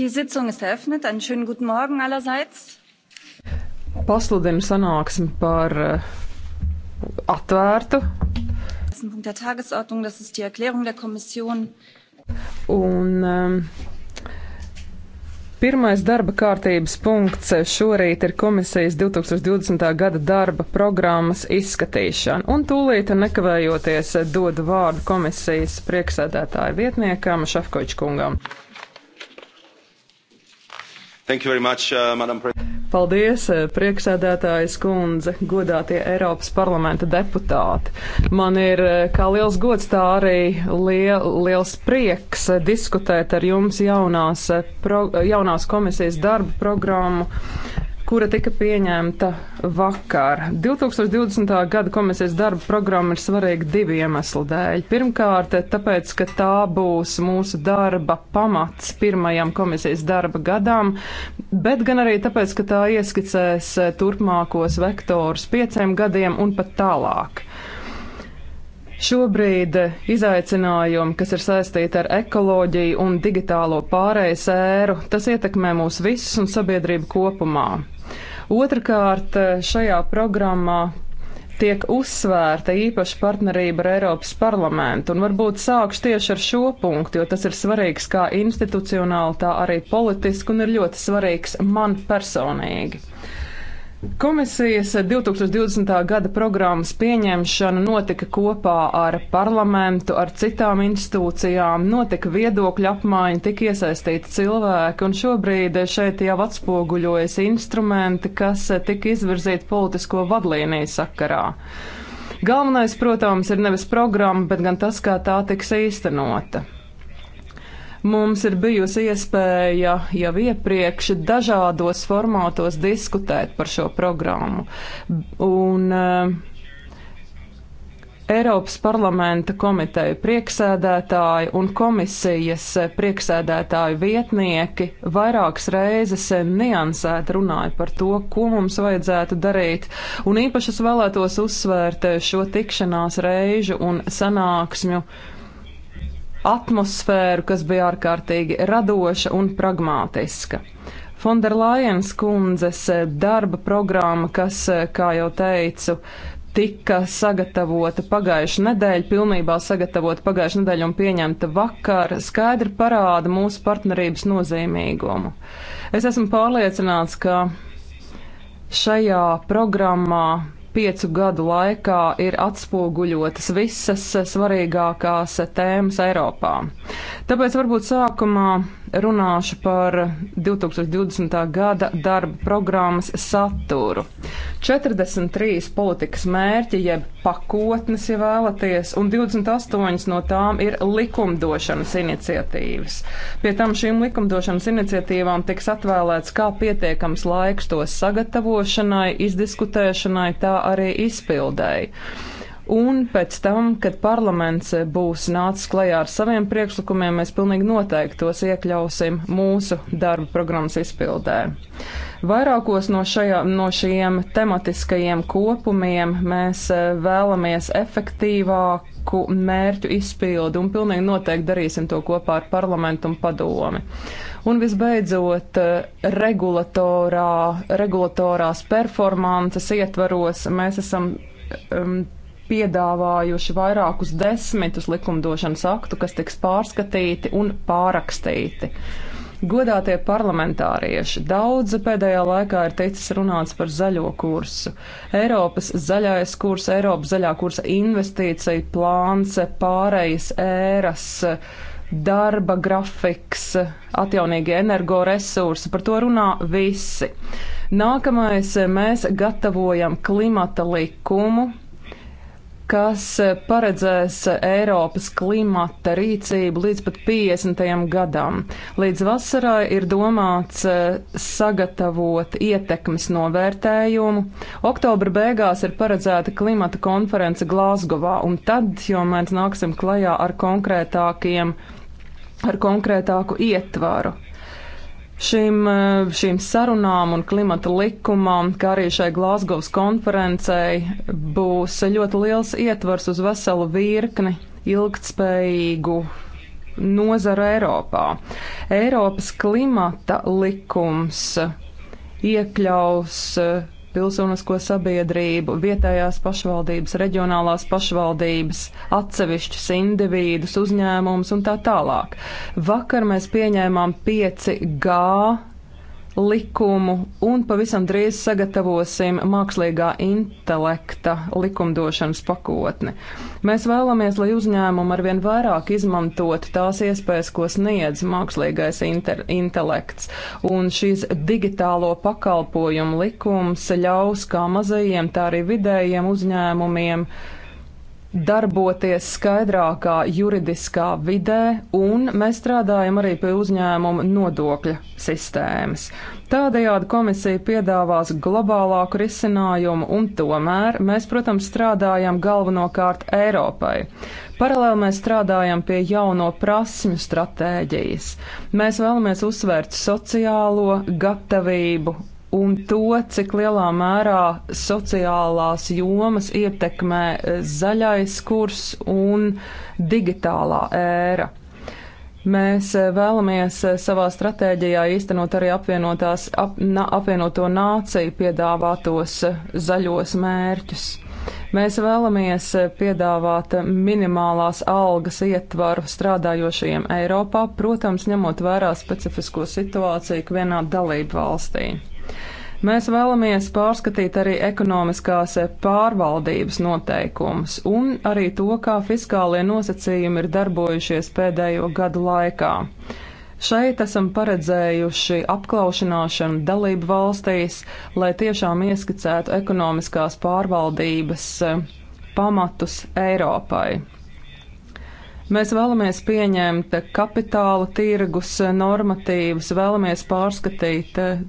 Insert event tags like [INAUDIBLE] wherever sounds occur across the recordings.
Die Sitzung ist eröffnet. Einen schönen guten Morgen allerseits. Pasludinu sanāksmi par uh, atvērtu. Punkt der Tagesordnung, das ist die Erklärung der Kommission. Un um, pirmais darba kārtības punkts eh, šorīt ir komisijas 2020. gada darba programmas izskatīšana. Un tūlīt nekavējoties eh, dodu vārdu komisijas prieksēdētāju vietniekam Šafkočkungam. kungam. Much, uh, Paldies, uh, prieksēdētājas kundze, godātie Eiropas parlamenta deputāti. Man ir uh, kā liels gods, tā arī liel, liels prieks uh, diskutēt ar jums jaunās, pro, jaunās komisijas darba programmu kura tika pieņemta vakar. 2020. gada komisijas darba programma ir svarīga divu iemeslu dēļ. Pirmkārt, tāpēc, ka tā būs mūsu darba pamats pirmajam komisijas darba gadam, bet gan arī tāpēc, ka tā ieskicēs turpmākos vektorus pieciem gadiem un pat tālāk. Šobrīd izaicinājumi, kas ir saistīti ar ekoloģiju un digitālo pārējais ēru, tas ietekmē mūs visus un sabiedrību kopumā. Otrakārt, šajā programmā tiek uzsvērta īpaša partnerība ar Eiropas parlamentu, un varbūt sākšu tieši ar šo punktu, jo tas ir svarīgs kā institucionāli, tā arī politiski, un ir ļoti svarīgs man personīgi. Komisijas 2020. gada programmas pieņemšana notika kopā ar parlamentu, ar citām institūcijām, notika viedokļu apmaiņa, tika iesaistīti cilvēki, un šobrīd šeit jau atspoguļojas instrumenti, kas tika izvirzīti politisko vadlīniju sakarā. Galvenais, protams, ir nevis programma, bet gan tas, kā tā tiks īstenota. Mums ir bijusi iespēja jau iepriekš dažādos formātos diskutēt par šo programmu. Un, eh, Eiropas parlamenta komiteja priekšsēdētāji un komisijas eh, priekšsēdētāju vietnieki vairākas reizes eh, niansēt runāja par to, ko mums vajadzētu darīt, un īpaši es vēlētos uzsvērt šo tikšanās reižu un sanāksmju uh, atmosfēru, kas bija ārkārtīgi radoša un pragmātiska. Fonderlajens kundzes eh, darba programma, kas, eh, kā jau teicu, tika sagatavota pagājušā nedēļa, pilnībā sagatavota pagājušā nedēļa un pieņemta vakar, skaidri parāda mūsu partnerības nozīmīgumu. Es esmu pārliecināts, ka šajā programmā piecu gadu laikā ir atspoguļotas visas svarīgākās tēmas Eiropā. Tāpēc varbūt sākumā runāšu par 2020. gada darba programmas saturu. 43 politikas mērķi, jeb pakotnes, ja vēlaties, un 28 no tām ir likumdošanas iniciatīvas. Pie tam šīm likumdošanas iniciatīvām tiks atvēlēts kā pietiekams laiks tos sagatavošanai, izdiskutēšanai, tā arī izpildēji. Un pēc tam, kad parlaments būs nācis klajā ar saviem priekšlikumiem, mēs pilnīgi noteikti tos iekļausim mūsu darba programmas izpildē. Vairākos no, šajā, no šiem tematiskajiem kopumiem mēs eh, vēlamies efektīvāku mērķu izpildu un pilnīgi noteikti darīsim to kopā ar parlamentu un padomi. Un visbeidzot, eh, regulatorā, regulatorās performances ietvaros mēs esam um, piedāvājuši vairākus desmitus likumdošanas aktu, kas tiks pārskatīti un pārakstīti. Godātie parlamentārieši, daudz pēdējā laikā ir teicis runāts par zaļo kursu. Eiropas zaļais kurs, Eiropas zaļā kursa investīcija plāns, pārejas ēras, darba grafiks, atjaunīgie energoresursi, par to runā visi. Nākamais mēs gatavojam klimata likumu, kas paredzēs Eiropas klimata rīcību līdz pat 50. gadam. Līdz vasarai ir domāts eh, sagatavot ietekmes novērtējumu. Oktobra beigās ir paredzēta klimata konference Glāzgovā, un tad jau mēs nāksim klajā ar konkrētākiem, ar konkrētāku ietvaru šīm, eh, šīm sarunām un klimata likumam, kā arī šai Glāzgovas konferencei, būs ļoti liels ietvars uz veselu virkni ilgtspējīgu nozaru Eiropā. Eiropas klimata likums iekļaus eh, pilsonisko sabiedrību, vietējās pašvaldības, reģionālās pašvaldības, atsevišķus individus, uzņēmumus un tā tālāk. Vakar mēs pieņēmām 5G likumu un pavisam drīz sagatavosim mākslīgā intelekta likumdošanas pakotni. Mēs vēlamies, lai uzņēmumi arvien vairāk izmantot tās iespējas, ko sniedz mākslīgais inter, intelekts, un šīs digitālo pakalpojumu likums ļaus kā mazajiem, tā arī vidējiem uzņēmumiem uh, darboties skaidrākā juridiskā vidē, un mēs strādājam arī pie uzņēmuma nodokļa sistēmas. Tādējādi komisija piedāvās globālāku risinājumu, un tomēr mēs, protams, strādājam galvenokārt Eiropai. Paralēli mēs strādājam pie jauno prasmju stratēģijas. Mēs vēlamies uzsvērt sociālo gatavību un to, cik lielā mērā sociālās jomas ietekmē eh, zaļais kurs un digitālā ēra. Mēs eh, vēlamies eh, savā stratēģijā īstenot arī apvienotās, ap, na, apvienoto nāciju piedāvātos zaļos mērķus. Mēs vēlamies piedāvāt minimālās algas ietvaru strādājošajiem Eiropā, protams, ņemot vērā specifisko situāciju vienā dalību valstī. Mēs vēlamies pārskatīt arī ekonomiskās pārvaldības noteikumus un arī to, kā fiskālie nosacījumi ir darbojušies pēdējo gadu laikā. Šeit esam paredzējuši apklaušanāšanu dalību valstīs, lai tiešām ieskicētu ekonomiskās pārvaldības eh, pamatus Eiropai. Mēs vēlamies pieņemt kapitāla tirgus normatīvas, vēlamies pārskatīt eh,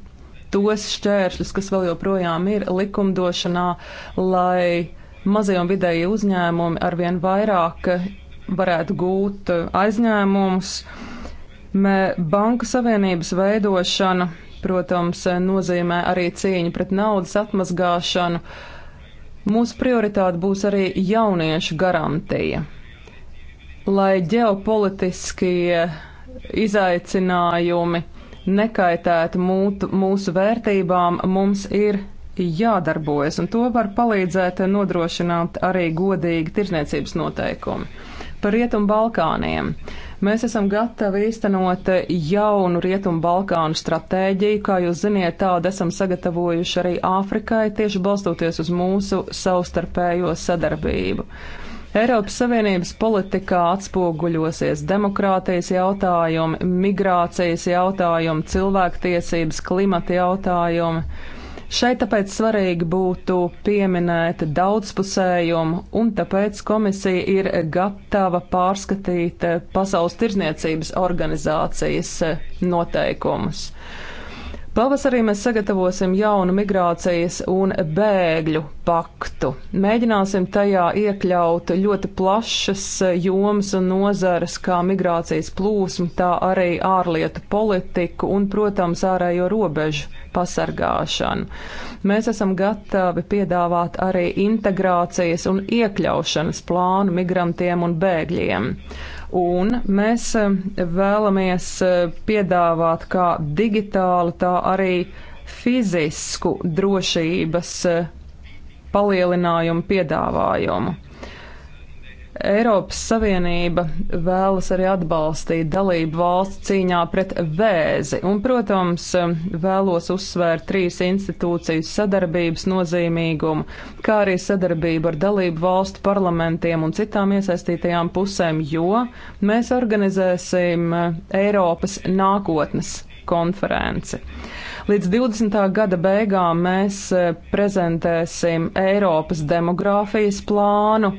tos šķēršļus, kas vēl joprojām ir likumdošanā, lai mazie un vidēji uzņēmumi arvien vairāk varētu gūt uh, aizņēmumus. Mē Banku savienības veidošana, protams, uh, nozīmē arī cīņu pret naudas atmazgāšanu. Mūsu prioritāte būs arī jauniešu garantija. Lai ģeopolitiskie izaicinājumi uh, nekaitētu mūtu, mūsu vērtībām, mums ir jādarbojas, un to var palīdzēt nodrošināt arī godīgi tirzniecības noteikumi. Par Rietumu Balkāniem. Mēs esam gatavi īstenot jaunu Rietumu Balkānu stratēģiju, kā jūs ziniet, tādu esam sagatavojuši arī Āfrikai, tieši balstoties uz mūsu savstarpējo sadarbību. Eiropas Savienības politikā atspoguļosies demokrātijas jautājumi, migrācijas jautājumi, cilvēktiesības, klimata jautājumi. Šeit tāpēc svarīgi būtu pieminēt daudzpusējumu, un tāpēc komisija ir gatava pārskatīt eh, Pasaules tirzniecības organizācijas eh, noteikumus. Pavasarī mēs sagatavosim jaunu migrācijas un bēgļu paktu. Mēģināsim tajā iekļaut ļoti plašas jomas un nozares, kā migrācijas plūsmu, tā arī ārlietu politiku un, protams, ārējo robežu pasargāšanu. Mēs esam gatavi piedāvāt arī integrācijas un iekļaušanas plānu migrantiem un bēgļiem. Un mēs eh, vēlamies eh, piedāvāt kā digitālu, tā arī fizisku drošības eh, palielinājumu piedāvājumu. Eiropas Savienība vēlas arī atbalstīt dalību valsts cīņā pret vēzi, un, protams, vēlos uzsvērt trīs institūciju sadarbības nozīmīgumu, kā arī sadarbību ar dalību valstu parlamentiem un citām iesaistītajām pusēm, jo mēs organizēsim Eiropas nākotnes konferenci. Līdz 20. gada beigām mēs prezentēsim Eiropas demogrāfijas plānu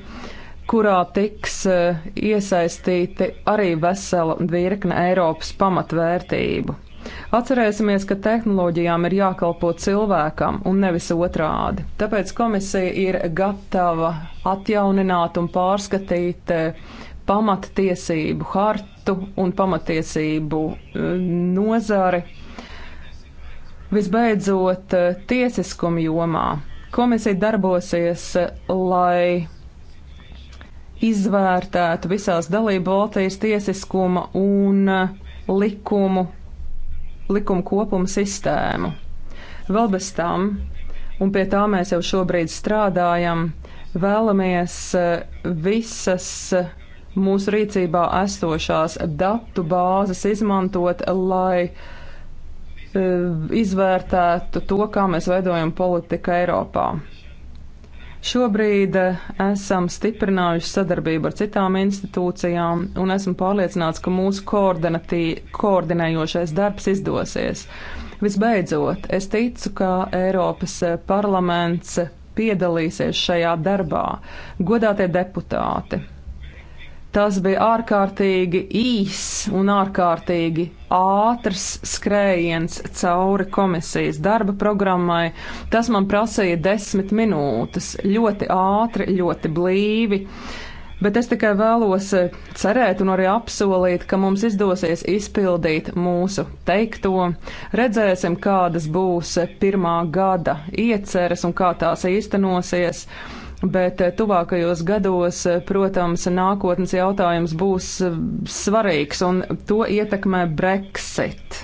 kurā tiks eh, iesaistīti arī vesela virkne Eiropas pamatvērtību. Atcerēsimies, ka tehnoloģijām ir jākalpo cilvēkam un nevis otrādi. Tāpēc komisija ir gatava atjaunināt un pārskatīt eh, pamattiesību hartu un pamattiesību eh, nozari. Visbeidzot, tiesiskuma jomā komisija darbosies, lai izvērtētu visās dalību valstīs tiesiskuma un uh, likumu, likumu kopumu sistēmu. Vēl bez tam, un pie tā mēs jau šobrīd strādājam, vēlamies uh, visas uh, mūsu rīcībā esošās datu bāzes izmantot, lai izvērtētu to, kā mēs veidojam politiku Eiropā. Šobrīd eh, esam stiprinājuši sadarbību ar citām institūcijām un esmu pārliecināts, ka mūsu koordinējošais darbs izdosies. Visbeidzot, es ticu, ka Eiropas eh, parlaments piedalīsies šajā darbā. Godātie deputāti, Tas bija ārkārtīgi īss un ārkārtīgi ātrs skrējiens cauri komisijas darba programmai. Tas man prasīja desmit minūtes. Ļoti ātri, ļoti blīvi. Bet es tikai vēlos eh, cerēt un arī apsolīt, ka mums izdosies izpildīt mūsu teikto. Redzēsim, kādas būs eh, pirmā gada ieceres un kā tās īstenosies. Bet eh, tuvākajos gados, eh, protams, nākotnes jautājums būs eh, svarīgs, un to ietekmē Brexit.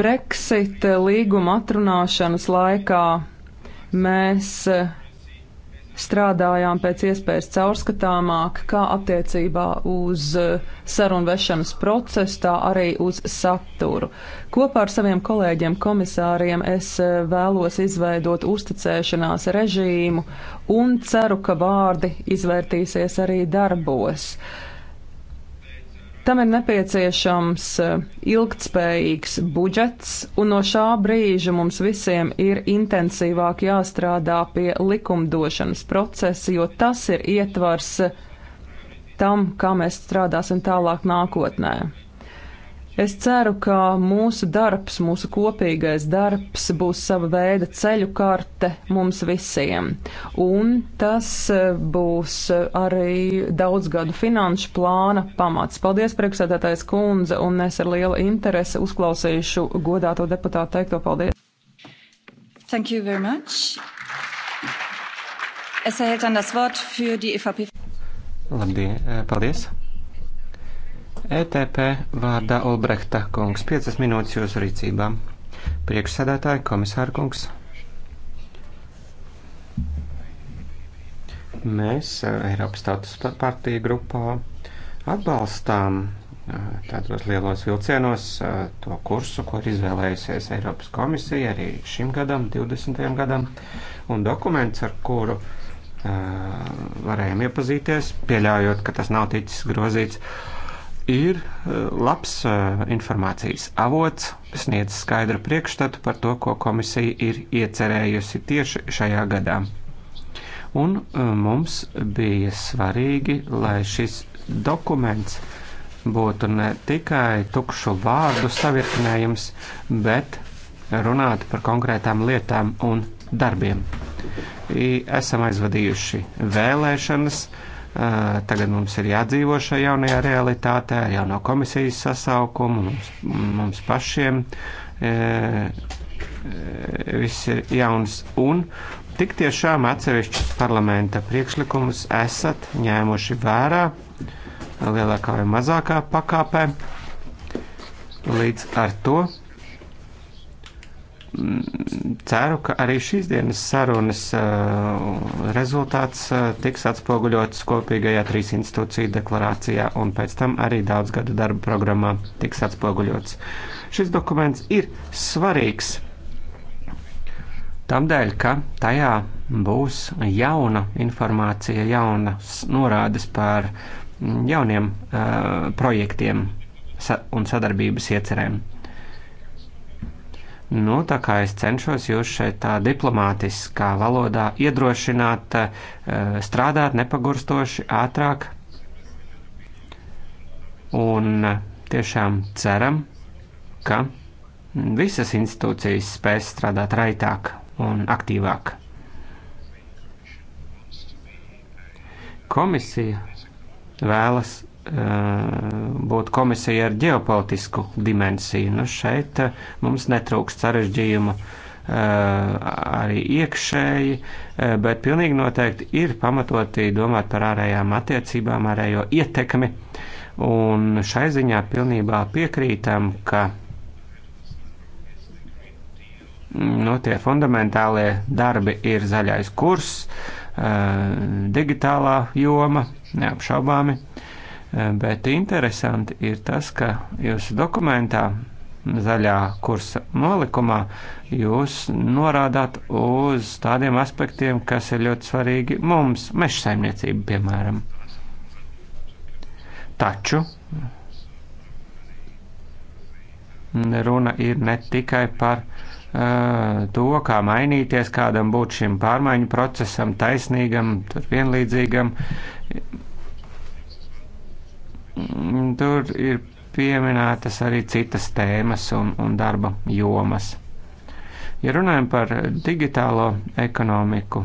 Brexit līguma atrunāšanas laikā mēs strādājām pēc iespējas caurskatāmāk, kā attiecībā uz eh, sarunu vešanas procesu, tā arī uz saturu. Kopā ar saviem kolēģiem komisāriem es eh, vēlos izveidot uzticēšanās režīmu un ceru, ka vārdi izvērtīsies arī darbos. Uh, Tam ir nepieciešams eh, ilgtspējīgs budžets, un no šā brīža mums visiem ir intensīvāk jāstrādā pie likumdošanas procesa, jo tas ir ietvars tam, kā mēs strādāsim tālāk nākotnē. Es ceru, ka mūsu darbs, mūsu kopīgais darbs būs sava veida ceļu karte mums visiem. Un tas e, būs arī daudzgadu finanšu plāna pamats. Paldies, priekšsēdētājs kundze, un es ar lielu interesi uzklausīšu godāto deputātu teikto paldies. Thank you very much. Es erhält dann das Wort für die EVP. Labdien, e, paldies. ETP vārdā Olbrehta kungs. 5 minūtes jūsu rīcībā. Priekšsēdētāji, komisāra kungs. Mēs Eiropas status partija grupā atbalstām tādos lielos vilcienos to kursu, ko ir izvēlējusies Eiropas komisija arī šim gadam, 20. gadam, un dokuments, ar kuru varējām iepazīties, pieļaujot, ka tas nav ticis grozīts ir eh, labs eh, informācijas avots, sniedz skaidru priekšstatu par to, ko komisija ir iecerējusi tieši šajā gadā. Un eh, mums bija svarīgi, lai šis dokuments būtu ne tikai tukšu vārdu savirknējums, bet runātu par konkrētām lietām un darbiem. Esam aizvadījuši vēlēšanas, uh, Tagad mums ir jādzīvo šajā jaunajā realitātē, ar jauno komisijas sasaukumu, mums, mums pašiem viss ir jauns un tik tiešām atsevišķus parlamenta priekšlikumus esat ņēmuši vērā lielākā vai mazākā pakāpē. Līdz ar to ceru, ka arī šīs dienas sarunas uh, rezultāts uh, tiks atspoguļots kopīgajā trīs institūciju deklarācijā un pēc tam arī daudzgadu darba programmā tiks atspoguļots. Šis dokuments ir svarīgs. Tādēļ, ka tajā būs jauna informācija, jaunas norādes par jauniem uh, projektiem sa un sadarbības iecerēm. Uh, Nu, tā kā es cenšos jūs šeit tā diplomātiskā valodā iedrošināt eh, strādāt nepagurstoši ātrāk. Un eh, tiešām ceram, ka visas institūcijas spēs strādāt raitāk un aktīvāk. Komisija vēlas Eh, būtu komisija ar ģeopolitisku dimensiju. Nu, šeit eh, mums netrūkst sarežģījumu eh, arī iekšēji, bet pilnīgi noteikti ir pamatoti domāt par ārējām attiecībām, ārējo ietekmi. Un šai ziņā pilnībā piekrītam, ka nu, tie fundamentālie darbi ir zaļais kurs, digitālā joma, neapšaubāmi. Uh, Bet interesanti ir tas, ka jūsu dokumentā, zaļā kursa nolikumā, jūs norādāt uz tādiem aspektiem, kas ir ļoti svarīgi mums, meža saimniecība, piemēram. Taču runa ir ne tikai par uh, to, kā mainīties, kādam būt šim pārmaiņu procesam, taisnīgam, vienlīdzīgam. Mm, tur ir pieminētas arī citas tēmas un, un darba jomas. Ja runājam par digitālo ekonomiku,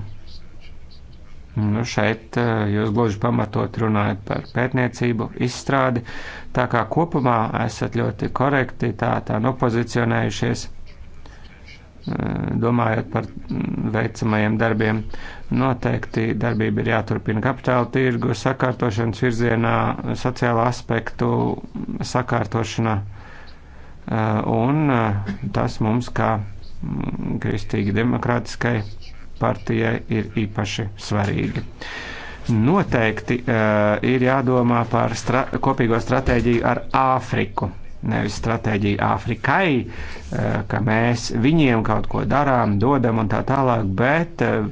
nu šeit eh, jūs gluži pamatot runājat par pētniecību, izstrādi, tā kā kopumā esat ļoti korekti tā tā nopozicionējušies. Nu Eh, domājot par mm, veicamajiem darbiem. Noteikti darbība ir jāturpina kapitāla tirgu sakārtošanas virzienā, sociālo aspektu sakārtošanā, eh, un eh, tas mums kā mm, kristīgi demokrātiskai partijai ir īpaši svarīgi. Noteikti uh, ir jādomā par stra kopīgo stratēģiju ar Āfriku nevis stratēģija Āfrikai, eh, ka mēs viņiem kaut ko darām, dodam un tā tālāk, bet eh,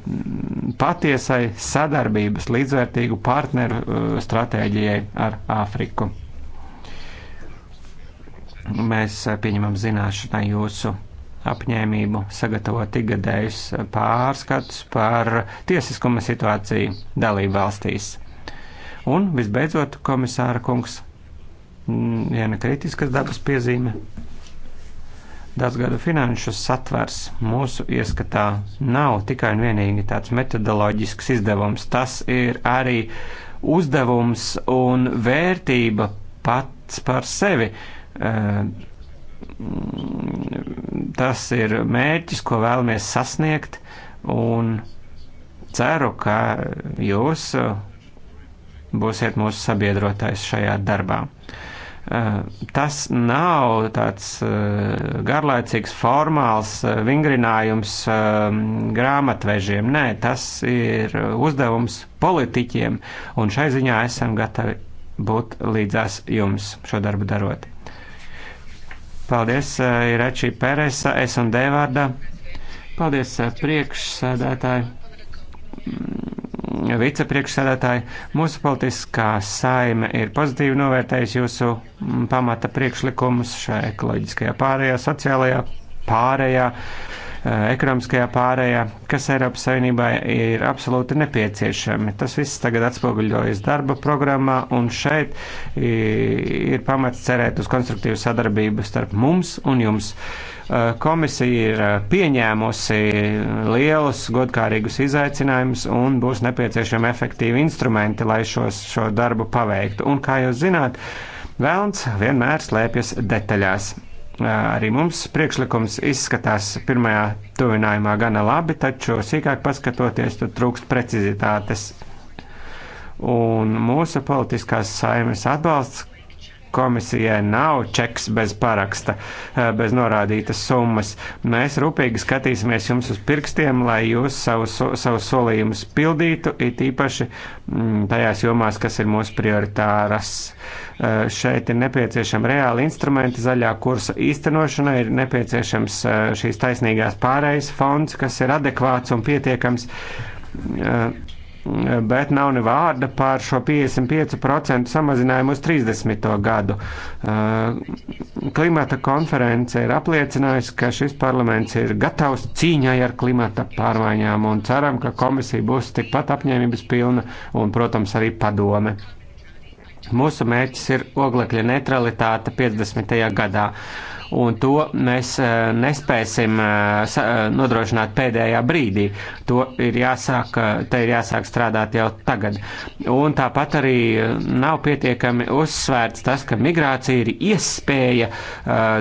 patiesai sadarbības līdzvērtīgu partneru eh, stratēģijai ar Āfriku. Mēs pieņemam zināšanai jūsu apņēmību sagatavot ikgadējus pārskatus par tiesiskuma situāciju dalību valstīs. Un, visbeidzot, komisāra kungs, Mm, viena kritiskas dabas piezīme. Daudzgada finanšu satvers mūsu ieskatā nav tikai un vienīgi tāds metodoloģisks izdevums. Tas ir arī uzdevums un vērtība pats par sevi. Eh, mm, tas ir mērķis, ko vēlamies sasniegt, un ceru, ka jūs eh, būsiet mūsu sabiedrotais šajā darbā. Eh, tas nav tāds eh, garlaicīgs, formāls eh, vingrinājums grāmatvežiem. Nē, tas ir uzdevums politiķiem, un šai ziņā esam gatavi būt līdzās jums šo darbu darot. Paldies, Irečī Peresa, es un Dēvārda. Paldies, priekšsēdētāji vicepriekšsēdētāji, mūsu politiskā saime ir pozitīvi novērtējusi jūsu mm, pamata priekšlikumus šajā ekoloģiskajā pārējā, sociālajā pārējā eh, ekonomiskajā pārējā, kas Eiropas Savienībai ir absolūti nepieciešami. Tas viss tagad atspoguļojas darba programmā, un šeit ir pamats cerēt uz konstruktīvu sadarbību starp mums un jums. Eh, komisija ir eh, pieņēmusi lielus godkārīgus izaicinājumus un būs nepieciešami efektīvi instrumenti, lai šos, šo darbu paveiktu. Un, kā jūs zināt, vēlns vienmēr slēpjas detaļās. Eh, arī mums priekšlikums izskatās pirmajā tuvinājumā gana labi, taču sīkāk paskatoties, tur trūkst precizitātes. Un mūsu politiskās saimes atbalsts Komisijai nav čeks bez paraksta, eh, bez norādītas summas. Mēs rūpīgi skatīsimies jums uz pirkstiem, lai jūs savus savu solījumus pildītu, it īpaši mm, tajās jomās, kas ir mūsu prioritāras eh, šeit ir nepieciešama reāla instrumenta zaļā kursa īstenošanai, ir nepieciešams eh, šīs taisnīgās pārējas fonds, kas ir adekvāts un pietiekams bet nav ne vārda par šo 55% samazinājumu uz 30. gadu. Eh, klimata konference ir apliecinājusi, ka šis parlaments ir gatavs cīņai ar klimata pārmaiņām un ceram, ka komisija būs tikpat apņēmības pilna un, protams, arī padome. Mūsu mērķis ir oglekļa neutralitāte 50. gadā un to mēs eh, nespēsim eh, eh, nodrošināt pēdējā brīdī. To ir jāsāk, te ir jāsāk strādāt jau tagad. Un tāpat arī nav pietiekami uzsvērts tas, ka migrācija ir iespēja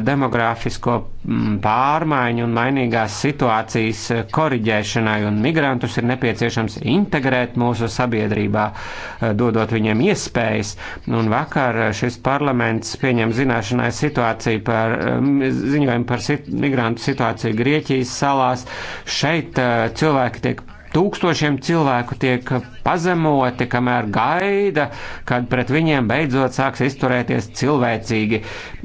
demogrāfisko Mm, pārmaiņu un mainīgās situācijas koriģēšanai, un migrantus ir nepieciešams integrēt mūsu sabiedrībā, eh, dodot viņiem iespējas. Un vakar eh, šis parlaments pieņem zināšanai situāciju par eh, ziņojumu par sit, migrantu situāciju Grieķijas salās. Šeit cilvēki tiek Tūkstošiem cilvēku tiek pazemoti, kamēr gaida, kad pret viņiem beidzot sāks izturēties cilvēcīgi.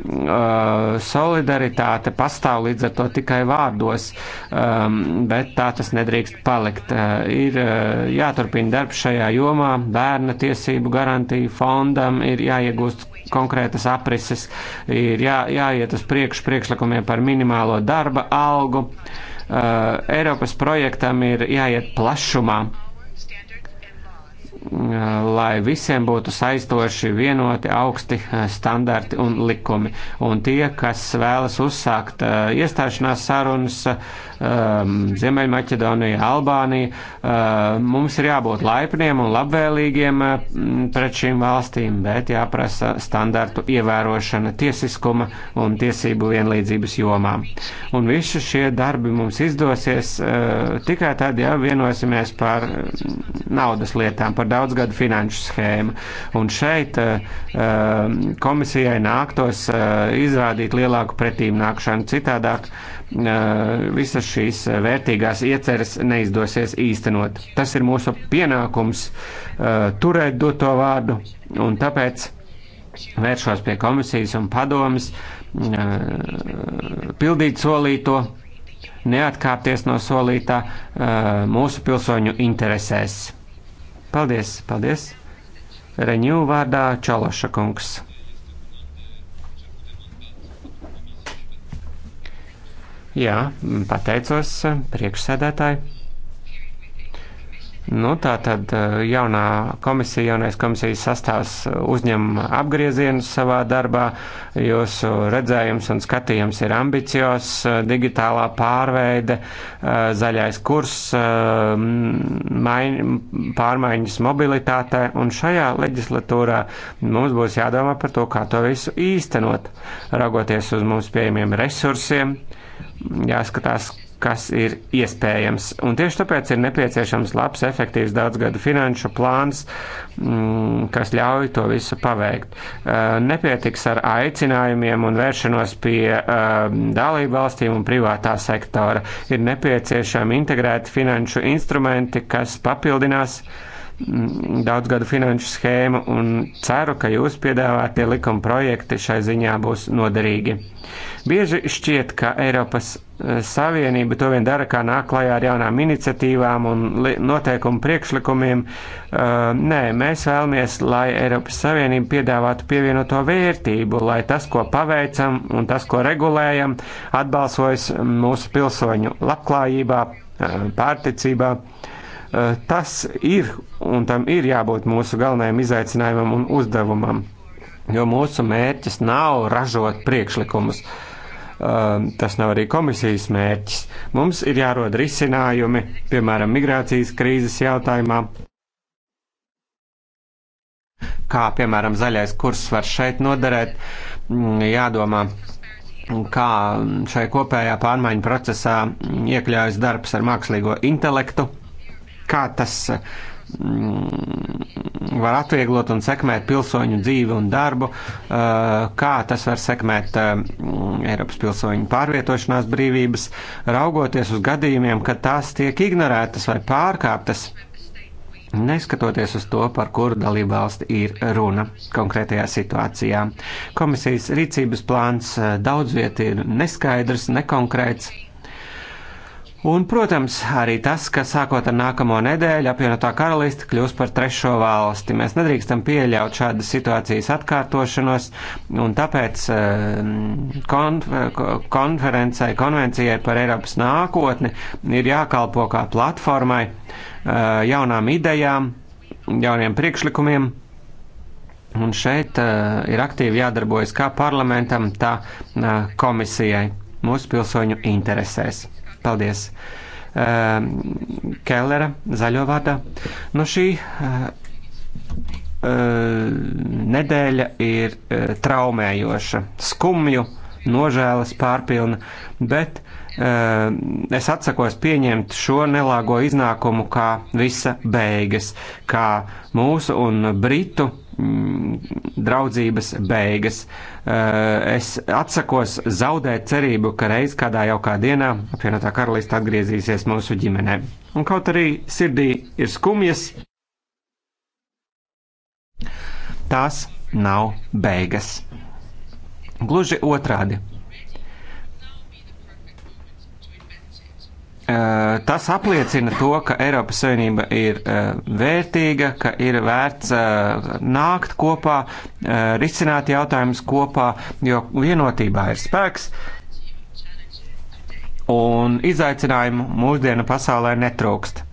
Uh, solidaritāte pastāv līdz ar to tikai vārdos, um, bet tā tas nedrīkst palikt. Uh, ir uh, jāturpina darbs šajā jomā, bērna tiesību garantija fondam ir jāiegūst konkrētas aprises, ir jā, jāiet uz priekšu priekšlikumiem par minimālo darba algu. Uh, Eh, Eiropas projektam ir jāiet plašumā lai visiem būtu saistoši vienoti augsti eh, standarti un likumi. Un tie, kas vēlas uzsākt eh, iestāšanās sarunas ehm, Ziemeļmaķedonija, Albānija, eh, mums ir jābūt laipniem un labvēlīgiem pret šīm valstīm, bet jāprasa standartu ievērošana tiesiskuma un tiesību vienlīdzības jomā. Un visi šie darbi mums izdosies tikai tad, ja vienosimies par naudas lietām, par daudzgadu finanšu schēmu. Un šeit eh, eh, komisijai nāktos eh, izrādīt lielāku pretīm nākšanu. Citādāk visas šīs vērtīgās ieceres neizdosies īstenot. Tas ir mūsu pienākums turēt doto vārdu, un tāpēc vēršos pie komisijas un padomas pildīt solīto, neatkāpties no solītā mūsu pilsoņu interesēs. Paldies, paldies. Reņū vārdā Čaloša kungs. Jā, pateicos priekšsēdētāji. Nu, tā tad eh, jaunā komisija, jaunais komisijas sastāvs eh, uzņem apgriezienus savā darbā. Jūsu redzējums un skatījums ir ambicios, eh, digitālā pārveide, zaļais kurs, maiņ, pārmaiņas mobilitātē. Un šajā leģislatūrā mums būs jādomā par to, kā to visu īstenot, raugoties uz mums pieejamiem resursiem. Jāskatās, kas ir iespējams. Un tieši tāpēc ir nepieciešams labs, efektīvs daudzgadu finanšu plāns, mm, kas ļauj to visu paveikt. Nepietiks ar aicinājumiem un vēršanos pie dalību valstīm un privātā sektora. Ir nepieciešami integrēti finanšu instrumenti, kas papildinās uh, Mm, daudzgadu finanšu schēmu un ceru, ka jūs piedāvātie likuma projekti šai ziņā būs noderīgi. Bieži šķiet, ka Eiropas eh, Savienība to vien dara, kā nāk klajā ar jaunām iniciatīvām un noteikumu priekšlikumiem. Uh, nē, mēs vēlamies, lai Eiropas Savienība piedāvātu pievienoto vērtību, lai tas, ko paveicam un tas, ko regulējam, atbalsojas mūsu pilsoņu labklājībā, eh, pārticībā. Uh, Eh, tas ir un tam ir jābūt mūsu galvenajam izaicinājumam un uzdevumam, jo mūsu mērķis nav ražot priekšlikumus. Eh, tas nav arī komisijas mērķis. Mums ir jārod risinājumi, piemēram, migrācijas krīzes jautājumā, kā piemēram zaļais kurs var šeit noderēt, mm, jādomā, kā šai kopējā pārmaiņu procesā iekļaujas darbs ar mākslīgo intelektu kā tas mm, var atvieglot un sekmēt pilsoņu dzīvi un darbu, kā tas var sekmēt mm, Eiropas pilsoņu pārvietošanās brīvības, raugoties uz gadījumiem, kad tās tiek ignorētas vai pārkāptas, neskatoties uz to, par kuru dalību valsti ir runa konkrētajā situācijā. Komisijas rīcības plāns daudzviet ir neskaidrs, nekonkrēts Un, protams, arī tas, ka sākot ar nākamo nedēļu apvienotā karalista kļūs par trešo valsti. Mēs nedrīkstam pieļaut šādas situācijas atkārtošanos, un tāpēc ehm, konferencei, konvencijai par Eiropas nākotni ir jākalpo kā platformai eh, jaunām idejām, jauniem priekšlikumiem. Un šeit uh, ir aktīvi jādarbojas kā parlamentam, tā uh, komisijai mūsu pilsoņu interesēs. Paldies! Ehm, Kellera, zaļo vārdā. Nu, šī eh, eh, nedēļa ir eh, traumējoša, skumju, nožēlas pārpilna, bet es atsakos pieņemt šo nelāgo iznākumu kā visa beigas, kā mūsu un Britu Mm, draudzības beigas. Eh, es atsakos zaudēt cerību, ka reiz kādā jaukā dienā apvienotā karalista atgriezīsies mūsu ģimenē. Un kaut arī sirdī ir skumjas, tās nav beigas. Gluži otrādi Eh, tas apliecina to, ka Eiropas Savienība ir eh, vērtīga, ka ir vērts eh, nākt kopā, risināt jautājumus kopā, jo vienotībā ir spēks. Un izaicinājumu mūsdienu pasaulē netrūkst.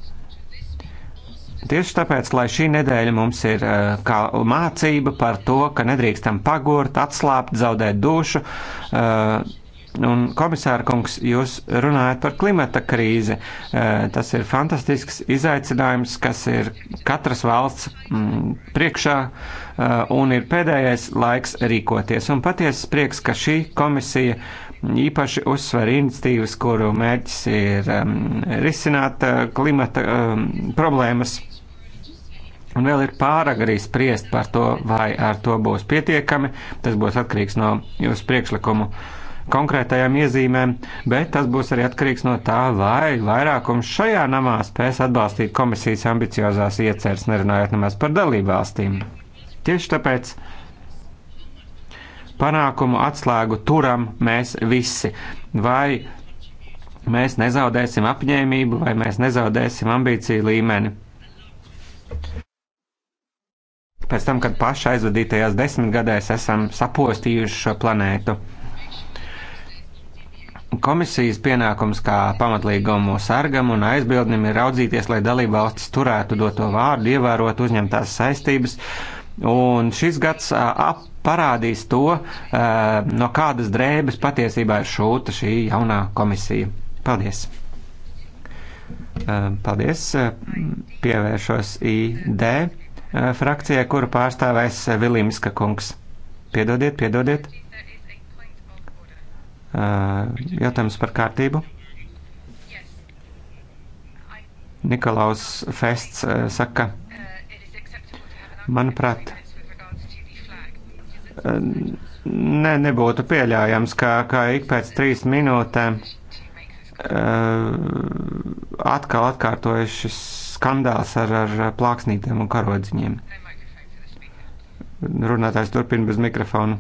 Tieši tāpēc, lai šī nedēļa mums ir kā mācība par to, ka nedrīkstam pagurt, atslābt, zaudēt dušu, Nu, un, komisāra kungs, jūs runājat par klimata krīzi. Eh, tas ir fantastisks izaicinājums, kas ir katras valsts mm, priekšā eh, un ir pēdējais laiks rīkoties. Un patiesas prieks, ka šī komisija īpaši uzsver iniciatīvas, kuru mērķis ir mm, risināt eh, klimata problēmas. Un vēl ir pārāk arī spriest par to, vai ar to būs pietiekami. Tas būs atkarīgs no jūsu priekšlikumu uh, konkrētajām iezīmēm, bet tas būs arī atkarīgs no tā, vai vairākums šajā namā spēs atbalstīt komisijas ambiciozās ieceres, nerunājot nemaz par dalību valstīm. Tieši tāpēc panākumu atslēgu turam mēs visi. Vai mēs nezaudēsim apņēmību, vai mēs nezaudēsim ambīciju līmeni. Pēc tam, kad paši aizvadītajās desmitgadēs esam sapostījuši šo planētu. Komisijas pienākums kā pamatlīgumu sargam un aizbildnim ir raudzīties, lai dalība valstis turētu doto vārdu, ievērot uzņemtās saistības. Un šis gads ap parādīs to, no kādas drēbes patiesībā ir šūta šī jaunā komisija. Paldies! Paldies! Pievēršos ID frakcijai, kuru pārstāvēs Vilimska kungs. Piedodiet, piedodiet! jautājums par kārtību. Nikolaus Fests saka, manuprāt, ne, nebūtu pieļaujams, ka, ka ik pēc trīs minūtēm atkal atkārtojas šis skandāls ar, ar plāksnītēm un karodziņiem. Runātājs turpina bez mikrofona.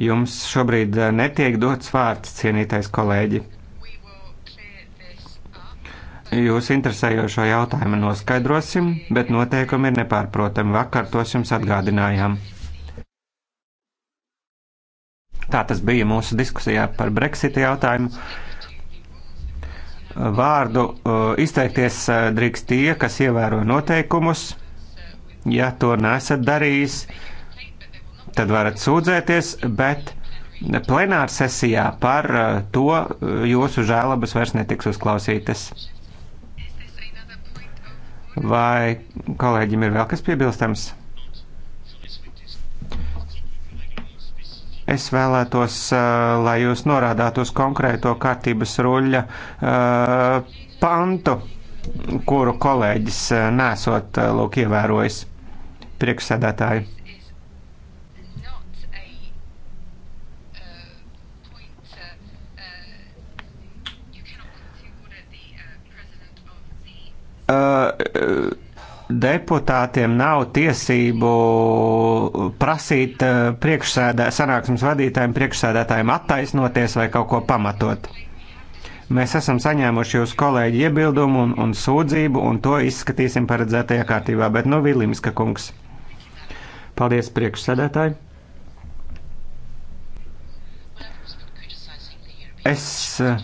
Jums šobrīd eh, netiek dots vārds, cienītais kolēģi. Jūs interesējošo jautājumu noskaidrosim, bet noteikumi ir nepārprotami. Vakar tos jums atgādinājām. Tā tas bija mūsu diskusijā par Brexita jautājumu. Vārdu eh, izteikties eh, drīkst tie, kas ievēro noteikumus. Ja to nesat darījis, tad varat sūdzēties, bet plenāra sesijā par uh, to uh, jūsu žēlabas vairs netiks uzklausītas. Vai kolēģim ir vēl kas piebilstams? Es vēlētos, uh, lai jūs norādātu uz konkrēto kārtības ruļļa pantu, kuru kolēģis nesot lūk ievērojis priekšsēdētāju. Uh, deputātiem nav tiesību prasīt uh, priekšsēdē, sanāksmes vadītājiem, priekšsēdētājiem attaisnoties vai kaut ko pamatot. Mēs esam saņēmuši jūsu kolēģi iebildumu un, un sūdzību, un to izskatīsim paredzētajā kārtībā, bet nu Vilimska kungs. Paldies priekšsēdētāji. Es uh,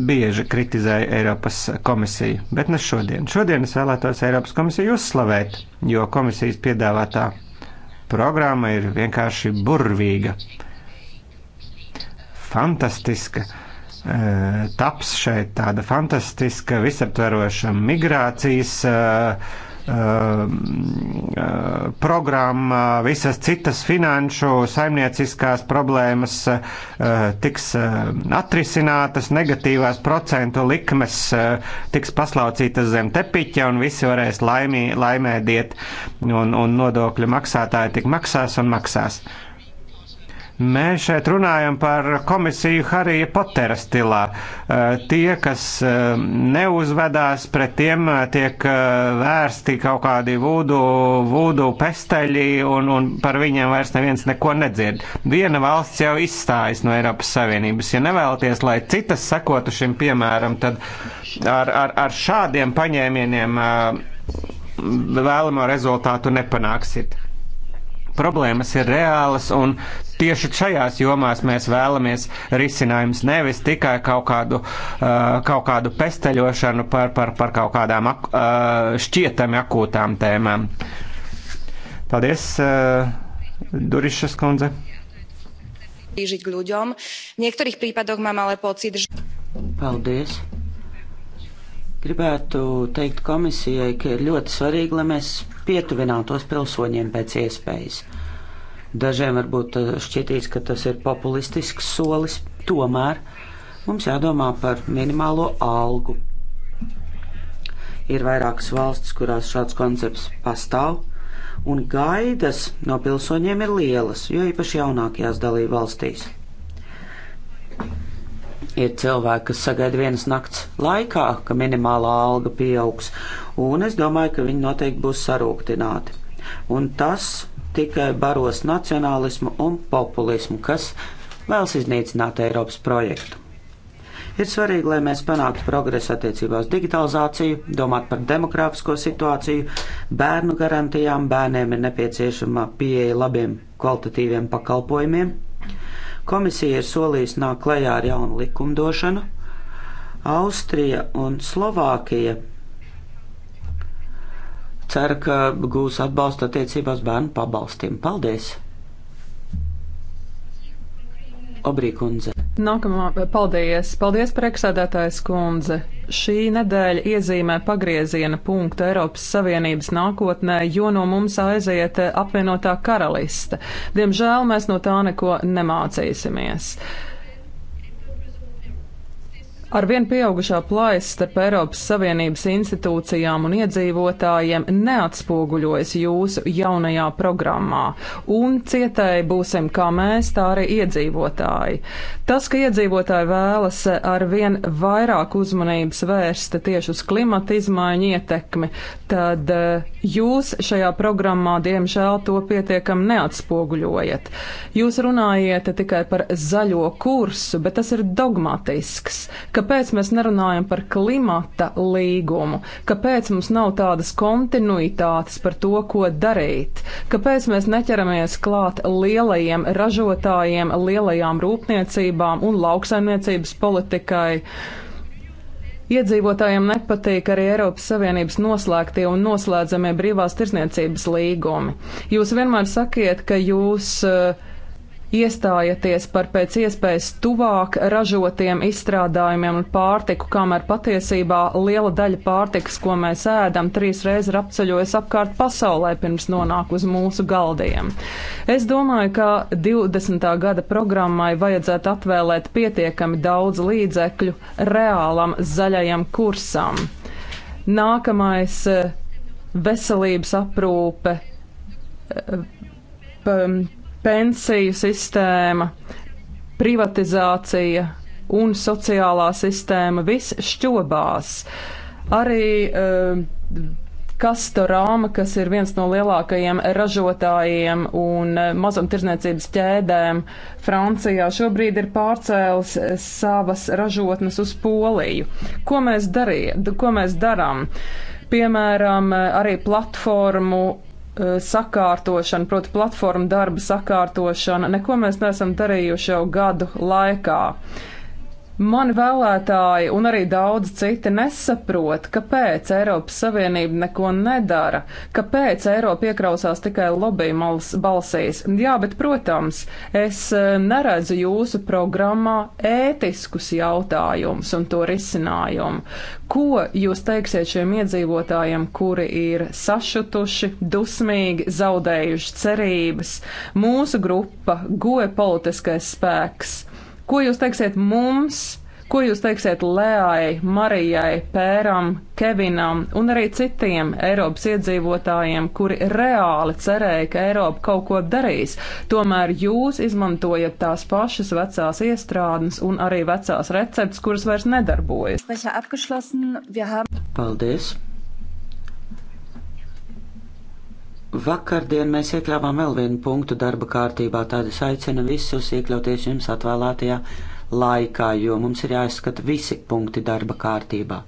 bieži kritizēju Eiropas komisiju, bet ne šodien. Šodien es vēlētos Eiropas komisiju uzslavēt, jo komisijas piedāvātā programma ir vienkārši burvīga, fantastiska. Eh, taps šeit tāda fantastiska, visaptveroša migrācijas uh, Ehm, ehm, programma, eh, visas citas finanšu saimnieciskās problēmas eh, tiks ehm, atrisinātas, negatīvās procentu likmes eh, tiks paslaucītas zem tepiķa un visi varēs laimī, laimēdiet un, un nodokļu maksātāji tik maksās un maksās. Uh, Mēs šeit runājam par komisiju Harija Potera stilā. Eh, tie, kas eh, neuzvedās pret tiem, eh, tiek vērsti kaut kādi vūdu, vūdu pesteļi, un, un par viņiem vairs neviens neko nedzird. Viena valsts jau izstājas no Eiropas Savienības. Ja nevēlaties, lai citas sekotu šim piemēram, tad ar, ar, ar šādiem paņēmieniem vēlamo rezultātu nepanāksiet problēmas ir reālas, un tieši šajās jomās mēs vēlamies risinājums nevis tikai kaut kādu, uh, kaut kādu pesteļošanu par, par, par kaut kādām ak uh, šķietami akūtām tēmām. Paldies, uh, Durišas kundze. Paldies. Gribētu teikt komisijai, ka ir ļoti svarīgi, lai mēs pietuvinātos pilsoņiem pēc iespējas. Dažiem varbūt eh, šķitīs, ka tas ir populistisks solis, tomēr mums jādomā par minimālo algu. Ir vairākas valstis, kurās šāds koncepts pastāv, un gaidas no pilsoņiem ir lielas, jo īpaši jaunākajās dalību valstīs. Ir cilvēki, kas sagaida vienas nakts laikā, ka minimālā alga pieaugs, un es domāju, ka viņi noteikti būs sarūktināti. Un tas tikai baros nacionālismu un populismu, kas vēlas iznīcināt Eiropas projektu. Ir svarīgi, lai mēs panāktu progresu attiecībā uz digitalizāciju, domāt par demogrāfisko situāciju, bērnu garantijām, bērniem ir nepieciešama pieeja labiem kvalitatīviem pakalpojumiem. Komisija ir solījusi nāk klajā ar jaunu likumdošanu. Austrija un Slovākija cer, ka gūs atbalstu attiecībās bērnu pabalstiem. Paldies! Obrī kundze. Nākamā, paldies, paldies priekšsēdētājs kundze. Šī nedēļa iezīmē pagrieziena punktu Eiropas Savienības nākotnē, jo no mums aiziet apvienotā karaliste. Diemžēl mēs no tā neko nemācīsimies. Arvien pieaugušā plājas starp Eiropas Savienības institūcijām un iedzīvotājiem neatspoguļojas jūsu jaunajā programmā, un cietēji būsim kā mēs, tā arī iedzīvotāji. Tas, ka iedzīvotāji vēlas arvien vairāk uzmanības vērsta tieši uz klimata izmaiņu ietekmi, tad eh, jūs šajā programmā, diemžēl, to pietiekam neatspoguļojat. Jūs runājiet tikai par zaļo kursu, bet tas ir dogmatisks Kāpēc mēs nerunājam par klimata līgumu? Kāpēc mums nav tādas kontinuitātes par to, ko darīt? Kāpēc mēs neķeramies klāt lielajiem ražotājiem, lielajām rūpniecībām un lauksaimniecības politikai? Iedzīvotājiem nepatīk arī Eiropas Savienības noslēgtie un noslēdzamie brīvās tirsniecības līgumi. Jūs vienmēr sakiet, ka jūs uh, iestājaties par pēc iespējas tuvāk ražotiem izstrādājumiem un pārtiku, kamēr patiesībā liela daļa pārtikas, ko mēs ēdam, trīs reizes ir apceļojusi apkārt pasaulē pirms nonāk uz mūsu galdiem. Es domāju, ka 20. gada programmai vajadzētu atvēlēt pietiekami daudz līdzekļu reālam zaļajam kursam. Nākamais eh, veselības aprūpe eh, pensiju sistēma, privatizācija un sociālā sistēma viss šķobās. Arī uh, Kastorāma, kas ir viens no lielākajiem ražotājiem un eh, mazumtirdzniecības ķēdēm Francijā, šobrīd ir pārcēlis eh, savas ražotnes uz Poliju. Ko mēs, darī, ko mēs darām? Piemēram, arī platformu Eh, sakārtošana, proti platforma darba sakārtošana, neko mēs neesam darījuši jau gadu laikā. Mani vēlētāji un arī daudz citi nesaprot, kāpēc Eiropas Savienība neko nedara, kāpēc Eiropa iekrausās tikai lobby balsīs. Jā, bet, protams, es e, neredzu jūsu programmā ētiskus jautājumus un to risinājumu. Ko jūs teiksiet šiem iedzīvotājiem, kuri ir sašutuši, dusmīgi, zaudējuši cerības? Mūsu grupa goja politiskais spēks Ko jūs teiksiet mums? Ko jūs teiksiet Lējai, Marijai, Pēram, Kevinam un arī citiem Eiropas iedzīvotājiem, kuri reāli cerēja, ka Eiropa kaut ko darīs? Tomēr jūs izmantojat tās pašas vecās iestrādes un arī vecās receptes, kuras vairs nedarbojas. Paldies! Vakardien mēs iekļāvām vēl vienu punktu darba kārtībā, tad es aicinu visus iekļauties jums atvēlētajā laikā, jo mums ir jāizskata visi punkti darba kārtībā.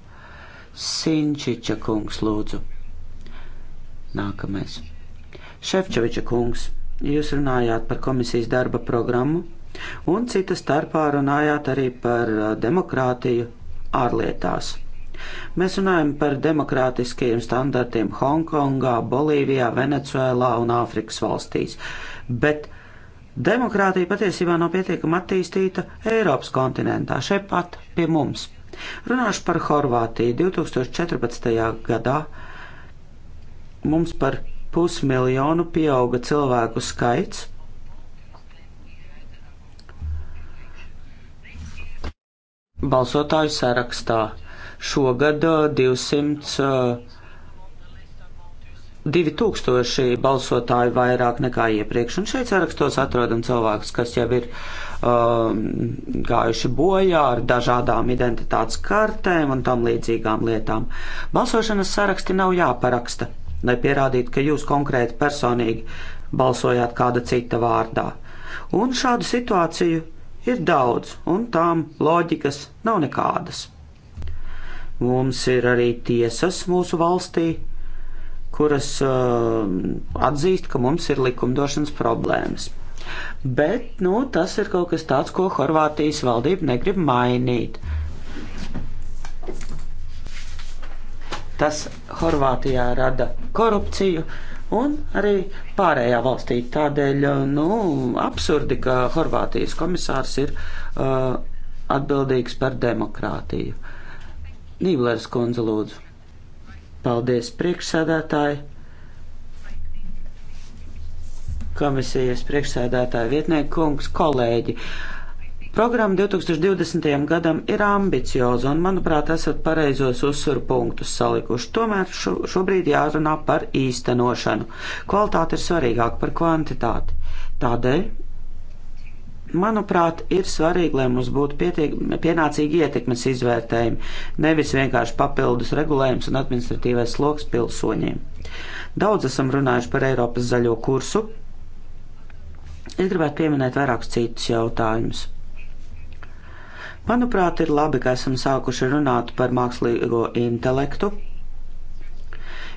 Sinčiča kungs, lūdzu. Nākamais. Šefčoviča kungs, jūs runājāt par komisijas darba programmu un citas starpā runājāt arī par demokrātiju ārlietās. Mēs runājam par demokrātiskajiem standartiem Hongkongā, Bolīvijā, Venecuēlā un Āfrikas valstīs, bet demokrātija patiesībā nav pietiekama attīstīta Eiropas kontinentā, šeit pat pie mums. Runāšu par Horvātiju. 2014. gadā mums par pusmiljonu pieauga cilvēku skaits. Balsotāju sarakstā Šogad 200. Uh, 2000 uh, balsotāju vairāk nekā iepriekš, un šeit sarakstos atrodam cilvēkus, kas jau ir um, gājuši bojā ar dažādām identitātes kartēm un tam līdzīgām lietām. Balsošanas saraksti nav jāparaksta, lai pierādītu, ka jūs konkrēti personīgi balsojāt kāda cita vārdā. Un šādu situāciju ir daudz, un tām loģikas nav nekādas. Mums ir arī tiesas mūsu valstī, kuras uh, atzīst, ka mums ir likumdošanas problēmas. Bet nu, tas ir kaut kas tāds, ko Horvātijas valdība negrib mainīt. Tas Horvātijā rada korupciju un arī pārējā valstī. Tādēļ uh, nu, absurdi, ka Horvātijas komisārs ir uh, atbildīgs par demokrātiju. Nīblers kundze lūdzu. Paldies priekšsādātāji. Komisijas priekšsēdētāja vietnieku kungs, kolēģi. Programma 2020. gadam ir ambicioza un, manuprāt, esat pareizos uzsvaru punktus salikuši. Tomēr šo, šobrīd jārunā par īstenošanu. Kvalitāte ir svarīgāka par kvantitāti. Tādēļ Manuprāt, ir svarīgi, lai mums būtu pietiek, pienācīgi ietekmes izvērtējumi, nevis vienkārši papildus regulējums un administratīvais sloks pilsoņiem. Daudz esam runājuši par Eiropas zaļo kursu. Es gribētu pieminēt vairākus citus jautājumus. Manuprāt, ir labi, ka esam sākuši runāt par mākslīgo intelektu.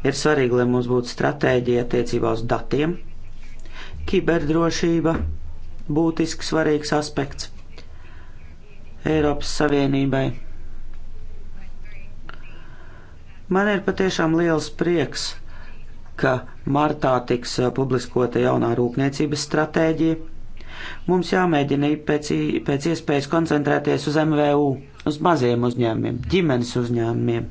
Ir svarīgi, lai mums būtu stratēģija attiecībā uz datiem, kiberdrošība būtisks, svarīgs aspekts Eiropas Savienībai. Man ir patiešām liels prieks, ka martā tiks publiskota jaunā rūpniecības stratēģija. Mums jāmēģina pēc, pēc iespējas koncentrēties uz MVU, uz maziem uzņēmumiem, ģimenes uzņēmumiem.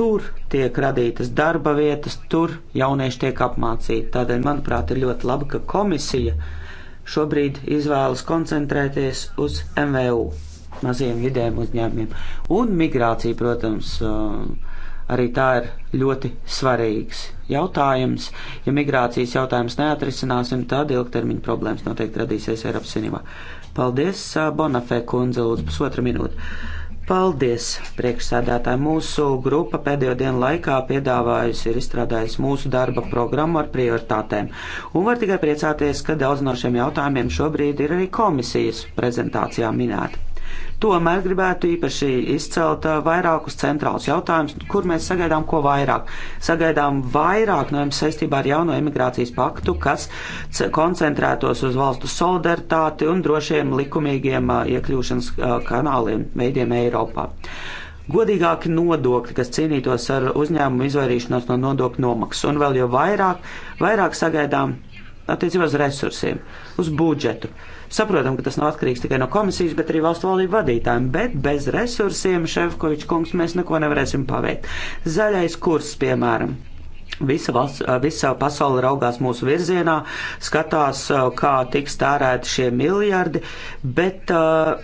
Tur tiek radītas darba vietas, tur jaunieši tiek apmācīti. Tādēļ, manuprāt, ir ļoti labi, ka komisija šobrīd izvēlas koncentrēties uz MVU, maziem vidējiem uzņēmumiem. Un migrācija, protams, uh, arī tā ir ļoti svarīgs jautājums. Ja migrācijas jautājums neatrisināsim, tad ilgtermiņa problēmas noteikti radīsies Eiropas Savienībā. Paldies, Bonafē kundze, lūdzu, pusotra minūte. Paldies, priekšsēdētāji. Mūsu grupa pēdējo dienu laikā piedāvājusi ir izstrādājusi mūsu darba programmu ar prioritātēm. Un var tikai priecāties, ka daudz no šiem jautājumiem šobrīd ir arī komisijas prezentācijā minēti. Tomēr gribētu īpaši izcelt uh, vairākus centrālus jautājumus, kur mēs sagaidām ko vairāk. Sagaidām vairāk no nu, jums saistībā ar jauno imigrācijas paktu, kas koncentrētos uz valstu solidaritāti un drošiem likumīgiem uh, iekļūšanas uh, kanāliem, veidiem Eiropā. Godīgāki nodokļi, kas cīnītos ar uzņēmumu izvairīšanos no nodokļu nomaksas, un vēl jau vairāk, vairāk sagaidām attiecībā uz resursiem, uz budžetu. Uh, Saprotam, ka tas nav atkarīgs tikai no komisijas, bet arī valstu valdību vadītājiem, bet bez resursiem, Šefkovičs kungs, mēs neko nevarēsim paveikt. Zaļais kurs, piemēram. Visa, valsts, visa pasaule raugās mūsu virzienā, skatās, kā tiks tērēti šie miljardi, bet uh,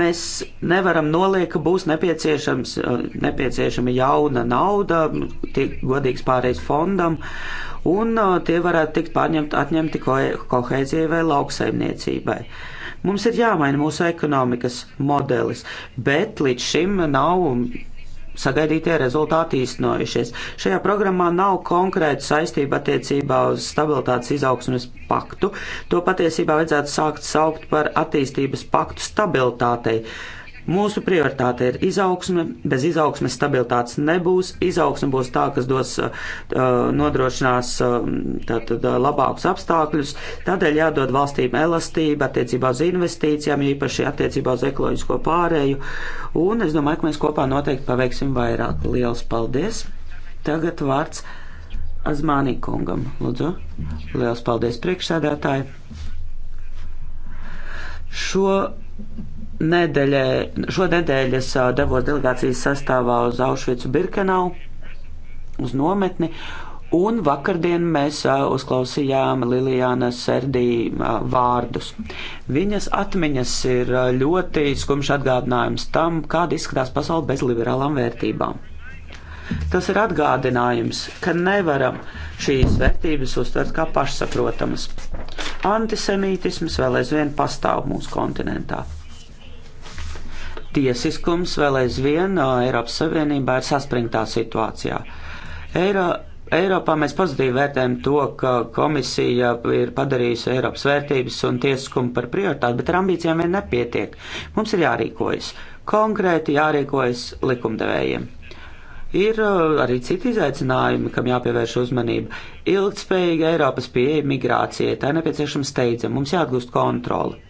mēs nevaram noliekt, ka būs nepieciešama jauna nauda, godīgs pārējais fondam. Uh, un tie varētu tikt pārņemt, atņemti kohēzijai vai lauksaimniecībai. Mums ir jāmaina mūsu ekonomikas modelis, bet līdz šim nav sagaidītie rezultāti īstenojušies. Šajā programmā nav konkrēta saistība attiecībā uz stabilitātes izaugsmes paktu. To patiesībā vajadzētu sākt saukt par attīstības paktu stabilitātei. Uh, Mūsu prioritāte ir izaugsme. Bez izaugsmes stabilitātes nebūs. Izaugsme būs tā, kas dos uh, nodrošinās uh, tātad, uh, labākus apstākļus. Tādēļ jādod valstīm elastība attiecībā uz investīcijām, īpaši attiecībā uz ekoloģisko pārēju. Un es domāju, ka mēs kopā noteikti paveiksim vairāk. Lielas paldies! Tagad vārds Azmānī kungam. Lūdzu, liels paldies priekšsēdētāji! Šo nedēļē, šonedēļ es devos delegācijas sastāvā uz Aušvicu Birkenau, uz nometni, un vakardien mēs uzklausījām Lilijānas Serdī vārdus. Viņas atmiņas ir ļoti skumšs atgādinājums tam, kāda izskatās pasaule bez liberālām vērtībām. Tas ir atgādinājums, ka nevaram šīs vērtības uztvert kā pašsaprotamas. Antisemītisms vēl aizvien pastāv mūsu kontinentā tiesiskums vēl aizvien Eiropas Savienībā ir saspringtā situācijā. Eiro, Eiropā mēs pozitīvi vērtējam to, ka komisija ir padarījusi Eiropas vērtības un tiesiskumu par prioritāti, bet ar ambīcijām vien nepietiek. Mums ir jārīkojas. Konkrēti jārīkojas likumdevējiem. Ir arī citi izaicinājumi, kam jāpievērš uzmanība. Ilgtspējīga Eiropas pieeja migrācijai, tā nepieciešama steidzam, mums jāatgūst kontroli.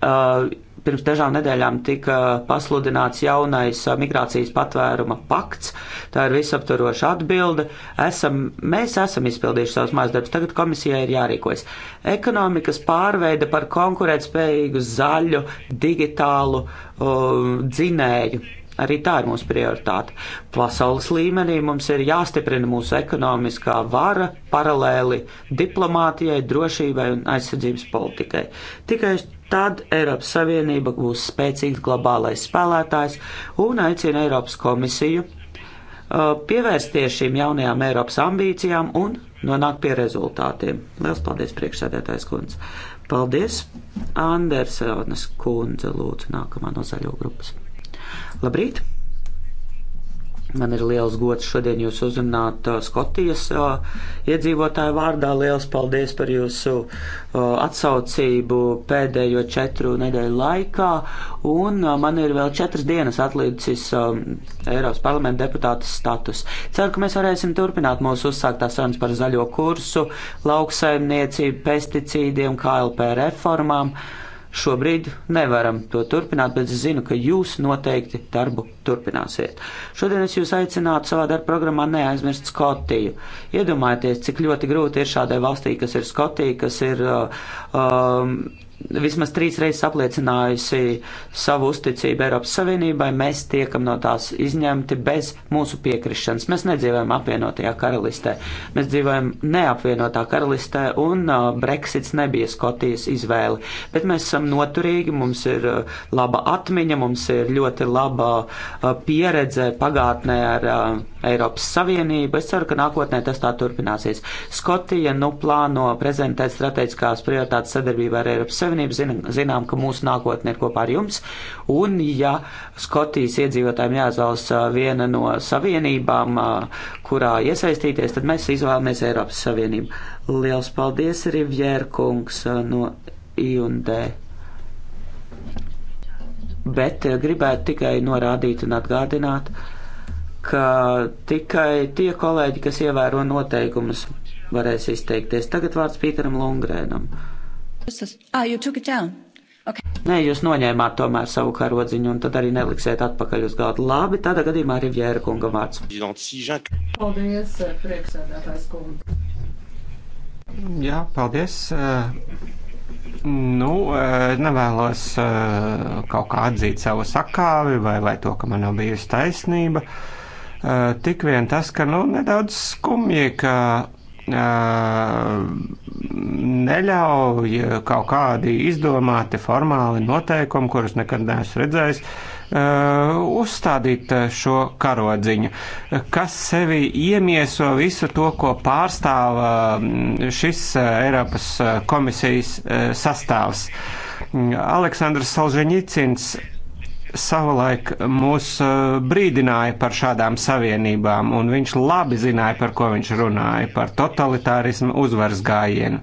Uh, pirms dažām nedēļām tika pasludināts jaunais uh, migrācijas patvēruma pakts. Tā ir visaptvaroša atbilde. Esam, mēs esam izpildījuši savus mājas darbus, tagad komisijai ir jārīkojas. Ekonomikas pārveide par konkurētspējīgu, zaļu, digitālu um, dzinēju. Arī tā ir mūsu prioritāte. Pasaules līmenī mums ir jāstiprina mūsu ekonomiskā vara paralēli diplomātijai, drošībai un aizsardzības politikai. Tikai Tad Eiropas Savienība būs spēcīgs globālais spēlētājs un aicina Eiropas komisiju uh, pievērsties šīm jaunajām Eiropas ambīcijām un nonākt pie rezultātiem. Lielas paldies, priekšsēdētājs kundze. Paldies, Andersonas kundze, lūdzu, nākamā no zaļo grupas. Labrīt! Man ir liels gods šodien jūs uzrunāt uh, Skotijas uh, iedzīvotāju vārdā. Liels paldies par jūsu uh, atsaucību pēdējo četru nedēļu laikā. Un uh, man ir vēl četras dienas atlīdzis um, Eiropas parlamenta deputāta status. Ceru, ka mēs varēsim turpināt mūsu uzsāktās sarunas par zaļo kursu, lauksaimniecību, pesticīdiem, KLP reformām. Uh, Šobrīd nevaram to turpināt, bet es zinu, ka jūs noteikti darbu turpināsiet. Šodien es jūs aicinātu savā darba programmā neaizmirst Skotiju. Iedomājieties, cik ļoti grūti ir šādai valstī, kas ir Skotija, kas ir. Uh, um, vismaz trīs reizes apliecinājusi savu uzticību Eiropas Savienībai, mēs tiekam no tās izņemti bez mūsu piekrišanas. Mēs nedzīvojam apvienotajā karalistē, mēs dzīvojam neapvienotā karalistē, un uh, Brexits nebija Skotijas izvēle. Bet mēs esam noturīgi, mums ir uh, laba atmiņa, mums ir ļoti laba uh, pieredze pagātnē ar uh, Eiropas Savienību. Es ceru, ka nākotnē tas tā turpināsies. Skotija nu plāno prezentēt strateģiskās prioritātes sadarbībā ar Eiropas Savienību Savienību, zinām, zinām, ka mūsu nākotne ir kopā ar jums, un ja Skotijas iedzīvotājiem jāizvēlas viena no savienībām, kurā iesaistīties, tad mēs izvēlamies Eiropas Savienību. Liels paldies, Rivjērkungs no IUND bet gribētu tikai norādīt un atgādināt, ka tikai tie kolēģi, kas ievēro noteikumus, varēs izteikties. Tagad vārds Pīteram Lungrēnam. Ah, you took it down. Okay. Nē, jūs noņēmāt tomēr savu karodziņu un tad arī neliksiet atpakaļ uz galda. Labi, tādā gadījumā arī Vjēra kunga vārds. Paldies, eh, priekšsēdētājs kunga. Jā, paldies. Eh, nu, eh, nevēlos kaut kā atzīt savu sakāvi vai, vai to, ka man nav bijusi taisnība. Tik vien tas, ka, nu, nedaudz skumji, ka neļauj kaut kādi izdomāti formāli noteikumi, kurus nekad neesmu redzējis, uzstādīt šo karodziņu, kas sevi iemieso visu to, ko pārstāv šis Eiropas komisijas sastāvs. Aleksandrs Solženicins savulaik mūs eh, brīdināja par šādām savienībām, un viņš labi zināja, par ko viņš runāja, par totalitārismu uzvaras gājienu.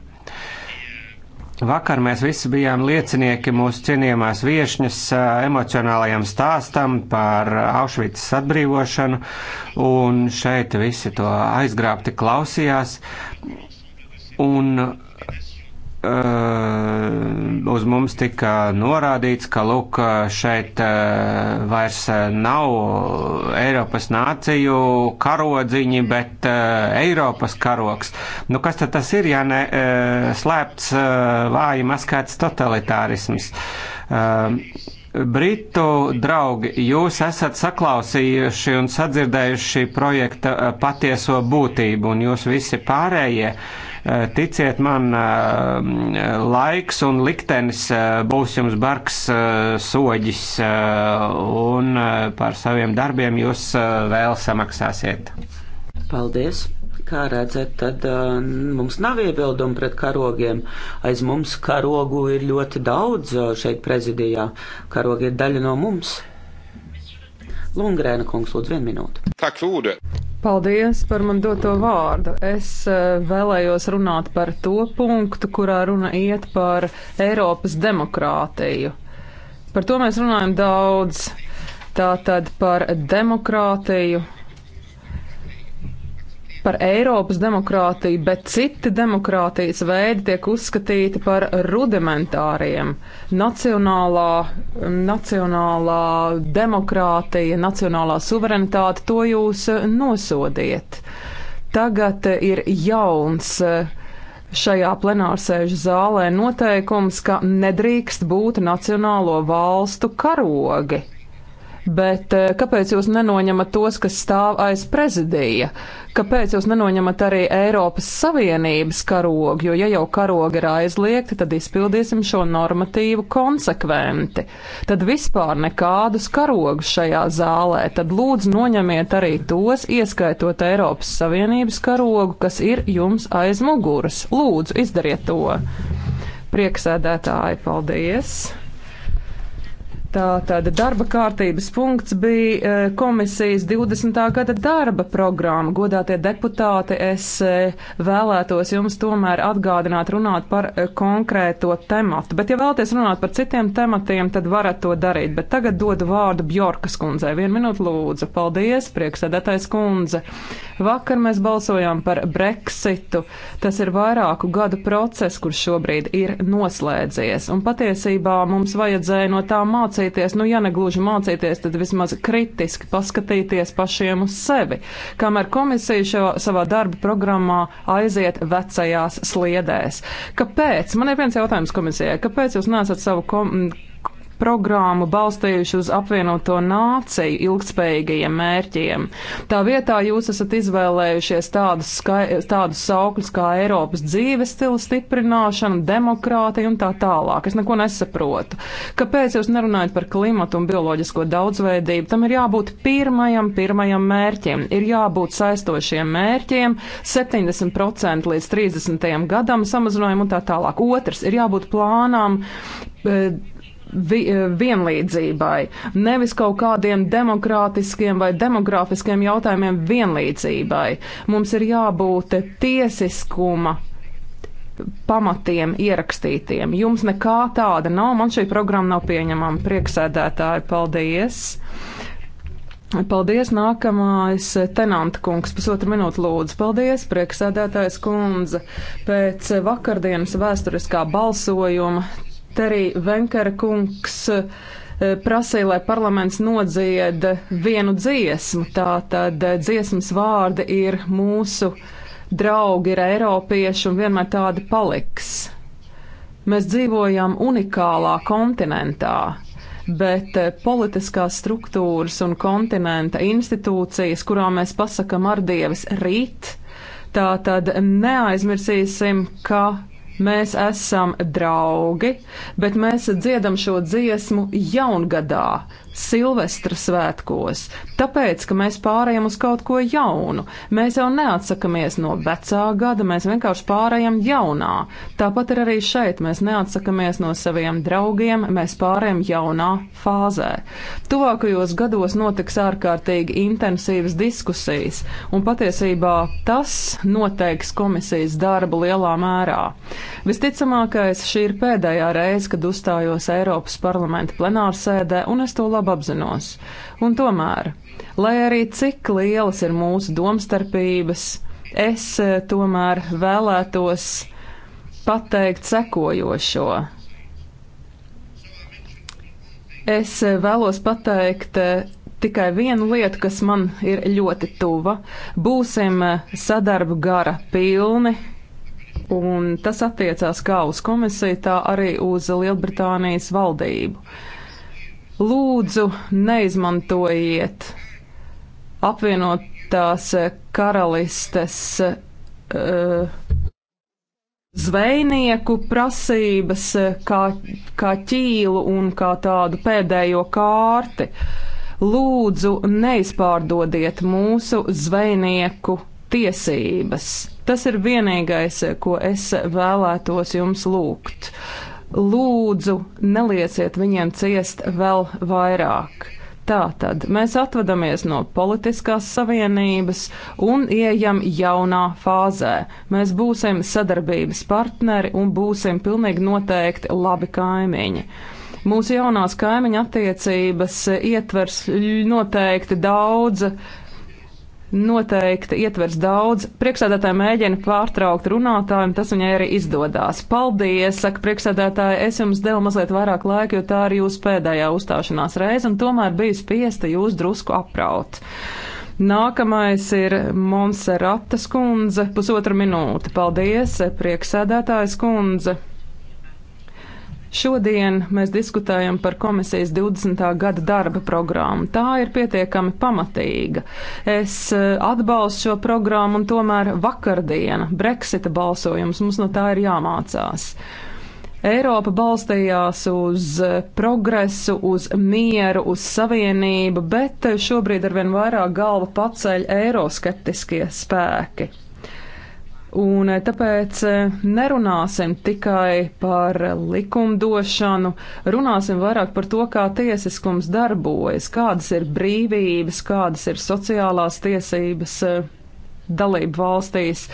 Vakar mēs visi bijām liecinieki mūsu cienījamās viešņas eh, emocionālajam stāstam par Aušvicas atbrīvošanu, un šeit visi to aizgrābti klausījās. Un Eh, uz mums tika norādīts, ka lūk, šeit eh, vairs eh, nav Eiropas nāciju karodziņi, bet Eiropas karoks. Nu, kas tad tas ir, ja ne slēpts vāji maskēts totalitārisms? Britu draugi, jūs esat saklausījuši un sadzirdējuši projekta patieso būtību, un jūs visi pārējie uh, Eh, ticiet man, eh, laiks un liktenis eh, būs jums bargs soģis, un par saviem darbiem jūs vēl samaksāsiet. Paldies! Kā redzat, tad uh, mums nav iebildumu pret karogiem. Aiz mums karogu ir ļoti daudz šeit prezidijā. Karogi ir daļa no mums. Lungrēna kungs, lūdzu, vienu minūtu. Tā kļūda. Paldies par man doto vārdu. Es eh, vēlējos runāt par to punktu, kurā runa iet par Eiropas demokrātiju. Par to mēs runājam daudz. Tātad par demokrātiju, par Eiropas demokrātiju, bet citi demokrātijas veidi tiek uzskatīti par rudimentāriem. Nacionālā, nacionālā demokrātija, nacionālā suverenitāte to jūs eh, nosodiet. Tagad eh, ir jauns eh, šajā plenārsēžu zālē noteikums, ka nedrīkst būt nacionālo valstu karogi. Bet eh, kāpēc jūs nenoņemat tos, kas stāv aiz prezidija? Kāpēc jūs nenoņemat arī Eiropas Savienības karogu? Jo, ja jau karogi ir aizliegti, tad izpildīsim šo normatīvu konsekventi. Tad vispār nekādus karogus šajā zālē. Tad lūdzu noņemiet arī tos, ieskaitot Eiropas Savienības karogu, kas ir jums aiz muguras. Lūdzu, izdariet to! Prieksēdētāji, paldies! Tātad darba kārtības punkts bija e, komisijas 20. gada darba programma. Godātie deputāti, es e, vēlētos jums tomēr atgādināt runāt par e, konkrēto tematu. Bet, ja vēlaties runāt par citiem tematiem, tad varat to darīt. Bet tagad dodu vārdu Bjorkas kundzei. Vienu minūtu lūdzu. Paldies, priekšsēdētājs kundze. Vakar mēs balsojām par Brexitu. Tas ir vairāku gadu process, kurš šobrīd ir noslēdzies. Un patiesībā mums vajadzēja no tā mācīties mācīties, nu, ja negluži mācīties, tad vismaz kritiski paskatīties pašiem uz sevi, kamēr komisija šo, savā darba programmā aiziet vecajās sliedēs. Kāpēc? Man ir viens jautājums komisijai. Kāpēc jūs nesat savu kom programmu balstījuši uz apvienoto nāciju ilgspējīgajiem mērķiem. Tā vietā jūs esat izvēlējušies tādus, skai, tādus saukļus kā Eiropas dzīves stila stiprināšana, demokrātija un tā tālāk. Es neko nesaprotu. Kāpēc jūs nerunājat par klimatu un bioloģisko daudzveidību? Tam ir jābūt pirmajam, pirmajam mērķim. Ir jābūt saistošiem mērķiem 70% līdz 30. gadam samazinājumu un tā tālāk. Otrs ir jābūt plānām eh, vi, eh, vienlīdzībai, nevis kaut kādiem demokrātiskiem vai demografiskiem jautājumiem vienlīdzībai. Mums ir jābūt tiesiskuma pamatiem ierakstītiem. Jums nekā tāda nav, man šī programma nav pieņemama. Prieksēdētāji, paldies! Paldies, nākamais tenanta kungs, pusotru minūtu lūdzu. Paldies, prieksēdētājs kundze. Pēc vakardienas vēsturiskā balsojuma Terī Venkara kungs eh, prasīja, lai parlaments nodzied vienu dziesmu. Tātad eh, dziesmas vārdi ir mūsu draugi, ir eiropieši un vienmēr tādi paliks. Mēs dzīvojam unikālā kontinentā, bet eh, politiskās struktūras un kontinenta institūcijas, kurām mēs pasakam ar Dievis rīt, tātad neaizmirsīsim, ka Mēs esam draugi, bet mēs dziedam šo dziesmu jaungadā. Silvestra svētkos, tāpēc, ka mēs pārējām uz kaut ko jaunu. Mēs jau neatsakamies no vecā gada, mēs vienkārši pārējām jaunā. Tāpat ir arī šeit, mēs neatsakamies no saviem draugiem, mēs pārējām jaunā fāzē. Tuvākajos gados notiks ārkārtīgi intensīvas diskusijas, un patiesībā tas noteiks komisijas darbu lielā mērā. Visticamākais šī ir pēdējā reize, kad uzstājos Eiropas parlamenta plenārsēdē, un es to labi labi apzinos. Un tomēr, lai arī cik lielas ir mūsu domstarpības, es eh, tomēr vēlētos pateikt sekojošo. Es eh, vēlos pateikt eh, tikai vienu lietu, kas man ir ļoti tuva. Būsim sadarbu gara pilni, un tas attiecās kā uz komisiju, tā arī uz Lielbritānijas valdību. Lūdzu, neizmantojiet apvienotās karalistes uh, zvejnieku prasības kā, kā ķīlu un kā tādu pēdējo kārti. Lūdzu, neizpārdodiet mūsu zvejnieku tiesības. Tas ir vienīgais, ko es vēlētos jums lūgt. Lūdzu, nelieciet viņiem ciest vēl vairāk. Tātad mēs atvadamies no politiskās savienības un ejam jaunā fāzē. Mēs būsim sadarbības partneri un būsim pilnīgi noteikti labi kaimiņi. Mūsu jaunās kaimiņa attiecības ietvers noteikti daudz uh, noteikti ietvers daudz. Priekšsēdētāji mēģina pārtraukt runātāju, un tas viņai arī izdodās. Paldies, saka priekšsēdētāji, es jums devu mazliet vairāk laika, jo tā ir jūsu pēdējā uzstāšanās reize, un tomēr biju spiesta jūs drusku apraut. Nākamais ir Monserratas kundze, pusotra minūte. Paldies, prieksēdētājs kundze. Šodien mēs diskutējam par komisijas 20. gada darba programmu. Tā ir pietiekami pamatīga. Es eh, atbalstu šo programmu, un tomēr vakardiena Brexita balsojums mums no tā ir jāmācās. Eiropa balstījās uz eh, progresu, uz mieru, uz savienību, bet eh, šobrīd arvien vairāk galvu paceļ eiroskeptiskie spēki. Un eh, tāpēc eh, nerunāsim tikai par likumdošanu, runāsim vairāk par to, kā tiesiskums darbojas, kādas ir brīvības, kādas ir sociālās tiesības eh, dalību valstīs.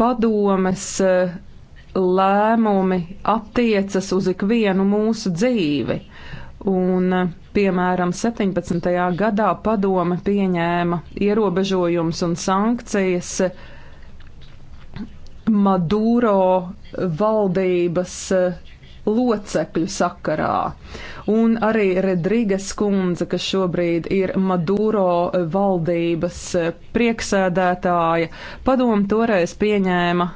Padomes lēmumi attiecas uz ikvienu mūsu dzīvi. Un, piemēram, 17. gadā padome pieņēma ierobežojumus un sankcijas Maduro valdības eh, locekļu sakarā. Un arī Redrīgas kundze, kas šobrīd ir Maduro eh, valdības eh, prieksēdētāja, padomu toreiz pieņēma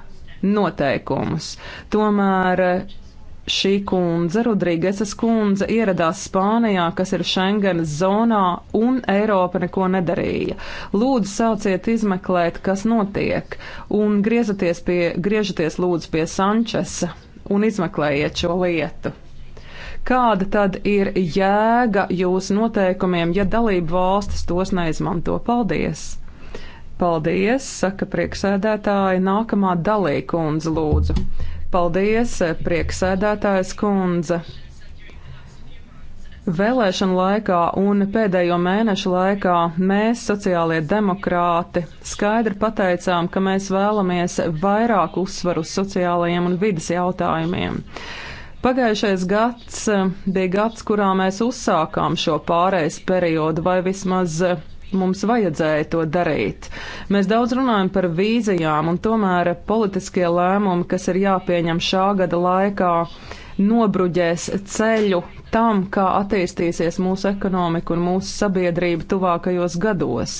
noteikumus. Tomēr šī kundze, Rodrīgesas kundze, ieradās Spānijā, kas ir Schengenas zonā, un Eiropa neko nedarīja. Lūdzu, sauciet izmeklēt, kas notiek, un griezieties pie, griežaties lūdzu pie Sančesa un izmeklējiet šo lietu. Kāda tad ir jēga jūsu noteikumiem, ja dalību valstis tos neizmanto? Paldies! Paldies, saka prieksēdētāji, nākamā dalīkundze lūdzu. Paldies, eh, prieksēdētājs kundze. Vēlēšanu laikā un pēdējo mēnešu laikā mēs, sociālie demokrāti, skaidri pateicām, ka mēs vēlamies vairāk uzsvaru uz sociālajiem un vidas jautājumiem. Pagājušais gads eh, bija gads, kurā mēs uzsākām šo pārejas periodu vai vismaz eh, mums vajadzēja to darīt. Mēs daudz runājam par vīzijām, un tomēr politiskie lēmumi, kas ir jāpieņem šā gada laikā, nobruģēs ceļu tam, kā attīstīsies mūsu ekonomika un mūsu sabiedrība tuvākajos gados.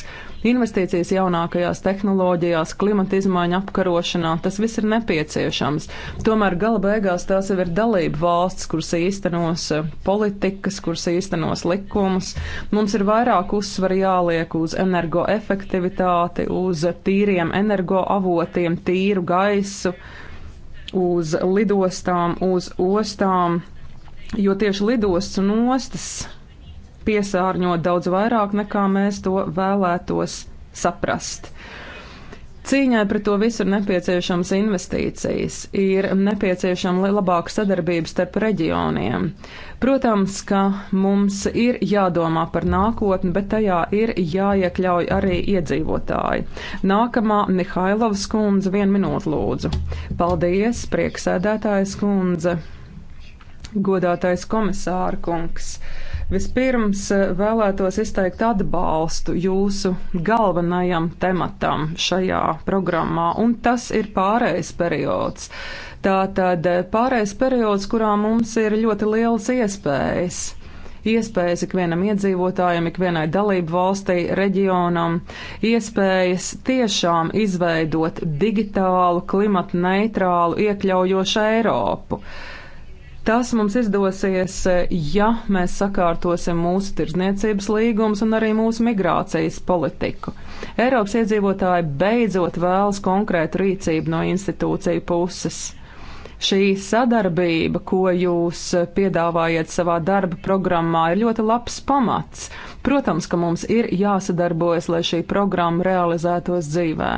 Investīcijas jaunākajās tehnoloģijās, klimata izmaiņu apkarošanā, tas viss ir nepieciešams. Tomēr gala beigās tās jau ir dalība valsts, kuras īstenos eh, politikas, kuras īstenos likumus. Mums ir vairāk uzsvaru jāliek uz energoefektivitāti, uz tīriem energoavotiem, tīru gaisu, uz lidostām, uz ostām jo tieši lidostas un ostas piesārņo daudz vairāk nekā mēs to vēlētos saprast. Cīņai pret to visu ir nepieciešams investīcijas, ir nepieciešama labāka sadarbība starp reģioniem. Protams, ka mums ir jādomā par nākotni, bet tajā ir jāiekļauj arī iedzīvotāji. Nākamā Mihailovas kundze, vien minūte lūdzu. Paldies, prieksēdētājas kundze godātais komisāra kungs. Vispirms eh, vēlētos izteikt atbalstu jūsu galvenajam tematam šajā programmā, un tas ir pārējais periods. Tātad eh, pārējais periods, kurā mums ir ļoti lielas iespējas. Iespējas ikvienam iedzīvotājam, ikvienai dalību valstī, reģionam, iespējas tiešām izveidot digitālu, klimatu neitrālu, iekļaujošu Eiropu. Uh, Tas mums izdosies, ja mēs sakārtosim mūsu tirzniecības līgumus un arī mūsu migrācijas politiku. Eiropas iedzīvotāji beidzot vēlas konkrētu rīcību no institūciju puses šī sadarbība, ko jūs piedāvājat savā darba programmā, ir ļoti labs pamats. Protams, ka mums ir jāsadarbojas, lai šī programma realizētos dzīvē.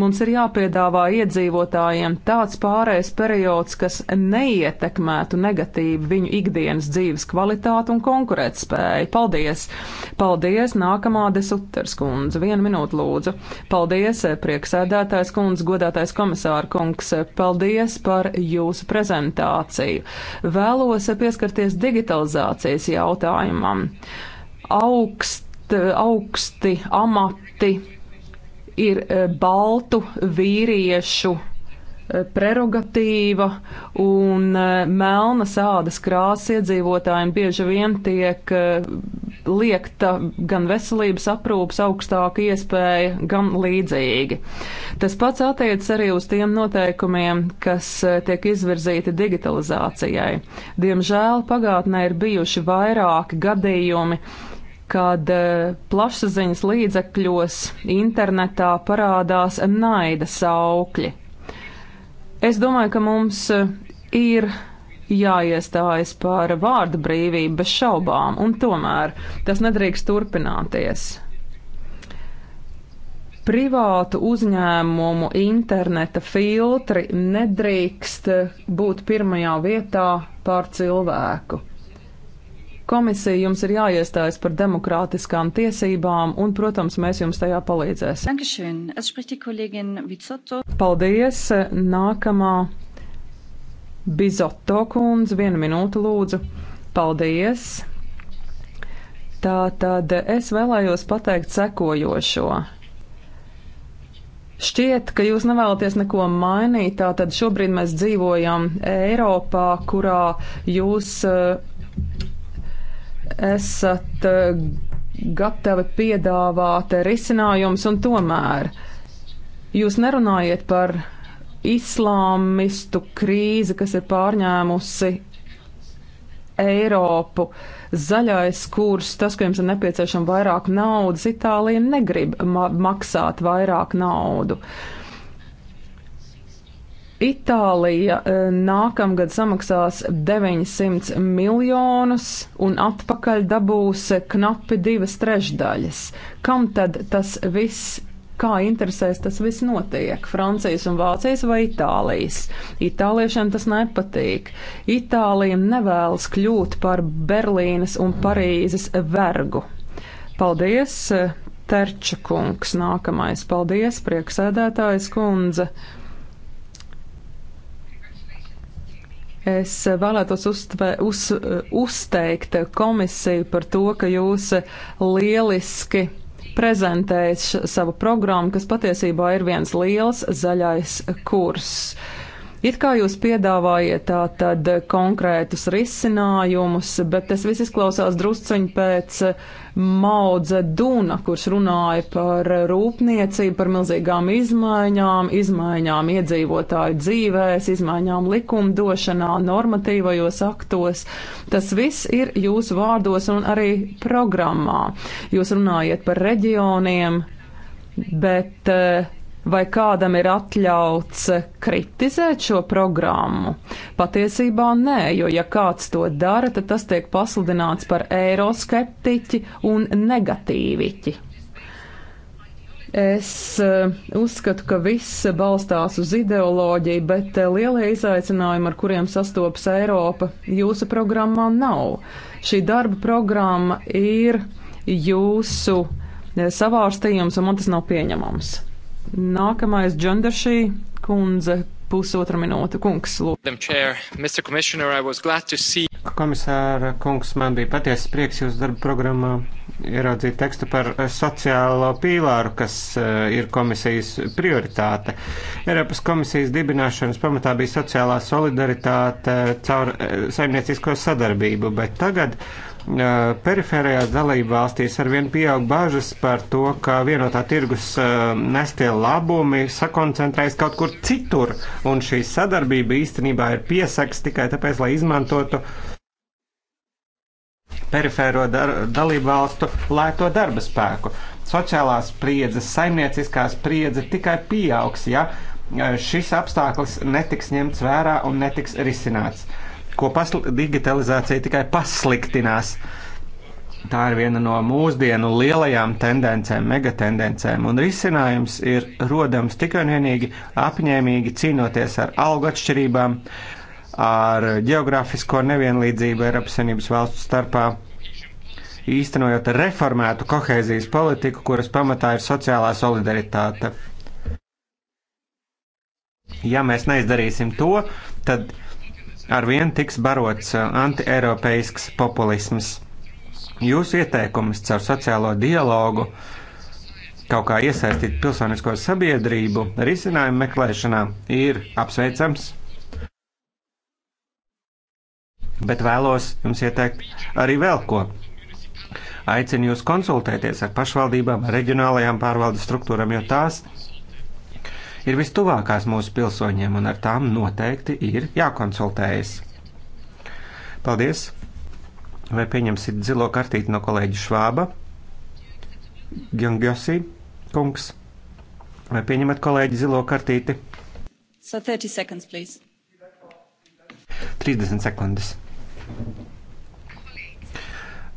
Mums ir jāpiedāvā iedzīvotājiem tāds pārējais periods, kas neietekmētu negatīvi viņu ikdienas dzīves kvalitāti un konkurētspēju. Paldies! Paldies! Nākamā desuters kundze. Vienu minūtu lūdzu. Paldies, prieksēdētājs kundze, godātais komisāra kungs. Paldies par jūsu prezentāciju. Vēlos pieskarties digitalizācijas jautājumam. Augst, augsti amati ir eh, baltu vīriešu eh, prerogatīva, un eh, melna sādas krāsa iedzīvotājiem bieži vien tiek liekta gan veselības aprūpas augstāka iespēja, gan līdzīgi. Tas pats attiecas arī uz tiem noteikumiem, kas tiek izvirzīti digitalizācijai. Diemžēl pagātnē ir bijuši vairāki gadījumi, kad e, plašsaziņas līdzekļos internetā parādās naida saukļi. Es domāju, ka mums e, ir jāiestājas par vārdu brīvību bez šaubām, un tomēr tas nedrīkst turpināties. Privātu uzņēmumu interneta filtri nedrīkst būt pirmajā vietā pār cilvēku. Komisija jums ir jāiestājas par demokrātiskām tiesībām, un, protams, mēs jums tajā palīdzēsim. Paldies! Nākamā Bizotto kundze, viena minūte lūdzu. Paldies! Tā tad es vēlējos pateikt sekojošo. Šķiet, ka jūs nevēlaties neko mainīt, tātad šobrīd mēs dzīvojam Eiropā, kurā jūs esat eh, gatavi piedāvāt risinājumus, un tomēr jūs nerunājat par islāmistu krīzi, kas ir pārņēmusi Eiropu. Zaļais kurs, tas, ka jums ir nepieciešama vairāk naudas, Itālija negrib ma maksāt vairāk naudu. Uh, Itālija e, nākamgad samaksās 900 miljonus un atpakaļ dabūs knapi divas trešdaļas. Kam tad tas viss kā interesēs tas viss notiek. Francijas un Vācijas vai Itālijas? Itāliešiem tas nepatīk. Itālijam nevēlas kļūt par Berlīnas un Parīzes vergu. Paldies, Terča kungs, nākamais. Paldies, prieksēdētājs kundze. Es vēlētos uztve, uz, uzteikt komisiju par to, ka jūs lieliski prezentējat savu programmu, kas patiesībā ir viens liels zaļais kurs. Uh, It kā jūs piedāvājat tā tad konkrētus risinājumus, bet tas viss izklausās drusceņi pēc Maudze Duna, kurš runāja par rūpniecību, par milzīgām izmaiņām, izmaiņām iedzīvotāju dzīvēs, izmaiņām likumdošanā, normatīvajos aktos. Tas viss ir jūsu vārdos un arī programmā. Jūs runājat par reģioniem, bet uh, vai kādam ir atļauts kritizēt šo programmu? Patiesībā nē, jo ja kāds to dara, tad tas tiek pasludināts par eiroskeptiķi un negatīviķi. Es eh, uzskatu, ka viss balstās uz ideoloģiju, bet eh, lielie izaicinājumi, ar kuriem sastopas Eiropa, jūsu programmā nav. Šī darba programma ir jūsu eh, savārstījums, un man tas nav pieņemams. Nākamais Džandaršī kundze pusotra minūte. Kungs, lūdzu. Komisāra kungs, man bija patiesa prieks jūsu darba programmā ieraudzīt tekstu par eh, sociālo pīlāru, kas eh, ir komisijas prioritāte. Eiropas komisijas dibināšanas pamatā bija sociālā solidaritāte caur eh, saimniecisko sadarbību, bet tagad uh, perifērajās dalību valstīs arvien pieaug bažas par to, ka vienotā tirgus nestie labumi sakoncentrējas kaut kur citur, un šī sadarbība īstenībā ir piesaks tikai tāpēc, lai izmantotu perifēro dar dalību valstu lēto darba spēku. Sociālā spriedze, saimnieciskā spriedze tikai pieaugs, ja šis apstākļus netiks ņemts vērā un netiks risināts. Uh, ko digitalizācija tikai pasliktinās. Tā ir viena no mūsdienu lielajām tendencēm, megatendencēm, un risinājums ir rodams tikai un vienīgi apņēmīgi cīnoties ar algu atšķirībām, ar geogrāfisko nevienlīdzību Eiropas Savienības valstu starpā, īstenojot reformētu kohēzijas politiku, kuras pamatā ir sociālā solidaritāte. Ja mēs neizdarīsim to, tad arvien tiks barots uh, antieiropeisks populisms. Jūsu ieteikums caur sociālo dialogu kaut kā iesaistīt pilsonisko sabiedrību risinājumu meklēšanā ir apsveicams. Bet vēlos jums ieteikt arī vēl ko. Aicinu jūs konsultēties ar pašvaldībām, reģionālajām pārvaldes struktūram, jo tās ir vistuvākās mūsu pilsoņiem, un ar tām noteikti ir jākonsultējas. Paldies! Vai pieņemsit zilo kartīti no kolēģa Švāba? Gangjosi, kungs, vai pieņemat kolēģi zilo kartīti? So 30 seconds, please. 30 sekundes.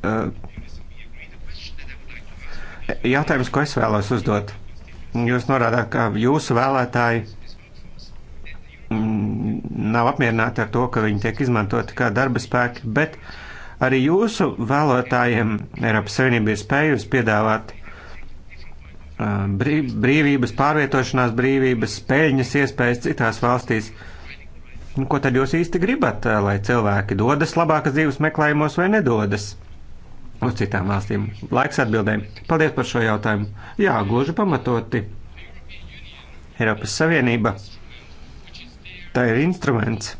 Uh, jautājums, ko es vēlos uzdot. Jūs norādāt, ka jūsu vēlētāji mm, nav apmierināti ar to, ka viņi tiek izmantoti kā darba spēki, bet arī jūsu vēlētājiem Eiropas Savienība ir spējusi piedāvāt brīvības, pārvietošanās brīvības, spēļņas iespējas citās valstīs. Nu, ko tad jūs īsti gribat, lai cilvēki dodas labākas dzīves meklējumos vai nedodas? uz citām valstīm. Laiks atbildēm. Paldies par šo jautājumu. Jā, gluži pamatoti. Eiropas Savienība tā ir instruments,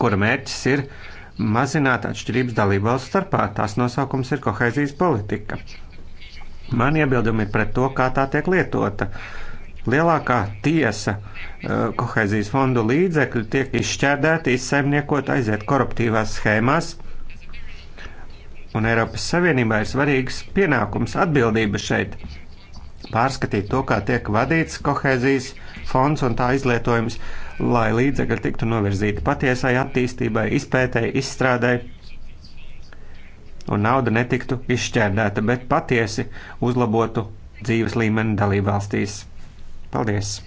kura mērķis ir mazināt atšķirības dalību valstu starpā. Tās nosaukums ir kohēzijas politika. Man iebildumi ir pret to, kā tā tiek lietota. Lielākā tiesa eh, kohēzijas fondu līdzekļu tiek izšķērdēti, izsaimniekot, aiziet koruptīvās schēmās Un Eiropas Savienībā ir svarīgs pienākums atbildība šeit pārskatīt to, kā tiek vadīts kohēzijas fonds un tā izlietojums, lai līdzekļi tiktu novirzīti patiesai attīstībai, izpētēji, izstrādēji un nauda netiktu izšķērdēta, bet patiesi uzlabotu dzīves līmeni dalībvalstīs. Paldies!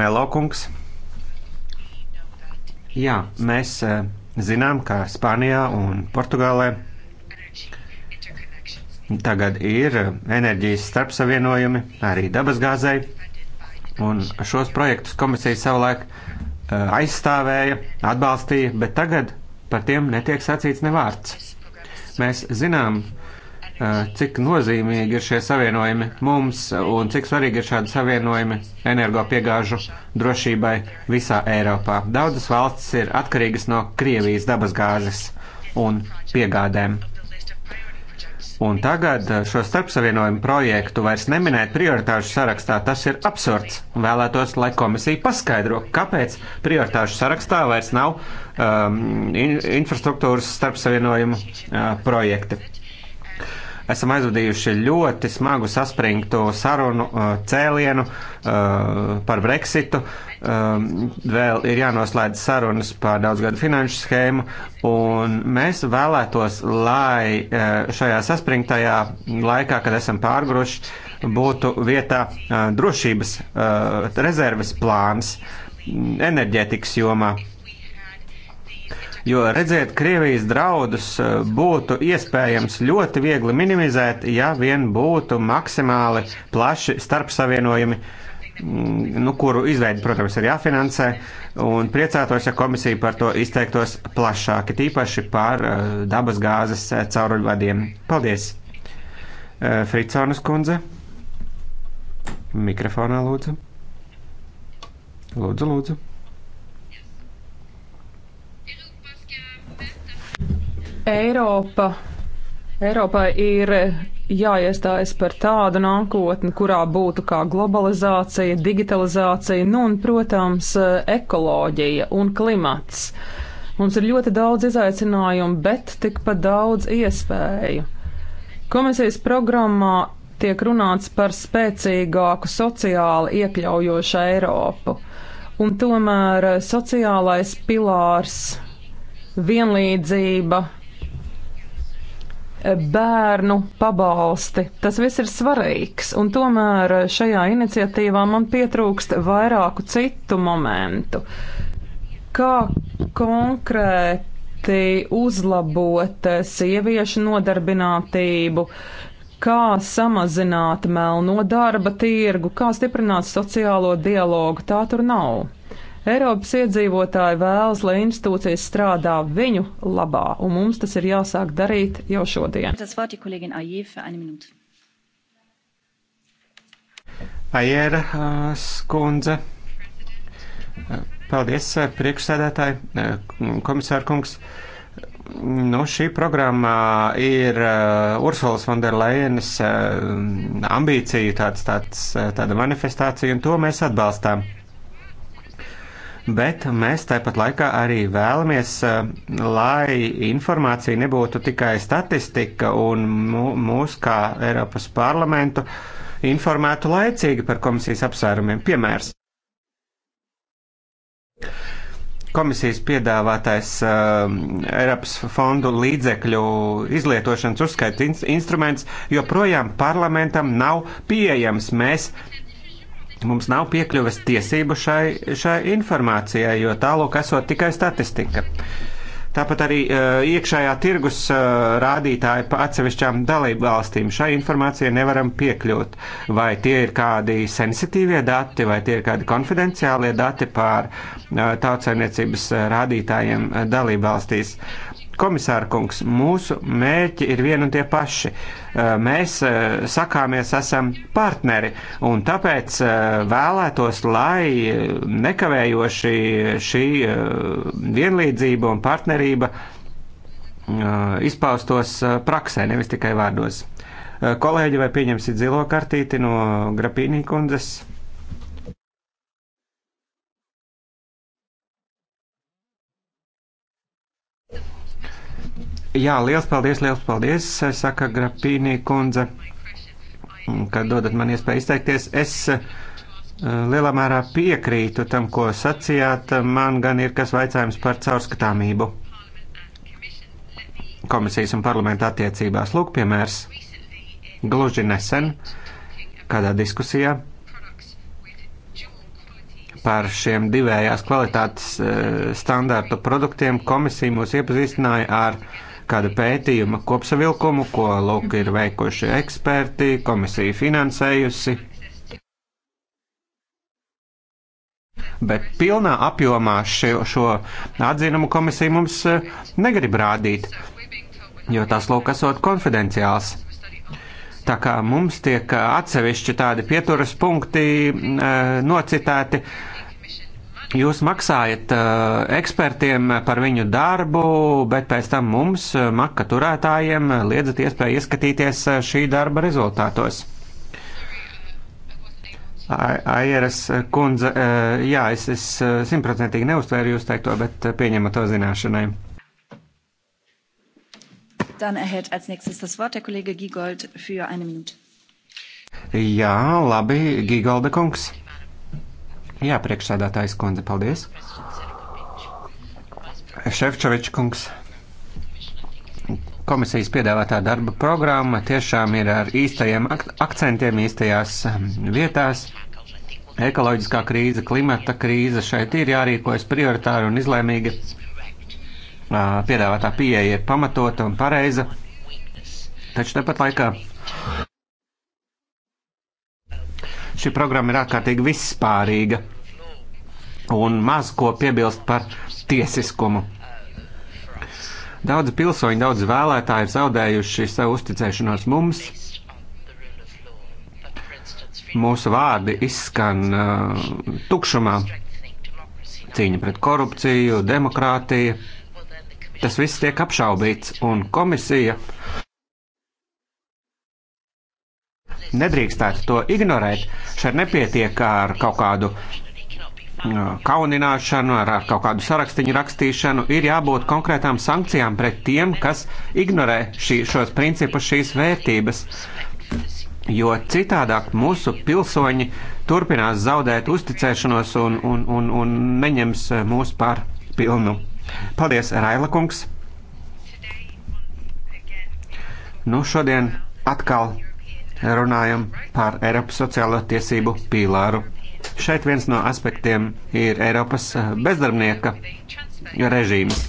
Melokungs. Jā, mēs eh, zinām, ka Spānijā un Portugālē tagad ir eh, enerģijas starpsavienojumi arī dabasgāzei, un šos projektus komisija savulaik eh, aizstāvēja, atbalstīja, bet tagad par tiem netiek sacīts nevārds. Mēs zinām, cik nozīmīgi ir šie savienojumi mums un cik svarīgi ir šādi savienojumi energopiegāžu drošībai visā Eiropā. Daudzas valstis ir atkarīgas no Krievijas dabasgāzes un piegādēm. Un tagad šo starpsavienojumu projektu vairs neminēt prioritāšu sarakstā, tas ir absurds. Vēlētos, lai komisija paskaidro, kāpēc prioritāšu sarakstā vairs nav um, in, infrastruktūras starpsavienojumu uh, projekti esam aizvadījuši ļoti smagu saspringtu sarunu uh, cēlienu uh, par Brexitu. Um, vēl ir jānoslēdz sarunas par daudzgadu finanšu schēmu, un mēs vēlētos, lai uh, šajā saspringtajā laikā, kad esam pārgruši, būtu vietā drošības rezerves plāns enerģētikas jomā jo redzēt Krievijas draudus eh, būtu iespējams ļoti viegli minimizēt, ja vien būtu maksimāli plaši starpsavienojumi mm, nu, kuru izveidi, protams, ir jāfinansē, un priecātos, ja komisija par to izteiktos plašāk, tīpaši par eh, dabas gāzes eh, cauruļvadiem. Paldies! Friconas kundze, mikrofonā lūdzu. Lūdzu, lūdzu. Eiropa. Eiropai ir jāiestājas par tādu nākotni, kurā būtu kā globalizācija, digitalizācija, nu un, protams, ekoloģija un klimats. Mums ir ļoti daudz izaicinājumu, bet tikpat daudz iespēju. Komisijas programmā tiek runāts par spēcīgāku sociāli iekļaujošu Eiropu, un tomēr sociālais pilārs, vienlīdzība, Eh, bērnu pabalsti. Tas viss ir svarīgs, un tomēr šajā iniciatīvā man pietrūkst vairāku citu momentu. Kā konkrēti uzlabot eh, sieviešu nodarbinātību, kā samazināt melno darba tirgu, kā stiprināt sociālo dialogu, tā tur nav. Eiropas iedzīvotāji vēlas, lai institūcijas strādā viņu labā, un mums tas ir jāsāk darīt jau šodien. Aiera uh, skundze. Paldies, uh, priekšsēdētāji, uh, komisāra kungs. Nu, šī programma ir uh, Ursulas Vanderlainas uh, ambīcija, tāds, tāds, tāda manifestācija, un to mēs atbalstām bet mēs tāpat laikā arī vēlamies, eh, lai informācija nebūtu tikai statistika un mūs kā Eiropas parlamentu informētu laicīgi par komisijas apsvērumiem. Piemērs. Komisijas piedāvātais uh, Eiropas fondu līdzekļu izlietošanas uzskaita in instruments joprojām parlamentam nav pieejams. Mēs Mums nav piekļuves tiesību šai, šai informācijai, jo tālūk esot tikai statistika. Tāpat arī uh, iekšējā tirgus uh, rādītāji pa atsevišķām dalību valstīm. Šai informācijai nevaram piekļūt. Vai tie ir kādi sensitīvie dati, vai tie ir kādi konfidenciālie dati pār uh, e, tautsainiecības rādītājiem uh, dalību valstīs. Uh, Komisārkungs, mūsu mērķi ir vien un tie paši. Eh, mēs eh, sakāmies esam partneri, un tāpēc eh, vēlētos, lai nekavējoši šī vienlīdzība un partnerība izpaustos praksē, nevis tikai vārdos. Kolēģi, vai pieņemsit zilo kartīti no Grapīnī kundzes? Jā, liels paldies, liels paldies, eh, saka Grapīnī kundze, kad dodat man iespēju izteikties. Es eh, lielā mērā piekrītu tam, ko sacījāt. Man gan ir kas vaicājums par caurskatāmību komisijas un parlamenta attiecībās. Lūk, piemērs. Gluži nesen kādā diskusijā par šiem divējās kvalitātes eh, standārtu produktiem komisija mūs iepazīstināja ar uh, kāda pētījuma kopsavilkumu, ko lūk ir veikuši eksperti, komisija finansējusi. Bet pilnā apjomā šo, šo atzinumu komisija mums eh, negrib rādīt, jo tas lūk esot konfidenciāls. Tā kā mums tiek eh, atsevišķi tādi pieturas punkti eh, nocitēti, uh, Jūs maksājat uh, ekspertiem par viņu darbu, bet pēc tam mums, uh, maka turētājiem, liedzat iespēju ieskatīties uh, šī darba rezultātos. Aieras kundze, uh, jā, es, es uh, simtprocentīgi neuztvēru jūs teikto, bet pieņemu to zināšanai. Dann erhält als nächstes das Wort der Kollege Giegold für eine Minute. Jā, labi, Gigolda kungs. Jā, priekšsēdētājs kundze, paldies. Šefčovičs kungs komisijas piedāvātā darba programma tiešām ir ar īstajiem ak akcentiem, īstajās um, vietās. Ekoloģiskā krīze, klimata krīze šeit ir jārīkojas prioritāri un izlēmīgi. Piedāvātā pieeja ir pamatota un pareiza, taču tepat laikā Šī programma ir ārkārtīgi vispārīga un maz ko piebilst par tiesiskumu. Daudz pilsoņu, daudz vēlētāji ir zaudējuši savu uzticēšanos mums. Mūsu vārdi izskan uh, tukšumā. Cīņa pret korupciju, demokrātija. Tas viss tiek apšaubīts, un komisija Nedrīkstētu to ignorēt. Šeit nepietiek ar kaut kādu uh, kaunināšanu, ar, ar kaut kādu sarakstiņu rakstīšanu, ir jābūt konkrētām sankcijām pret tiem, kas ignorē šī, šos principus, šīs vērtības. Jo citādāk mūsu pilsoņi turpinās zaudēt uzticēšanos un, un, un, un neņems uh, mūs par pilnu. Paldies, Raila kungs! Nu, šodien atkal runājam par Eiropas sociālo tiesību pīlāru. Šeit viens no aspektiem ir Eiropas eh, bezdarbnieka režīms.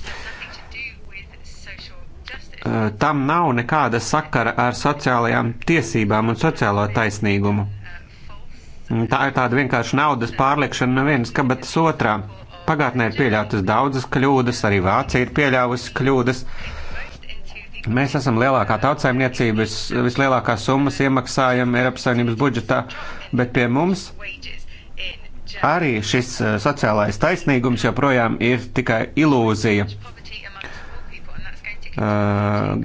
Eh, tam nav nekāda sakara ar sociālajām tiesībām un sociālo taisnīgumu. Tā ir tāda vienkārši naudas pārliekšana no vienas kabatas otrā. Pagātnē ir pieļautas daudzas kļūdas, arī Vācija ir pieļāvusi kļūdas. Uh, Mēs esam lielākā tautsājumniecība, vis, vislielākās summas iemaksājam Eiropas Savienības budžetā, bet pie mums arī šis eh, sociālais taisnīgums joprojām ir tikai ilūzija. Eh,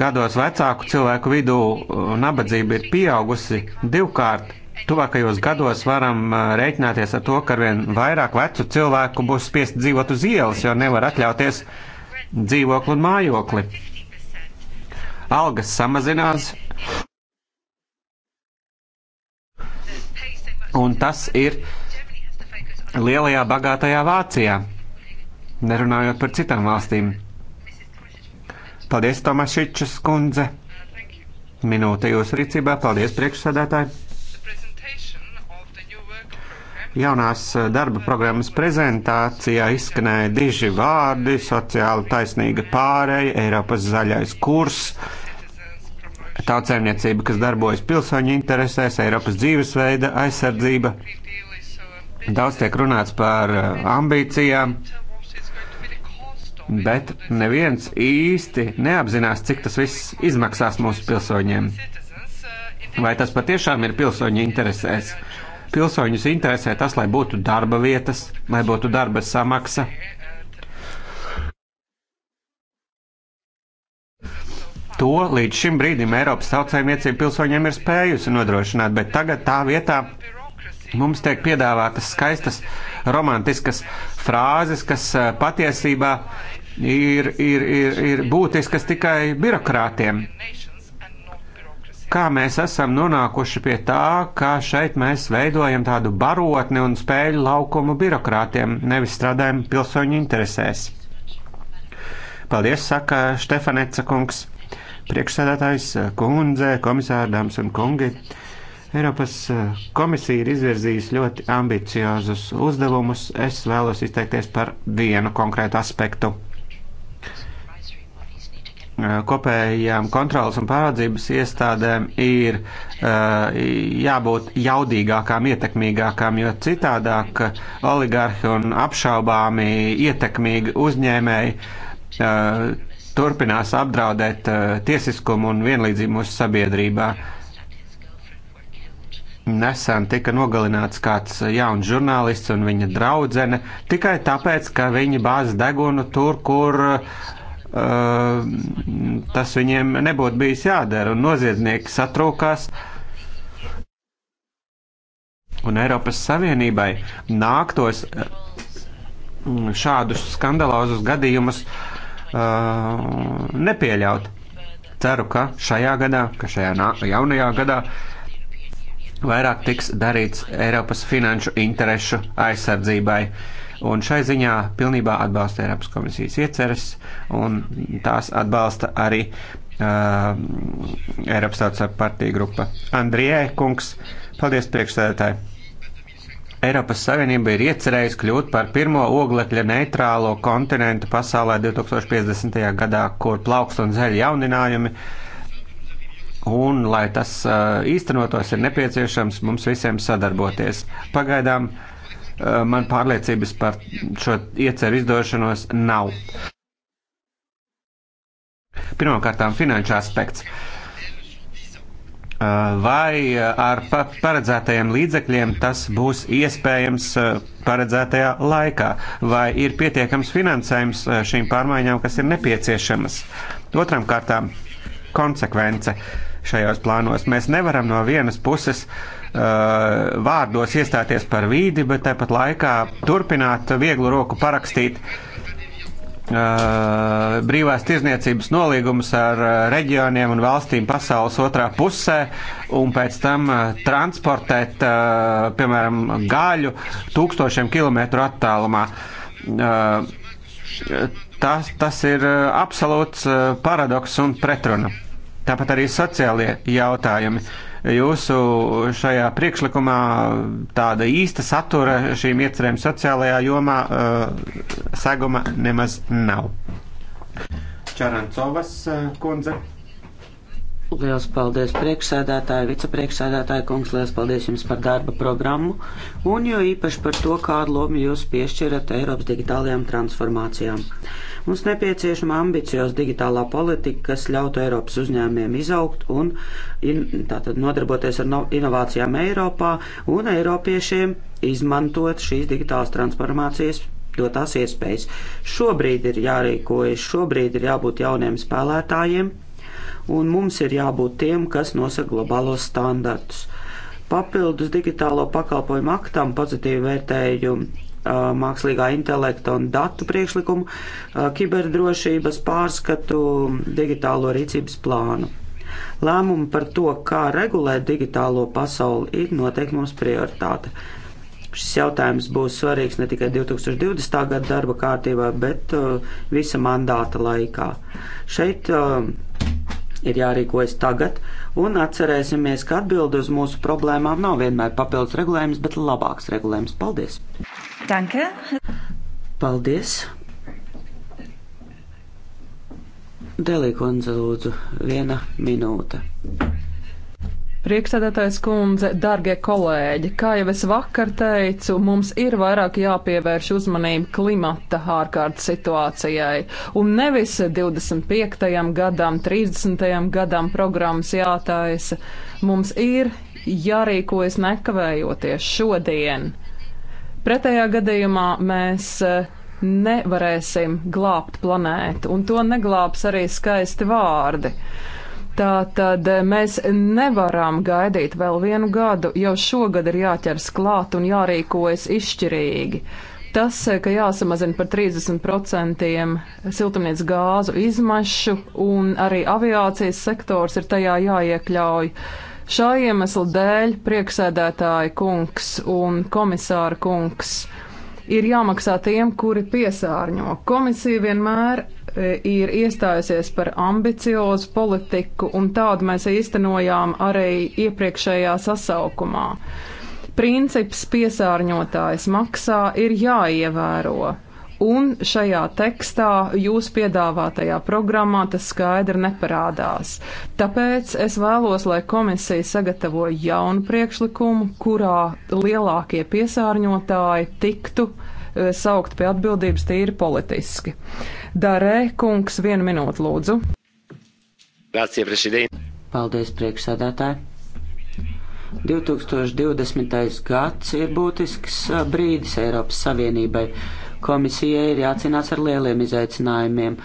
gados vecāku cilvēku vidū eh, nabadzība ir pieaugusi divkārt. Tuvākajos gados varam rēķināties ar to, ka arvien vairāk vecu cilvēku būs spiest dzīvot uz ielas, jo nevar atļauties dzīvokli un mājokli algas samazinās. Un tas ir lielajā bagātajā Vācijā, nerunājot par citām valstīm. Paldies, Tomašičs kundze! Minūte jūsu rīcībā. Paldies, priekšsēdētāji! Jaunās eh, darba programmas prezentācijā izskanēja diži vārdi - sociāli taisnīga pāreja, Eiropas zaļais kurs tautsēmniecība, kas darbojas pilsoņu interesēs, Eiropas dzīvesveida aizsardzība. Daudz tiek runāts par eh, ambīcijām, bet neviens īsti neapzinās, cik tas viss izmaksās mūsu pilsoņiem. Vai tas patiešām ir pilsoņu interesēs? Pilsoņus interesē tas, lai būtu darba vietas, lai būtu darba samaksa. To līdz šim brīdim Eiropas tautsājumniecība pilsoņiem ir spējusi nodrošināt, bet tagad tā vietā mums tiek piedāvātas skaistas romantiskas frāzes, kas eh, patiesībā ir, ir, ir, ir būtiskas tikai birokrātiem kā mēs esam nonākuši pie tā, ka šeit mēs veidojam tādu barotni un spēļu laukumu birokrātiem, nevis strādājam pilsoņu interesēs. Paldies, saka Štefaneca kungs, priekšsēdētājs, eh, kundze, komisārdāms un kungi. Eiropas eh, komisija ir izvirzījusi ļoti ambiciozus uzdevumus. Es vēlos izteikties par vienu konkrētu aspektu kopējām kontrolas un pārādzības iestādēm ir jābūt jaudīgākām, ietekmīgākām, jo citādāk oligarhi un apšaubāmi ietekmīgi uzņēmēji turpinās apdraudēt tiesiskumu un vienlīdzību mūsu sabiedrībā. Nesen tika nogalināts kāds jauns žurnālists un viņa draudzene tikai tāpēc, ka viņi bāz degunu tur, kur uh, tas viņiem nebūtu bijis jādara, un noziedznieki satrūkās. Un Eiropas Savienībai nāktos šādus skandalozus gadījumus uh, nepieļaut. Ceru, ka šajā gadā, ka šajā jaunajā gadā vairāk tiks darīts Eiropas finanšu interešu aizsardzībai. Uh, Un šai ziņā pilnībā atbalsta Eiropas komisijas ieceres, un tās atbalsta arī uh, Eiropas tautas partija grupa. Andrijē, kungs, paldies priekšsēdētāji! Eiropas Savienība ir iecerējusi kļūt par pirmo oglekļa neitrālo kontinentu pasaulē 2050. gadā, kur plaukst un zeļ jauninājumi. Un, lai tas uh, īstenotos, ir nepieciešams mums visiem sadarboties. Pagaidām uh, Eh, man pārliecības par šo ieceru izdošanos nav. Pirmkārtām, finanšu aspekts. Eh, vai eh, ar paredzētajiem līdzekļiem tas būs iespējams paredzētajā laikā, vai ir pietiekams finansējums šīm pārmaiņām, kas ir nepieciešamas? Otram kārtām, konsekvence šajos plānos. Mēs nevaram no vienas puses uh, Uh, vārdos iestāties par vīdi, bet tāpat laikā turpināt vieglu roku parakstīt uh, brīvās tirzniecības nolīgumus ar uh, reģioniem un valstīm pasaules otrā pusē, un pēc tam transportēt, piemēram, gaļu tūkstošiem kilometru attālumā. Tas, tas ir absolūts paradoks un pretruna. Tāpat arī sociālie jautājumi. Uh, jūsu šajā priekšlikumā tāda īsta satura šīm iecerēm sociālajā jomā uh, eh, seguma nemaz nav. Čarancovas eh, kundze. Lielas paldies priekšsēdētāji, vicepriekšsēdētāji kungs, liels paldies jums par darba programmu un jo īpaši par to, kādu lomu jūs piešķirat Eiropas digitālajām transformācijām. Uh, Mums nepieciešama ambiciozs digitālā politika, kas ļautu Eiropas uzņēmiem izaugt un in, tātad nodarboties ar no, inovācijām Eiropā un Eiropiešiem izmantot šīs digitālās transformācijas dotās iespējas. Šobrīd ir jārīkojas, šobrīd ir jābūt jauniem spēlētājiem, un mums ir jābūt tiem, kas nosaka globālos standartus. Papildus digitālo pakalpojumu aktam pozitīvi vērtēju Uh, mākslīgā intelekta un datu priekšlikumu, uh, kiberdrošības pārskatu, digitālo rīcības plānu. Lēmumi par to, kā regulēt digitālo pasauli, ir noteikti mums prioritāte. Šis jautājums būs svarīgs ne tikai 2020. gada darba kārtībā, bet uh, visa mandāta laikā. Šeit ir jārīkojas tagad, un atcerēsimies, ka atbildi uz mūsu problēmām nav vienmēr papildus regulējums, bet labāks regulējums. Paldies! Danke. Paldies. Delikundze lūdzu, viena minūte. Priekšsēdētājs kundze, darbie kolēģi, kā jau es vakar teicu, mums ir vairāk jāpievērš uzmanība klimata ārkārtas situācijai. Un nevis 25. gadam, 30. gadam programmas jātaisa. Mums ir jārīkojas nekavējoties šodien. Pretējā gadījumā mēs eh, nevarēsim glābt planētu, un to neglābs arī skaisti vārdi. Tā tad eh, mēs nevaram gaidīt vēl vienu gadu, jau šogad ir jāķers klāt un jārīkojas izšķirīgi. Tas, eh, ka jāsamazina par 30% siltumnīcas gāzu izmašu un arī aviācijas sektors ir tajā jāiekļauj. Uh, Šā iemesla dēļ prieksēdētāja kungs un komisāra kungs ir jāmaksā tiem, kuri piesārņo. Komisija vienmēr e, ir iestājusies par ambiciozu politiku, un tādu mēs īstenojām arī iepriekšējā sasaukumā. Princips piesārņotājs maksā ir jāievēro un šajā tekstā jūs piedāvātajā programmā tas skaidri neparādās. Tāpēc es vēlos, lai komisija sagatavo jaunu priekšlikumu, kurā lielākie piesārņotāji tiktu e, saukt pie atbildības tīri politiski. Darē, kungs, vienu minūtu lūdzu. Grazie, prezident. Paldies, priekšsādātāji. 2020. gads ir būtisks eh, brīdis Eiropas Savienībai Komisijai ir jācīnās ar lieliem izaicinājumiem.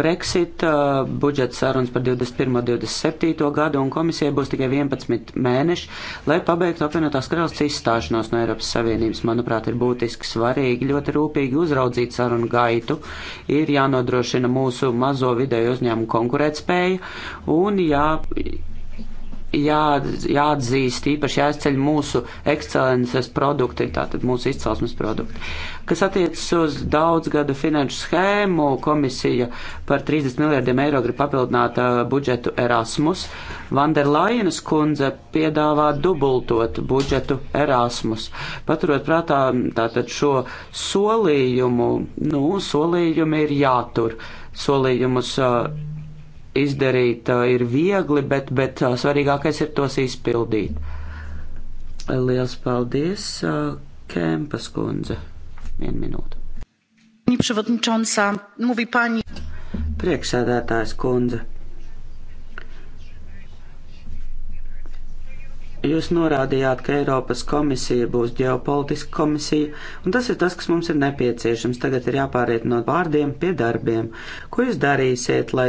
Brexit, uh, budžets sarunas par 21. un 27. gadu, un komisijai būs tikai 11 mēneši, lai pabeigtu apvienotās karalists izstāšanos no Eiropas Savienības. Manuprāt, ir būtiski svarīgi ļoti rūpīgi uzraudzīt sarunu gaitu, ir jānodrošina mūsu mazo vidēju uzņēmumu konkurētspēja un jā jā, jāatzīst, īpaši jāizceļ mūsu ekscelences produkti, tātad mūsu izcelsmes produkti. Kas attiecas uz daudzgadu finanšu schēmu, komisija par 30 miljardiem eiro grib papildināt uh, budžetu Erasmus. Vanderlainas kundze piedāvā dubultot budžetu Erasmus. Paturot prātā tātad šo solījumu, nu, solījumi ir jātur. Solījumus uh, izdarīt ir viegli, bet, bet svarīgākais ir tos izpildīt. Liels paldies, Kempas kundze. Vienu minūtu. Priekšsēdētājs kundze. Jūs norādījāt, ka Eiropas komisija būs ģeopolitiska komisija, un tas ir tas, kas mums ir nepieciešams. Tagad ir jāpāriet no vārdiem pie darbiem. Ko jūs darīsiet, lai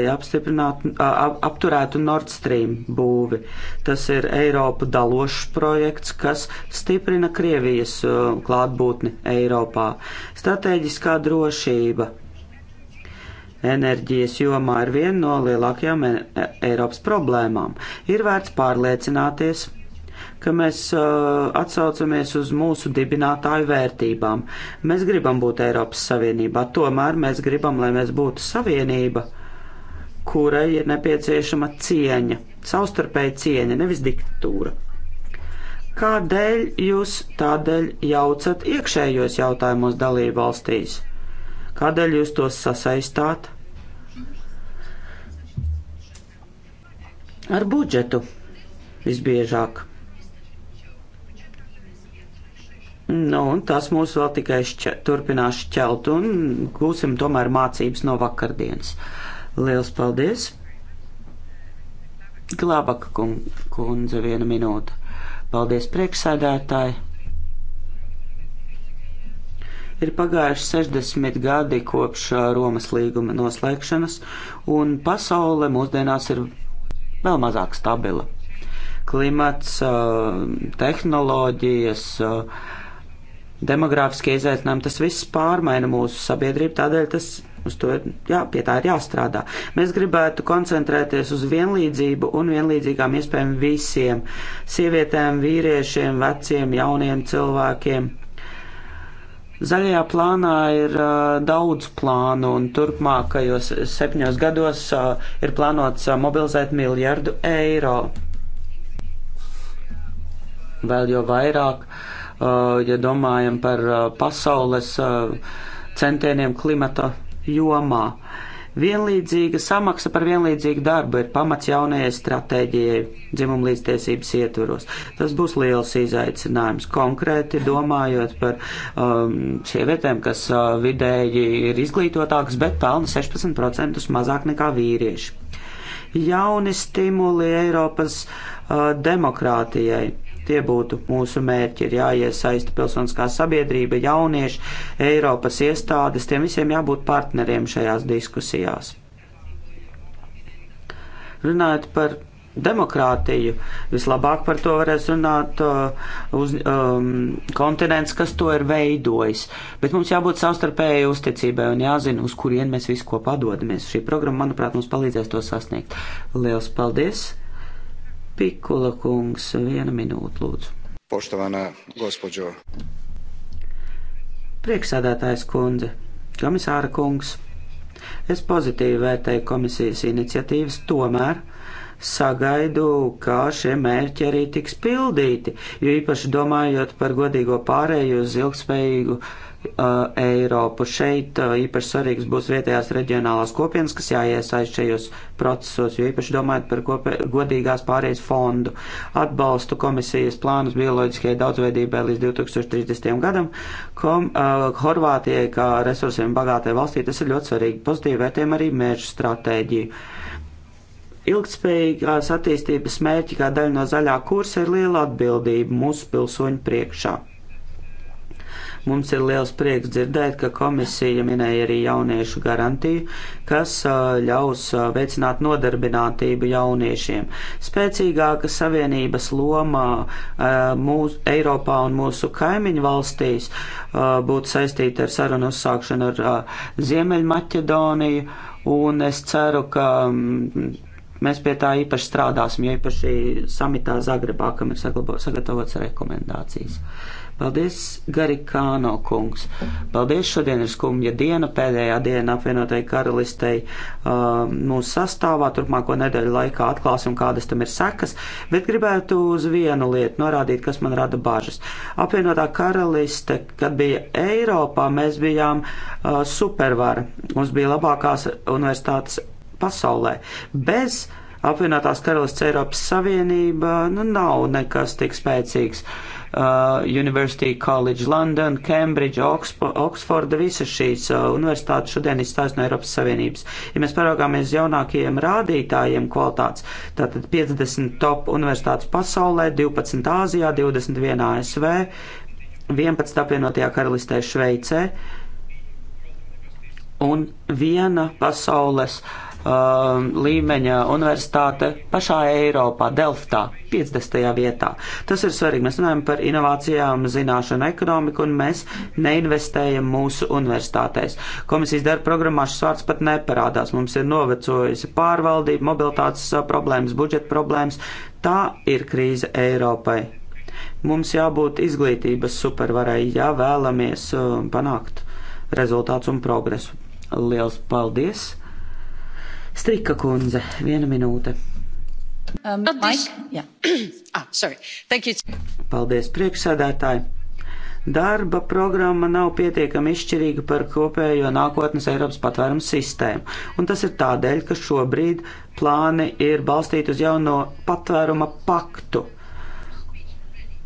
apturētu Nord Stream būvi? Tas ir Eiropu dalošs projekts, kas stiprina Krievijas klātbūtni Eiropā. Stratēģiskā drošība, enerģijas jomā ir viena no lielākajām e, Eiropas problēmām. Ir vērts pārliecināties, ka mēs uh, atsaucamies uz mūsu dibinātāju vērtībām. Mēs gribam būt Eiropas Savienībā, tomēr mēs gribam, lai mēs būtu savienība, kurai ir nepieciešama cieņa, savstarpēja cieņa, nevis diktatūra. Kādēļ jūs tādēļ jaucat iekšējos jautājumos dalību valstīs? Kādēļ jūs tos sasaistāt? Ar budžetu visbiežāk. Nu, un tas mūs vēl tikai šķe, turpinās šķelt un gūsim tomēr mācības no vakardienas. Liels paldies! Glābaka kundze viena minūte. Paldies priekšsēdētāji! Ir pagājuši 60 gadi kopš Romas līguma noslēgšanas, un pasaule mūsdienās ir vēl mazāk stabila. Klimats, tehnoloģijas, demogrāfiskie izaicinājumi, tas viss pārmaina mūsu sabiedrību, tādēļ tas uz to ir, jā, pie tā ir jāstrādā. Mēs gribētu koncentrēties uz vienlīdzību un vienlīdzīgām iespējām visiem - sievietēm, vīriešiem, veciem, jauniem cilvēkiem. Zaļajā plānā ir uh, daudz plānu, un turpmākajos septņos gados uh, ir plānots uh, mobilizēt miljardu eiro. Vēl jau vairāk Uh, ja domājam par uh, pasaules uh, centieniem klimata jomā. Vienlīdzīga samaksa par vienlīdzīgu darbu ir pamats jaunajai stratēģijai dzimumlīdztiesības ietvaros. Tas būs liels izaicinājums. Konkrēti domājot par um, sievietēm, kas uh, vidēji ir izglītotākas, bet pelna 16% mazāk nekā vīrieši. Jauni stimuli Eiropas uh, demokrātijai Tie būtu mūsu mērķi, ir jāiesaista pilsoniskā sabiedrība, jaunieši, Eiropas iestādes, tiem visiem jābūt partneriem šajās diskusijās. Runājot par demokrātiju. Vislabāk par to varēs runāt uh, uz, um, kontinents, kas to ir veidojis. Bet mums jābūt savstarpēji uzticībai un jāzina, uz kurien mēs visu kopā dodamies. Šī programma, manuprāt, mums palīdzēs to sasniegt. Liels paldies! Pikula kungs, viena minūte, lūdzu. Poštovana gospođo. Prieksēdētājs kundze, komisāra kungs, es pozitīvi vērtēju komisijas iniciatīvas, tomēr sagaidu, kā šie mērķi arī tiks pildīti, jo īpaši domājot par godīgo pārēju uz ilgspējīgu Uh, Eiropu. Šeit uh, īpaši svarīgs būs vietējās reģionālās kopienas, kas jāiesaist šajos procesos, jo īpaši domājot par kopē, godīgās pārējais fondu. Atbalstu komisijas plānus bioloģiskajai daudzveidībai līdz 2030. gadam. Kom, uh, Horvātijai, kā resursiem bagātai valstī, tas ir ļoti svarīgi. Pozitīvi vērtējam arī mērķu stratēģiju. Ilgtspējīgās attīstības mērķi kā daļa no zaļā kursa ir liela atbildība mūsu pilsoņu priekšā. Mums ir liels prieks dzirdēt, ka komisija minēja arī jauniešu garantiju, kas ļaus veicināt nodarbinātību jauniešiem. Spēcīgāka savienības loma mūs, Eiropā un mūsu kaimiņu valstīs būtu saistīta ar sarunu uzsākšanu ar Ziemeļmaķedoniju, un es ceru, ka mm, mēs pie tā īpaši strādāsim, jo īpaši samitā Zagrebā, kam ir sagatavots rekomendācijas. Mm. Paldies, Garikāno kungs. Paldies, šodien ir skumja diena, pēdējā diena apvienotai karalistei uh, mūsu sastāvā. Turpmāko nedēļu laikā atklāsim, kādas tam ir sekas, bet gribētu uz vienu lietu norādīt, kas man rada bažas. Apvienotā karaliste, kad bija Eiropā, mēs bijām uh, supervara. Mums bija labākās universitātes pasaulē. Bez apvienotās karalists Eiropas Savienība nu, nav nekas tik spēcīgs. Uh, uh, University College London, Cambridge, Oxpo, Oxforda, visas šīs uh, universitātes šodien izstājas no Eiropas Savienības. Ja mēs paraugāmies jaunākajiem rādītājiem kvalitātes, tātad 50 top universitātes pasaulē, 12 Āzijā, 21 ASV, 11 apvienotajā karalistē Šveicē un viena pasaules uh, um, līmeņa universitāte pašā Eiropā, Delftā, 50. vietā. Tas ir svarīgi. Mēs runājam par inovācijām, zināšanu, ekonomiku, un mēs neinvestējam mūsu universitātēs. Komisijas darba programmā šis vārds pat neparādās. Mums ir novecojusi pārvaldība, mobilitātes uh, problēmas, budžeta problēmas. Tā ir krīze Eiropai. Mums jābūt izglītības supervarai, ja vēlamies uh, panākt rezultāts un progresu. Liels paldies! Strika kundze, viena minūte. Um, Mike? Yeah. [CLEARS THROAT] ah, sorry. Thank you. Paldies, priekšsēdētāji. Darba programma nav pietiekami izšķirīga par kopējo nākotnes Eiropas patvērums sistēmu, un tas ir tādēļ, ka šobrīd plāni ir balstīti uz jauno patvēruma paktu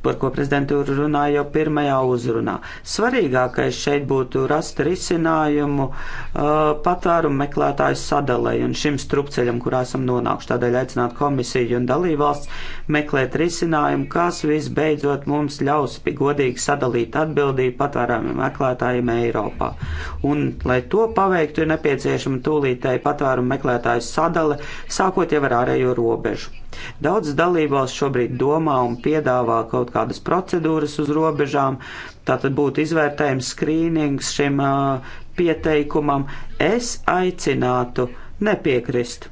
par ko prezidentūra runāja jau pirmajā uzrunā. Svarīgākais šeit būtu rast risinājumu uh, patvērumu meklētāju sadalēju un šim strupceļam, kurā esam nonākuši. Tādēļ aicināt komisiju un dalībvalsts meklēt risinājumu, kas visbeidzot mums ļaus godīgi sadalīt atbildību patvērumu meklētājiem Eiropā. Un, lai to paveiktu, ir nepieciešama tūlītēji patvērumu meklētāju sadale, sākot jau ar ārējo robežu. Daudzas dalībās šobrīd domā un piedāvā kaut kādas procedūras uz robežām, tātad būtu izvērtējums skrīnings šim uh, pieteikumam. Es aicinātu nepiekrist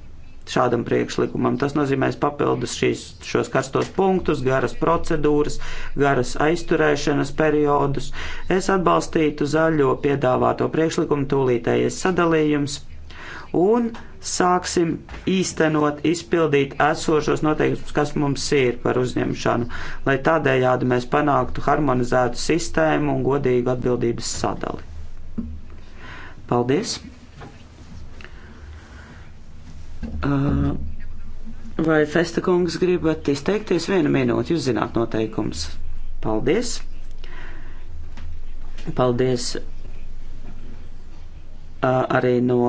šādam priekšlikumam. Tas nozīmēs papildus šīs, šos karstos punktus, garas procedūras, garas aizturēšanas periodus. Es atbalstītu zaļo piedāvāto priekšlikumu tūlītējies sadalījums un sāksim īstenot, izpildīt esošos noteikumus, kas mums ir par uzņemšanu, lai tādējādi mēs panāktu harmonizētu sistēmu un godīgu atbildības sadali. Paldies! Uh, vai Festa kungs gribat izteikties vienu minūti? Jūs zināt noteikums. Paldies! Paldies! arī no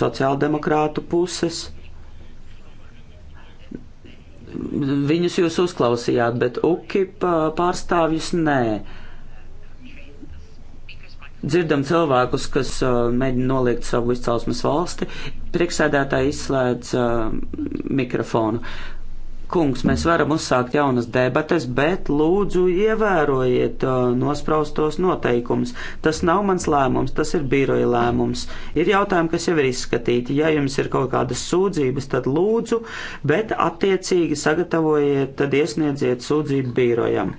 sociāldemokrātu puses. Viņus jūs uzklausījāt, bet UKIP pārstāvjus nē. Dzirdam cilvēkus, kas mēģina noliegt savu izcelsmes valsti. Priekšsēdētāji izslēdz mikrofonu. Kungs, mēs varam uzsākt jaunas debates, bet lūdzu ievērojiet uh, nospraustos noteikumus. Tas nav mans lēmums, tas ir biroja lēmums. Ir jautājumi, kas jau ir izskatīti. Ja jums ir kaut kādas sūdzības, tad lūdzu, bet attiecīgi sagatavojiet, tad iesniedziet sūdzību birojam.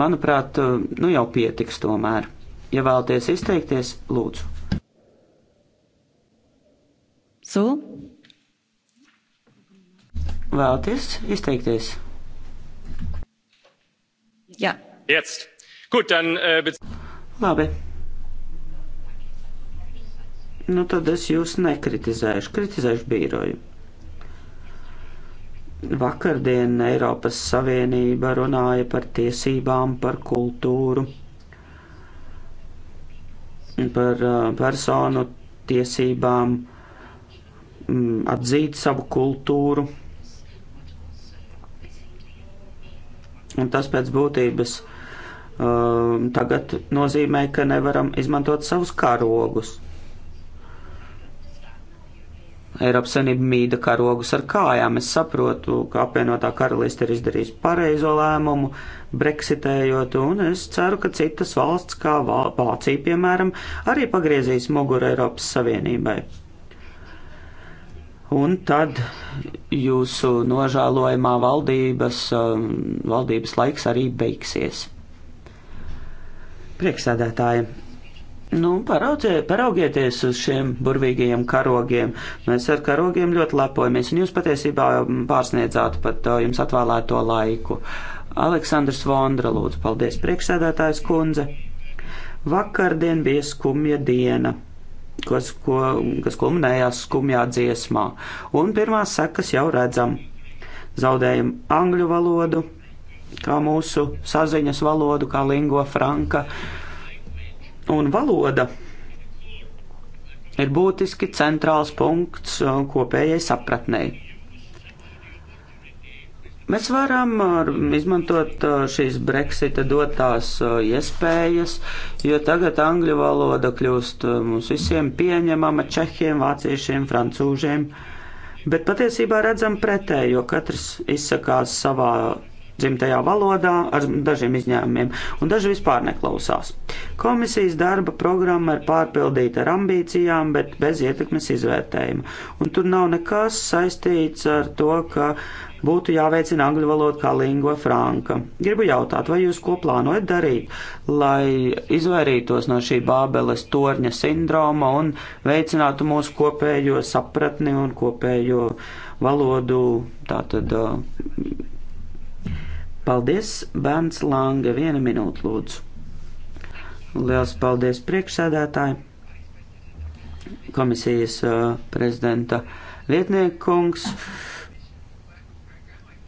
Manuprāt, uh, nu jau pietiks tomēr. Ja vēlaties izteikties, lūdzu. So? Vēlaties izteikties? Jā. Jetzt. Gut, dann, uh, Labi. Nu, tad es jūs nekritizēšu, kritizēšu bīroju. Vakardien Eiropas Savienība runāja par tiesībām, par kultūru, par uh, personu tiesībām mm, atzīt savu kultūru. Un tas pēc būtības um, tagad nozīmē, ka nevaram izmantot savus karogus. Eiropas Savienība mīda karogus ar kājām. Es saprotu, ka apvienotā karaliste ir izdarījusi pareizo lēmumu, breksitējot, un es ceru, ka citas valsts, kā Vācija, piemēram, arī pagriezīs muguru Eiropas Savienībai. Un tad jūsu nožēlojamā valdības, um, valdības laiks arī beigsies. Prieksēdētāji, nu, paraudzie, paraugieties uz šiem burvīgajiem karogiem. Mēs ar karogiem ļoti lepojamies, un jūs patiesībā pārsniedzāt pat uh, jums atvēlēto laiku. Aleksandrs Vondra, lūdzu, paldies, prieksēdētājs kundze. Vakardien bija skumja diena kas, ko, kas kulminējās skumjā dziesmā. Un pirmās sekas jau redzam. Zaudējam angļu valodu, kā mūsu saziņas valodu, kā lingua franca. Un valoda ir būtiski centrāls punkts uh, kopējai sapratnei. Mēs varam izmantot šīs Brexita dotās iespējas, jo tagad angļu valoda kļūst mums visiem pieņemama čehiem, vāciešiem, francūžiem, bet patiesībā redzam pretēju, jo katrs izsakās savā dzimtajā valodā ar dažiem izņēmumiem, un daži vispār neklausās. Komisijas darba programma ir pārpildīta ar ambīcijām, bet bez ietekmes izvērtējuma, un tur nav nekas saistīts ar to, ka uh, būtu jāveicina angļu valoda kā lingua franca. Gribu jautāt, vai jūs ko plānojat darīt, lai izvairītos no šī bābeles torņa sindroma un veicinātu mūsu kopējo sapratni un kopējo valodu? Tātad, uh, paldies, Bērns Lange, viena minūte lūdzu. Liels paldies priekšsēdētāji, komisijas uh, prezidenta vietnieku kungs. Uh,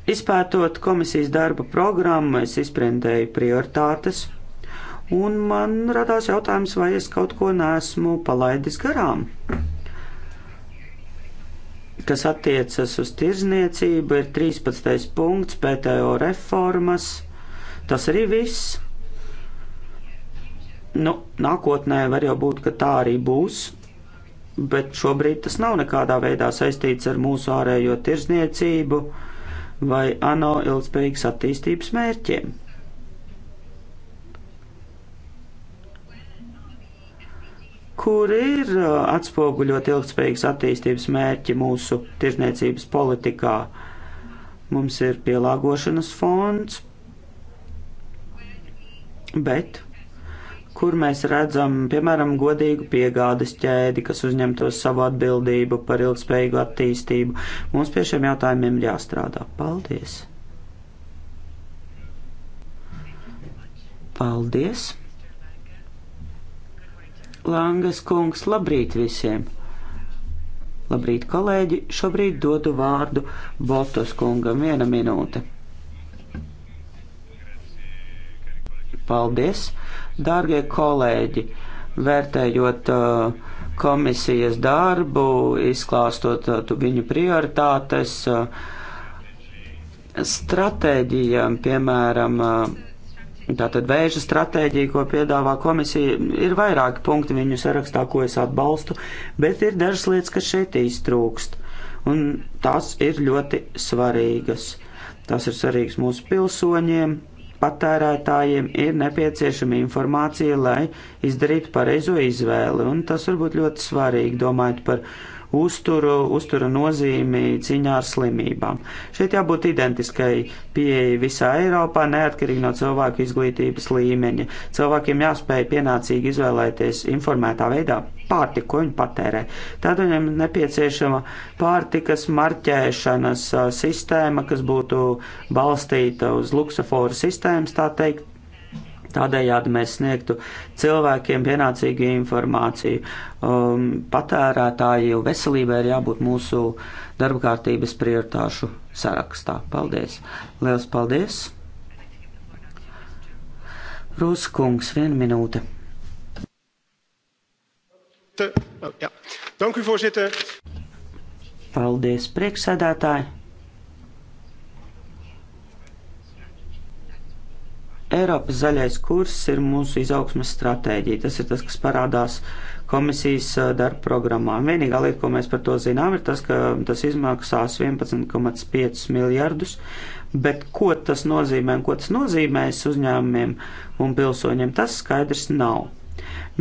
Izpētot komisijas darba programmu, es izprintēju prioritātes, un man radās jautājums, vai es kaut ko nesmu palaidis garām kas attiecas uz tirzniecību, ir 13. punkts PTO reformas. Tas arī viss. Nu, nākotnē var jau būt, ka tā arī būs, bet šobrīd tas nav nekādā veidā saistīts ar mūsu ārējo tirzniecību. Uh, vai ANO ilgspējīgas attīstības mērķiem. Kur ir uh, atspoguļot ilgspējīgas attīstības mērķi mūsu tirzniecības politikā? Mums ir pielāgošanas fonds, bet kur mēs redzam, piemēram, godīgu piegādes ķēdi, kas uzņemtos savu atbildību par ilgspējīgu attīstību. Mums pie šiem jautājumiem ir jāstrādā. Paldies! Paldies! Langas kungs, labrīt visiem! Labrīt, kolēģi! Šobrīd dodu vārdu Botos kungam. Viena minūte. Paldies! Dārgie kolēģi, vērtējot uh, komisijas darbu, izklāstot uh, viņu prioritātes, uh, stratēģijām, piemēram, Tātad vēža stratēģija, ko piedāvā komisija, ir vairāki punkti viņu sarakstā, ko es atbalstu, bet ir dažas lietas, kas šeit iztrūkst. Un tās ir ļoti svarīgas. Tas ir svarīgs mūsu pilsoņiem, patērētājiem ir nepieciešama informācija, lai izdarītu pareizo izvēli, un tas var būt ļoti svarīgi, domājot par uzturu, uzturu nozīmi cīņā ar slimībām. Šeit jābūt identiskai pieeja visā Eiropā, neatkarīgi no cilvēku izglītības līmeņa. Cilvēkiem jāspēj pienācīgi izvēlēties informētā veidā pārtiku, ko viņi patērē. Tad viņiem ir nepieciešama pārtikas marķēšanas sistēma, kas būtu balstīta uz luksusforu sistēmas, tā teikt. Tādējādi mēs sniegtu cilvēkiem pienācīgu informāciju. Um, patērētāju veselībai ir jābūt mūsu darba kārtības prioritāšu sarakstā. Paldies! Lielas paldies! Rūskungs, viena minūte te, oh, jā. Dank u, voorzitter. Paldies, priekšsēdētāji. Eiropas zaļais kurs ir mūsu izaugsmes stratēģija. Tas ir tas, kas parādās komisijas eh, darba programmā. Vienīgā lieta, ko mēs par to zinām, ir tas, ka tas izmaksās 11,5 miljardus, bet ko tas nozīmē un ko tas nozīmēs uzņēmumiem un pilsoņiem, tas skaidrs nav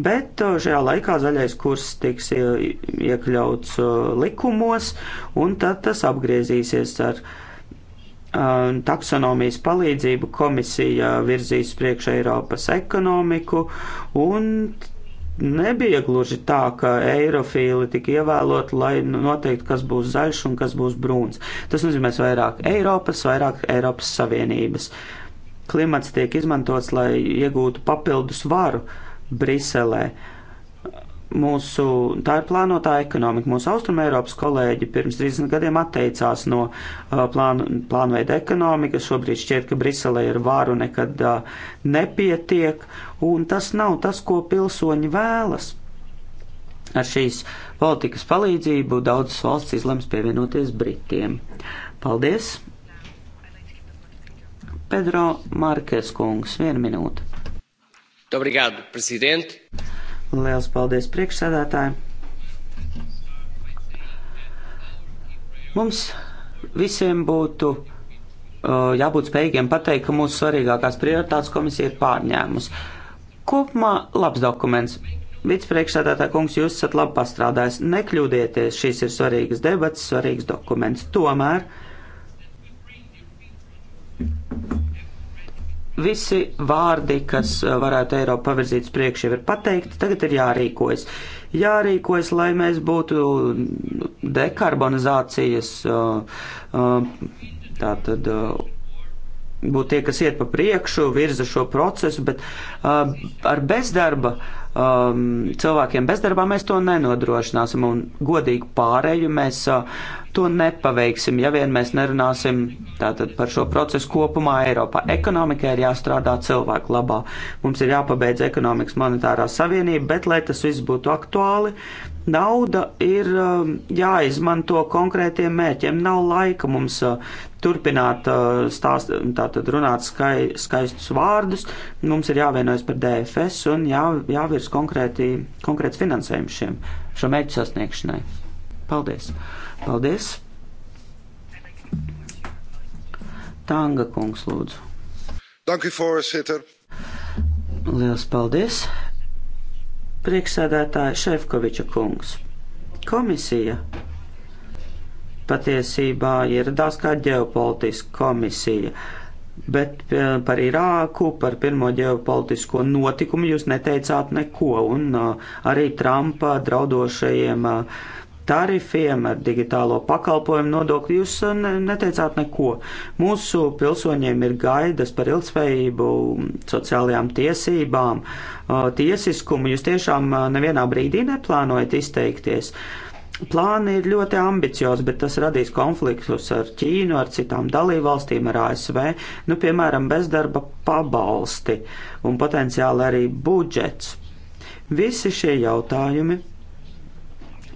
bet uh, šajā laikā zaļais kurs tiks iekļauts uh, likumos, un tad tas apgriezīsies ar uh, taksonomijas palīdzību. Komisija virzīs priekš Eiropas ekonomiku, un nebija gluži tā, ka eirofīli tika ievēlot, lai noteikti, kas būs zaļš un kas būs brūns. Tas nozīmēs vairāk Eiropas, vairāk Eiropas Savienības. Klimats tiek izmantots, lai iegūtu papildus varu. Uh, Briselē. Mūsu, tā ir plānotā ekonomika. Mūsu austrumē Eiropas kolēģi pirms 30 gadiem atteicās no uh, plānu, plānveida ekonomikas. Šobrīd šķiet, ka Briselē ir vāru nekad uh, nepietiek, un tas nav tas, ko pilsoņi vēlas. Ar šīs politikas palīdzību daudzas valsts izlems pievienoties Britiem. Paldies! Pedro Markes kungs, viena minūte. Dobrigādu, prezidenti! Liels paldies priekšsēdētājiem! Mums visiem būtu uh, jābūt spējīgiem pateikt, ka mūsu svarīgākās prioritātes komisija ir pārņēmusi. Kopumā labs dokuments. Vicepriekšsēdētā kungs, jūs esat labi pastrādājis. Nekļūdieties, šīs ir svarīgas debats, svarīgs dokuments. Tomēr Visi vārdi, kas eh, varētu Eiropu pavirzīt uz priekšu, jau ir pateikti, tagad ir jārīkojas. Jārīkojas, lai mēs būtu dekarbonizācijas, eh, eh, tātad būtu tie, kas iet pa priekšu, virza šo procesu, bet uh, ar bezdarba um, cilvēkiem bezdarbā mēs to nenodrošināsim. Un godīgu pārēju mēs uh, to nepaveiksim, ja vien mēs nerunāsim tātad par šo procesu kopumā Eiropā. Ekonomikai ir jāstrādā cilvēku labā. Mums ir jāpabeidz ekonomikas monetārā savienība, bet, lai tas viss būtu aktuāli, nauda ir um, jāizmanto konkrētiem mērķiem. Nav laika mums uh, turpināt uh, stāst, tātad runāt skai, skaistus vārdus. Mums ir jāvienojas par DFS un jā, jāvirs konkrēti, konkrēts finansējums šiem, šo mērķu sasniegšanai. Paldies! Paldies! Tanga kungs, lūdzu. Danke, voorzitter. Liels paldies. Priekšsēdētāja Šefkoviča kungs. Komisija patiesībā ieradās kā ģeopolitiska komisija, bet eh, par Irāku, par pirmo ģeopolitisko notikumu jūs neteicāt neko, un eh, arī Trumpa draudošajiem uh, tarifiem, ar digitālo pakalpojumu nodokli. Jūs uh, neteicāt neko. Mūsu pilsoņiem ir gaidas par ilgspējību, sociālajām tiesībām, uh, tiesiskumu. Jūs tiešām uh, nevienā brīdī neplānojat izteikties. Plāni ir ļoti ambiciozi, bet tas radīs konfliktus ar Ķīnu, ar citām dalībvalstīm, ar ASV, nu, piemēram, bezdarba pabalsti un potenciāli arī budžets. Visi šie jautājumi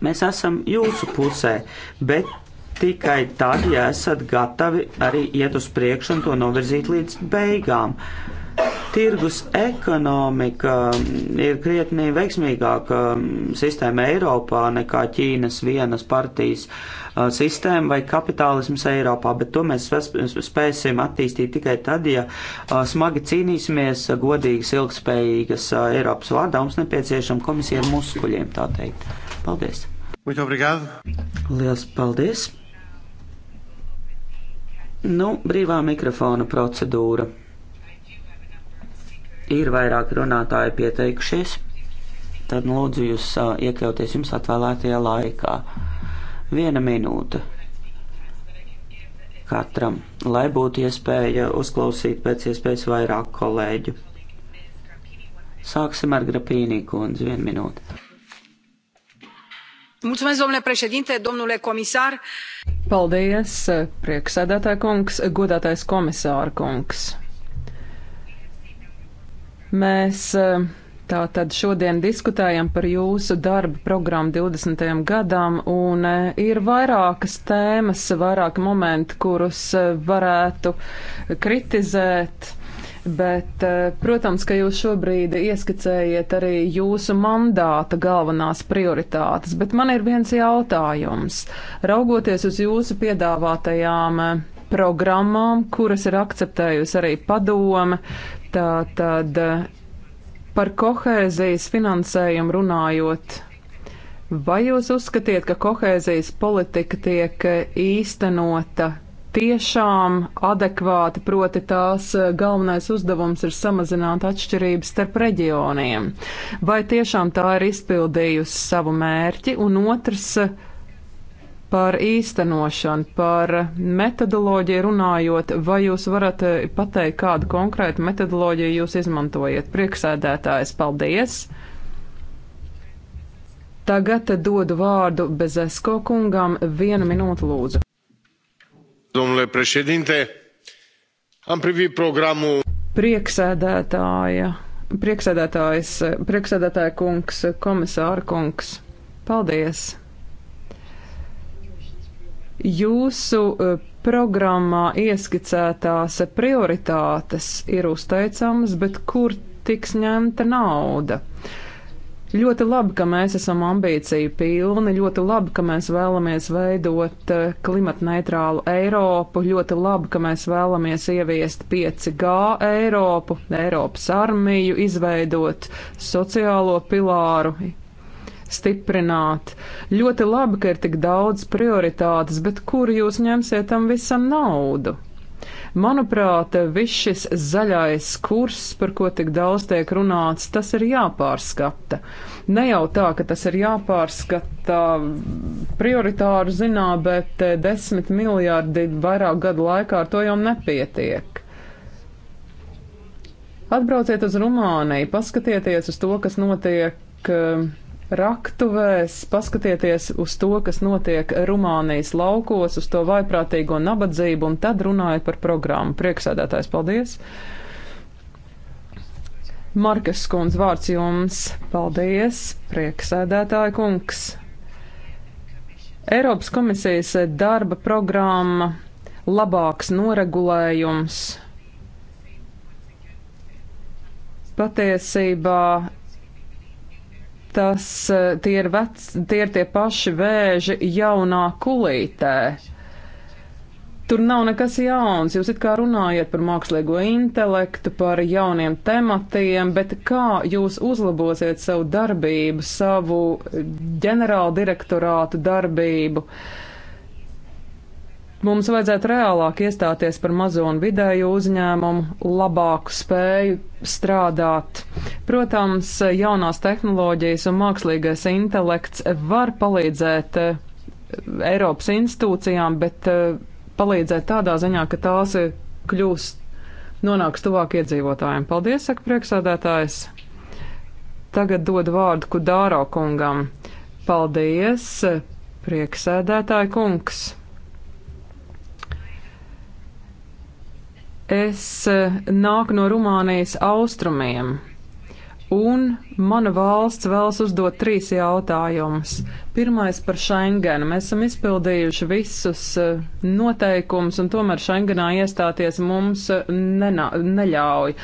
Mēs esam jūsu pusē, bet tikai tad, ja esat gatavi arī iet uz priekšu un to novirzīt līdz beigām. Uh, tirgus ekonomika ir krietnī veiksmīgāka sistēma Eiropā nekā Ķīnas vienas partijas uh, sistēma vai kapitālisms Eiropā, bet to mēs spēsim attīstīt tikai tad, ja uh, smagi cīnīsimies uh, godīgas, ilgspējīgas Eiropas vārdā. Mums nepieciešama komisija ar muskuļiem, tā teikt. Paldies! Muito obrigado! Lielas paldies! Nu, brīvā mikrofona procedūra ir vairāk runātāji pieteikušies, tad lūdzu jūs uh, iekļauties jums atvēlētajā laikā. Viena minūte katram, lai būtu iespēja uzklausīt pēc iespējas vairāk kolēģu. Sāksim ar Grapīnī kundzi, vienu minūti. Mulțumesc, domnule președinte, domnule comisar. Paldies, prieksēdētāja kungs, godātais komisāra kungs. Mēs eh, tā tad šodien diskutējam par jūsu darba programmu 20. gadam, un eh, ir vairākas tēmas, vairāki momenti, kurus eh, varētu kritizēt. Bet, protams, ka jūs šobrīd ieskicējiet arī jūsu mandāta galvenās prioritātes, bet man ir viens jautājums. Raugoties uz jūsu piedāvātajām programmām, kuras ir akceptējusi arī padome, Tā tad par kohēzijas finansējumu runājot, vai jūs uzskatiet, ka kohēzijas politika tiek īstenota tiešām adekvāti, proti tās galvenais uzdevums ir samazināt atšķirības starp reģioniem. Vai tiešām tā ir izpildījusi savu mērķi? Un otrs, Par īstenošanu, par metodoloģiju runājot, vai jūs varat eh, pateikt, kādu konkrētu metodoloģiju jūs izmantojat? Prieksēdētājs, paldies! Tagad dodu vārdu Bezesko kungam vienu minūtu lūdzu. Domnule președinte, am privit programul. Prieksēdētāja, prieksēdētājs, prieksēdētāja kungs, komisāra kungs. Paldies! Jūsu e, programmā ieskicētās prioritātes ir uzteicamas, bet kur tiks ņemta nauda? Ļoti labi, ka mēs esam ambīciju pilni, ļoti labi, ka mēs vēlamies veidot e, klimatneitrālu Eiropu, ļoti labi, ka mēs vēlamies ieviest 5G Eiropu, Eiropas armiju, izveidot sociālo pilāru, stiprināt. Ļoti labi, ka ir tik daudz prioritātes, bet kur jūs ņemsiet tam visam naudu? Manuprāt, viss šis zaļais kurs, par ko tik daudz tiek runāts, tas ir jāpārskata. Ne jau tā, ka tas ir jāpārskata prioritāru zinā, bet eh, desmit miljārdi vairāk gadu laikā ar to jau nepietiek. Atbrauciet uz Rumāniju, paskatieties uz to, kas notiek eh, raktuvēs, paskatieties uz to, kas notiek Rumānijas laukos, uz to vaiprātīgo nabadzību, un tad runāju par programmu. Prieksēdētājs, paldies! Markas kundz vārds jums, paldies, prieksēdētāja kungs! Eiropas komisijas darba programma, labāks noregulējums. Patiesībā tas eh, tie ir, vec, tie ir tie paši vēži jaunā kulītē. Tur nav nekas jauns. Jūs it kā runājat par mākslīgo intelektu, par jauniem tematiem, bet kā jūs uzlabosiet savu darbību, savu ģenerāldirektorātu darbību? Uh, Mums vajadzētu reālāk iestāties par mazo un vidēju uzņēmumu, labāku spēju strādāt. Protams, jaunās tehnoloģijas un mākslīgais intelekts var palīdzēt eh, Eiropas institūcijām, bet eh, palīdzēt tādā ziņā, ka tās kļūs nonāks tuvāk iedzīvotājiem. Paldies, saka priekšsādātājs. Tagad dod vārdu Kudāro kungam. Paldies, prieksēdētāji kungs! Es eh, nāku no Rumānijas austrumiem, un mana valsts vēlas uzdot trīs jautājumus. Pirmais par Schengenu. Mēs esam izpildījuši visus eh, noteikumus, un tomēr Schengenā iestāties mums eh, nenā, neļauj.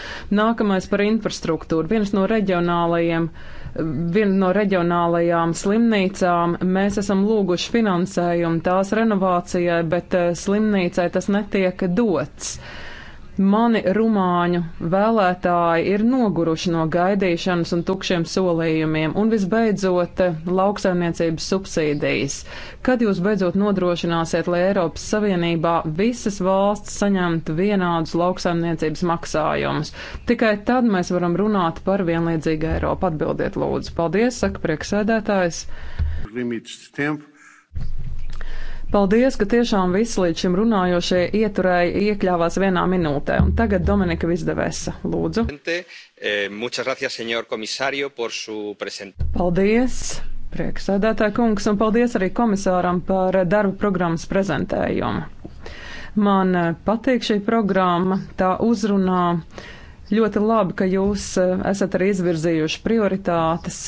Nākamais par infrastruktūru. Viens no reģionālajiem viena no reģionālajām slimnīcām. Mēs esam lūguši finansējumu tās renovācijai, bet slimnīcai tas netiek dots. Uh, Mani rumāņu vēlētāji ir noguruši no gaidīšanas un tukšiem solījumiem, un visbeidzot lauksaimniecības subsīdijas. Kad jūs beidzot nodrošināsiet, lai Eiropas Savienībā visas valsts saņemtu vienādus lauksaimniecības maksājumus? Tikai tad mēs varam runāt par vienlīdzīgu Eiropu. Atbildiet, lūdzu. Paldies, saka prieksēdētājs. Limits temp. Paldies, ka tiešām visi līdz šim runājošie ieturēji iekļāvās vienā minūtē. Un tagad Dominika Vizdevesa, lūdzu. Eh, paldies, prieksēdētāja kungs, un paldies arī komisāram par darba programmas prezentējumu. Man eh, patīk šī programma, tā uzrunā. Ļoti labi, ka jūs eh, esat arī izvirzījuši prioritātes.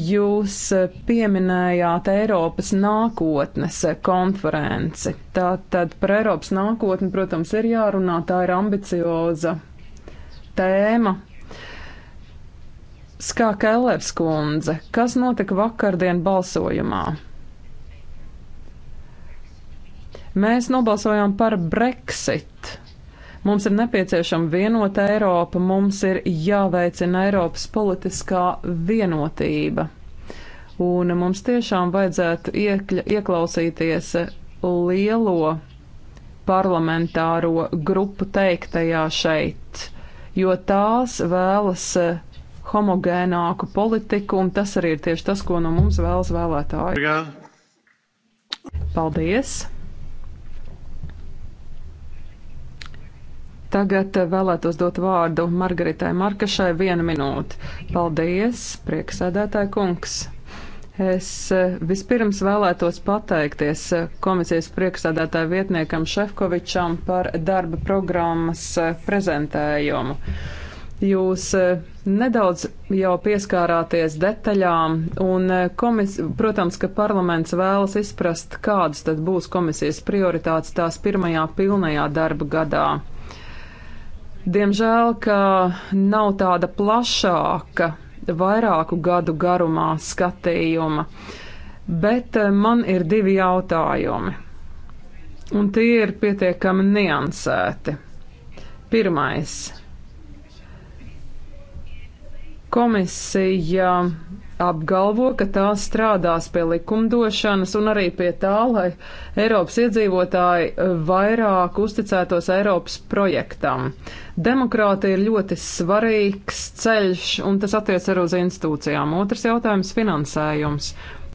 Jūs eh, pieminējāt Eiropas nākotnes eh, konferenci. Tā tad par Eiropas nākotni, protams, ir jārunā, tā ir ambicioza tēma. Skā Kellers kundze, kas notika vakardien balsojumā? Mēs nobalsojām par Brexit. Mums ir nepieciešama vienota Eiropa, mums ir jāveicina Eiropas politiskā vienotība. Un mums tiešām vajadzētu iekļa, ieklausīties lielo parlamentāro grupu teiktajā šeit, jo tās vēlas homogēnāku politiku, un tas arī ir tieši tas, ko no mums vēlas vēlētāji. Paldies! Tagad vēlētos dot vārdu Margaritai Markašai vienu minūti. Paldies, prieksēdētāja kungs! Es eh, vispirms vēlētos pateikties eh, komisijas priekšsādātāja vietniekam Šefkovičam par darba programmas eh, prezentējumu. Jūs nedaudz jau pieskārāties detaļām, un, komis, protams, ka parlaments vēlas izprast, kādas tad būs komisijas prioritātes tās pirmajā pilnajā darba gadā. Diemžēl, ka nav tāda plašāka, vairāku gadu garumā skatījuma, bet eh, man ir divi jautājumi, un tie ir pietiekami niansēti. Pirmais. Komisija apgalvo, ka tā strādās pie likumdošanas un arī pie tā, lai Eiropas iedzīvotāji eh, vairāk uzticētos Eiropas projektam. Demokrātija ir ļoti svarīgs ceļš, un tas attiec arī uz institūcijām. Otrs jautājums - finansējums.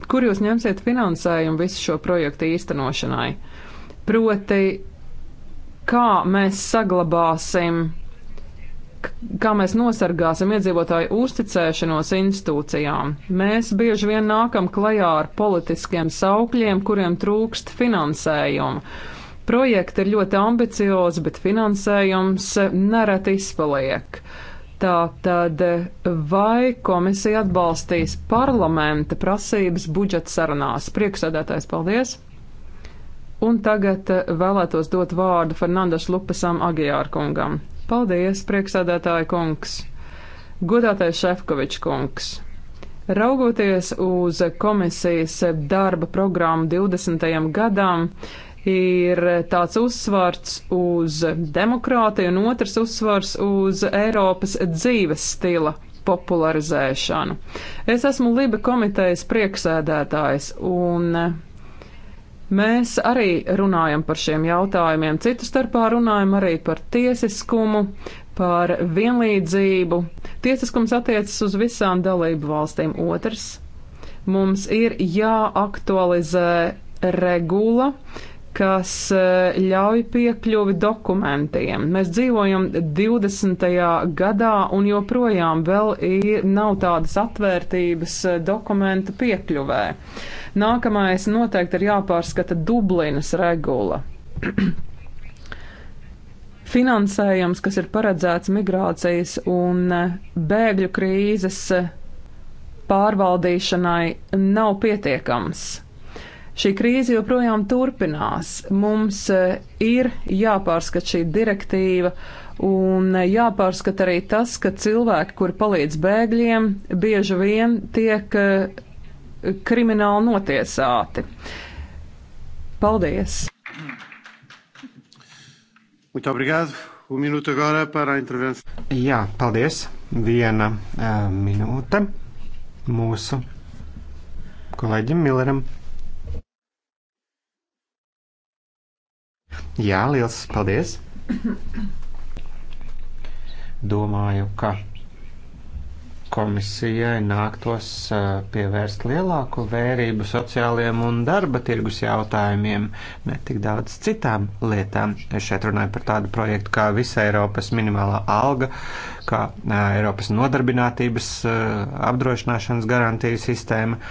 Kur jūs ņemsiet finansējumu visu šo projektu īstenošanai? Proti, kā mēs saglabāsim kā mēs nosargāsim iedzīvotāju uzticēšanos institūcijām. Mēs bieži vien nākam klajā ar politiskiem saukļiem, kuriem trūkst finansējumu. Projekti ir ļoti ambiciozi, bet finansējums nereti izpaliek. Tā tad vai komisija atbalstīs parlamenta prasības budžeta sarunās? Prieksēdētājs, paldies! Un tagad eh, vēlētos dot vārdu Fernandes Lupesam Agijārkungam. Paldies, prieksēdētāja kungs! Godātais Šefkovičs kungs! Raugoties uz komisijas darba programmu 20. gadam, ir tāds uzsvars uz demokrātiju un otrs uzsvars uz Eiropas dzīves stila popularizēšanu. Es esmu Liba komitejas prieksēdētājs un Mēs arī runājam par šiem jautājumiem, citu starpā runājam arī par tiesiskumu, par vienlīdzību. Tiesiskums attiecas uz visām dalību valstīm. Otrs, mums ir jāaktualizē regula, kas eh, ļauj piekļuvi dokumentiem. Mēs dzīvojam 20. gadā un joprojām vēl ir, nav tādas atvērtības eh, dokumentu piekļuvē. Nākamais noteikti ir jāpārskata Dublinas regula. [CLEARS THROAT] Finansējums, kas ir paredzēts migrācijas un eh, bēgļu krīzes pārvaldīšanai, nav pietiekams Šī krīze joprojām turpinās. Mums e, ir jāpārskat šī direktīva un jāpārskat arī tas, ka cilvēki, kuri palīdz bēgļiem, bieži vien tiek e, krimināli notiesāti. Paldies! Muito obrigado. Um minuto agora para a intervenção. Jā, paldies. Viena uh, minūte mūsu kolēģim Milleram. Jā, liels paldies! Domāju, ka komisijai nāktos pievērst lielāku vērību sociālajiem un darba tirgus jautājumiem, ne tik daudz citām lietām. Es šeit runāju par tādu projektu kā Visa Eiropas minimālā alga, kā Eiropas nodarbinātības apdrošināšanas garantiju sistēma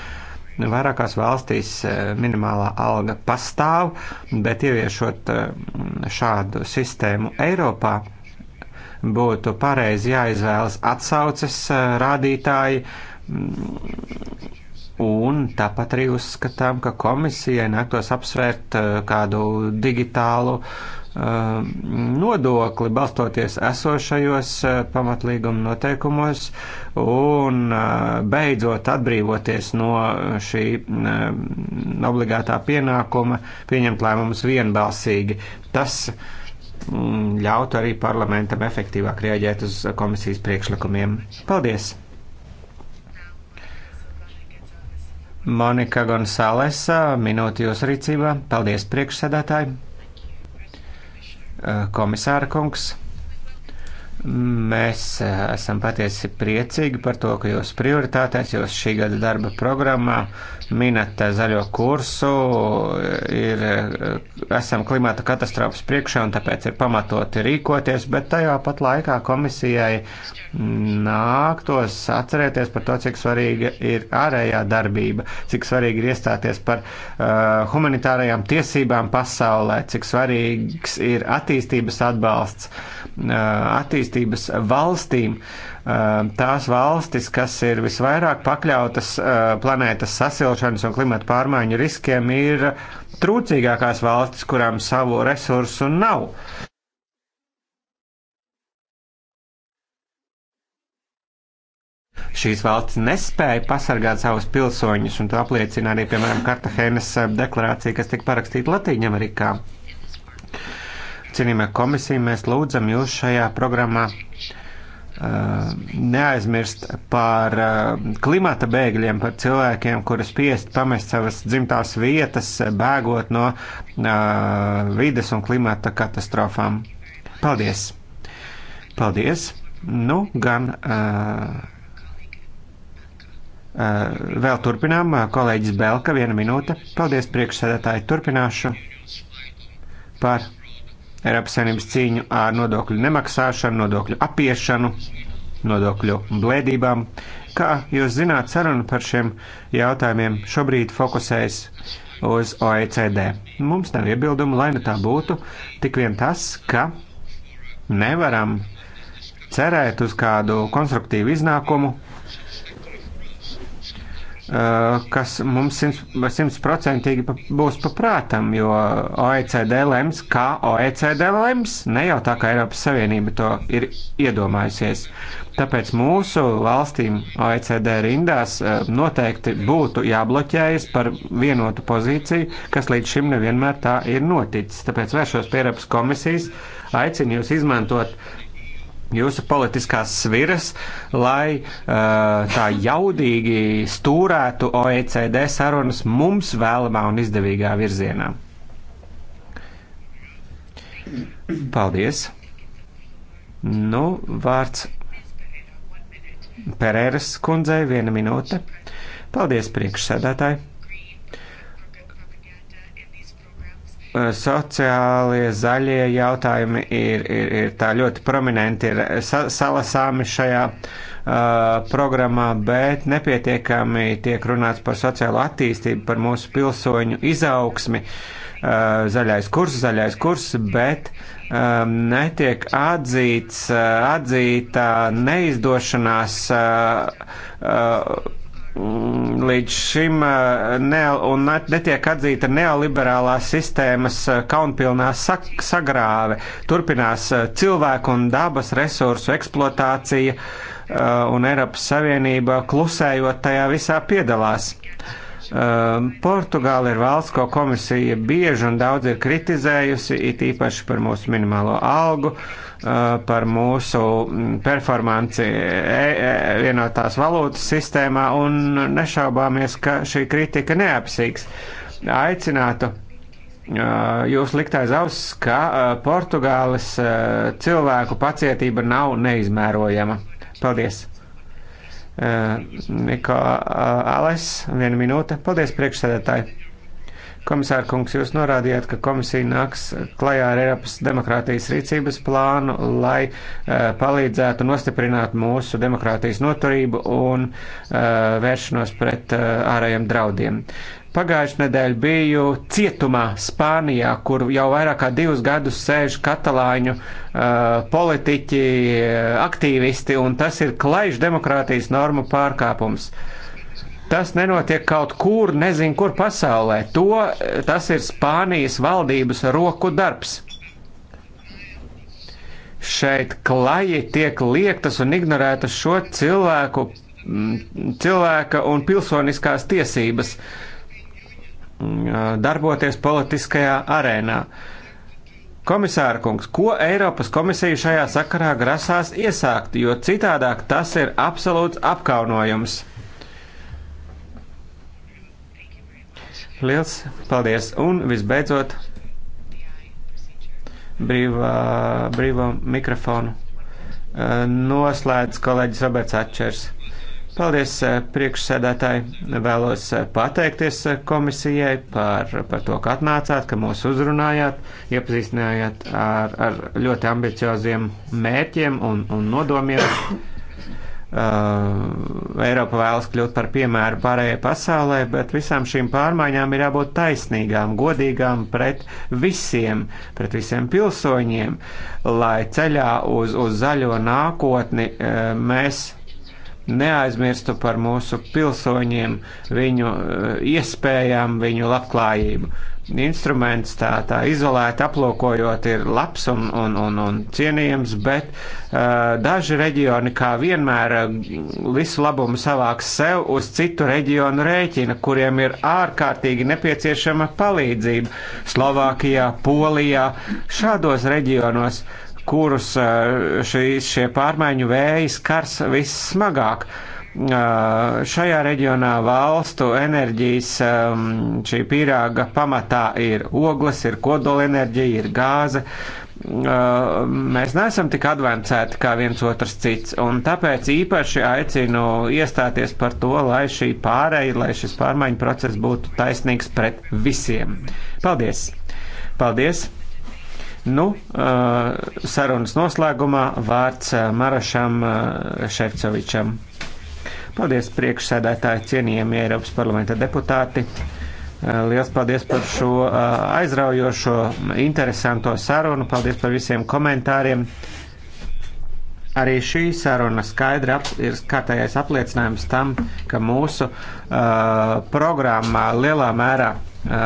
Vairākās valstīs eh, minimālā alga pastāv, bet ieviešot eh, šādu sistēmu Eiropā, būtu pareizi jāizvēlas atsauces eh, rādītāji. Mm, un tāpat arī uzskatām, ka komisijai nāktos apsvērt kādu digitālu uh, Um, nodokli balstoties esošajos uh, pamatlīguma noteikumos un uh, beidzot atbrīvoties no šī um, obligātā pienākuma pieņemt lēmumus vienbalsīgi. Tas mm, ļautu arī parlamentam efektīvāk rēģēt uz komisijas priekšlikumiem. Paldies! Monika Gonsalesa, minūte jūsu rīcībā. Paldies, priekšsēdētāji! Eh, komisāra kungs. Mēs eh, esam patiesi priecīgi par to, ka jūs prioritātēs, jūs šī gada darba programmā minat eh, zaļo kursu, ir, eh, esam klimata katastrofas priekšā un tāpēc ir pamatoti rīkoties, bet tajā pat laikā komisijai nāktos atcerēties par to, cik svarīga ir ārējā darbība, cik svarīgi ir iestāties par uh, humanitārajām tiesībām pasaulē, cik svarīgs ir attīstības atbalsts. Uh, attīstības attīstības valstīm. Tās valstis, kas ir visvairāk pakļautas planētas sasilšanas un klimata pārmaiņu riskiem, ir trūcīgākās valstis, kurām savu resursu nav. šīs valsts nespēja pasargāt savus pilsoņus, un to apliecina arī, piemēram, Kartahēnas deklarācija, kas tika parakstīta Latīņamerikā. Amerikā. Cienījamā komisija, mēs lūdzam jūs šajā programmā uh, neaizmirst par uh, klimata bēgļiem, par cilvēkiem, kuri spiest pamest savas dzimtās vietas, bēgot no uh, vides un klimata katastrofām. Paldies! Paldies! Nu, gan vēl turpinām. Kolēģis Belka, viena minūte. Paldies, priekšsēdētāji, turpināšu par Eiropas Savienības cīņu ar nodokļu nemaksāšanu, nodokļu apiešanu, nodokļu blēdībām. Kā jūs zināt, saruna par šiem jautājumiem šobrīd fokusējas uz OECD. Mums nav iebildumu, lai nu tā būtu, tik vien tas, ka nevaram cerēt uz kādu konstruktīvu iznākumu, Eh, kas mums simtprocentīgi būs paprātam, jo OECD lems, kā OECD lems, ne jau tā kā Eiropas Savienība to ir iedomājusies. Tāpēc mūsu valstīm OECD rindās eh, noteikti būtu jābloķējas par vienotu pozīciju, kas līdz šim nevienmēr tā ir noticis. Tāpēc vēršos pie Eiropas komisijas, aicinu jūs izmantot jūsu politiskās sviras, lai uh, tā jaudīgi stūrētu OECD sarunas mums vēlamā un izdevīgā virzienā. Paldies! Nu, vārds Pereiras kundzei viena minūte. Paldies, priekšsēdētāji! Eh, sociālie, zaļie jautājumi ir, ir, ir tā ļoti prominenti, ir eh, sa salasāmi šajā uh, programmā, bet nepietiekami tiek runāts par sociālo attīstību, par mūsu pilsoņu izaugsmi. Uh, zaļais kurs, zaļais kurs, bet um, netiek atzīts, uh, atzīta neizdošanās. Uh, uh, Mm, līdz šim eh, ne, un netiek atzīta neoliberālās sistēmas eh, kaunpilnā sak, sagrāve. Turpinās eh, cilvēku un dabas resursu eksploatācija, un Eiropas Savienība klusējot tajā visā piedalās. Portugāla ir valsts, ko komisija bieži un daudz ir kritizējusi, it īpaši par mūsu minimālo algu. Uh, par mūsu performanci e, e, vienotās valūtas sistēmā un nešaubāmies, ka šī kritika neapsīgs. Aicinātu jūs likt aiz auss, ka Portugāles cilvēku pacietība nav neizmērojama. Paldies! Niko Ales, viena minūte. Paldies priekšsēdētāji! Komisāra kungs, jūs norādījāt, ka komisija nāks klajā ar Eiropas demokrātijas rīcības plānu, lai uh, palīdzētu nostiprināt mūsu demokrātijas noturību un uh, vēršanos pret uh, ārējiem draudiem. Pagājušajā nedēļā biju cietumā Spānijā, kur jau vairāk kā divus gadus sēž katalāņu uh, politiķi, aktīvisti, un tas ir klajš demokrātijas normu pārkāpums. Uh, Tas nenotiek kaut kur, nezinu, kur pasaulē. To, tas ir Spānijas valdības roku darbs. Šeit klaji tiek liektas un ignorētas šo cilvēku, cilvēka un pilsoniskās tiesības darboties politiskajā arēnā. Komisāra kungs, ko Eiropas komisija šajā sakarā grasās iesākt, jo citādāk tas ir absolūts apkaunojums. Liels paldies! Un visbeidzot, brīvā, brīvā mikrofonu eh, noslēdz kolēģis Roberts Atčers. Paldies eh, priekšsēdētāji. Vēlos eh, pateikties komisijai par, par to, ka atnācāt, ka mūs uzrunājāt, iepazīstinājāt ar, ar ļoti ambicioziem mērķiem un, un nodomiem. Uh, Eiropa vēlas kļūt par piemēru pārējai pasaulē, bet visām šīm pārmaiņām ir jābūt taisnīgām, godīgām pret visiem, pret visiem pilsoņiem, lai ceļā uz, uz zaļo nākotni uh, mēs neaizmirstu par mūsu pilsoņiem, viņu uh, iespējām, viņu labklājību instruments tā, tā izolēti aplūkojot ir labs un, un, un, un cienījams, bet uh, daži reģioni kā vienmēr visu labumu savāks sev uz citu reģionu rēķina, kuriem ir ārkārtīgi nepieciešama palīdzība Slovākijā, Polijā, šādos reģionos kurus uh, šīs, šie pārmaiņu vēji skars vissmagāk. Uh, šajā reģionā valstu enerģijas šī pīrāga pamatā ir ogles, ir kodolenerģija, ir gāze. Mēs neesam tik advancēti kā viens otrs cits, un tāpēc īpaši aicinu iestāties par to, lai šī pārēja, lai šis pārmaiņu process būtu taisnīgs pret visiem. Paldies! Paldies! Nu, sarunas noslēgumā vārds Marašam Šefcovičam. Paldies priekšsēdētāji, cienījamie Eiropas parlamenta deputāti. Eh, liels paldies par šo eh, aizraujošo, interesanto sarunu. Paldies par visiem komentāriem. Arī šī saruna skaidri ap, ir kārtējais apliecinājums tam, ka mūsu uh, programmā lielā mērā uh,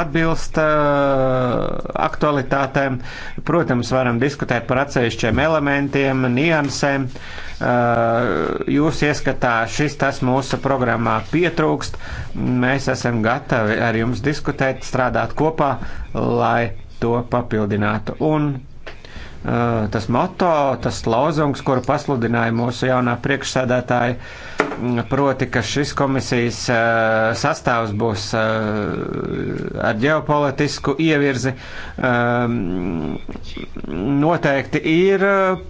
atbilst uh, aktualitātēm. Protams, varam diskutēt par atsevišķiem elementiem, niansēm. Uh, Eh, jūs ieskatā šis tas mūsu programmā pietrūkst. Mēs esam gatavi ar jums diskutēt, strādāt kopā, lai to papildinātu. Un Eh, tas moto, tas lozungs, kuru pasludināja mūsu jaunā priekšsēdētāja, mm, proti, ka šis komisijas eh, sastāvs būs eh, ar ģeopolitisku ievirzi, noteikti ir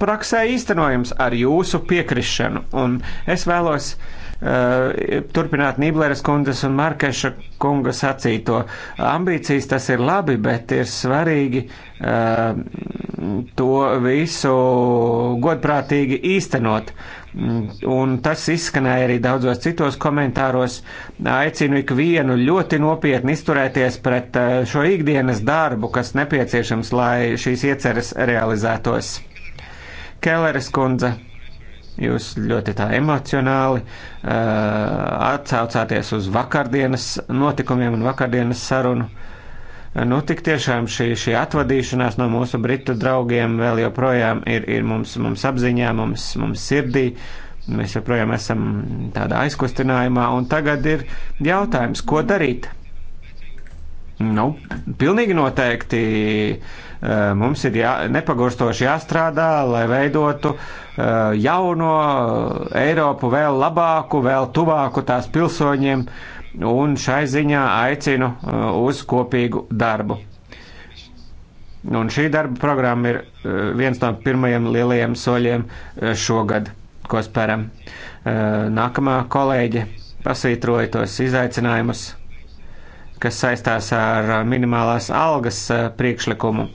praksē īstenojams ar jūsu piekrišanu. Un es vēlos uh, Eh, turpināt Nībleres kundas un Markeša kunga sacīto. Ambīcijas tas ir labi, bet ir svarīgi uh, to visu godprātīgi īstenot. Un tas izskanēja arī daudzos citos komentāros. Aicinu ikvienu ļoti nopietni izturēties pret eh, šo ikdienas darbu, kas nepieciešams, lai šīs ieceres realizētos. Kelleres kundze. Jūs ļoti tā emocionāli uh, atcaucāties uz vakardienas notikumiem un vakardienas sarunu. Uh, nu, tik tiešām šī, šī atvadīšanās no mūsu britu draugiem vēl joprojām ir, ir mums, mums apziņā, mums, mums sirdī. Mēs joprojām esam tādā aizkustinājumā, un tagad ir jautājums, ko darīt? Nu, pilnīgi noteikti eh, mums ir jā, nepagurstoši jāstrādā, lai veidotu eh, jauno Eiropu vēl labāku, vēl tuvāku tās pilsoņiem, un šai ziņā aicinu eh, uz kopīgu darbu. Un šī darba programma ir viens no pirmajiem lielajiem soļiem šogad, ko speram. Nākamā kolēģe pasvītroja tos izaicinājumus kas saistās ar minimālās algas priekšlikumu.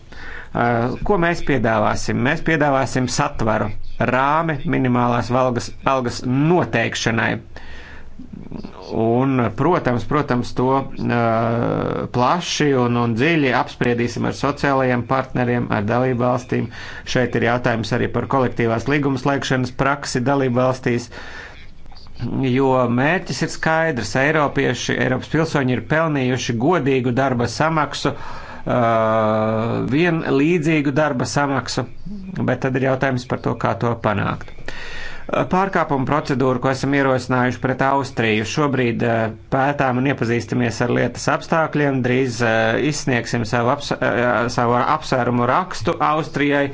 Ko mēs piedāvāsim? Mēs piedāvāsim satvaru, rāmi minimālās valgas, algas noteikšanai. Un, protams, protams, to uh, plaši un, un dziļi apspriedīsim ar sociālajiem partneriem, ar dalību valstīm. Šeit ir jautājums arī par kolektīvās līgumas slēgšanas praksi dalību valstīs. Uh, jo mērķis ir skaidrs. Eiropieši, Eiropas pilsoņi ir pelnījuši godīgu darba samaksu, uh, vien līdzīgu darba samaksu, bet tad ir jautājums par to, kā to panākt. Uh, pārkāpuma procedūru, ko esam ierosinājuši pret Austriju, šobrīd uh, pētām un iepazīstamies ar lietas apstākļiem. Drīz uh, izsniegsim savu, aps, uh, savu apsvērumu rakstu Austrijai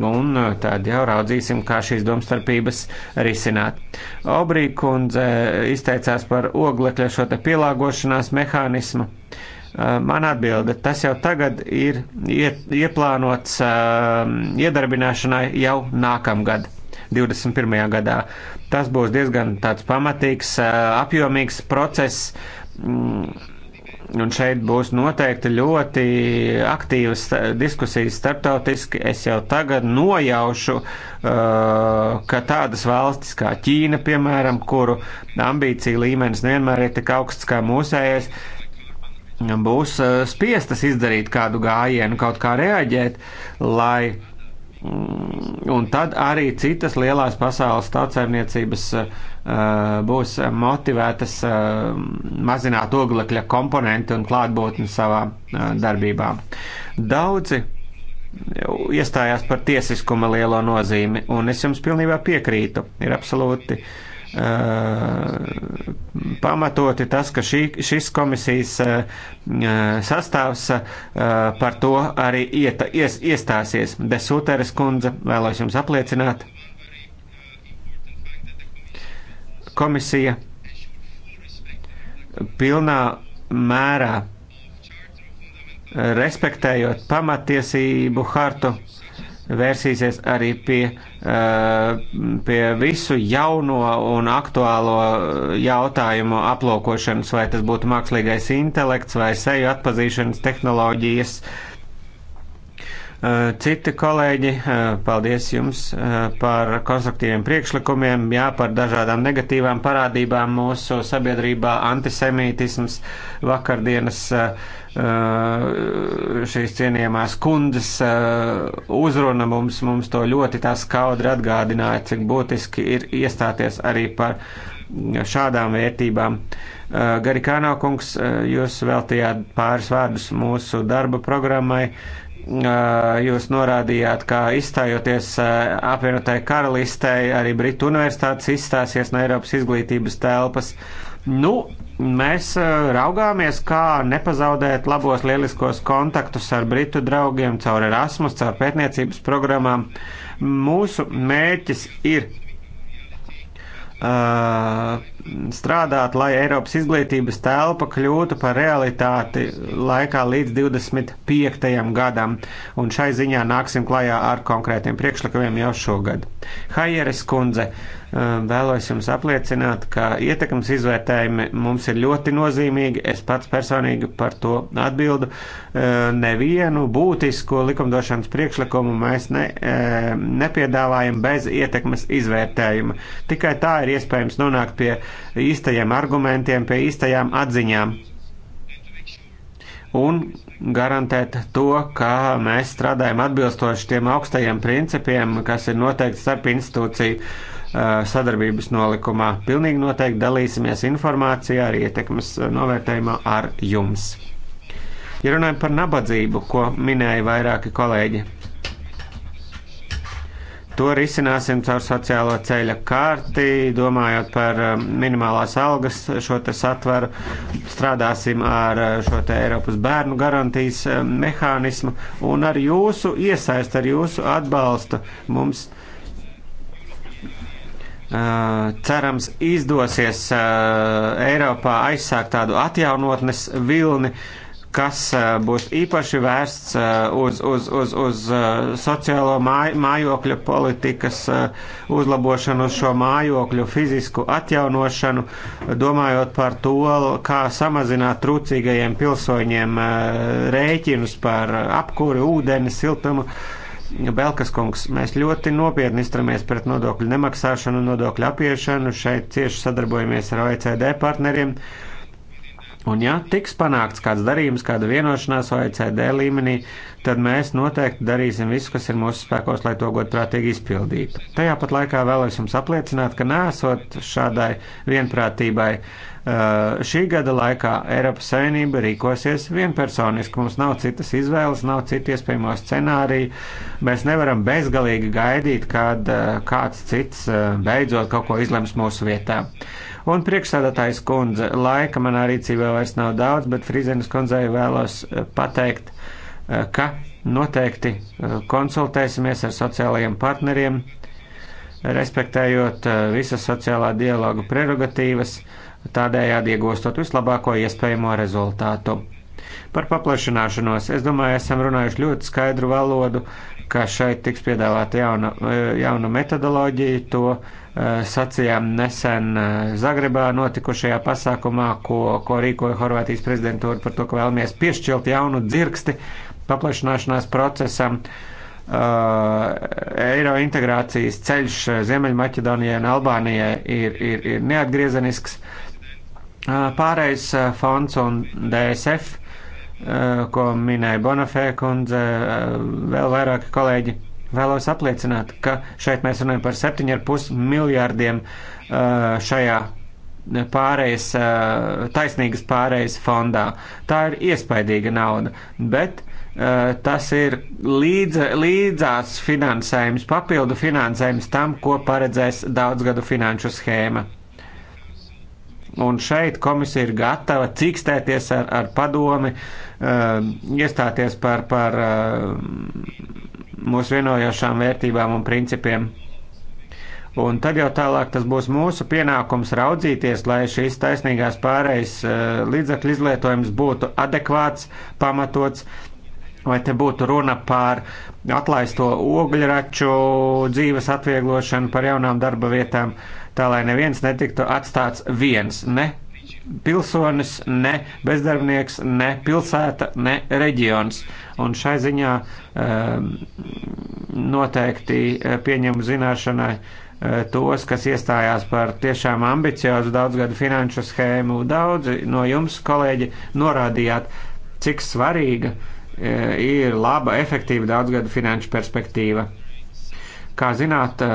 un uh, tad jau raudzīsim, kā šīs domstarpības risināt. Obrī kundze izteicās par oglekļa šo te pielāgošanās mehānismu. Uh, man atbilde, tas jau tagad ir ieplānots uh, iedarbināšanai jau nākamgad. 21. gadā. Tas būs diezgan tāds pamatīgs, apjomīgs process, mm, Un šeit būs noteikti ļoti aktīvas eh, diskusijas starptautiski. Es jau tagad nojaušu, eh, ka tādas valstis kā Ķīna, piemēram, kuru ambīcija līmenis nevienmēr ir tik augsts kā mūsējais, būs eh, spiestas izdarīt kādu gājienu, kaut kā reaģēt, lai Mm. Un tad arī citas lielās pasaules tautsēmniecības eh, būs motivētas eh, mazināt oglekļa komponentu un klātbūtni savā eh, darbībā. Daudzi iestājās par tiesiskuma lielo nozīmi, un es jums pilnībā piekrītu. Ir absolūti uh, Eh, pamatoti tas, ka šī, šis komisijas eh, sastāvs eh, par to arī ieta, ies, iestāsies. Desūteres kundze, vēlos jums apliecināt. Komisija pilnā mērā respektējot pamatiesību hartu vērsīsies arī pie, eh, pie visu jauno un aktuālo jautājumu aplūkošanas, vai tas būtu mākslīgais intelekts vai seju atpazīšanas tehnoloģijas. Uh, Eh, citi kolēģi, eh, paldies jums eh, par konstruktīviem priekšlikumiem, jā, par dažādām negatīvām parādībām mūsu sabiedrībā, antisemītisms, vakardienas šīs cienījamās kundas uzruna mums, mums to ļoti tā skaudri atgādināja, cik būtiski ir iestāties arī par šādām vērtībām. Garikānā kungs, jūs veltījāt pāris vārdus mūsu darba programmai Jūs norādījāt, ka izstājoties apvienotai karalistei, arī Britu universitātes izstāsies no Eiropas izglītības telpas. Nu, mēs raugāmies, kā nepazaudēt labos lieliskos kontaktus ar Britu draugiem caur Erasmus, caur pētniecības programmām. Mūsu mērķis ir uh, strādāt, lai Eiropas izglītības telpa kļūtu par realitāti laikā līdz 25. gadam, un šai ziņā nāksim klajā ar konkrētiem priekšlikumiem jau šogad. Hajeres kundze, eh, vēlos jums apliecināt, ka ietekmes izvērtējumi mums ir ļoti nozīmīgi. Es pats personīgi par to atbildu. Eh, nevienu būtisku likumdošanas priekšlikumu mēs ne, eh, nepiedāvājam bez ietekmes izvērtējuma. Tikai tā ir iespējams nonākt pie īstajiem argumentiem, pie īstajām atziņām un garantēt to, ka mēs strādājam atbilstoši tiem augstajiem principiem, kas ir noteikti starp institūciju uh, sadarbības nolikumā. Pilnīgi noteikti dalīsimies informācijā arī ietekmes uh, novērtējumā ar jums. Ja runājam par nabadzību, ko minēja vairāki kolēģi, To risināsim caur sociālo ceļa kārti, domājot par eh, minimālās algas šo te satvaru. Strādāsim ar eh, šo te Eiropas bērnu garantijas eh, mehānismu un ar jūsu iesaist, ar jūsu atbalstu mums. Uh, cerams, izdosies uh, Eiropā aizsākt tādu atjaunotnes vilni, uh, kas eh, būs īpaši vērsts eh, uz, uz, uz, uz eh, sociālo māj, mājokļu politikas uzlabošanu, uz šo mājokļu fizisku atjaunošanu, domājot par to, kā samazināt trūcīgajiem pilsoņiem rēķinus par apkuri, ūdeni, siltumu. Belkas kungs, mēs ļoti nopietni izturamies pret nodokļu nemaksāšanu un nodokļu apiešanu. Šeit cieši sadarbojamies ar OECD partneriem. Uh, Un ja tiks panākts kāds darījums, kāda vienošanās OECD līmenī, tad mēs noteikti darīsim visu, kas ir mūsu spēkos, lai to godprātīgi izpildītu. Tajā pat laikā vēlos jums apliecināt, ka nesot šādai vienprātībai uh, šī gada laikā Eiropas Savienība rīkosies vienpersoniski. Mums nav citas izvēles, nav citu iespējamo scenāriju. Mēs nevaram bezgalīgi gaidīt, kad uh, kāds cits uh, beidzot kaut ko izlems mūsu vietā. Un priekšsēdētājs kundze, laika manā rīcībā vairs nav daudz, bet Frizenes kundzei vēlos eh, pateikt, eh, ka noteikti eh, konsultēsimies ar sociālajiem partneriem, respektējot visas sociālā dialoga prerogatīvas, tādējādi iegūstot vislabāko iespējamo rezultātu. Par paplašināšanos es domāju, esam runājuši ļoti skaidru valodu, ka šeit tiks piedāvāta jauna, jauna metodoloģija, to Eh, sacījām nesen eh, Zagrebā notikušajā pasākumā, ko, ko rīkoja Horvātijas prezidentūra par to, ka vēlamies piešķilt jaunu dzirksti paplašināšanās procesam. Uh, Eiro integrācijas ceļš Ziemeļmaķedonijai un Albānijai ir, ir, ir neatgriezenisks. Uh, pārējais uh, fonds un DSF, uh, ko minēja Bonafē kundze, uh, vēl vairāki kolēģi. Uh, Vēlos apliecināt, ka šeit mēs runājam par 7,5 miljārdiem uh, šajā pārējas, uh, taisnīgas pārējas fondā. Tā ir iespaidīga nauda, bet uh, tas ir līdz, līdzās finansējums, papildu finansējums tam, ko paredzēs daudzgadu finanšu schēma. Un šeit komisija ir gatava cīkstēties ar, ar padomi, iestāties par, par mūsu vienojošām vērtībām un principiem. Un tad jau tālāk tas būs mūsu pienākums raudzīties, lai šīs taisnīgās pārējas eh, līdzakļu izlietojums būtu adekvāts, pamatots, vai te būtu runa par atlaisto ogļraču dzīves atvieglošanu, par jaunām darba vietām, tā lai neviens netiktu atstāts viens, ne pilsonis, ne bezdarbnieks, ne pilsēta, ne reģions. Un šai ziņā ehm, noteikti eh, pieņemu zināšanai eh, tos, kas iestājās par tiešām ambiciozu daudzgadu finanšu schēmu. Daudzi no jums, kolēģi, norādījāt, cik svarīga eh, ir laba, efektīva daudzgadu finanšu perspektīva. Kā zināt, eh,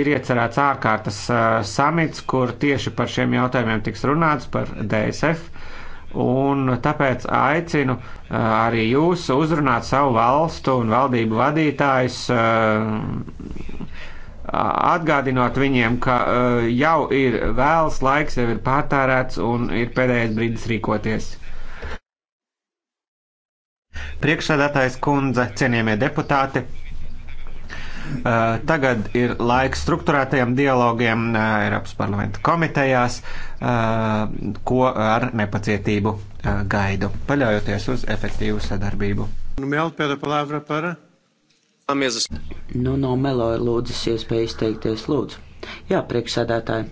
ir iecerēts ārkārtas eh, samits, kur tieši par šiem jautājumiem tiks runāts par DSF. Un tāpēc aicinu eh, arī jūs uzrunāt savu valstu un valdību vadītājus, atgādinot viņiem, ka jau ir vēls laiks, jau ir pārtērēts un ir pēdējais brīdis rīkoties. Priekšsēdētājs kundze, cienījamie deputāti, Eh, tagad ir laiks struktūrētajiem dialogiem eh, Eiropas parlamenta komitejās, eh, ko ar nepacietību gaidu, paļaujoties uz efektīvu sadarbību. Nu, no Melo ir lūdzas iespēja izteikties lūdzu. Jā, priekšsēdētāji.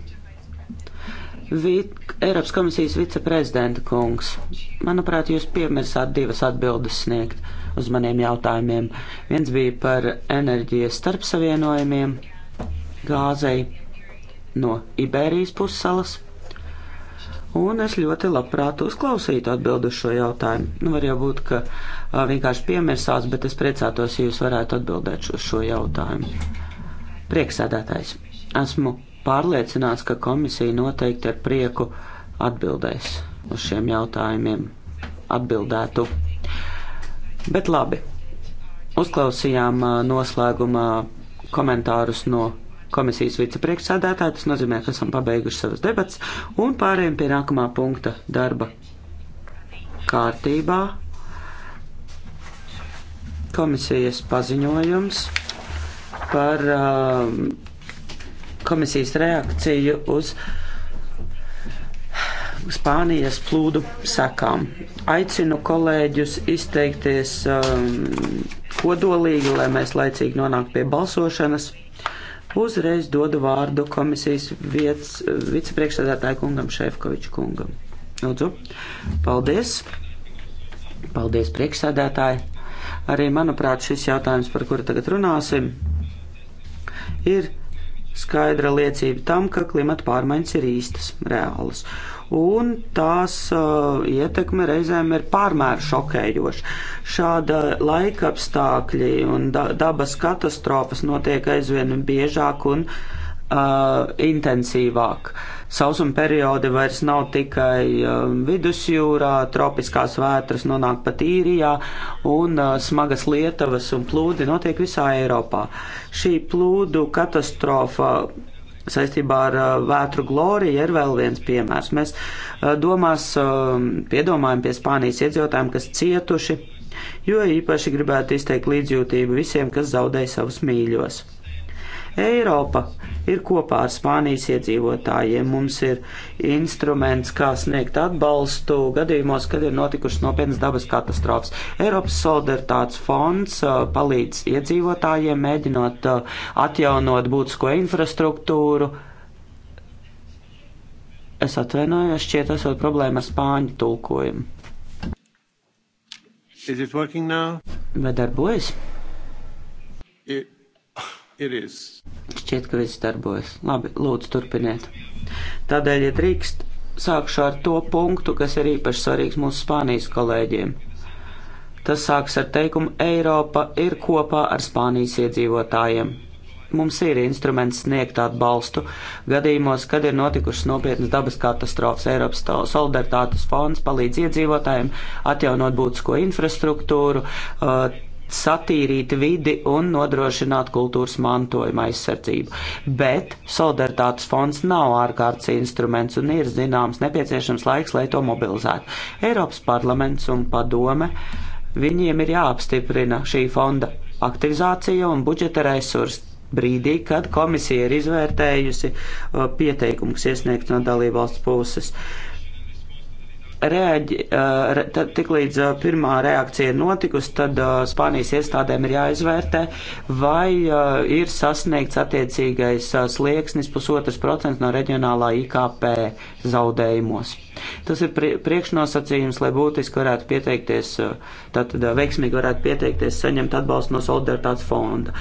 Vi, Eiropas komisijas viceprezidenta kungs, manuprāt, jūs piemirsāt divas atbildes sniegt. Uh, uz maniem jautājumiem. Viens bija par enerģijas starpsavienojumiem gāzei no Iberijas pussalas. Un es ļoti labprāt uzklausītu atbildu šo jautājumu. Nu, var jau būt, ka vienkārši piemirsās, bet es priecātos, ja jūs varētu atbildēt uz šo jautājumu. Prieksēdētājs. Esmu pārliecināts, ka komisija noteikti ar prieku atbildēs uz šiem jautājumiem. Atbildētu Bet labi, uzklausījām noslēgumā komentārus no komisijas vicepriekšsādātāja. Tas nozīmē, ka esam pabeiguši savas debats un pārējiem pie nākamā punkta darba kārtībā. Komisijas paziņojums par uh, komisijas reakciju uz Spānijas plūdu sekām. Aicinu kolēģus izteikties um, kodolīgi, lai mēs laicīgi nonāktu pie balsošanas. Uzreiz dodu vārdu komisijas vietas vicepriekšsēdētāju kungam Šefkoviču kungam. Lūdzu, paldies! Paldies, priekšsēdētāji! Arī, manuprāt, šis jautājums, par kuru tagad runāsim, ir skaidra liecība tam, ka klimata pārmaiņas ir īstas, reālas un tās uh, ietekme reizēm ir pārmēr šokējoša. Šāda laika apstākļi un da dabas katastrofas notiek aizvien biežāk un uh, intensīvāk. Sausuma periodi vairs nav tikai uh, vidusjūrā, tropiskās vētras nonāk pat īrijā, un uh, smagas lietavas un plūdi notiek visā Eiropā. Šī plūdu katastrofa saistībā ar uh, vētru gloriju ir vēl viens piemērs. Mēs uh, domās um, piedomājam pie Spānijas iedzīvotājiem, kas cietuši, jo īpaši gribētu izteikt līdzjūtību visiem, kas zaudēja savus mīļos. Eiropa ir kopā ar Spānijas iedzīvotājiem. Mums ir instruments, kā sniegt atbalstu gadījumos, kad ir notikušas nopietnas dabas katastrofas. Eiropas solidaritātes fonds uh, palīdz iedzīvotājiem, mēģinot uh, atjaunot būtisko infrastruktūru. Es atvainojos, šķiet, esot problēma ar spāņu tulkojumu. Vai darbojas? It Šķiet, ka viss darbojas. Labi, lūdzu, turpiniet. Tādēļ, ja drīkst, sākšu ar to punktu, kas ir īpaši svarīgs mūsu Spānijas kolēģiem. Tas sāks ar teikumu Eiropa ir kopā ar Spānijas iedzīvotājiem. Mums ir instruments sniegt atbalstu gadījumos, kad ir notikušas nopietnas dabas katastrofas. Eiropas solidaritātes fonds palīdz iedzīvotājiem atjaunot būtisko infrastruktūru, uh, satīrīt vidi un nodrošināt kultūras mantojuma aizsardzību. Bet solidaritātes fonds nav ārkārtas instruments un ir zināms nepieciešams laiks, lai to mobilizētu. Eiropas parlaments un padome viņiem ir jāapstiprina šī fonda aktivizācija un budžeta resursi brīdī, kad komisija ir izvērtējusi uh, pieteikumus iesniegt no dalībvalsts puses. Uh, reaģi, eh, tad, tik līdz eh, pirmā reakcija ir notikusi, tad eh, Spānijas iestādēm ir jāizvērtē, vai ir sasniegts attiecīgais slieksnis pusotras procents no reģionālā IKP zaudējumos. Tas ir priekšnosacījums, lai būtiski varētu pieteikties, tātad veiksmīgi varētu pieteikties saņemt atbalstu no solidaritātes fonda.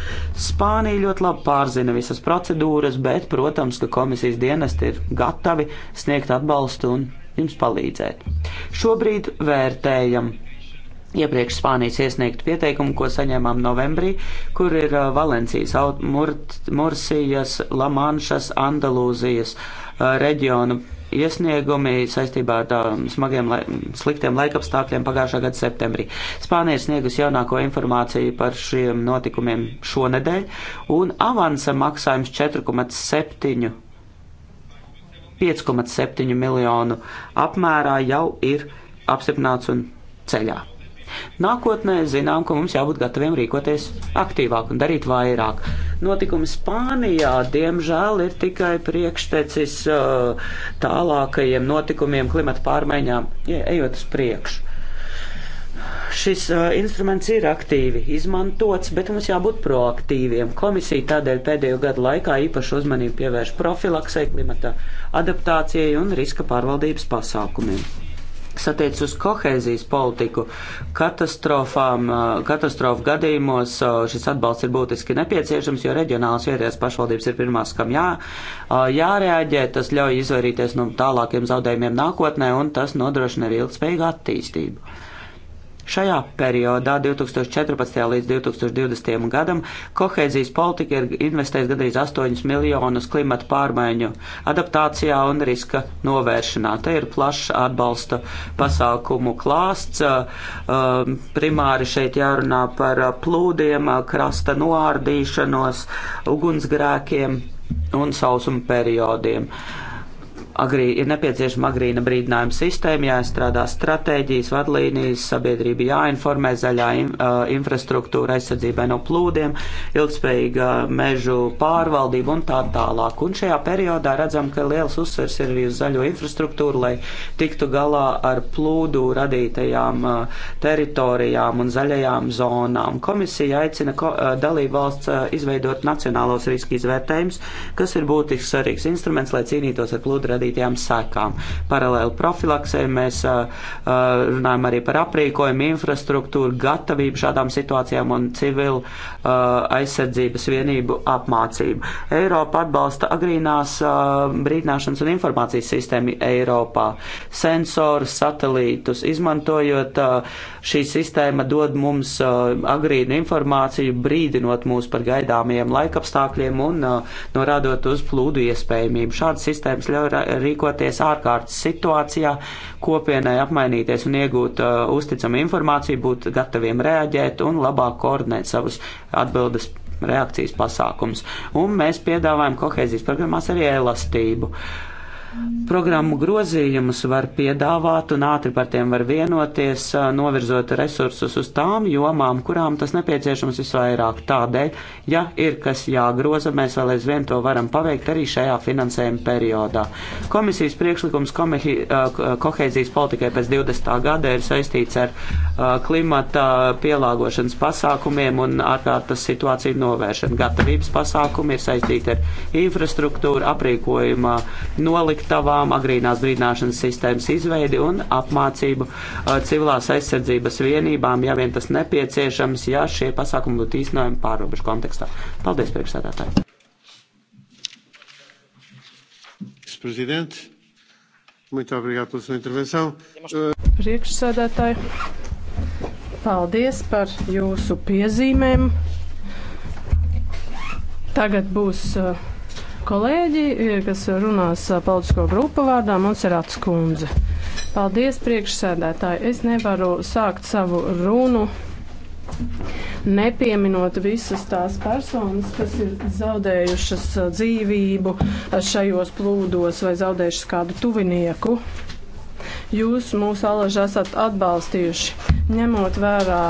Spānija ļoti labi pārzina visas procedūras, bet, protams, ka komisijas dienesti ir gatavi sniegt atbalstu un jums palīdzēt. Šobrīd vērtējam iepriekš Spānijas iesniegtu pieteikumu, ko saņēmām novembrī, kur ir uh, Valencijas, Mursijas, Lamanšas, Andalūzijas uh, reģionu iesniegumi saistībā ar tādiem uh, smagiem, lai, sliktiem laikapstākļiem pagājušā gada septembrī. Spānija ir sniegusi jaunāko informāciju par šiem notikumiem šonedēļ, un avansa maksājums 4,7 5,7 miljonu apmērā jau ir apstiprināts un ceļā. Nākotnē zinām, ka mums jābūt gataviem rīkoties aktīvāk un darīt vairāk. Notikumi Spānijā, diemžēl, ir tikai priekštecis uh, tālākajiem notikumiem klimata pārmaiņām, ja ejot uz priekšu šis uh, instruments ir aktīvi izmantots, bet mums jābūt proaktīviem. Komisija tādēļ pēdējo gadu laikā īpašu uzmanību pievērš profilaksei, klimata adaptācijai un riska pārvaldības pasākumiem. Satiec uz kohēzijas politiku, katastrofām, katastrofu gadījumos šis atbalsts ir būtiski nepieciešams, jo reģionālas vietējās pašvaldības ir pirmās, kam jā, jārēģē, tas ļauj izvairīties no tālākiem zaudējumiem nākotnē un tas nodrošina arī ilgspējīgu attīstību. Šajā periodā, 2014. līdz 2020. gadam, kohēzijas politika ir investējusi gandrīz 8 miljonus klimata pārmaiņu adaptācijā un riska novēršanā. Te ir plašs atbalsta pasākumu klāsts. Uh, um, primāri šeit jārunā par uh, plūdiem, uh, krasta noārdīšanos, ugunsgrēkiem un sausuma periodiem. Uh, agrī, ir nepieciešama agrīna brīdinājuma sistēma, jāizstrādā stratēģijas, vadlīnijas, sabiedrība jāinformē, zaļā in, uh, infrastruktūra aizsardzībai no plūdiem, ilgspējīga mežu pārvaldība un tā tālāk. Un šajā periodā redzam, ka liels uzsvers ir arī uz zaļo infrastruktūru, lai tiktu galā ar plūdu radītajām uh, teritorijām un zaļajām zonām. Komisija aicina ko, uh, dalību valsts uh, izveidot nacionālos riska izvērtējumus, kas ir būtisks svarīgs instruments, lai cīnītos ar plūdu radītājiem radītajām sekām. Paralēli profilaksē mēs runājam arī par aprīkojumu, infrastruktūru, gatavību šādām situācijām un civilu aizsardzības vienību apmācību. Eiropa atbalsta agrīnās brīdināšanas un informācijas sistēmu Eiropā, sensorus, satelītus, izmantojot uh, Šī sistēma dod mums uh, agrīnu informāciju, brīdinot mūs par gaidāmajiem laikapstākļiem un uh, norādot uz plūdu iespējamību. Šādas sistēmas ļauj rīkoties ārkārtas situācijā, kopienai apmainīties un iegūt uh, uzticamu informāciju, būt gataviem reaģēt un labāk koordinēt savus atbildes reakcijas pasākums. Un mēs piedāvājam kohēzijas programmās arī elastību. Uh, Programmu grozījumus var piedāvāt un ātri par tiem var vienoties, novirzot resursus uz tām jomām, kurām tas nepieciešams visvairāk. Tādēļ, ja ir kas jāgroza, mēs vēl aizvien to varam paveikt arī šajā finansējuma periodā. Komisijas priekšlikums komehi, kohēzijas politikai pēc 20. gada ir saistīts ar klimata pielāgošanas pasākumiem un ārkārtas situāciju novēršanu. Gatavības pasākumi ir saistīti ar infrastruktūru, aprīkojuma nolikt sliktavām, agrīnās brīdināšanas sistēmas izveidi un apmācību uh, civilās aizsardzības vienībām, ja vien tas nepieciešams, ja šie pasākumi būtu īstenojami pārobežu kontekstā. Paldies, priekšsēdētāji! Presidente, muito obrigado pela sua intervenção. Priekšsēdētāji, paldies par jūsu piezīmēm. Tagad būs uh, kolēģi, eh, kas runās eh, politisko grupu vārdā, mums ir atskundze. Paldies, priekšsēdētāji. Es nevaru sākt savu runu nepieminot visas tās personas, kas ir zaudējušas eh, dzīvību šajos plūdos vai zaudējušas kādu tuvinieku. Jūs mūsu alaži esat atbalstījuši, ņemot vērā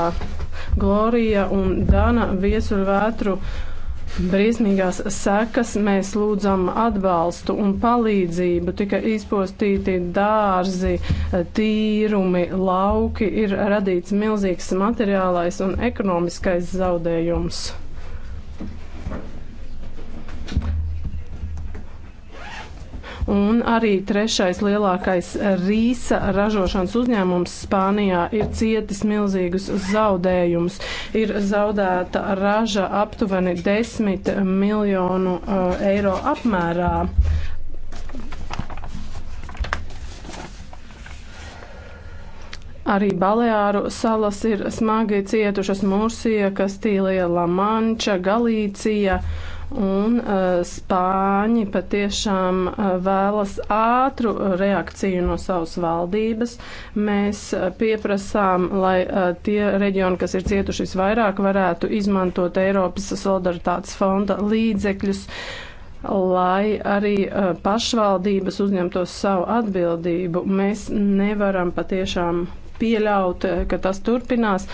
Glorija un Dana viesuļvētru briesmīgās sekas mēs lūdzam atbalstu un palīdzību, tika izpostīti dārzi, tīrumi, lauki, ir radīts milzīgs materiālais un ekonomiskais zaudējums un arī trešais lielākais rīsa ražošanas uzņēmums Spānijā ir cietis milzīgus zaudējumus. Ir zaudēta raža aptuveni 10 miljonu uh, eiro apmērā. Arī Baleāru salas ir smagi cietušas Mursija, Kastīlija, Lamanča, Galīcija. Uh, un uh, Spāņi patiešām uh, vēlas ātru uh, reakciju no savas valdības. Mēs uh, pieprasām, lai uh, tie reģioni, kas ir cietuši visvairāk, varētu izmantot Eiropas solidaritātes fonda līdzekļus, lai arī uh, pašvaldības uzņemtos savu atbildību. Mēs nevaram patiešām pieļaut, eh, ka tas turpinās.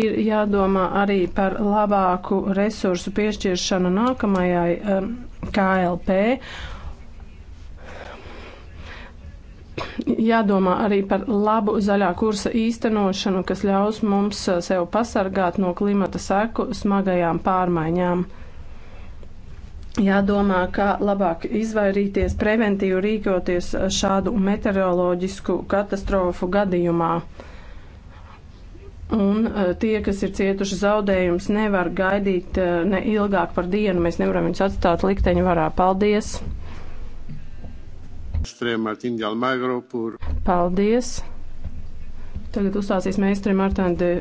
Ir jādomā arī par labāku resursu piešķiršanu nākamajai um, eh, KLP jādomā arī par labu zaļā kursa īstenošanu, kas ļaus mums eh, sev pasargāt no klimata seku smagajām pārmaiņām. Jādomā, kā labāk izvairīties preventīvi rīkoties šādu meteoroloģisku katastrofu gadījumā. Un uh, tie, kas ir cietuši zaudējumus, nevar gaidīt uh, ne ilgāk par dienu. Mēs nevaram viņus atstāt likteņu varā. Paldies! Paldies! Tagad uzstāsies meistri Martāna de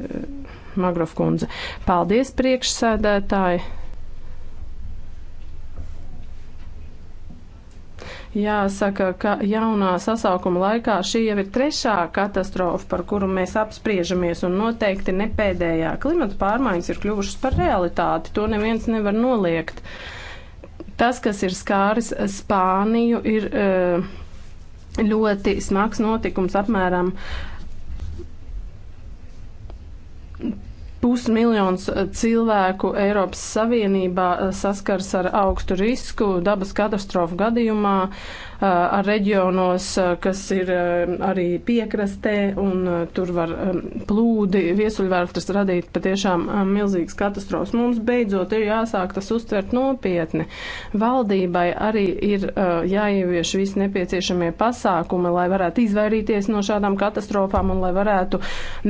Magrofkundze. Paldies, priekšsēdētāji! Jāsaka, ka jaunā sasaukuma laikā šī jau ir trešā katastrofa, par kuru mēs apspriežamies, un noteikti ne pēdējā. Klimata pārmaiņas ir kļuvušas par realitāti, to neviens nevar noliegt. Tas, kas ir skāris Spāniju, ir. Uh, ļoti smags notikums apmēram Pusmiljons eh, cilvēku Eiropas Savienībā eh, saskars ar augstu risku dabas katastrofu gadījumā, Eh, ar reģionos, eh, kas ir eh, arī piekrastē, un tur var plūdi, viesuļvērtas radīt patiešām milzīgas katastrofas. Mums beidzot ir jāsāk tas uztvert nopietni. Valdībai arī ir jāievieš visi nepieciešamie pasākumi, lai varētu izvairīties no šādām katastrofām un lai varētu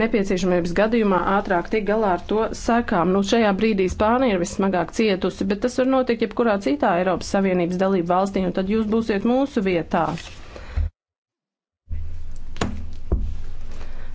nepieciešamības gadījumā ātrāk tikt galā ar to sekām. Nu, šajā brīdī Spānija ir vissmagāk cietusi, bet tas var notikt jebkurā citā Eiropas Savienības dalību valstī, un tad jūs būsiet mūsu jūsu vietā.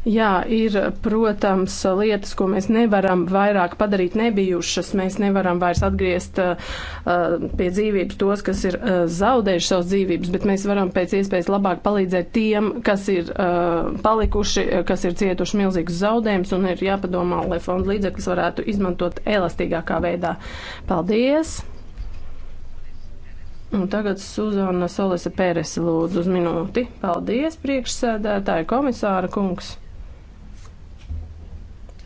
Jā, ir, protams, lietas, ko mēs nevaram vairāk padarīt nebijušas. Mēs nevaram vairs atgriezt uh, uh, pie dzīvības tos, kas ir uh, zaudējuši savas dzīvības, bet mēs varam pēc iespējas labāk palīdzēt tiem, kas ir uh, palikuši, kas ir cietuši milzīgus zaudējumus un ir jāpadomā, lai fonda līdzekļus varētu izmantot elastīgākā veidā. Paldies! Un tagad Suzana Solisa Pērese lūdzu uz minūti. Paldies, priekšsēdētāji, komisāra kungs!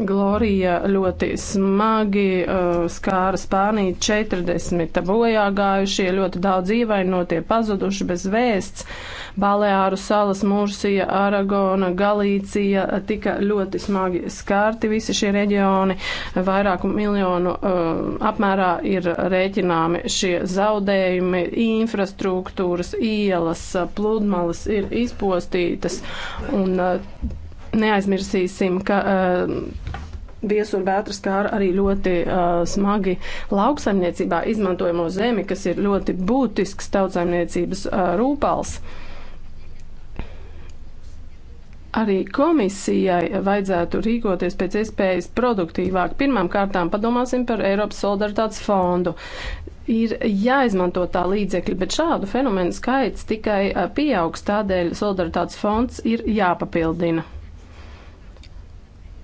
Glorija ļoti smagi uh, skāra Spāniju 40 bojā gājušie, ļoti daudz ievainotie pazuduši bez vēsts. Balēāru salas, Mursija, Aragona, Galīcija uh, tika ļoti smagi skārti visi šie reģioni. Vairāku miljonu uh, apmērā ir rēķināmi šie zaudējumi, infrastruktūras, ielas, uh, pludmales ir izpostītas. Un, uh, neaizmirsīsim, ka uh, eh, Viesur vētras kāra arī ļoti uh, smagi lauksaimniecībā izmantojamo zemi, kas ir ļoti būtisks tautsaimniecības uh, eh, rūpals. Arī komisijai vajadzētu rīkoties pēc iespējas produktīvāk. Pirmām kārtām padomāsim par Eiropas solidaritātes fondu ir jāizmanto tā līdzekļi, bet šādu fenomenu skaits tikai pieaugs, tādēļ solidaritātes fonds ir jāpapildina.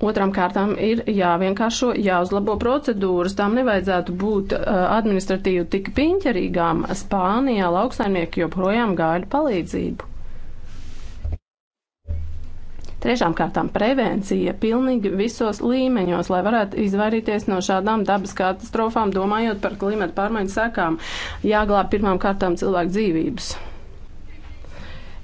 Otram kārtām ir jāvienkāršo, jāuzlabo procedūras, tām nevajadzētu būt uh, administratīvi tik piņķerīgām. Spānijā lauksaimnieki joprojām gaida palīdzību. Trešām kārtām prevencija pilnīgi visos līmeņos, lai varētu izvairīties no šādām dabas katastrofām, domājot par klimata pārmaiņu sekām, jāglāb pirmām kārtām cilvēku dzīvības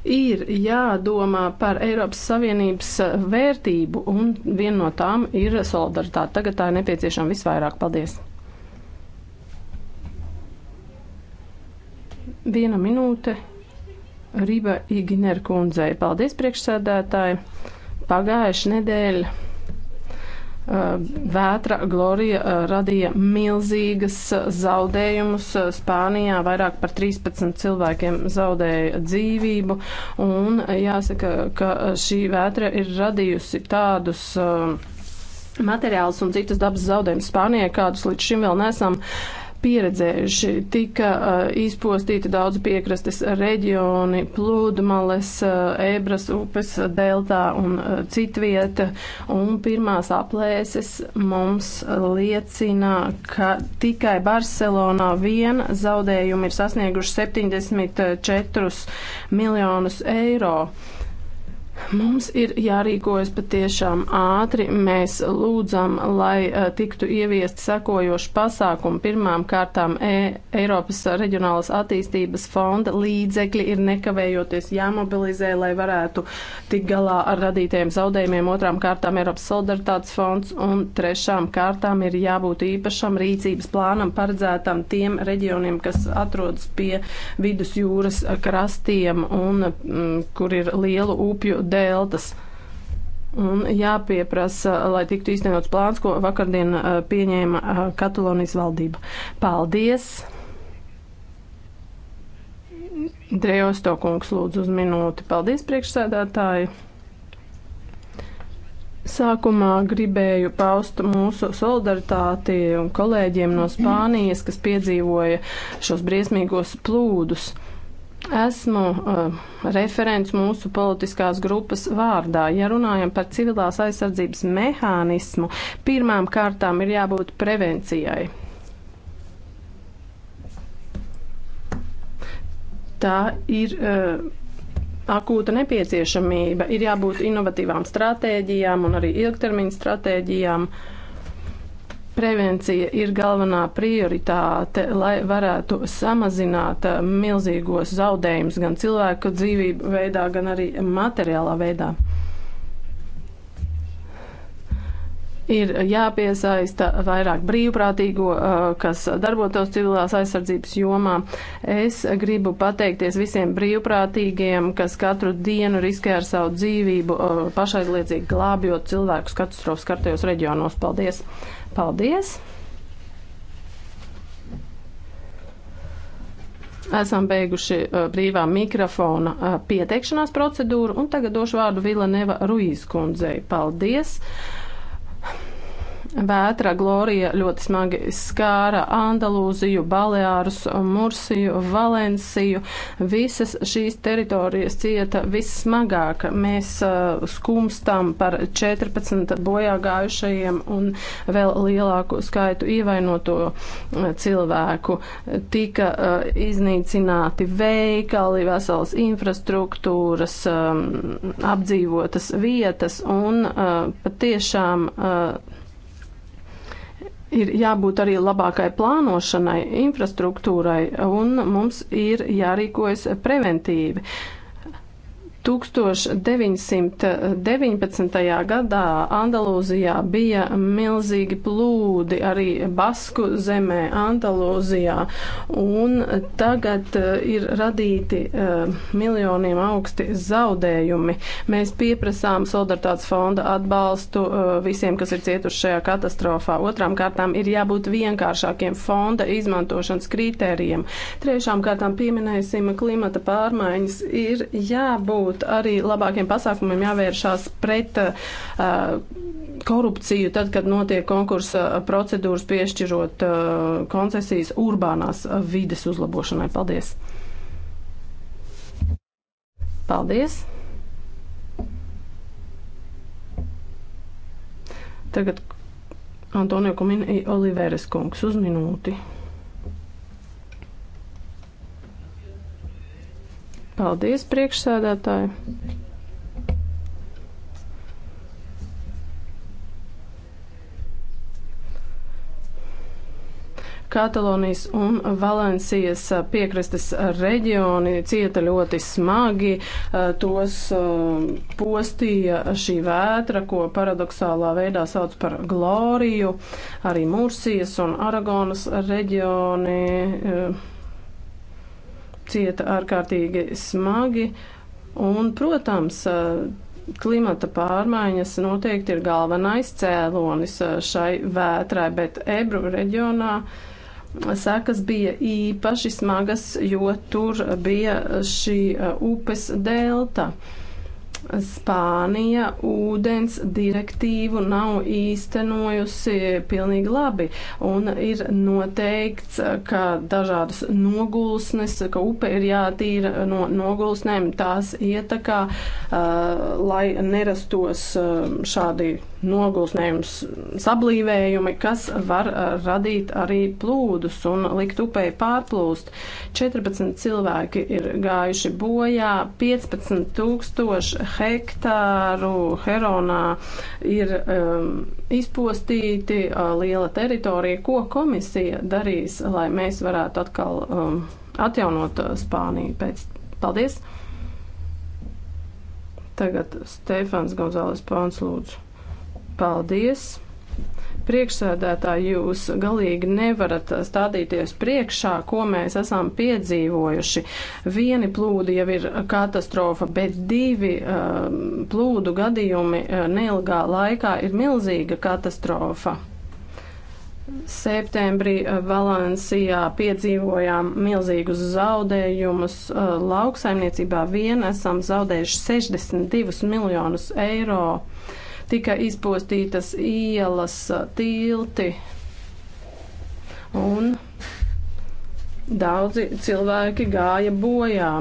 ir jādomā par Eiropas Savienības eh, vērtību, un viena no tām ir solidaritāte. Tagad tā ir nepieciešama visvairāk. Paldies! Viena minūte Rība Iginerkundzei. Paldies, priekšsēdētāji! Pagājuši nedēļa Eh, vētra Glorija eh, radīja milzīgas eh, zaudējumus Spānijā, vairāk par 13 cilvēkiem zaudēja dzīvību, un jāsaka, ka šī vētra ir radījusi tādus materiālus un citas dabas zaudējumus Spānijai, kādus līdz šim vēl nesam pieredzējuši. Tika uh, izpostīti daudz piekrastes reģioni, plūdmales, uh, ebras upes deltā un uh, citvieta, un pirmās aplēses mums liecina, ka tikai Barcelonā vien zaudējumi ir sasnieguši 74 miljonus eiro. Mums ir jārīkojas patiešām ātri. Mēs lūdzam, lai eh, tiktu ieviesti sekojoši pasākumi. Pirmām kārtām e Eiropas reģionālas attīstības fonda līdzekļi ir nekavējoties jāmobilizē, lai varētu tik galā ar radītajiem zaudējumiem. Otrām kārtām Eiropas solidaritātes fonds un trešām kārtām ir jābūt īpašam rīcības plānam paredzētam tiem reģioniem, kas atrodas pie vidusjūras krastiem un m, mm, kur ir lielu upju deltas. Un jāpieprasa, lai tiktu īstenots plāns, ko vakardien uh, pieņēma uh, Katalonijas valdība. Paldies! Drejosto kungs lūdzu uz minūti. Paldies, priekšsēdētāji! Sākumā gribēju paust mūsu solidaritāti un kolēģiem no Spānijas, kas piedzīvoja šos briesmīgos plūdus. Esmu uh, referents mūsu politiskās grupas vārdā. Ja runājam par civilās aizsardzības mehānismu, pirmām kārtām ir jābūt prevencijai. Tā ir. Uh, akūta nepieciešamība, ir jābūt inovatīvām stratēģijām un arī ilgtermiņa stratēģijām. Uh, prevencija ir galvenā prioritāte, lai varētu samazināt eh, milzīgos zaudējumus gan cilvēku dzīvību veidā, gan arī materiālā veidā. Ir jāpiesaista vairāk brīvprātīgo, eh, kas darbotos civilās aizsardzības jomā. Es gribu pateikties visiem brīvprātīgiem, kas katru dienu riskē ar savu dzīvību, eh, pašaizliedzīgi glābjot cilvēkus katastrofas kartajos reģionos. Paldies! Paldies! Esam beiguši uh, brīvā mikrofona uh, pieteikšanās procedūru un tagad došu vārdu Vila Neva Ruīz kundzei. Paldies! Uh, Vētra Glorija ļoti smagi skāra Andalūziju, Baleārus, Mursiju, Valensiju. Visas šīs teritorijas cieta vissmagāk. Mēs uh, skumstam par 14 bojā gājušajiem un vēl lielāku skaitu ievainoto uh, cilvēku. Tika uh, iznīcināti veikali, veselas infrastruktūras, um, apdzīvotas vietas un uh, patiešām uh, ir jābūt arī labākai plānošanai, infrastruktūrai, un mums ir jārīkojas preventīvi. Uh, 1919. gadā Andalūzijā bija milzīgi plūdi arī Basku zemē Andalūzijā, un tagad eh, ir radīti uh, miljoniem augsti zaudējumi. Mēs pieprasām solidaritātes fonda atbalstu uh, visiem, kas ir cietuši šajā katastrofā. Otrām kārtām ir jābūt vienkāršākiem fonda izmantošanas kritērijiem. Trešām kārtām pieminēsim klimata pārmaiņas. Ir jābūt jābūt arī labākiem pasākumiem, jāvēršās pret uh, korupciju, tad, kad notiek konkursa procedūras piešķirot uh, koncesijas urbānās vides uzlabošanai. Paldies! Paldies! Tagad Antonio Komina Oliveres kungs uz minūti. Paldies, priekšsēdētāji! Katalonijas un Valencijas piekrastes reģioni cieta ļoti smagi. Tos um, postīja šī vētra, ko paradoxālā veidā sauc par gloriju. Arī Mursijas un Aragonas reģioni um, cieta ārkārtīgi smagi, un, protams, klimata pārmaiņas noteikti ir galvenais cēlonis šai vētrai, bet Ebru reģionā sekas bija īpaši smagas, jo tur bija šī upes delta. Uh, Spānija ūdens direktīvu nav īstenojusi pilnīgi labi, un ir noteikts, ka dažādas nogulsnes, ka upe ir jātīra no nogulsnēm, tās ietekā, uh, lai nerastos uh, šādi nogulsnējums, sablīvējumi, kas var uh, radīt arī plūdus un likt upei pārplūst. 14 cilvēki ir gājuši bojā, 15 tūkstoši hektāru Heronā ir um, izpostīti uh, liela teritorija. Ko komisija darīs, lai mēs varētu atkal um, atjaunot uh, Spāniju pēc? Paldies! Tagad Stefans Gonzāles Pāns lūdzu. Paldies! priekšsēdētāji, jūs galīgi nevarat stādīties priekšā, ko mēs esam piedzīvojuši. Vieni plūdi jau ir katastrofa, bet divi uh, plūdu gadījumi uh, neilgā laikā ir milzīga katastrofa. Septembrī uh, Valencijā piedzīvojām milzīgus zaudējumus. Uh, lauksaimniecībā vien esam zaudējuši 62 miljonus eiro. Uh, tika izpostītas ielas, tilti un daudzi cilvēki gāja bojā.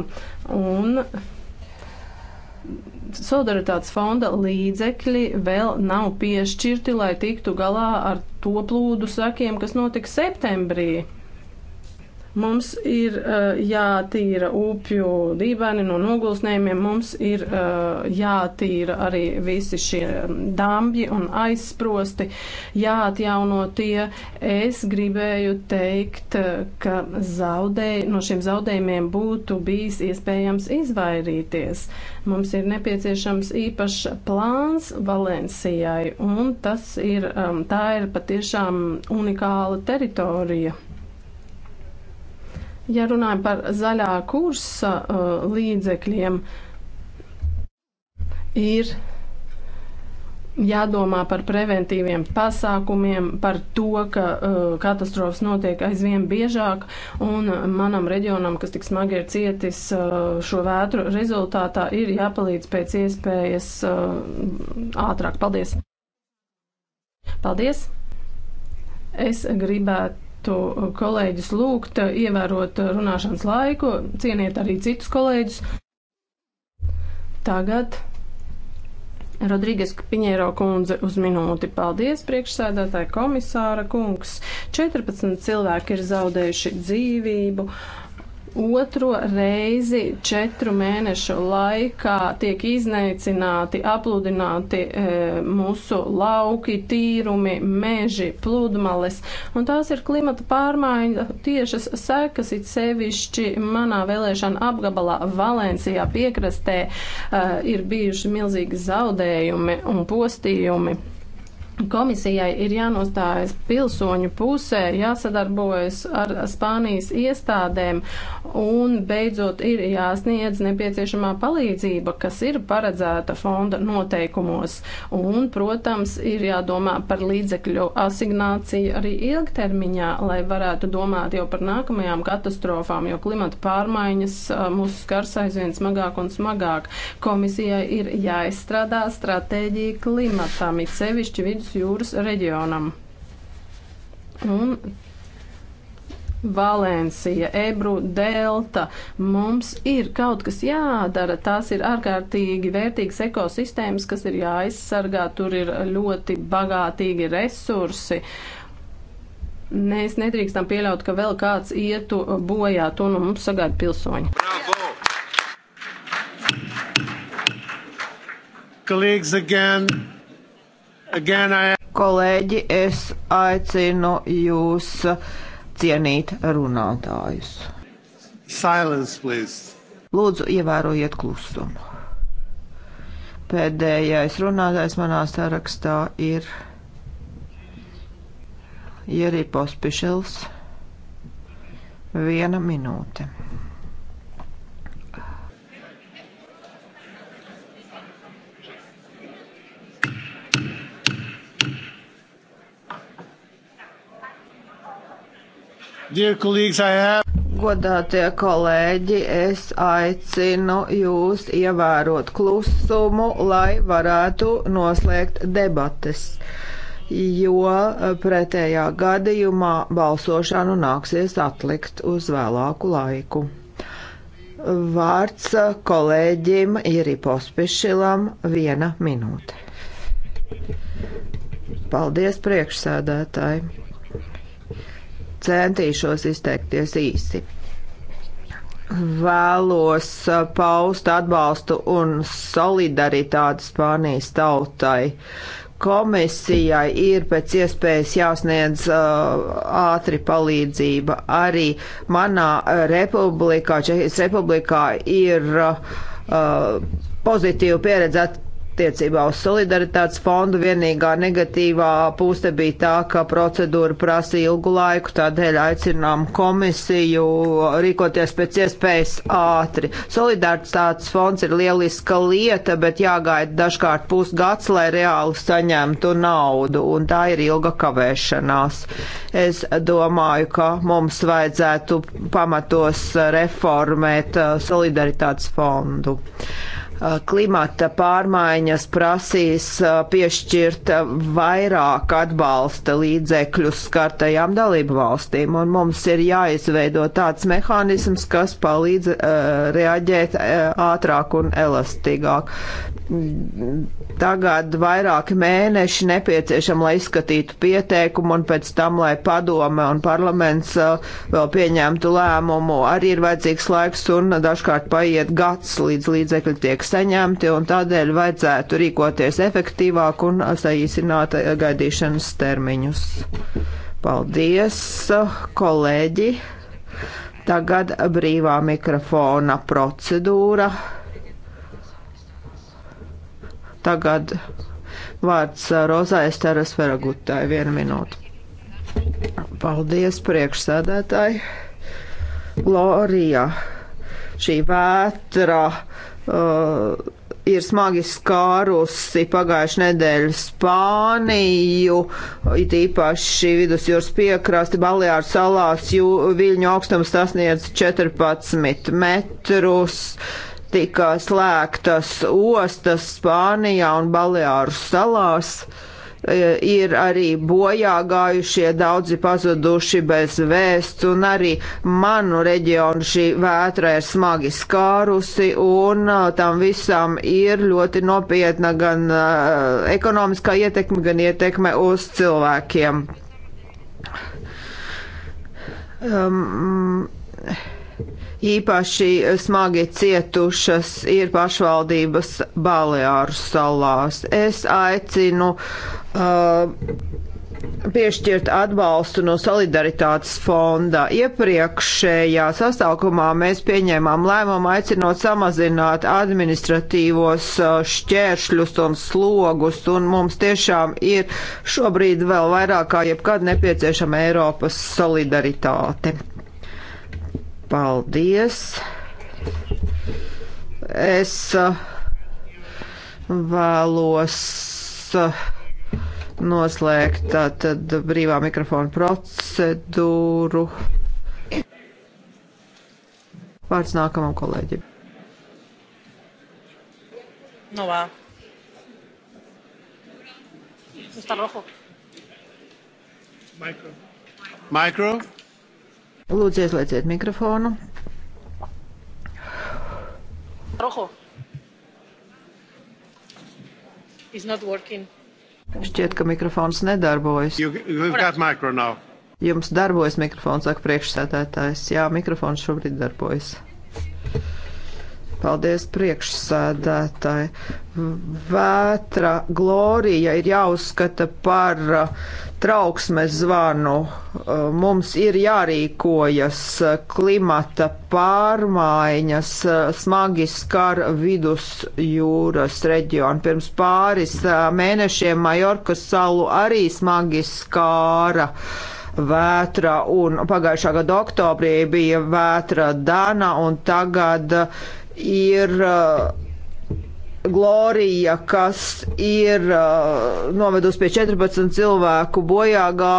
Un Solidaritātes fonda līdzekļi vēl nav piešķirti, lai tiktu galā ar to plūdu sakiem, kas notika septembrī. Mums ir uh, jātīra upju dībēni no nogulsnējumiem, mums ir uh, jātīra arī visi šie dambji un aizsprosti, jāatjauno tie. Es gribēju teikt, ka zaudē, no šiem zaudējumiem būtu bijis iespējams izvairīties. Mums ir nepieciešams īpašs plāns Valencijai, un tas ir, um, tā ir patiešām unikāla teritorija. Ja runājam par zaļā kursa uh, līdzekļiem, ir jādomā par preventīviem pasākumiem, par to, ka uh, katastrofas notiek aizvien biežāk, un manam reģionam, kas tik smagi ir cietis uh, šo vētru rezultātā, ir jāpalīdz pēc iespējas uh, ātrāk. Paldies! Paldies! Es gribētu gribētu uh, kolēģis lūgt uh, ievērot uh, runāšanas laiku, cieniet arī citus kolēģus. Tagad Rodrīgas Piņēro kundze uz minūti. Paldies, priekšsēdētāji komisāra kungs. 14 cilvēki ir zaudējuši dzīvību Otro reizi četru mēnešu laikā tiek iznīcināti, apludināti e, mūsu lauki, tīrumi, meži, pludmales. Un tās ir klimata pārmaiņa tiešas sekas, it sevišķi manā vēlēšana apgabalā Valencijā piekrastē e, ir bijuši milzīgi zaudējumi un postījumi. Komisijai ir jānostājas pilsoņu pusē, jāsadarbojas ar Spānijas iestādēm un beidzot ir jāsniedz nepieciešamā palīdzība, kas ir paredzēta fonda noteikumos. Un, protams, ir jādomā par līdzekļu asignāciju arī ilgtermiņā, lai varētu domāt jau par nākamajām katastrofām, jo klimata pārmaiņas mūs skars aizvien smagāk un smagāk. Komisijai ir jāizstrādā stratēģija klimatam, it sevišķi vidus vidusjūras reģionam. Un Valencija, Ebru delta. Mums ir kaut kas jādara. Tās ir ārkārtīgi vērtīgas ekosistēmas, kas ir jāaizsargā. Tur ir ļoti bagātīgi resursi. Mēs nedrīkstam pieļaut, ka vēl kāds ietu bojā. To no nu mums sagaida pilsoņi. Bravo! Colleagues again. Again, I... Kolēģi, es aicinu jūs cienīt runātājus. Silence, please. Lūdzu, ievērojiet klusumu. Pēdējais runātājs manā sarakstā ir Jeripos Pišels. Viena minūte. Have... Godātie kolēģi, es aicinu jūs ievērot klusumu, lai varētu noslēgt debates, jo pretējā gadījumā balsošanu nāksies atlikt uz vēlāku laiku. Vārds kolēģim ir pospišilam viena minūte. Paldies priekšsēdētāji! centīšos izteikties īsi. Vēlos paust atbalstu un solidaritāti Spānijas tautai. Komisijai ir pēc iespējas jāsniedz uh, ātri palīdzība. Arī manā republikā, Čehijas republikā, ir uh, pozitīva pieredze attiecībā uz solidaritātes fondu vienīgā negatīvā pūste bija tā, ka procedūra prasīja ilgu laiku, tādēļ aicinām komisiju rīkoties pēc iespējas ātri. Solidaritātes fonds ir lieliska lieta, bet jāgaida dažkārt pusgads, lai reāli saņemtu naudu, un tā ir ilga kavēšanās. Es domāju, ka mums vajadzētu pamatos reformēt uh, solidaritātes fondu. Eh, klimata pārmaiņas prasīs eh, piešķirt eh, vairāk atbalsta līdzekļus skartajām dalību valstīm, un mums ir jāizveido tāds mehānisms, kas palīdz uh, reaģēt uh, ātrāk un elastīgāk tagad vairāki mēneši nepieciešami, lai izskatītu pieteikumu un pēc tam, lai padome un parlaments uh, vēl pieņemtu lēmumu. Arī ir vajadzīgs laiks un dažkārt paiet gads, līdz līdzekļi tiek saņemti un tādēļ vajadzētu rīkoties efektīvāk un saīsināt uh, gaidīšanas termiņus. Paldies, uh, kolēģi! Tagad brīvā mikrofona procedūra. Tagad vārds uh, Rozai Steras Feragutai. Vienu minūtu. Paldies, priekšsēdētāji. Lorija, šī vētra uh, ir smagi skārusi pagājuši nedēļu Spāniju, it īpaši vidusjūras piekrasti, Baleāru salās, jū, viļņu augstums sasniedz 14 metrus. Uh, tika slēgtas ostas Spānijā un Baleāru salās. E, ir arī bojā gājušie, daudzi pazuduši bez vēsts, un arī manu reģionu šī vētra ir smagi skārusi, un e, tam visam ir ļoti nopietna gan uh, ekonomiskā ietekme, gan ietekme uz cilvēkiem. Um, Īpaši smagi cietušas ir pašvaldības Baleāru salās. Es aicinu uh, piešķirt atbalstu no solidaritātes fonda. Iepriekšējā sasaukumā mēs pieņēmām lēmumu aicinot samazināt administratīvos uh, šķēršļus un slogus, un mums tiešām ir šobrīd vēl vairāk kā jebkad nepieciešama Eiropas solidaritāte. Paldies! Es uh, vēlos uh, noslēgt tātad uh, brīvā mikrofona procedūru. Vārds nākamam kolēģim. No va. Está rojo. Micro. Micro. Lūdzu, ieslēdziet mikrofonu. Roho. Šķiet, ka mikrofons nedarbojas. You, Jums darbojas mikrofons, saka priekšsēdētājs. Jā, mikrofons šobrīd darbojas. Paldies, priekšsēdētāji. Vētra glorija ir jāuzskata par uh, trauksmes zvanu. Uh, mums ir jārīkojas uh, klimata pārmaiņas, uh, smagi skar vidus jūras reģionu. Pirms pāris mēnešiem Majorkas salu arī smagi skāra vētra, un pagājušā gada oktobrī bija vētra Dana, un tagad ir Glorija, kas ir uh, novedusi pie 14 cilvēku bojāgā,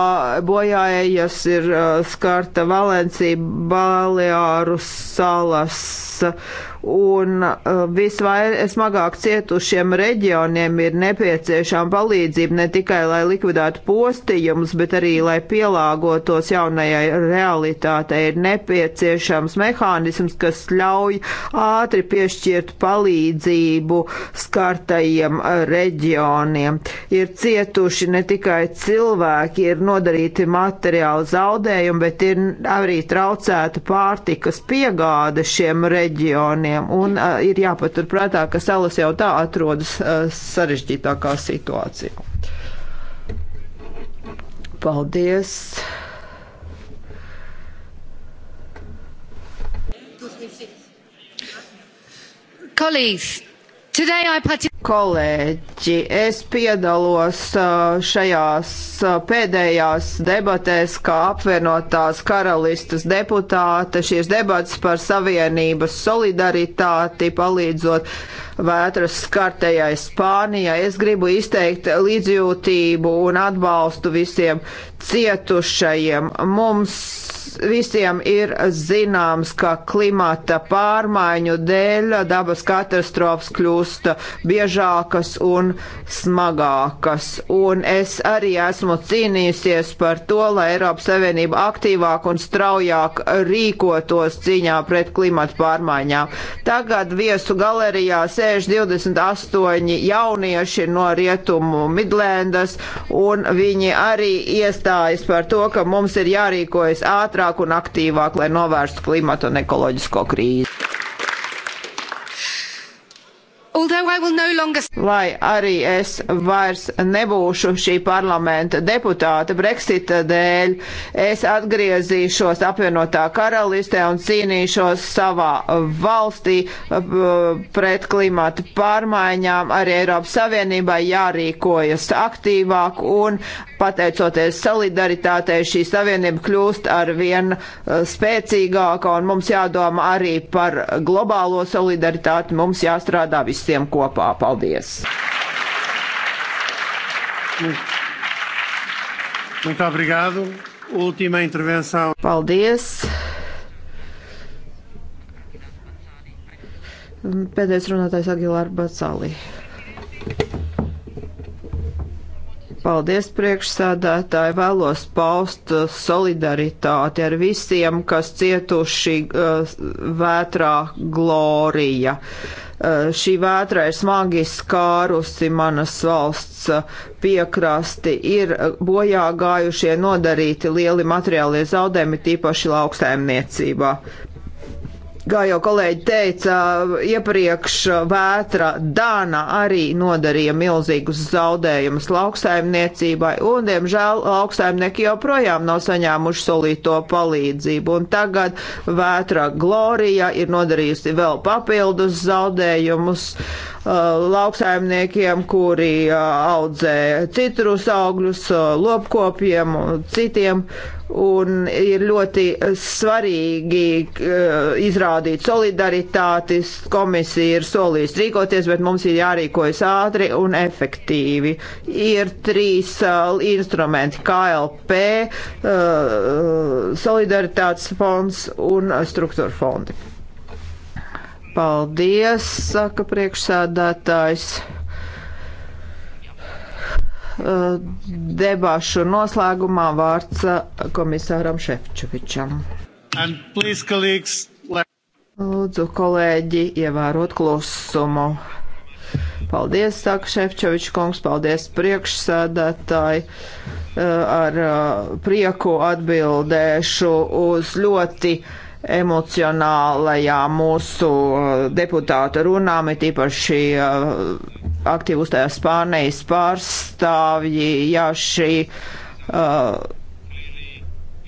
bojājas, ir uh, skarta Valencija, Baleāru salas, un eh, visvairāk cietušiem reģioniem ir nepieciešama palīdzība ne tikai, lai likvidētu postījumus, bet arī, lai pielāgotos jaunajai realitātei. Ir nepieciešams mehānisms, kas ļauj ātri piešķirt palīdzību skartajiem eh, reģioniem. Ir cietuši ne tikai cilvēki, ir nodarīti materiāli zaudējumi, bet ir arī traucēta pārtikas piegāde šiem reģioniem reģioniem, un uh, ir jāpaturprātā, ka salas jau tā atrodas uh, sarežģītākā situācijā. Paldies! Kolēģis! Kolēģi, es piedalos šajās pēdējās debatēs, kā apvienotās karalistas deputāte, šīs debatas par savienības solidaritāti, palīdzot vētras skartajai Spānijai. Es gribu izteikt līdzjūtību un atbalstu visiem cietušajiem. Mums visiem ir zināms, ka klimata pārmaiņu dēļ dabas katastrofas kļūst biežākas un smagākas. Un es arī esmu cīnījusies par to, lai Eiropas Savienība aktīvāk un straujāk rīkotos cīņā pret klimata pārmaiņām. Tagad viesu galerijā sēž 28 jaunieši no rietumu Midlendas, un viņi arī iestājas par to, ka mums ir jārīkojas ātrāk ātrāk un aktīvāk, lai novērstu klimatu un ekoloģisko krīzi. Lai arī es vairs nebūšu šī parlamenta deputāta Brexita dēļ, es atgriezīšos apvienotā karalistē un cīnīšos savā valstī pret klimata pārmaiņām. Arī Eiropas Savienībai jārīkojas aktīvāk un pateicoties solidaritātei šī savienība kļūst ar vien eh, spēcīgāka un mums jādomā arī par globālo solidaritāti. Mums jāstrādā visiem visiem kopā. Paldies! Muito obrigado. Última intervenção. Paldies. Pēdējais runātājs Agilārs Bacālī. Paldies, priekšsādātāji. Vēlos paust uh, solidaritāti ar visiem, kas cietuši uh, vētrā Glorija. Uh, šī vētra ir smagi skārusi manas valsts uh, piekrasti, ir uh, bojā gājušie nodarīti lieli materiālie zaudējumi, tīpaši lauksaimniecībā kā jau kolēģi teica, iepriekš vētra Dāna arī nodarīja milzīgus zaudējumus lauksaimniecībai, un, diemžēl, lauksaimnieki joprojām nav saņēmuši solīto palīdzību, un tagad vētra Glorija ir nodarījusi vēl papildus zaudējumus Uh, lauksaimniekiem, kuri uh, audzē citrus augļus, uh, lopkopiem un citiem. Un ir ļoti svarīgi izrādīt solidaritāti. Komisija ir solījusi rīkoties, bet mums ir jārīkojas ātri un efektīvi. Ir trīs instrumenti - KLP, solidaritātes fonds un struktūra fondi. Paldies, saka priekšsēdētājs. Debašu noslēgumā vārds komisāram Šefčovičam. Please, let... Lūdzu, kolēģi, ievērot klusumu. Paldies, saka Šefčovičs kungs, paldies priekšsēdētāji. Ar prieku atbildēšu uz ļoti uh, emocionālajā mūsu uh, deputāta runā, bet īpaši uh, aktīvi uzstājās Spānijas pārstāvji, ja šī uh,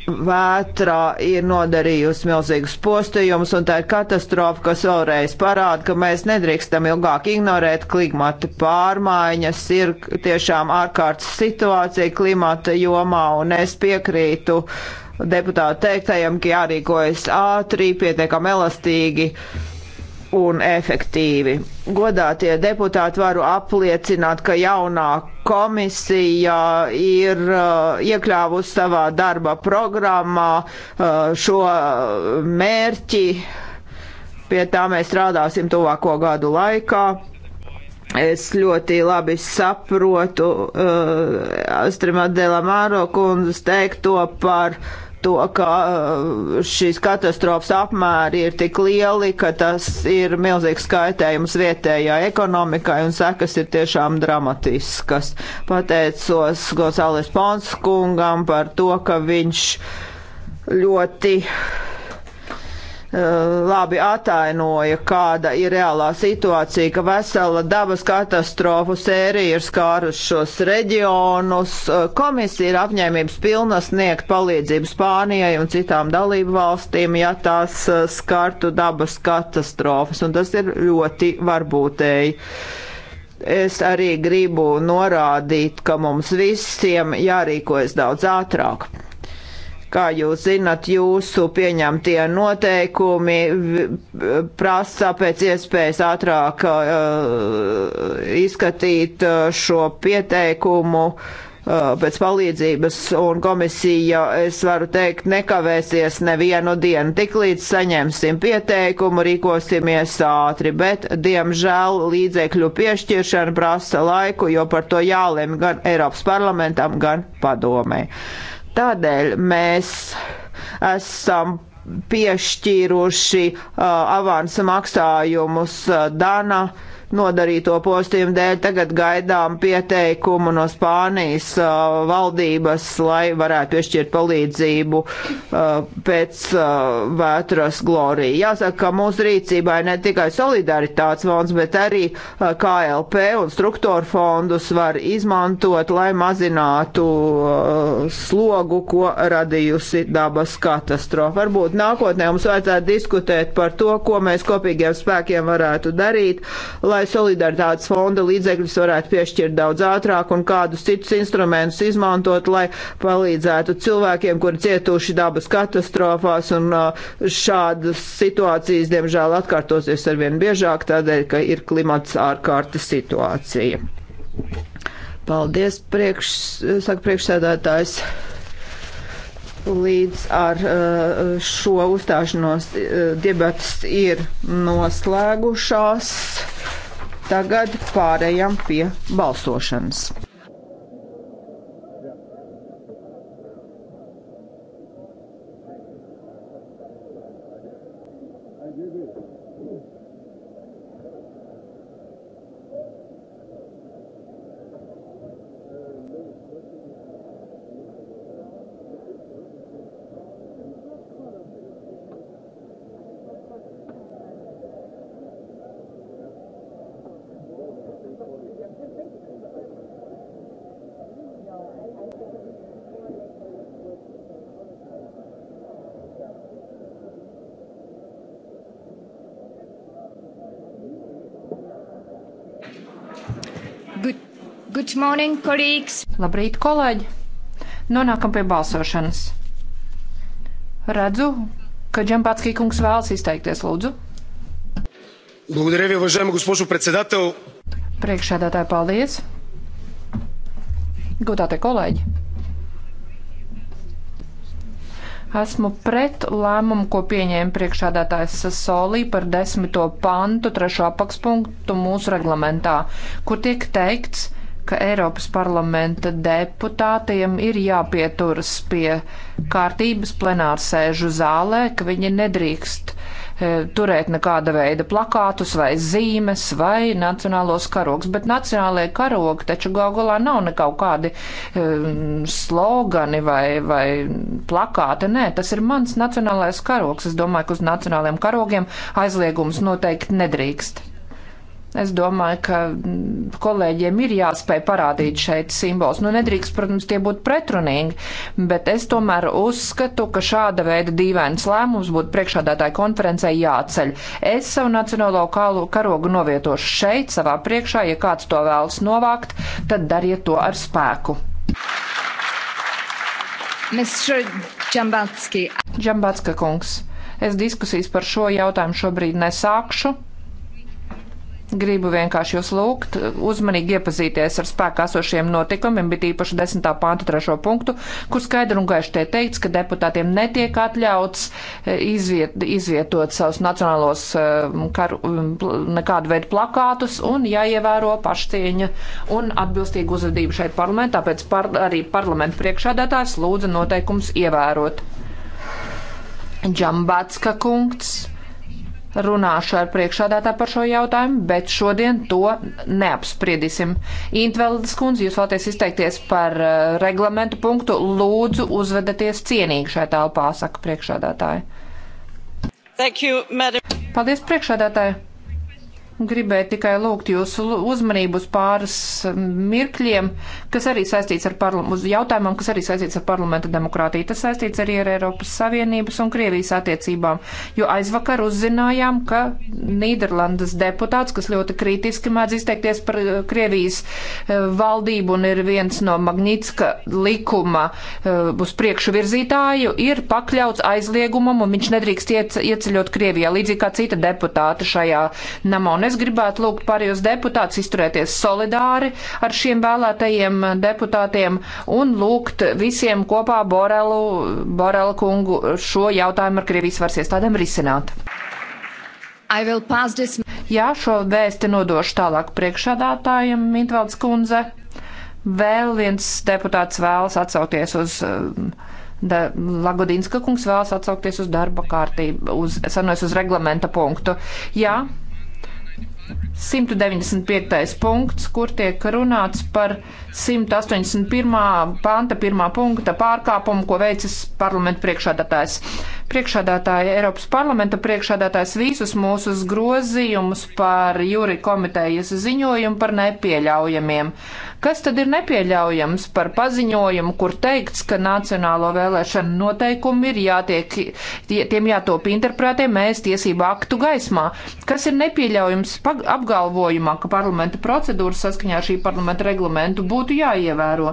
vētrā ir nodarījusi milzīgus postījumus, un tā ir katastrofa, kas vēlreiz parāda, ka mēs nedrīkstam ilgāk ignorēt klimata pārmaiņas, ir tiešām ārkārtas situācija klimata jomā, un es piekrītu uh, deputātu teiktajam, ka jārīkojas ātri, pietiekami elastīgi un efektīvi. Godātie deputāti varu apliecināt, ka jaunā komisija ir uh, iekļāvusi savā darba programmā uh, šo mērķi. Pie tā mēs strādāsim tuvāko gadu laikā. Es ļoti labi saprotu uh, eh, Astrimā Delamāro kundzes teikto par to, ka eh, šīs katastrofas apmēri ir tik lieli, ka tas ir milzīgs skaitējums vietējā ekonomikai un sekas ir tiešām dramatiskas. Pateicos Gosāles Pons kungam par to, ka viņš ļoti Eh, labi atainoja, kāda ir reālā situācija, ka vesela dabas katastrofu sērija ir skārus šos reģionus. Eh, komisija ir apņēmības pilna sniegt palīdzību Spānijai un citām dalību valstīm, ja tās eh, skartu dabas katastrofas, un tas ir ļoti varbūtēji. Es arī gribu norādīt, ka mums visiem jārīkojas daudz ātrāk. Kā jūs zinat, jūsu pieņemtie noteikumi prasa pēc iespējas ātrāk uh, izskatīt uh, šo pieteikumu uh, pēc palīdzības, un komisija, es varu teikt, nekavēsies nevienu dienu. Tiklīdz saņemsim pieteikumu, rīkosimies ātri, bet, diemžēl, līdzekļu piešķiršana prasa laiku, jo par to jālem gan Eiropas parlamentam, gan padomē. Tādēļ mēs esam piešķīruši uh, avansa maksājumus uh, Dana uh, nodarīto postījumu dēļ. Tagad gaidām pieteikumu no Spānijas uh, valdības, lai varētu piešķirt palīdzību uh, pēc uh, vētras glorija. Jāsaka, ka mūsu rīcībā ir ne tikai solidaritātes fonds, bet arī uh, KLP un struktūra fondus var izmantot, lai mazinātu uh, slogu, ko radījusi dabas katastrofa. Varbūt nākotnē mums vajadzētu diskutēt par to, ko mēs kopīgiem spēkiem varētu darīt, lai vai solidaritātes fonda līdzekļus varētu piešķirt daudz ātrāk un kādus citus instrumentus izmantot, lai palīdzētu cilvēkiem, kuri cietuši dabas katastrofās un uh, šādas situācijas, diemžēl, atkārtosies arvien biežāk, tādēļ, ka ir klimats ārkārtas situācija. Paldies, priekš, saka priekšsēdētājs. Līdz ar uh, šo uzstāšanos uh, debatas ir noslēgušās. Tagad pārējām pie balsošanas. Good morning, kolēģis! Labrīt, kolēģi! Nonākam pie balsošanas. Redzu, ka Džambatskī kungs vēlas izteikties, lūdzu. Благодаря ви, уважаема госпожо председател. Priekšādātāji, paldies. Godātie kolēģi. Esmu pret lēmumu, ko pieņēma priekšādātājs Sasolī par desmito pantu, trešo apakspunktu mūsu reglamentā, kur tiek teikts, ka ka Eiropas parlamenta deputātiem ir jāpieturas pie kārtības plenārsēžu zālē, ka viņi nedrīkst e, turēt nekāda veida plakātus vai zīmes vai nacionālos karogs, bet nacionālajie karogi taču gaugulā nav nekaut kādi e, slogani vai, vai plakāti, nē, tas ir mans nacionālais karogs, es domāju, ka uz nacionālajiem karogiem aizliegums noteikti nedrīkst. Es domāju, ka mm, kolēģiem ir jāspēj parādīt šeit simbols. Nu, nedrīkst, protams, tie būt pretrunīgi, bet es tomēr uzskatu, ka šāda veida dīvains lēmums būtu priekšādātāja konferencē jāceļ. Es savu nacionālo karogu novietošu šeit, savā priekšā, ja kāds to vēlas novākt, tad dariet to ar spēku. Mr. Džambatski. Džambatska kungs, es diskusijas par šo jautājumu šobrīd nesākšu. Gribu vienkārši jūs lūgt uh, uzmanīgi iepazīties ar spēkā esošiem notikumiem, bet īpaši 10. pānta 3. punktu, kur skaidri un gaiši tiek teikts, ka deputātiem netiek atļauts uh, izviet, izvietot savus nacionālos um, karu, um, nekādu veidu plakātus un jāievēro pašcieņa un atbilstīgu uzvedību šeit parlamentā, tāpēc par, arī parlamentu priekšādātājs lūdza noteikums ievērot. Džambatska kungs runāšu ar priekšādātā par šo jautājumu, bet šodien to neapspriedīsim. Intveldes kundze, jūs vēlaties izteikties par uh, reglamentu punktu, lūdzu uzvedaties cienīgi šai telpā, saka priekšādātāji. Thank you, madam. Paldies priekšādātāji. Gribēju tikai lūgt jūsu uzmanību uz pāris mirkļiem, kas arī saistīts ar uz jautājumam, kas arī saistīts ar parlamenta demokrātiju. Tas saistīts arī ar Eiropas Savienības un Krievijas attiecībām, jo aizvakar uzzinājām, ka Nīderlandes deputāts, kas ļoti kritiski mēdz izteikties par e, Krievijas e, valdību un ir viens no Magnitska likuma e, uz priekšu virzītāju, ir pakļauts aizliegumam un viņš nedrīkst ieceļot Krievijā, līdzīgi kā cita deputāta šajā namā. Un es gribētu lūgt pārējos deputātus izturēties solidāri ar šiem vēlētajiem deputātiem un lūgt visiem kopā Borelu, Borelu kungu šo jautājumu ar Krievijas varas iestādēm risināt. Jā, šo vēsti nodošu tālāk priekšādātājiem, Mintvalds kundze. Vēl viens deputāts vēlas atsauties uz. Eh, da, Lagodinska kungs vēlas atsaukties uz darba kārtību, uz, sanojas, uz reglamenta punktu. Jā, 195. punkts, kur tiek runāts par 181. panta pirmā punkta pārkāpumu, ko veicis parlamenta priekšādātājs. Priekšādātāja Eiropas parlamenta priekšādātājs visus mūsu grozījumus par jūri komitejas ziņojumu par nepieļaujamiem. Uh, Kas tad ir nepieļaujams par paziņojumu, kur teikts, ka nacionālo vēlēšanu noteikumi ir jātiek, tie, tiem jātop interpretēm mēs tiesību aktu gaismā? Kas ir nepieļaujams apgalvojumā, ka parlamenta procedūras saskaņā ar šī parlamenta reglamentu būtu jāievēro?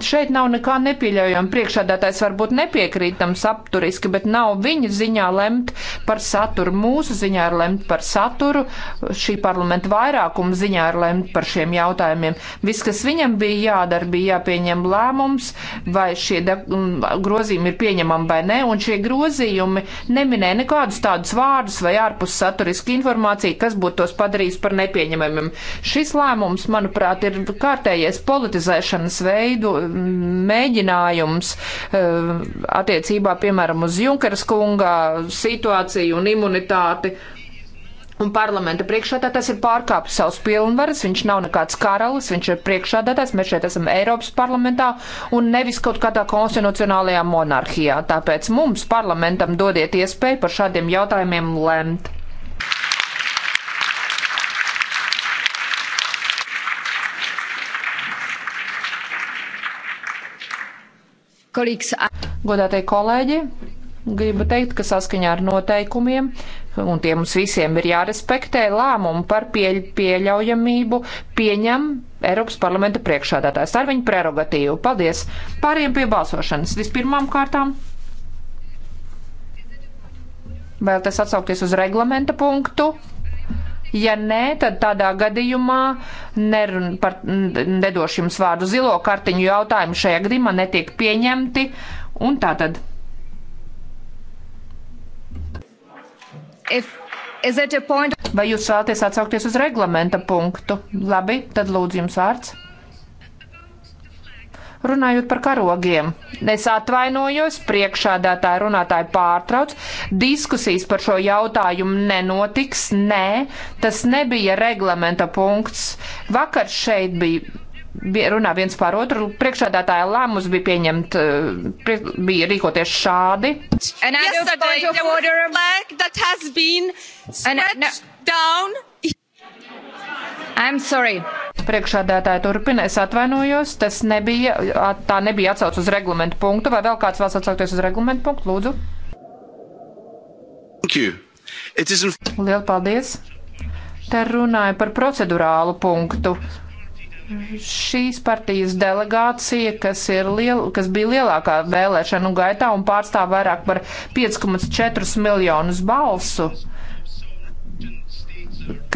Šeit nav nekā nepieļaujama. Priekšādātājs varbūt nepiekrītam sapturiski, bet nav viņa ziņā lemt par saturu. Mūsu ziņā ir lemt par saturu, šī parlamenta vairākuma ziņā ir lemt par šiem jautājumiem. Viss, kas viņam bija jādara, bija jāpieņem lēmums, vai šie grozījumi ir pieņemami vai nē, un šie grozījumi neminēja nekādus tādus vārdus vai ārpus saturiski informāciju, kas būtu tos padarījis par nepieņemamiem. Šis lēmums, manuprāt, ir kārtējais politizēšanas veidu mēģinājums e, attiecībā, piemēram, uz Junkeras kunga situāciju un imunitāti un parlamenta priekšādātājs ir pārkāpis savus pilnvaras, viņš nav nekāds karalis, viņš ir priekšādātājs, mēs šeit esam Eiropas parlamentā un nevis kaut kādā konstitucionālajā monarhijā. Tāpēc mums parlamentam dodiet iespēju par šādiem jautājumiem lemt. Godātie kolēģi, gribu teikt, ka saskaņā ar noteikumiem un tie mums visiem ir jārespektē lēmumu par pieļ, pieļaujamību pieņem Eiropas parlamenta priekšādātājs. Tā ir viņa prerogatīva. Paldies! Pāriem pie balsošanas. Vispirmām kārtām vēlaties atsaukties uz reglamenta punktu. Ja nē, tad tādā gadījumā nerun par nedošu jums vārdu zilo kartiņu jautājumu šajā gadījumā netiek pieņemti. Un tā tad. If, Vai jūs vēlaties atsaukties uz reglamenta punktu? Labi, tad lūdzu jums vārds. Runājot par karogiem, es atvainojos, priekšādātāja runātāja pārtrauc, diskusijas par šo jautājumu nenotiks, nē, tas nebija reglamenta punkts. Vakar šeit bija runā viens pār otru. Priekšādātāja lēmums bija pieņemt, eh, prie, bija rīkoties šādi. Uh, Priekšādātāja turpina, es atvainojos, tas nebija, tā nebija atsauc uz reglamentu punktu. Vai vēl kāds vēlas atsaukties uz reglamentu punktu, lūdzu? Liela paldies! Te runāja par procedurālu punktu šīs partijas delegācija, kas, liel, kas bija lielākā vēlēšanu gaitā un pārstāv vairāk par 5,4 miljonus balsu,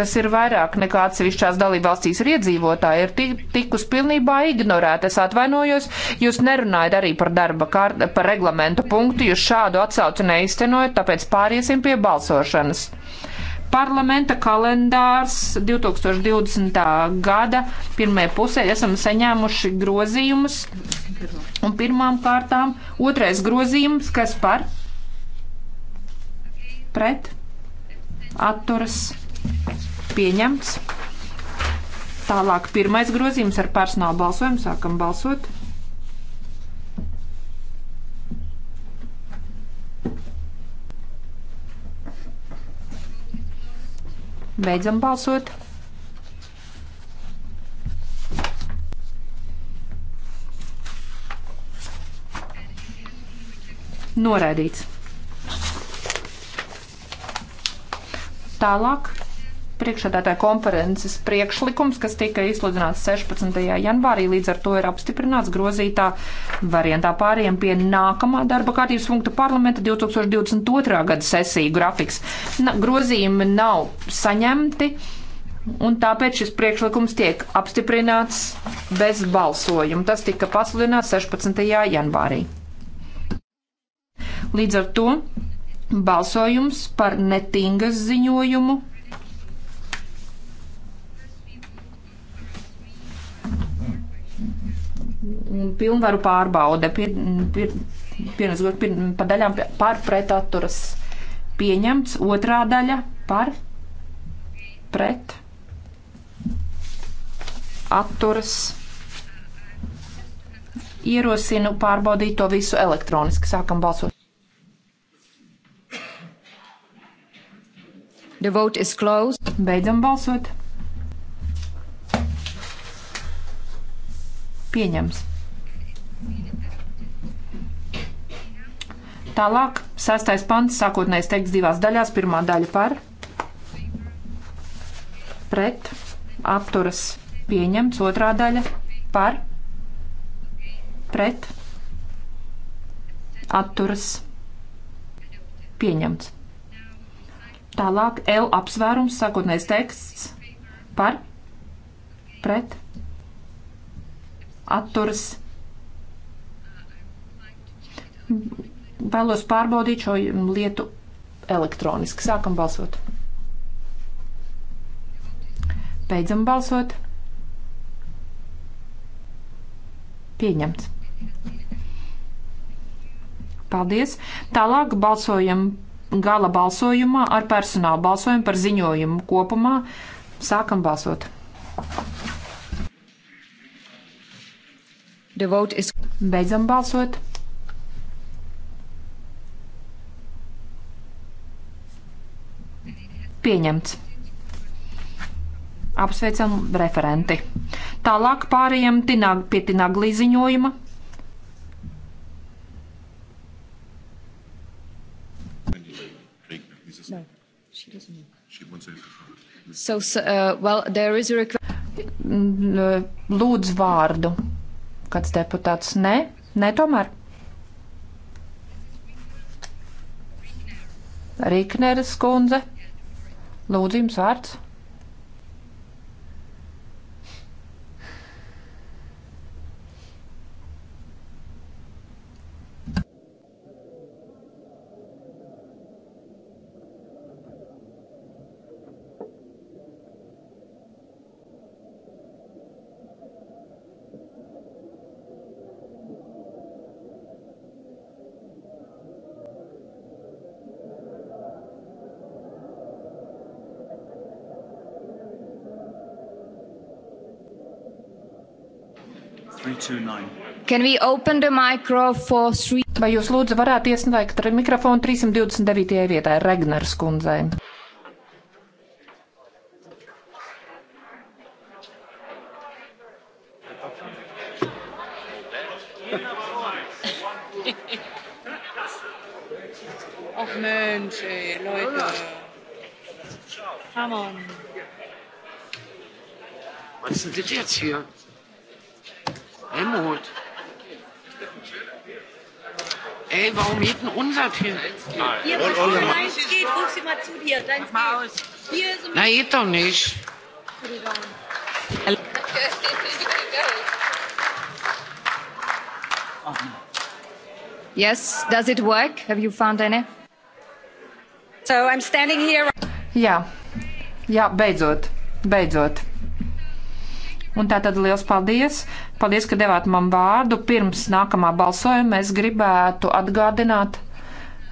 kas ir vairāk nekā atsevišķās dalībvalstīs ir iedzīvotāji, ir tikus pilnībā ignorēta. Es atvainojos, jūs nerunājat arī par darba kārt, par reglamentu punktu, jūs šādu atsauci neiztenojat, tāpēc pāriesim pie balsošanas. Parlamenta kalendārs 2020. gada pirmajā pusē esam saņēmuši grozījumus. Un pirmām kārtām otrais grozījums, kas par pret atturas pieņemts. Tālāk pirmais grozījums ar personālu balsojumu sākam balsot. Beidzam balsot. Noraidīts. Tālāk priekšsēdētāja konferences priekšlikums, kas tika izsludināts 16. janvārī, līdz ar to ir apstiprināts grozītā variantā pāriem pie nākamā darba kārtības punkta parlamenta 2022. gada sesiju grafiks. Na, grozījumi nav saņemti, un tāpēc šis priekšlikums tiek apstiprināts bez balsojuma. Tas tika pasludināts 16. janvārī. Līdz ar to balsojums par netingas ziņojumu un pilnvaru pārbaude, pieredzot pie, pie, pa daļām par pretaturas pieņemts, otrā daļa par pret atturas ierosinu pārbaudīt to visu elektroniski. Sākam balsot. The vote is closed. Beidzam balsot. Pieņems. Tālāk, sastais pants, sākotnējais teksts divās daļās. Pirmā daļa par, pret, apturas pieņemts. Otrā daļa par, pret, apturas pieņemts. Tālāk L apsvērums, sākotnējais teksts par, pret, atturas. Vēlos pārbaudīt šo lietu elektroniski. Sākam balsot. Beidzam balsot. Pieņemts. Paldies. Tālāk balsojam gala balsojumā ar personālu balsojumu par ziņojumu kopumā. Sākam balsot. Thank you. Is... Beidzam balsot. Pieņemts. Apsveicam referenti. Tālāk pārējiem tinag, pie tināglī ziņojuma. No, she doesn't. She wants it. So, uh, well, there is a request. Lūdzu vārdu kāds deputāts. Nē, nē, tomēr. Rīkneres kundze, lūdzu jums vārds. Three... Vai jūs lūdzu varētu iesniegt mikrofonu 329. vietai Regneras kundzei? Ach oh, Mensch, ey, Leute. Come on. Was ist denn das jetzt hier? Dolomiten unser Tisch. Hier, was Olga, meins geht, ruf sie mal zu dir. Deins mal aus. Hier ist Na, geht doch nicht. [LAUGHS] Yes, does it work? Have you found any? So I'm standing here. Jā, jā, beidzot, beidzot. Un tā tad liels paldies paldies, ka devāt man vārdu. Pirms nākamā balsojuma es gribētu atgādināt,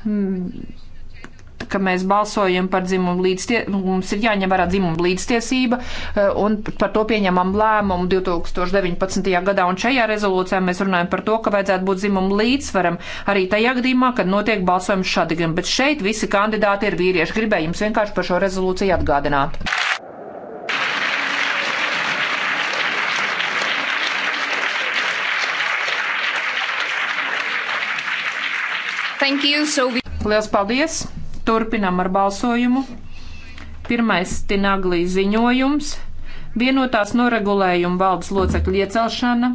mm, ka mēs balsojam par dzimumu līdztiesību, mums ir jāņem vērā dzimumu līdztiesība, e, un par to pieņemam lēmumu 2019. gadā, un šajā rezolūcijā mēs runājam par to, ka vajadzētu būt dzimumu līdzsvaram arī tajā gadījumā, kad notiek balsojums šādi gan, bet šeit visi kandidāti ir vīrieši. Gribēju jums vienkārši par šo rezolūciju atgādināt. Thank you, so we... Liels paldies! Turpinam ar balsojumu. Pirmais Tinaglī ziņojums - vienotās noregulējuma valdes locekļu iecelšana.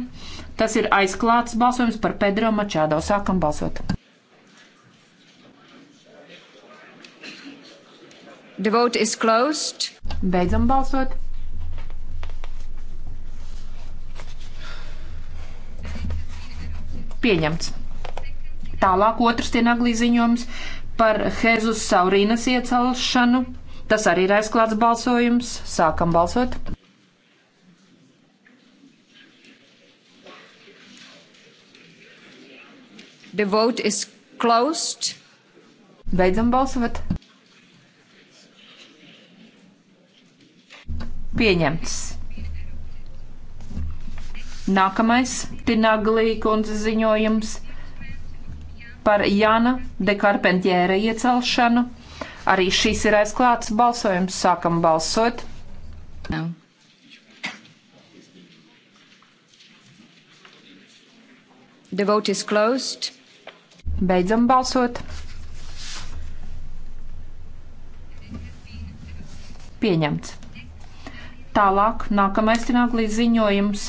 Tas ir aizklāts balsojums par Pedro Mačādo. Sākam balsot! The vote is closed. Beidzam balsot. Pieņemts. Tālāk otrs tienaglī ziņojums par Hezus Saurīnas iecelšanu. Tas arī ir aizklāts balsojums. Sākam balsot. The vote is closed. Beidzam balsot. Pieņemts. Nākamais Tināglī kundze ziņojums par Jana de Karpentjēra iecelšanu. Arī šis ir aizklāts balsojums. Sākam balsot. No. The vote is closed. Beidzam balsot. Pieņemts. Tālāk nākamais tināklī ziņojums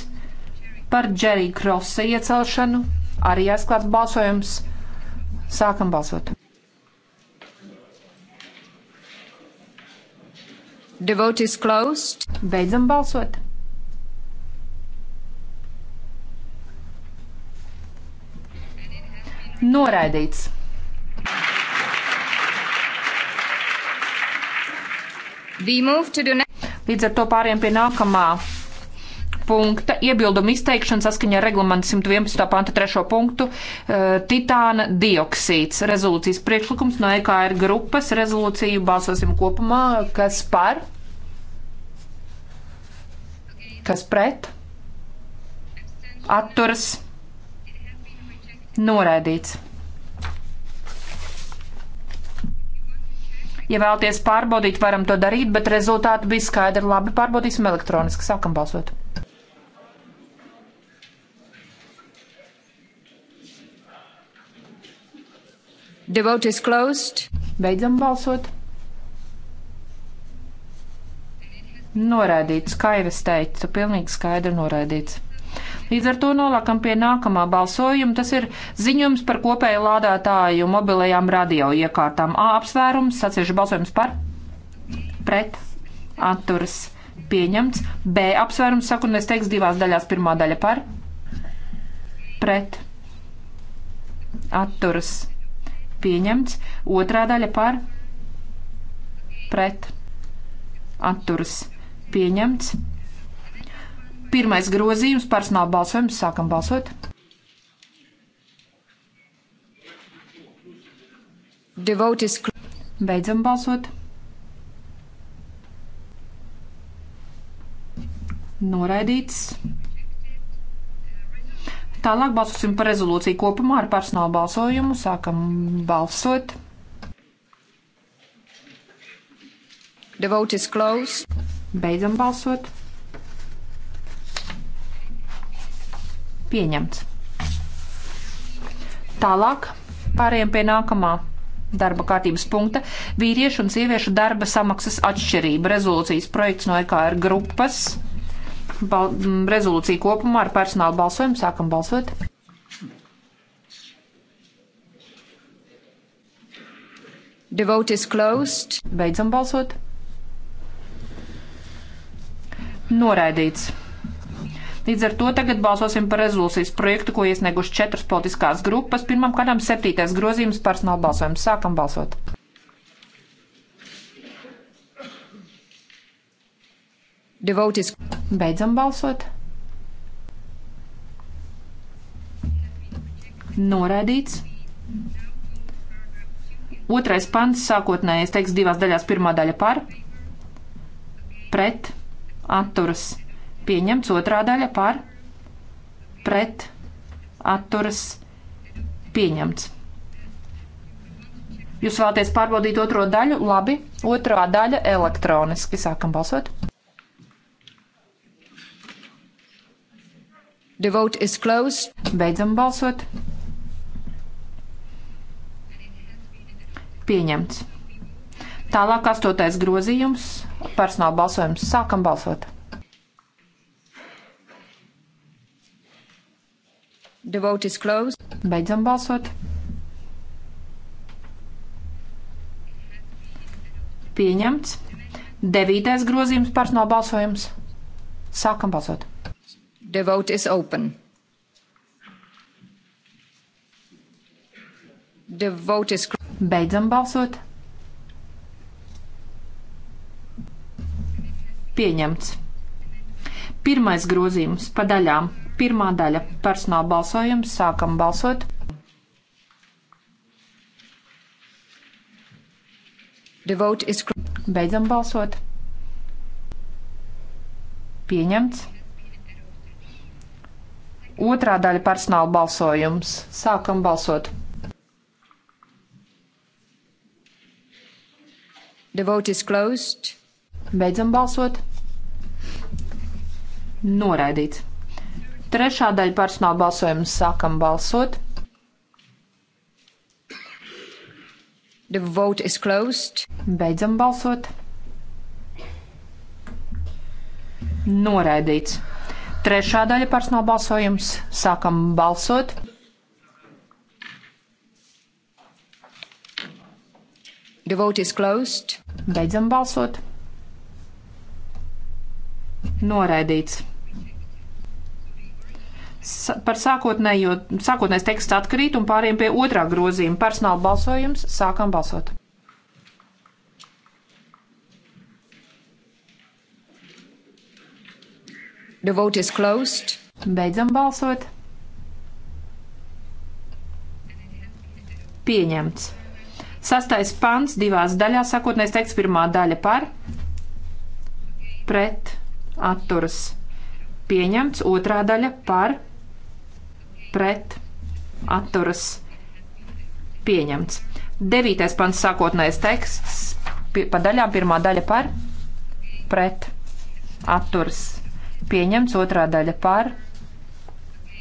par Džeriju Krosa iecelšanu. Arī aizklāts balsojums. Sākam balsot. The vote is closed. Beidzam balsot. Noraidīts. Līdz ar to pāriem pie nākamā punkta iebildumu izteikšana saskaņā ar reglamentu 111. panta 3. punktu e, titāna dioksīds. Rezolūcijas priekšlikums no EKR grupas. Rezolūciju balsosim kopumā. Kas par? Kas pret? Atturas. Noraidīts. Ja vēlaties pārbaudīt, varam to darīt, bet rezultāti bija skaidri. Labi, pārbaudīsim elektroniski. Sākam balsot! The vote is closed. Beidzam balsot. Noraidīts, kā jau es teicu, pilnīgi skaidri noraidīts. Līdz ar to nolakam pie nākamā balsojuma. Tas ir ziņojums par kopēju lādētāju mobilajām radio iekārtām. A apsvērums, sacīšu balsojums par, pret, atturas, pieņemts. B apsvērums, saku, un es teikšu divās daļās. Pirmā daļa par, pret, atturas, pieņemts pieņemts, otrā daļa par pret atturas pieņemts. Pirmais grozījums - personāla balsojums. Sākam balsot. Is... Beidzam balsot. Noraidīts. Tālāk balsosim par rezolūciju kopumā ar personālu balsojumu. Sākam balsot. The vote is closed. Beidzam balsot. Pieņemts. Tālāk pārējiem pie nākamā darba kārtības punkta - vīriešu un sieviešu darba samaksas atšķirība. Rezolūcijas projekts no EKR grupas. Bal mm, rezolūciju kopumā ar personālu balsojumu sākam balsot. The vote is closed. Beidzam balsot. Noraidīts. Līdz ar to tagad balsosim par rezolūcijas projektu, ko iesnieguši četras politiskās grupas. Pirmam kādam septītais grozījums personāla balsojums. Sākam balsot. Devotees. Beidzam balsot. Noraidīts. Otrais pants, sākotnējais teksts divās daļās, pirmā daļa par, pret, atturas, pieņemts, otrā daļa par, pret, atturas, pieņemts. Jūs vēlaties pārbaudīt otro daļu? Labi, otrā daļa elektroniski. Sākam balsot! The vote is closed. Beidzam balsot. Pieņemts. Tālāk astotais grozījums. Personāla balsojums. Sākam balsot. The vote is closed. Beidzam balsot. Pieņemts. Devītais grozījums personāla balsojums. Sākam balsot the vote is open the vote is beidzam balsot pieņemts pirmais grozījums pa daļām pirmā daļa personāla balsojums sākam balsot The vote is Beidzam balsot. Pieņemts. Otrā daļa personāla balsojums. Sākam balsot. The vote is closed. Beidzam balsot. Noraidīts. Trešā daļa personāla balsojums. Sākam balsot. The vote is closed. Beidzam balsot. Noraidīts. Trešā daļa personāla balsojums. Sākam balsot. The vote is closed. Beidzam balsot. Noraidīts. Sa par sākotnējo, sākotnējais teksts atkrīt un pāriem pie otrā grozījuma. Personāla balsojums. Sākam balsot. The vote is closed. Beidzam balsot. Pieņemts. Sastais pants divās daļās, sakotnēs teksts pirmā daļa par, pret, atturas. Pieņemts otrā daļa par, pret, atturas. Pieņemts. Devītais pants sākotnējais teksts pa daļām pirmā daļa par, pret, atturas pieņemts, otrā daļa par,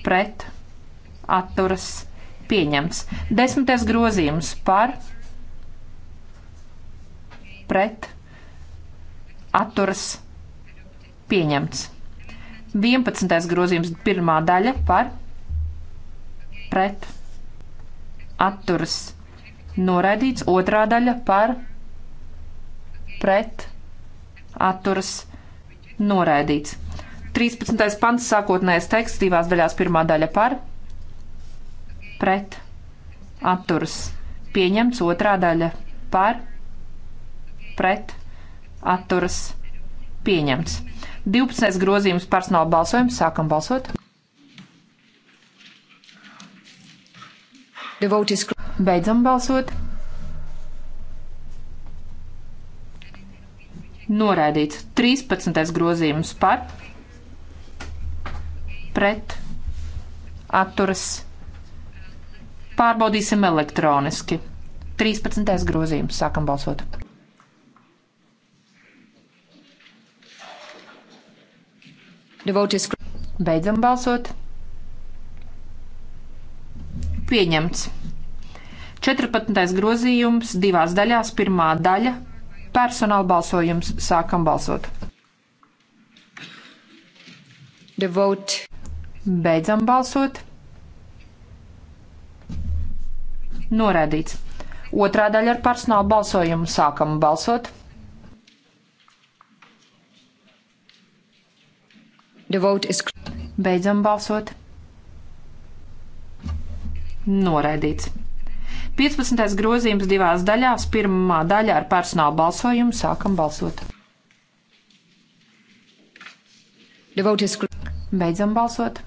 pret, atturas, pieņemts. Desmitais grozījums par, pret, atturas, pieņemts. Vienpadsmitais grozījums pirmā daļa par, pret, atturas, noraidīts, otrā daļa par, pret, atturas, noraidīts noraidīts. 13. pants sākotnējais teksts divās daļās pirmā daļa par, pret, atturas, pieņemts otrā daļa par, pret, atturas, pieņemts. 12. grozījums personāla balsojums, sākam balsot. Beidzam balsot. Noraidīts 13. grozījums par pret, atturas. Pārbaudīsim elektroniski. 13. grozījums. Sākam balsot. Is... Beidzam balsot. Pieņemts. 14. grozījums divās daļās. Pirmā daļa - personāla balsojums. Sākam balsot. The vote. Beidzam balsot. Norādīts. Otrā daļa ar personālu balsojumu sākam balsot. Is... Beidzam balsot. Noraidīts. 15. grozījums divās daļās. Pirmā daļa ar personālu balsojumu sākam balsot. Is... Beidzam balsot.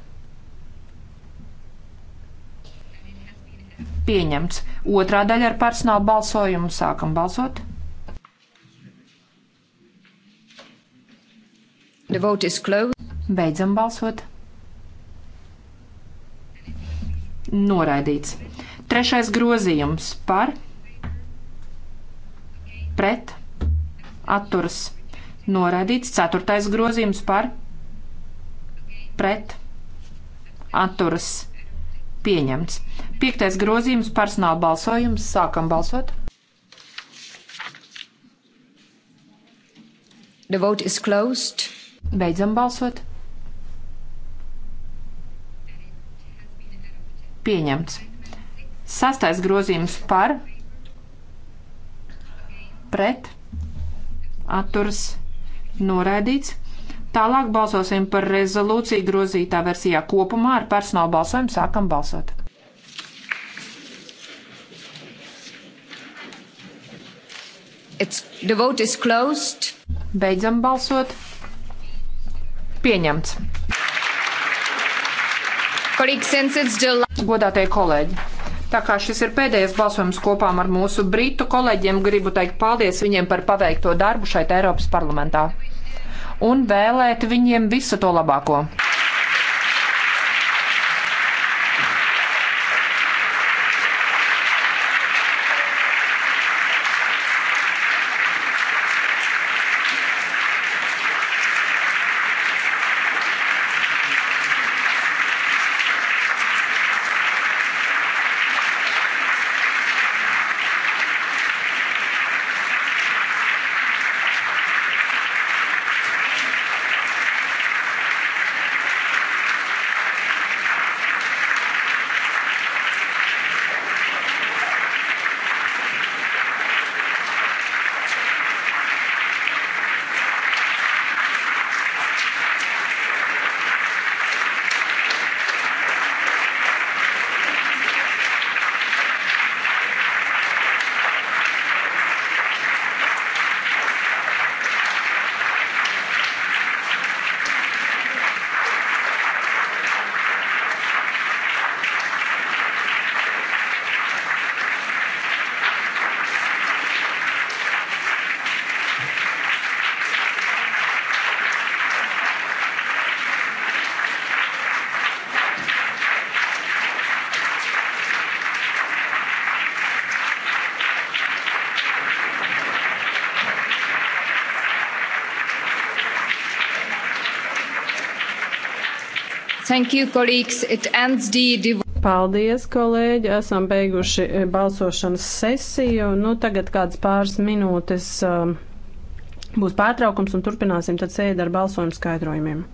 Pieņemts. Otrā daļa ar personālu balsojumu. Sākam balsot. The vote is closed. Beidzam balsot. Noraidīts. Trešais grozījums par, pret, atturas. Noraidīts. Ceturtais grozījums par, pret, atturas Pieņemts. Piektais grozījums - personāla balsojums. Sākam balsot. The vote is closed. Beidzam balsot. Pieņemts. Sastais grozījums par, pret, atturas, noraidīts. Tālāk balsosim par rezolūciju grozītā versijā kopumā ar personālu balsojumu. Sākam balsot! It's, the vote is closed. Beidzam balsot. Pieņemts. Godātie kolēģi, tā kā šis ir pēdējais balsojums kopām ar mūsu britu kolēģiem, gribu teikt paldies viņiem par paveikto darbu šeit Eiropas parlamentā un vēlēt viņiem visu to labāko. Thank you, colleagues. It ends the... Paldies, kolēģi. Esam beiguši eh, balsošanas sesiju. Nu, tagad kāds pāris minūtes um, būs pārtraukums un turpināsim tad sēdi ar balsojumu skaidrojumiem.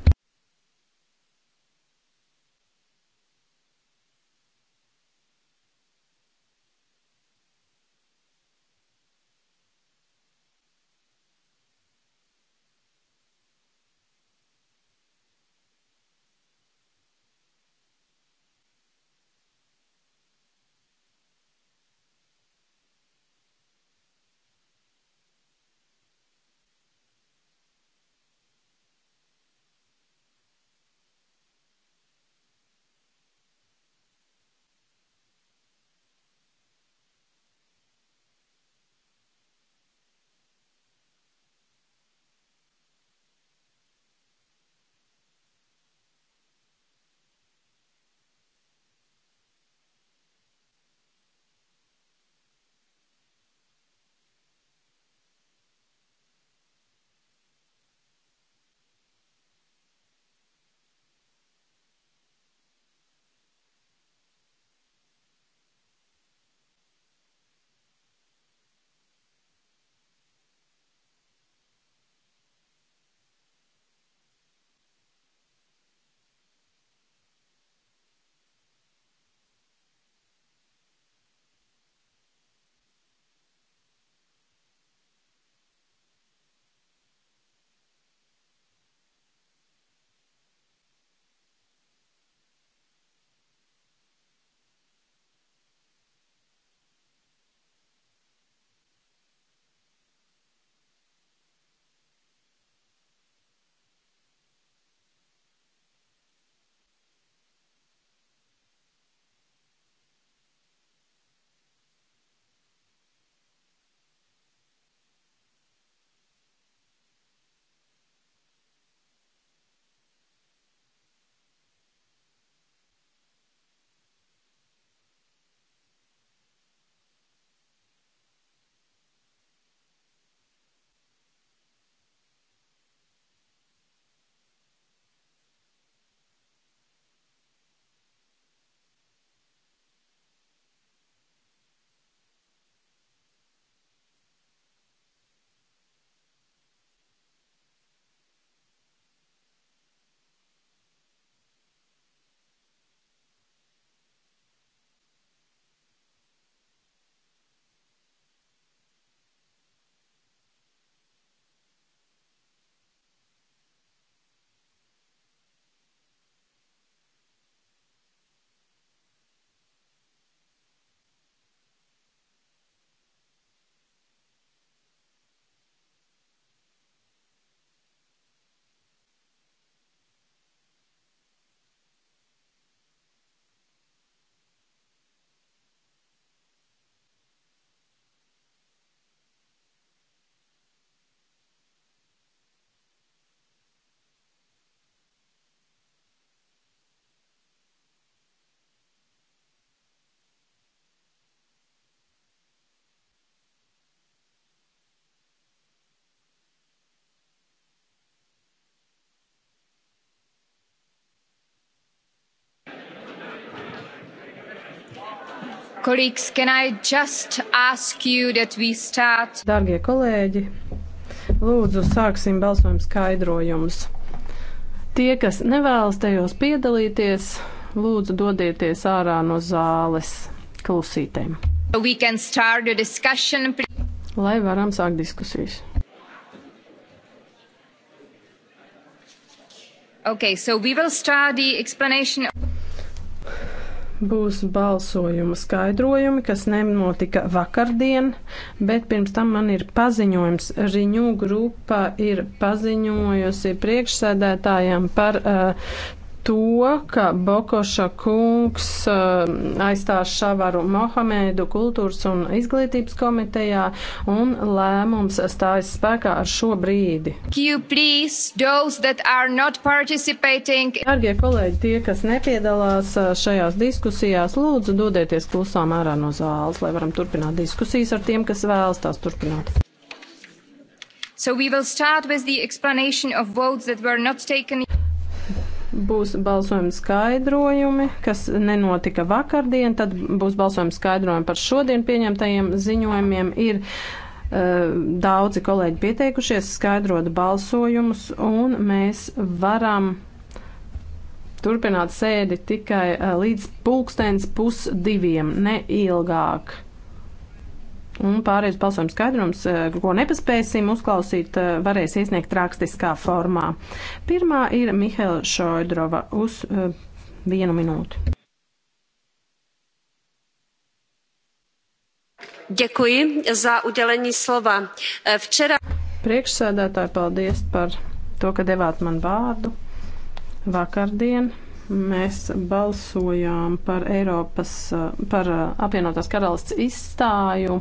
colleagues, can I just ask you that we start? Dārgie kolēģi, lūdzu, sāksim balsojumu skaidrojumus. Tie, kas nevēlas tajos piedalīties, lūdzu, dodieties ārā no zāles klausītēm. Lai varam sākt diskusijas. Okay, so we will start the explanation būs balsojuma skaidrojumi, kas nenotika vakardien, bet pirms tam man ir paziņojums. Riņu grupa ir paziņojusi priekšsēdētājiem par uh, to, ka Bokoša kungs eh, aizstās Šavaru Mohamedu kultūras un izglītības komitejā un lēmums stājas spēkā ar šo brīdi. Dargie kolēģi, tie, kas nepiedalās eh, šajās diskusijās, lūdzu dodieties klusām ārā no zāles, lai varam turpināt diskusijas ar tiem, kas vēlas tās turpināt. So we will start with the explanation of votes that were not taken būs balsojuma skaidrojumi, kas nenotika vakardien, tad būs balsojuma skaidrojumi par šodien pieņemtajiem ziņojumiem. Ir uh, daudzi kolēģi pieteikušies skaidrot balsojumus, un mēs varam turpināt sēdi tikai uh, līdz pulkstens pusdiviem, ne ilgāk. Un pārējais balsojums skaidrums, eh, ko nepaspēsim uzklausīt, eh, varēs iesniegt rakstiskā formā. Pirmā ir Mihaila Šoidrova uz uh, vienu minūti. Děkuji za udělení slova. Včera... Priekšsēdētāji, paldies par to, ka devāt man vārdu. Vakardien mēs balsojām par Eiropas, par apvienotās karalists izstāju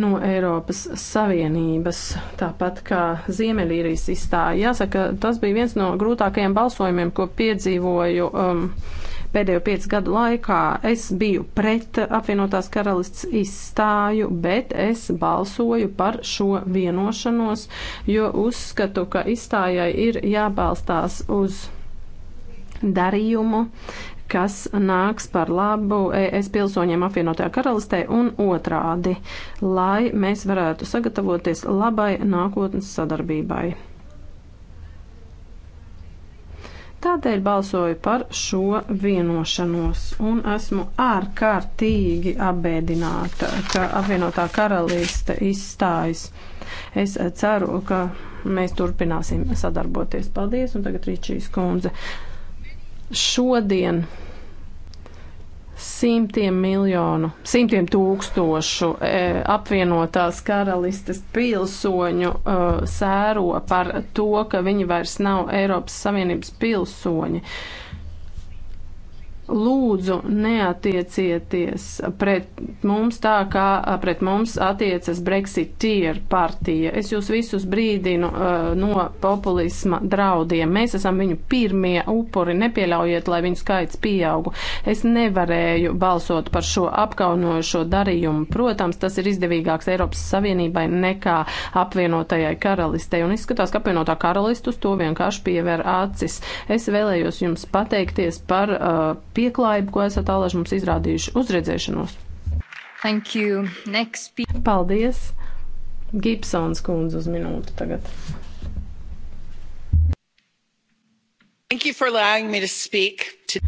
no Eiropas Savienības, tāpat kā Ziemeļīrijas izstāja. Jāsaka, tas bija viens no grūtākajiem balsojumiem, ko piedzīvoju. Um, pēdējo piecu gadu laikā es biju pret apvienotās karalists izstāju, bet es balsoju par šo vienošanos, jo uzskatu, ka izstājai ir jābalstās uz darījumu, kas nāks par labu ES pilsoņiem apvienotajā karalistē un otrādi, lai mēs varētu sagatavoties labai nākotnes sadarbībai. Tādēļ balsoju par šo vienošanos un esmu ārkārtīgi apbēdināta, ka apvienotā karaliste izstājas. Es ceru, ka mēs turpināsim sadarboties. Paldies, un tagad Rīčīs kundze. Šodien simtiem miljonu, simtiem tūkstošu e, apvienotās karalistes pilsoņu e, sēro par to, ka viņi vairs nav Eiropas Savienības pilsoņi. E, Lūdzu, neatiecieties pret mums tā, kā pret mums attiecas Brexiteer partija. Es jūs visus brīdinu uh, no populisma draudiem. Mēs esam viņu pirmie upuri. Nepieļaujiet, lai viņu skaits pieaugu. Es nevarēju balsot par šo apkaunojošo darījumu. Protams, tas ir izdevīgāks Eiropas Savienībai nekā apvienotajai karalistei. Un izskatās, ka apvienotā karalistus to vienkārši piever acis. Es vēlējos jums pateikties par. Uh, pieklājību, ko esat allaž mums izrādījuši uzredzēšanos. Thank you. Next. Paldies. Gibsons kundze uz minūtu tagad. Thank you for allowing me to speak. To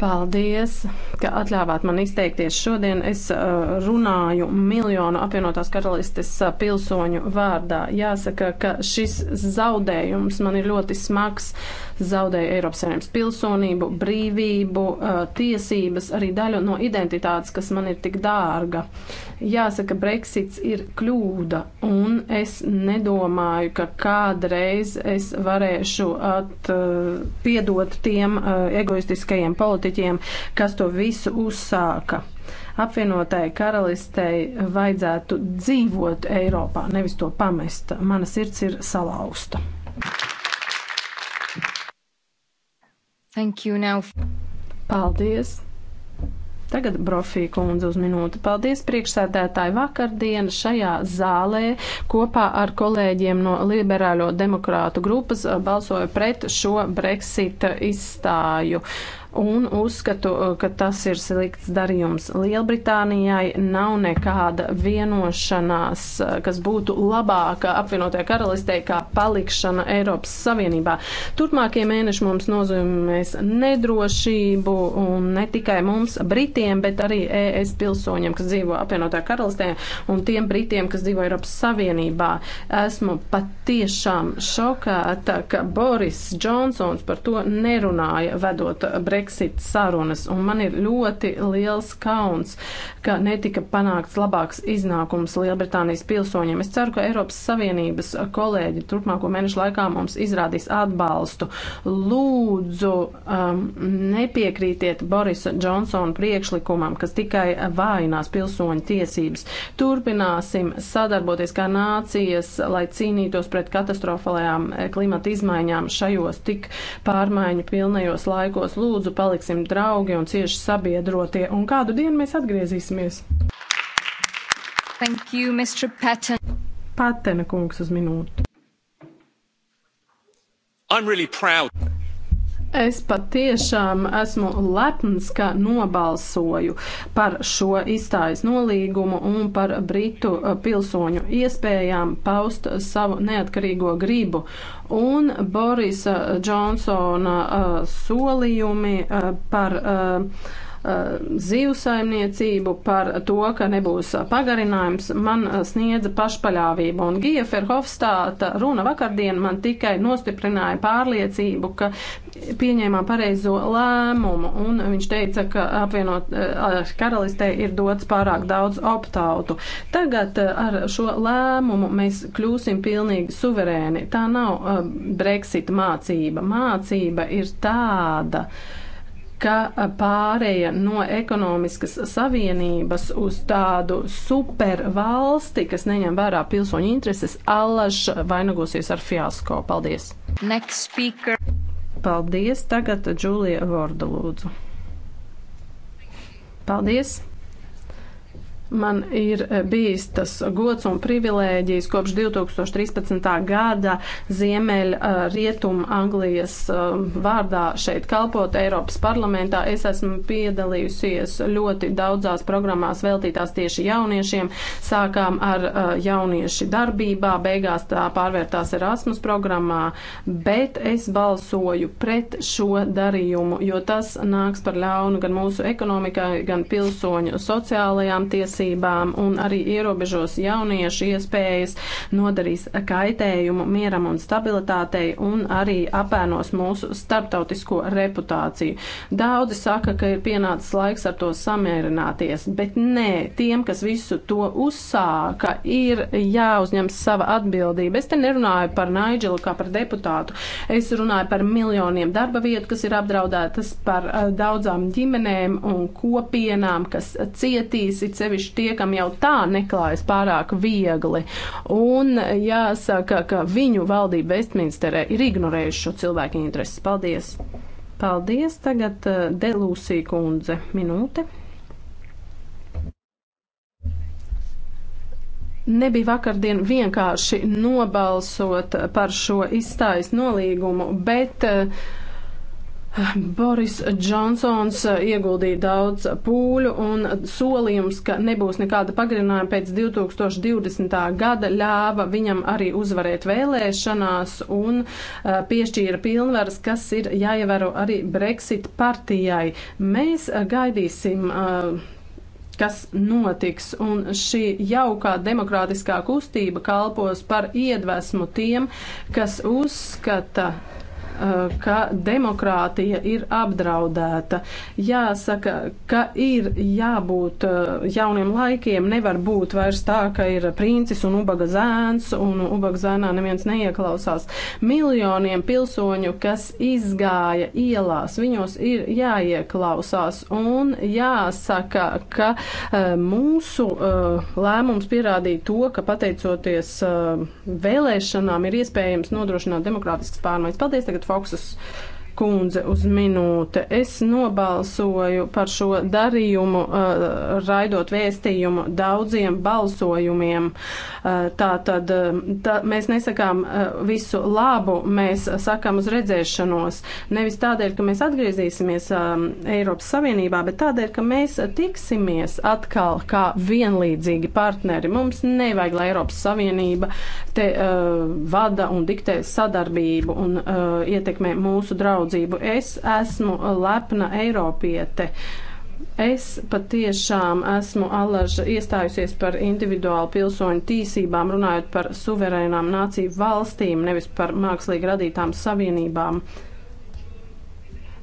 Paldies, ka atļāvāt man izteikties. Šodien es uh, runāju miljonu apvienotās karalistes uh, pilsoņu vārdā. Jāsaka, ka šis zaudējums man ir ļoti smags. Uh, zaudēja Eiropas Savienības pilsonību, brīvību, eh, tiesības, arī daļu no identitātes, kas man ir tik dārga. Jāsaka, Brexits ir kļūda, un es nedomāju, ka kādreiz es varēšu at, eh, piedot tiem eh, egoistiskajiem politiķiem, kas to visu uzsāka apvienotai karalistei vajadzētu dzīvot Eiropā, nevis to pamest. Mana sirds ir salauzta. Thank you now. Paldies! Tagad Brofī kundze uz minūti. Paldies priekšsēdētāji vakardien šajā zālē kopā ar kolēģiem no liberāļo demokrātu grupas uh, balsoja pret šo Brexit izstāju. Uh, un uzskatu, uh, ka tas ir slikts darījums. Lielbritānijai nav nekāda vienošanās, uh, kas būtu labāka apvienotajā karalistē kā palikšana Eiropas Savienībā. Turpmākie mēneši mums nozīmēs nedrošību un ne tikai mums, Britiem, bet arī ES pilsoņiem, kas dzīvo apvienotajā karalistē un tiem Britiem, kas dzīvo Eiropas Savienībā. Esmu patiešām šokēta, ka Boris Džonsons par to nerunāja vedot Brexit. Brexit sarunas, un man ir ļoti liels kauns, ka netika panākts labāks iznākums Lielbritānijas pilsoņiem. Es ceru, ka Eiropas Savienības kolēģi turpmāko mēnešu laikā mums izrādīs atbalstu. Lūdzu, um, nepiekrītiet Borisa Džonsona priekšlikumam, kas tikai vājinās pilsoņu tiesības. Turpināsim sadarboties kā nācijas, lai cīnītos pret katastrofālajām klimata izmaiņām šajos tik pārmaiņu pilnajos laikos. Lūdzu, lūdzu paliksim draugi un cieši sabiedrotie, un kādu dienu mēs atgriezīsimies. Thank you, Mr. Patton. Patena kungs uz minūtu. I'm really proud. Es patiešām esmu lepns, ka nobalsoju par šo izstājas nolīgumu un par britu uh, pilsoņu iespējām paust savu neatkarīgo gribu. Un Borisa Džonsona uh, solījumi uh, par. Uh, Uh, zivsaimniecību, par to, ka nebūs uh, pagarinājums, man uh, sniedza pašpaļāvību. Un Gija Ferhofstāta runa vakardien man tikai nostiprināja pārliecību, ka pieņēmām pareizo lēmumu. Un viņš teica, ka apvienot karalistē ir dots pārāk daudz optautu. Tagad ar šo lēmumu mēs kļūsim pilnīgi suverēni. Tā nav Brexit mācība. Mācība ir tāda. Uh, ka pārēja no ekonomiskas savienības uz tādu supervalsti, kas neņem vērā pilsoņu intereses, allaž vainagosies ar fiasko. Paldies! Next speaker. Paldies! Tagad Džulija Vorda lūdzu. Paldies! Man ir eh, bijis tas gods un privilēģijas kopš 2013. gada Ziemeļa eh, rietuma Anglijas eh, vārdā šeit kalpot Eiropas parlamentā. Es esmu piedalījusies ļoti daudzās programmās veltītās tieši jauniešiem. Sākām ar jaunieši darbībā, beigās tā pārvērtās Erasmus programmā, bet es balsoju pret šo darījumu, jo tas nāks par ļaunu gan mūsu ekonomikai, gan pilsoņu sociālajām tiesībām tiesībām un arī ierobežos jauniešu iespējas, nodarīs kaitējumu mieram un stabilitātei un arī apēnos mūsu starptautisko reputāciju. Daudzi saka, ka ir pienācis laiks ar to samierināties, bet nē, tiem, kas visu to uzsāka, ir jāuzņem sava atbildība. Es te nerunāju par Naidžilu kā par deputātu, es runāju par miljoniem darba vietu, kas ir apdraudētas, par eh, daudzām ģimenēm un kopienām, kas cietīs, it sevišķi īpaši tie, kam jau tā neklājas pārāk viegli. Un jāsaka, ka viņu valdība Vestminsterē ir ignorējuši šo cilvēku intereses. Paldies! Paldies! Tagad eh, Delūsī kundze minūte. Nebija vakardien vienkārši nobalsot par šo izstājas nolīgumu, bet uh, Boris Džonsons eh, ieguldīja daudz pūļu un solījums, ka nebūs nekāda pagarinājuma pēc 2020. gada, ļāva viņam arī uzvarēt vēlēšanās un uh, piešķīra pilnvaras, kas ir jāievēro arī Brexit partijai. Mēs uh, gaidīsim. Uh, kas notiks, un šī jaukā demokrātiskā kustība kalpos par iedvesmu tiem, kas uzskata, Eh, ka demokrātija ir apdraudēta. Jāsaka, ka ir jābūt eh, jauniem laikiem, nevar būt vairs tā, ka ir princis un ubaga zēns, un ubaga zēnā neviens neieklausās. Miljoniem pilsoņu, kas izgāja ielās, viņos ir jāieklausās, un jāsaka, ka eh, mūsu lēmums pierādīja to, ka pateicoties vēlēšanām ir iespējams nodrošināt demokrātiskas pārmaiņas. Paldies! Tagad fokusus kundze uz minūte. Es nobalsoju par šo darījumu, uh, raidot vēstījumu daudziem balsojumiem. Uh, tā tad um, tā, mēs nesakām uh, visu labu, mēs sakām uz redzēšanos. Nevis tādēļ, ka mēs atgriezīsimies um, Eiropas Savienībā, bet tādēļ, ka mēs tiksimies atkal kā vienlīdzīgi partneri. Mums nevajag, lai Eiropas Savienība te uh, vada un diktē sadarbību un uh, ietekmē mūsu draugu uzraudzību. Es esmu lepna Eiropiete. Es patiešām esmu allaža iestājusies par individuālu pilsoņu tīsībām, runājot par suverēnām nāciju valstīm, nevis par mākslīgi radītām savienībām. Uh,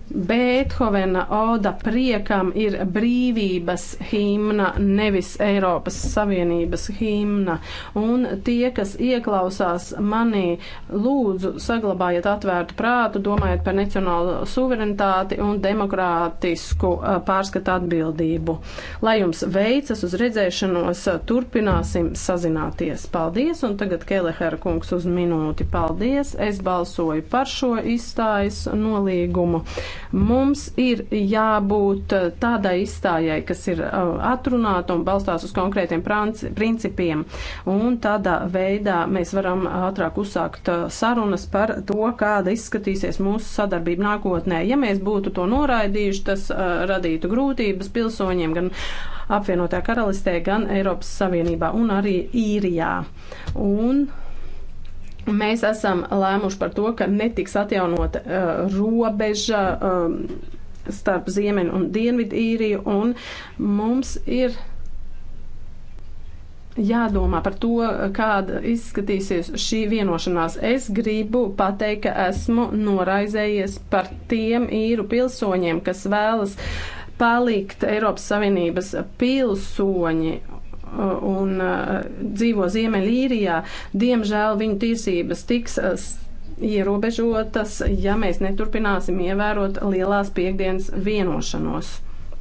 Bēthovena oda priekam ir brīvības himna, nevis Eiropas Savienības himna. Un tie, kas ieklausās manī, lūdzu saglabājiet atvērtu prātu, domājiet par nacionālo suverenitāti un demokrātisku pārskatu atbildību. Lai jums veicas uz redzēšanos, turpināsim sazināties. Paldies, un tagad Kelehera kungs uz minūti. Paldies, es balsoju par šo izstājas nolīgumu. Mums ir jābūt eh, tādai izstājai, kas ir eh, atrunāta un balstās uz konkrētiem principiem, un tādā veidā mēs varam ātrāk uzsākt eh, sarunas par to, kāda izskatīsies mūsu sadarbība nākotnē. Ja mēs būtu to noraidījuši, tas radītu grūtības pilsoņiem gan apvienotā karalistē, gan Eiropas Savienībā un arī īrijā. Un Mēs esam lēmuši par to, ka netiks atjaunota uh, robeža um, starp Ziemeņu un Dienvidu īriju, un mums ir jādomā par to, kāda izskatīsies šī vienošanās. Es gribu pateikt, ka esmu noraizējies par tiem īru pilsoņiem, kas vēlas palikt Eiropas Savienības pilsoņi Eh, un eh, dzīvo Ziemeļīrijā, diemžēl viņu tiesības tiks eh, ierobežotas, ja mēs neturpināsim ievērot lielās piekdienas vienošanos.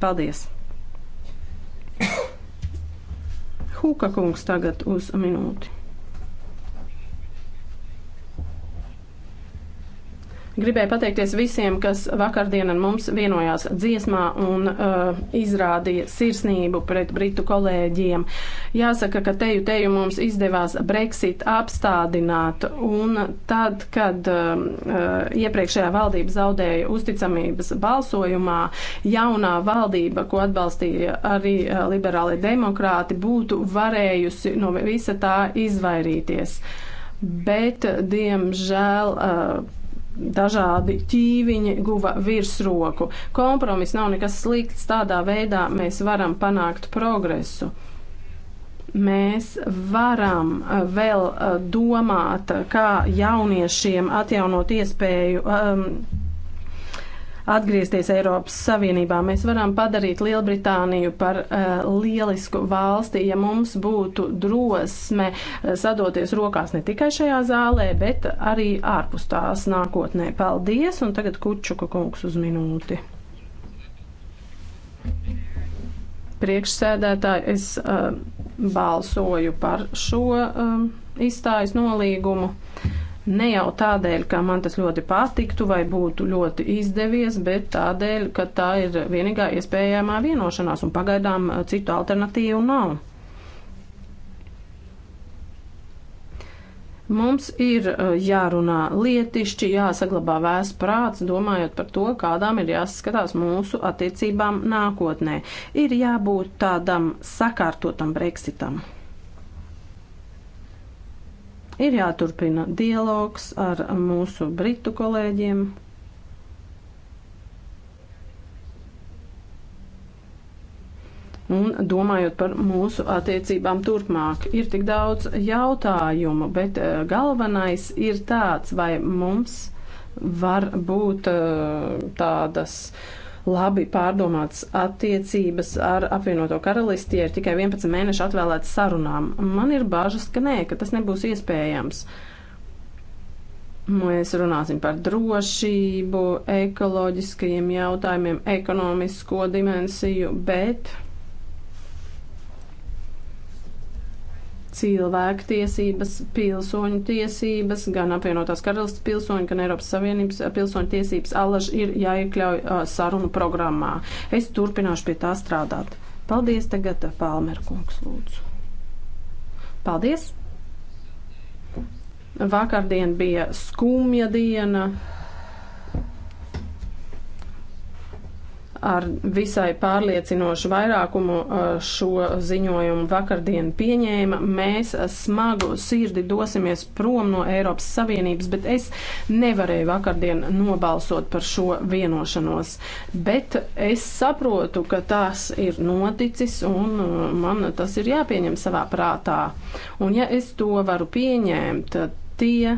Paldies! Hūka [COUGHS] kungs tagad uz minūti. Gribēju pateikties visiem, kas vakardien ar mums vienojās dziesmā un uh, izrādīja sirsnību pret britu kolēģiem. Jāsaka, ka teju teju mums izdevās Brexit apstādināt, un tad, kad um, uh, iepriekšējā valdība zaudēja uzticamības balsojumā, jaunā valdība, ko atbalstīja arī uh, liberāli demokrāti, būtu varējusi no visa tā izvairīties. Bet, diemžēl, uh, dažādi ķīviņi guva virsroku. Kompromis nav nekas slikts, tādā veidā mēs varam panākt progresu. Mēs varam eh, vēl eh, domāt, kā jauniešiem atjaunot iespēju. Um, atgriezties Eiropas Savienībā. Mēs varam padarīt Lielbritāniju par uh, lielisku valsti, ja mums būtu drosme eh, sadoties rokās ne tikai šajā zālē, bet arī ārpus tās nākotnē. Paldies, un tagad Kučuka kungs uz minūti priekšsēdētāji, es uh, balsoju par šo uh, izstājas nolīgumu. Uh, Ne jau tādēļ, ka man tas ļoti patiktu vai būtu ļoti izdevies, bet tādēļ, ka tā ir vienīgā iespējamā vienošanās un pagaidām eh, citu alternatīvu nav. Mums ir eh, jārunā lietišķi, jāsaglabā vēs prāts, domājot par to, kādām ir jāskatās mūsu attiecībām nākotnē. Ir jābūt tādam sakārtotam Brexitam. Ir jāturpina dialogs ar mūsu britu kolēģiem. Un domājot par mūsu attiecībām turpmāk, ir tik daudz jautājumu, bet eh, galvenais ir tāds, vai mums var būt eh, tādas uh, labi pārdomātas attiecības ar apvienoto karalisti, ja ir tikai 11 mēneši atvēlēts sarunām. Man ir bažas, ka nē, ka tas nebūs iespējams. Mēs runāsim par drošību, ekoloģiskajiem jautājumiem, ekonomisko dimensiju, bet cilvēktiesības, pilsoņu tiesības, gan apvienotās karalistas pilsoņu, gan Eiropas Savienības eh, pilsoņu tiesības allaži ir jāiekļauj uh, sarunu programmā. Es turpināšu pie tā strādāt. Paldies tagad, eh, Palmerkungs, lūdzu. Paldies! Vakardien bija skumja diena ar visai pārliecinošu vairākumu uh, šo ziņojumu vakardien pieņēma. Mēs smagu sirdi dosimies prom no Eiropas Savienības, bet es nevarēju vakardien nobalsot par šo vienošanos. Bet es saprotu, ka tas ir noticis un uh, man tas ir jāpieņem savā prātā. Un ja es to varu pieņemt, tie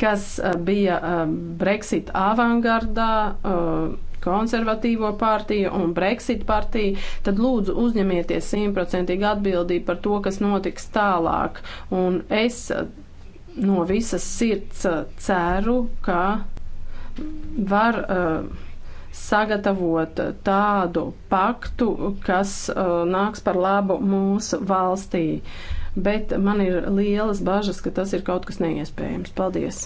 kas uh, bija Brexit avangardā, konservatīvo partiju un Brexit partiju, tad lūdzu uzņemieties simtprocentīgi atbildību par to, kas notiks tālāk. Un es uh, no visas sirds uh, ceru, ka var. Uh, sagatavot uh, tādu paktu, kas uh, nāks par labu mūsu valstī. Bet man ir lielas bažas, ka tas ir kaut kas neiespējams. Paldies!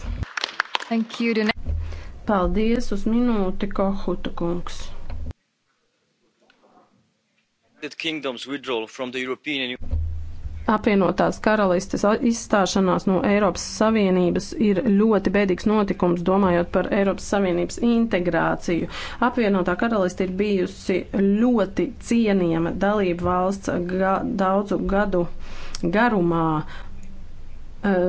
Thank you. Paldies uz minūti, Kohuta kungs. Apvienotās karalistes izstāšanās no Eiropas Savienības ir ļoti bēdīgs notikums, domājot par Eiropas Savienības integrāciju. Apvienotā karaliste ir bijusi ļoti cienījama dalība valsts ga daudzu gadu garumā,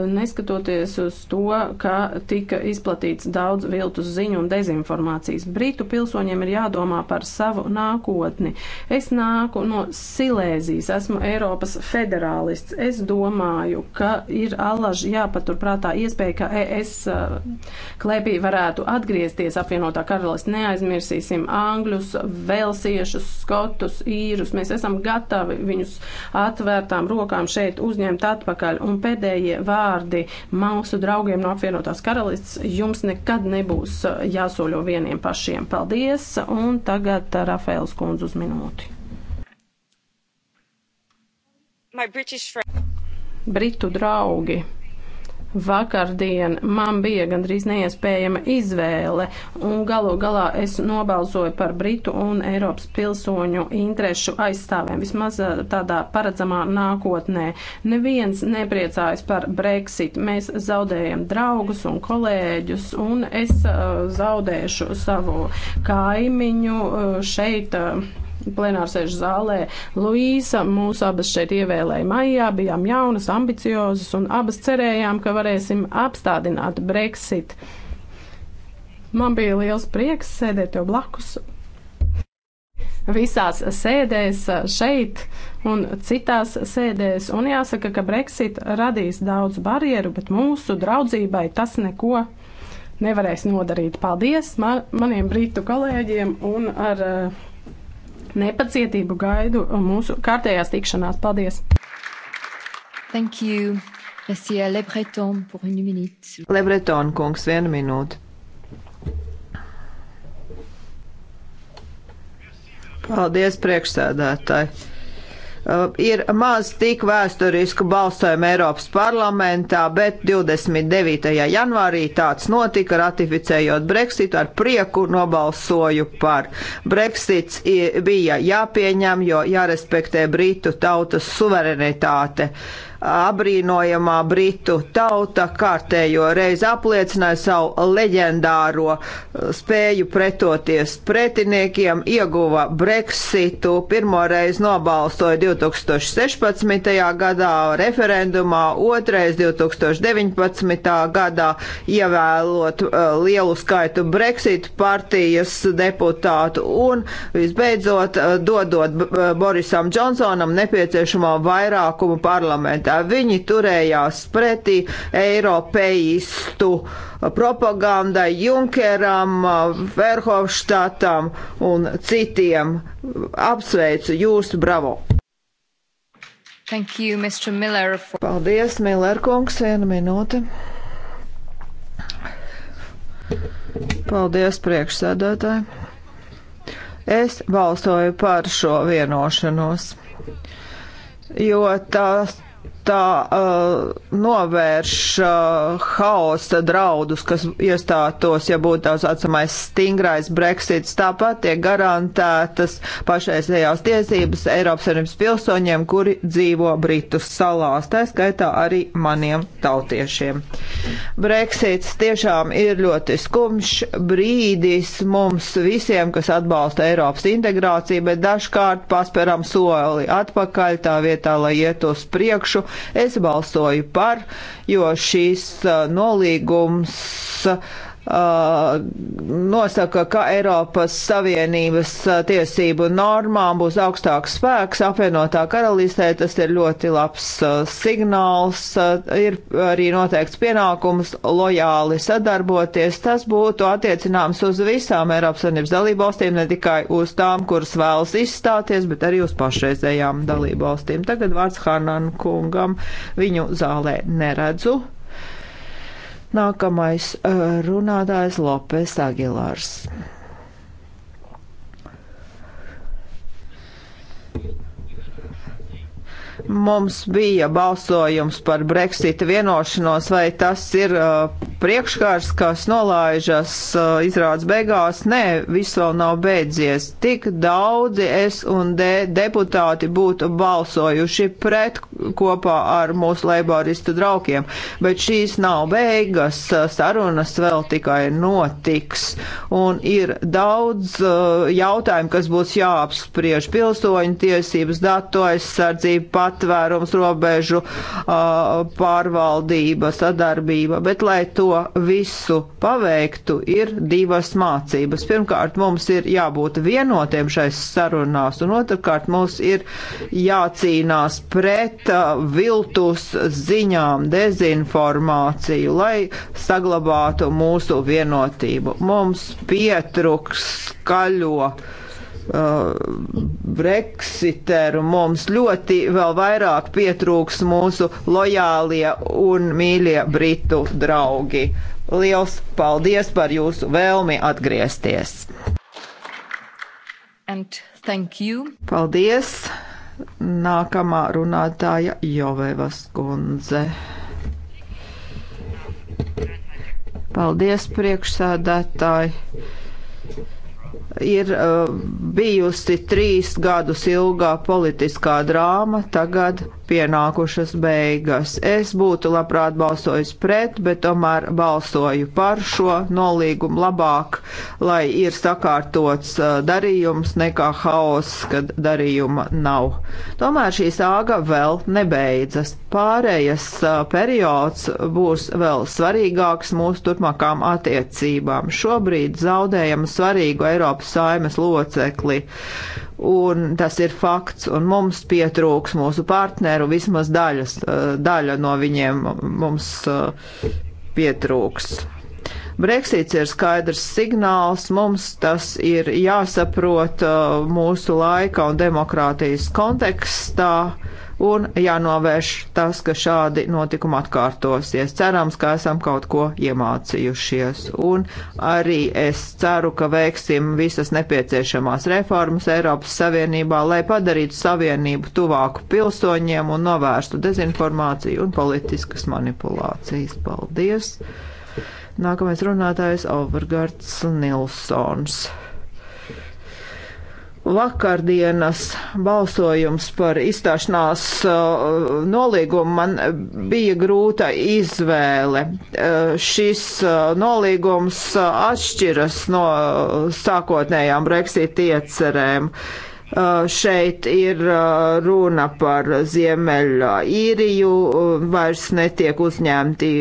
neskatoties uz to, ka tika izplatīts daudz viltus ziņu un dezinformācijas. Britu pilsoņiem ir jādomā par savu nākotni. Es nāku no Silēzijas, esmu Eiropas federālists. Es domāju, ka ir allaž jāpaturprātā iespēja, ka ES klēpī varētu atgriezties apvienotā karalists. Neaizmirsīsim Angļus, Velsiešus, Skotus, Īrus. Mēs esam gatavi viņus atvērtām rokām šeit uzņemt atpakaļ. Un pēdējie vārdi mausu draugiem no apvienotās karalists, jums nekad nebūs uh, jāsoļo vieniem pašiem. Paldies, un tagad uh, Rafēls kundz uz minūti. Britu draugi vakardien man bija gandrīz neiespējama izvēle, un galu galā es nobalsoju par Britu un Eiropas pilsoņu interešu aizstāvēm, vismaz eh, tādā paredzamā nākotnē. Neviens nepriecājas par Brexit, mēs zaudējam draugus un kolēģus, un es uh, zaudēšu savu kaimiņu uh, šeit. Uh, plenārsēžu zālē. Luīsa mūs abas šeit ievēlēja maijā, bijām jaunas, ambiciozas un abas cerējām, ka varēsim apstādināt Brexit. Man bija liels prieks sēdēt tev blakus visās sēdēs šeit un citās sēdēs. Un jāsaka, ka Brexit radīs daudz barjeru, bet mūsu draudzībai tas neko nevarēs nodarīt. Paldies man, maniem brītu kolēģiem un ar. Uh, nepacietību gaidu mūsu kārtējās tikšanās. Paldies! Thank you. Monsieur Le Breton pour une minute. Le Breton, kungs, viena minūte. Paldies, priekšsēdētāji! Uh, ir maz tik vēsturisku balsojumu Eiropas parlamentā, bet 29. janvārī tāds notika, ratificējot Brexitu, ar prieku nobalsoju par. Brexits bija jāpieņem, jo jārespektē Britu tautas suverenitāte. Uh, abrīnojamā Britu tauta kārtējo reizi apliecināja savu leģendāro uh, spēju pretoties pretiniekiem, ieguva Brexitu, pirmoreiz nobalstoja 2016. gadā referendumā, otrais 2019. gadā ievēlot uh, lielu skaitu Brexit partijas deputātu un visbeidzot uh, dodot Borisam Džonsonam nepieciešamo vairākumu parlamentā. Krievijā. Viņi turējās pretī eiropeistu propagandai, Junkeram, Verhofštatam un citiem. Apsveicu jūs, bravo! Thank you, Mr. Miller. For... Paldies, Miller kungs, viena minūte. Paldies, priekšsēdētāji. Es balsoju par šo vienošanos, jo tas tā uh, novērš uh, haosa draudus, kas iestātos, ja būtu tās atsamais stingrais Brexits. Tāpat tiek garantētas pašreizējās tiesības Eiropas Savienības pilsoņiem, kuri dzīvo Britu salās, tā skaitā arī maniem tautiešiem. Brexits tiešām ir ļoti skumjš brīdis mums visiem, kas atbalsta Eiropas integrāciju, bet dažkārt pasperam soli atpakaļ tā vietā, lai iet uz priekšu Es balsoju par, jo šīs uh, nolīgums uh, Uh, nosaka, ka Eiropas Savienības uh, tiesību normām būs augstāks spēks. Apvienotā karalistē tas ir ļoti labs uh, signāls. Ir arī noteikts pienākums lojāli sadarboties. Tas būtu attiecināms uz visām Eiropas Savienības dalībvalstīm, ne tikai uz tām, kuras vēlas izstāties, bet arī uz pašreizējām dalībvalstīm. Tagad vārds Hanan kungam. Viņu zālē neredzu. Nākamais uh, runātājs Lopes Agilārs. mums bija balsojums par Brexita vienošanos, vai tas ir uh, priekškārs, kas nolaižas uh, izrādes beigās? Nē, viss vēl nav beidzies. Tik daudzi S un D deputāti būtu balsojuši pret kopā ar mūsu leiboristu draugiem, bet šīs nav beigas, uh, sarunas vēl tikai notiks. Un ir daudz uh, jautājumu, kas būs jāapspriež pilsoņu tiesības, datu aizsardzību, pat patvērums, robežu pārvaldība, sadarbība, bet, lai to visu paveiktu, ir divas mācības. Pirmkārt, mums ir jābūt vienotiem šais sarunās, un otrkārt, mums ir jācīnās pret viltus ziņām, dezinformāciju, lai saglabātu mūsu vienotību. Mums pietruks skaļo Uh, Brexiteru mums ļoti vēl vairāk pietrūks mūsu lojālie un mīļie britu draugi. Liels paldies par jūsu vēlmi atgriezties! Paldies! Nākamā runātāja Jovevas kundze. Paldies, priekšsādātāji! ir uh, bijusi trīs gadus ilgā politiskā drāma, tagad pienākušas beigas. Es būtu labprāt balsojis pret, bet tomēr balsoju par šo nolīgumu labāk, lai ir sakārtots uh, darījums nekā haoss, kad darījuma nav. Tomēr šī sāga vēl nebeidzas. Pārējas uh, periods būs vēl svarīgāks mūsu turpmākām attiecībām. Šobrīd zaudējam svarīgu Eiropas saimes locekli un tas ir fakts, un mums pietrūks mūsu partneru, vismaz daļas, eh, daļa no viņiem mums eh, pietrūks. Brexits ir skaidrs signāls, mums tas ir jāsaprot eh, mūsu laika un demokrātijas kontekstā un jānovērš tas, ka šādi notikumi atkārtosies. Cerams, ka esam kaut ko iemācījušies. Un arī es ceru, ka veiksim visas nepieciešamās reformas Eiropas Savienībā, lai padarītu Savienību tuvāku pilsoņiem un novērstu dezinformāciju un politiskas manipulācijas. Paldies! Nākamais runātājs Overgards Nilsons vakardienas balsojums par izstāšanās uh, nolīgumu man bija grūta izvēle. Uh, šis uh, nolīgums uh, atšķiras no uh, sākotnējām Brexit iecerēm. Uh, šeit ir runa par Ziemeļa īriju, vairs netiek uzņemti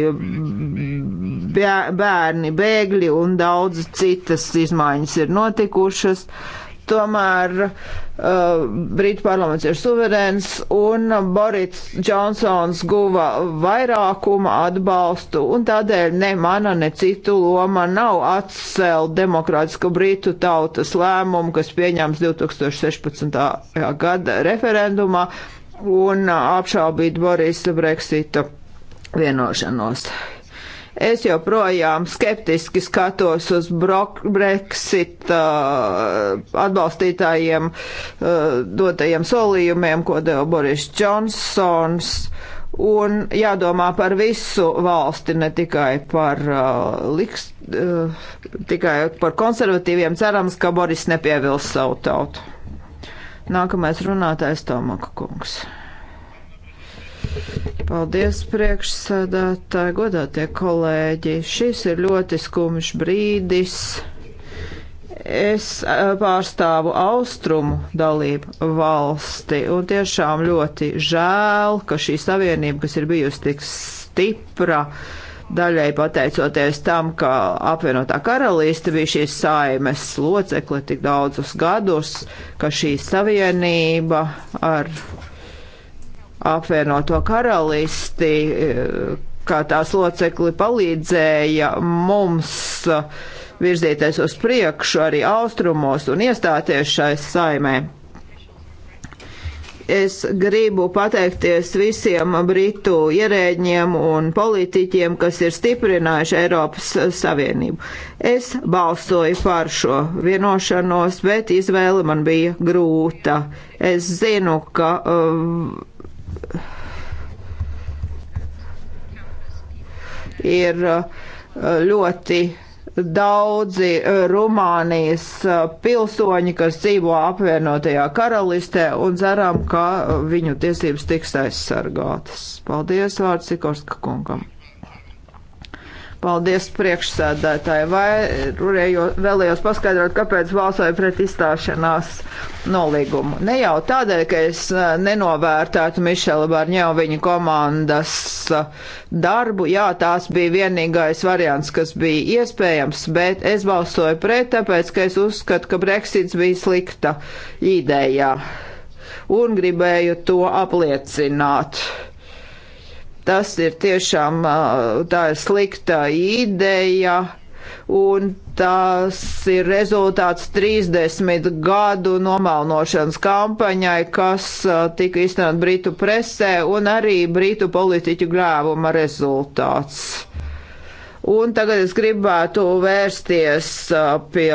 bērni, bēgļi un daudz citas izmaiņas ir notikušas. Uh, tomēr uh, Brītu parlaments ir suverēns un Boris Džonsons guva vairākuma atbalstu un tādēļ ne mana, ne citu loma nav atcelt demokrātisko Brītu tautas lēmumu, kas pieņēms 2016. gada referendumā un apšaubīt Borisa Brexita vienošanos. Es joprojām skeptiski skatos uz Brexit uh, atbalstītājiem uh, dotajiem solījumiem, ko deva Boris Džonsons. Un jādomā par visu valsti, ne tikai par, uh, liks, uh, tikai par konservatīviem. Cerams, ka Boris nepievils savu tautu. Nākamais runātājs Tomaka kungs. Paldies, priekšsēdētāji, godātie kolēģi. Šis ir ļoti skumjš brīdis. Es eh, pārstāvu austrumu dalību valsti un tiešām ļoti žēl, ka šī savienība, kas ir bijusi tik stipra, daļai pateicoties tam, ka apvienotā karalīste bija šīs saimes locekle tik daudzus gadus, ka šī savienība ar apvienoto karalisti, eh, kā tās locekli palīdzēja mums virzīties uz priekšu arī austrumos un iestāties šai saimē. Es gribu pateikties visiem britu ierēģiem un politiķiem, kas ir stiprinājuši Eiropas Savienību. Es balsoju par šo vienošanos, bet izvēle man bija grūta. Es zinu, ka. Uh, ir uh, ļoti daudzi uh, Rumānijas uh, pilsoņi, kas dzīvo apvienotajā karalistē un ceram, ka viņu tiesības tiks aizsargātas. Paldies, vārds Sikorska kungam. Paldies priekšsēdētāji. Vai vēlējos paskaidrot, kāpēc balsoju pret izstāšanās nolīgumu? Ne jau tādēļ, ka es eh, nenovērtētu Mišela Barņēva viņa komandas eh, darbu. Jā, tās bija vienīgais variants, kas bija iespējams, bet es balsoju pret, tāpēc, ka es uzskatu, ka Brexits bija slikta ideja. Un gribēju to apliecināt Tas ir tiešām tā ir slikta ideja un tas ir rezultāts 30 gadu nomalnošanas kampaņai, kas tika iztenot Britu presē un arī Britu politiķu grāvuma rezultāts. Un tagad es gribētu vērsties pie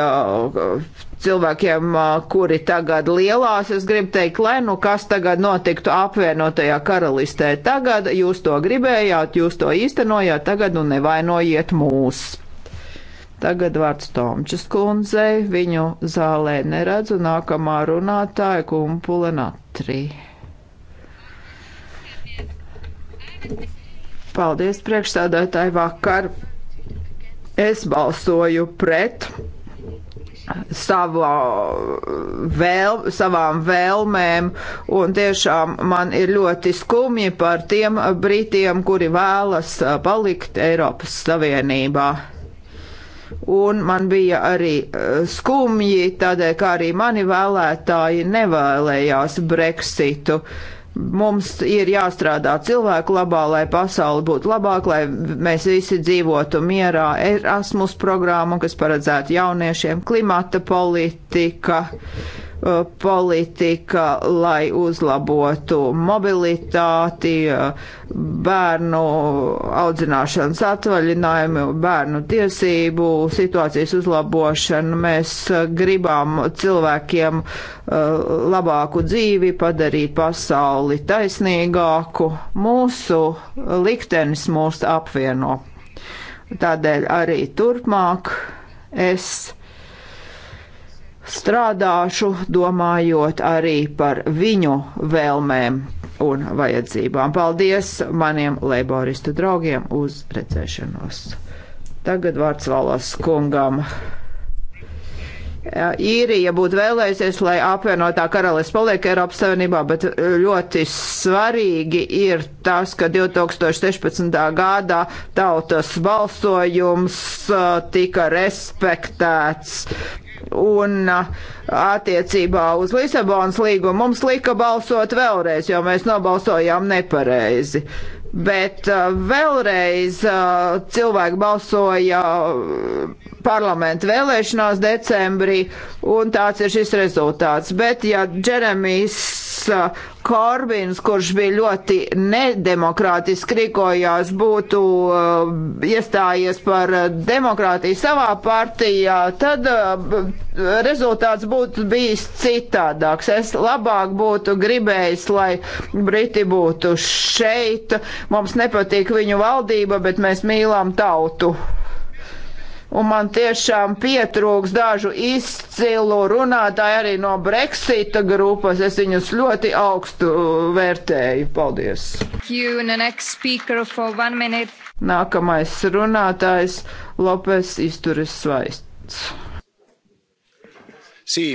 cilvēkiem, kuri tagad lielās, es gribu teikt, lai nu kas tagad notiktu apvienotajā karalistē. Tagad jūs to gribējāt, jūs to īstenojāt, tagad nu nevainojiet mūs. Tagad vārds Tomčas kundzei, viņu zālē neredzu, nākamā runātāja kumpula natrī. Paldies priekšsādātāji vakar. Es balsoju pret savā vēl, savām vēlmēm, un tiešām man ir ļoti skumji par tiem Britiem, kuri vēlas uh, palikt Eiropas Savienībā un man bija arī uh, skumji, tādēļ kā arī mani vēlētāji nevēlējās Brexitu. Uh, Mums ir jāstrādā cilvēku labā, lai pasauli būtu labāk, lai mēs visi dzīvotu mierā. Erasmus programma, kas paredzēta jauniešiem, klimata politika. Uh, Uh, politika, lai uzlabotu mobilitāti, uh, bērnu audzināšanas atvaļinājumu, bērnu tiesību situācijas uzlabošanu. Mēs uh, gribam cilvēkiem labāku dzīvi, padarīt pasauli taisnīgāku. Mūsu liktenis mūs apvieno. Tādēļ arī turpmāk es strādāšu, domājot arī par viņu vēlmēm un vajadzībām. Paldies maniem leiboristu draugiem uz redzēšanos. Tagad vārds valas kungam. Īrija būtu vēlējusies, lai apvienotā karalēs paliek Eiropas Savienībā, bet ļoti svarīgi ir tas, ka 2016. gadā tautas balsojums tika respektēts un uh, attiecībā uz Lisabonas līgumu mums lika balsot vēlreiz, jo mēs nobalsojām nepareizi. Bet uh, vēlreiz uh, cilvēki balsoja parlamentu vēlēšanās decembrī, un tāds ir šis rezultāts. Bet, ja Džeremijs Korbins, kurš bija ļoti nedemokrātiski rīkojās, būtu uh, iestājies par demokrātiju savā partijā, tad uh, rezultāts būtu bijis citādāks. Es labāk būtu gribējis, lai Briti būtu šeit. Mums nepatīk viņu valdība, bet mēs mīlām tautu. Un man tiešām pietrūks dažu izcilu runātāju arī no Brexita grupas. Es viņus ļoti augstu uh, vērtēju. Paldies! Nākamais runātājs Lopes Izturis Svaists. Sí,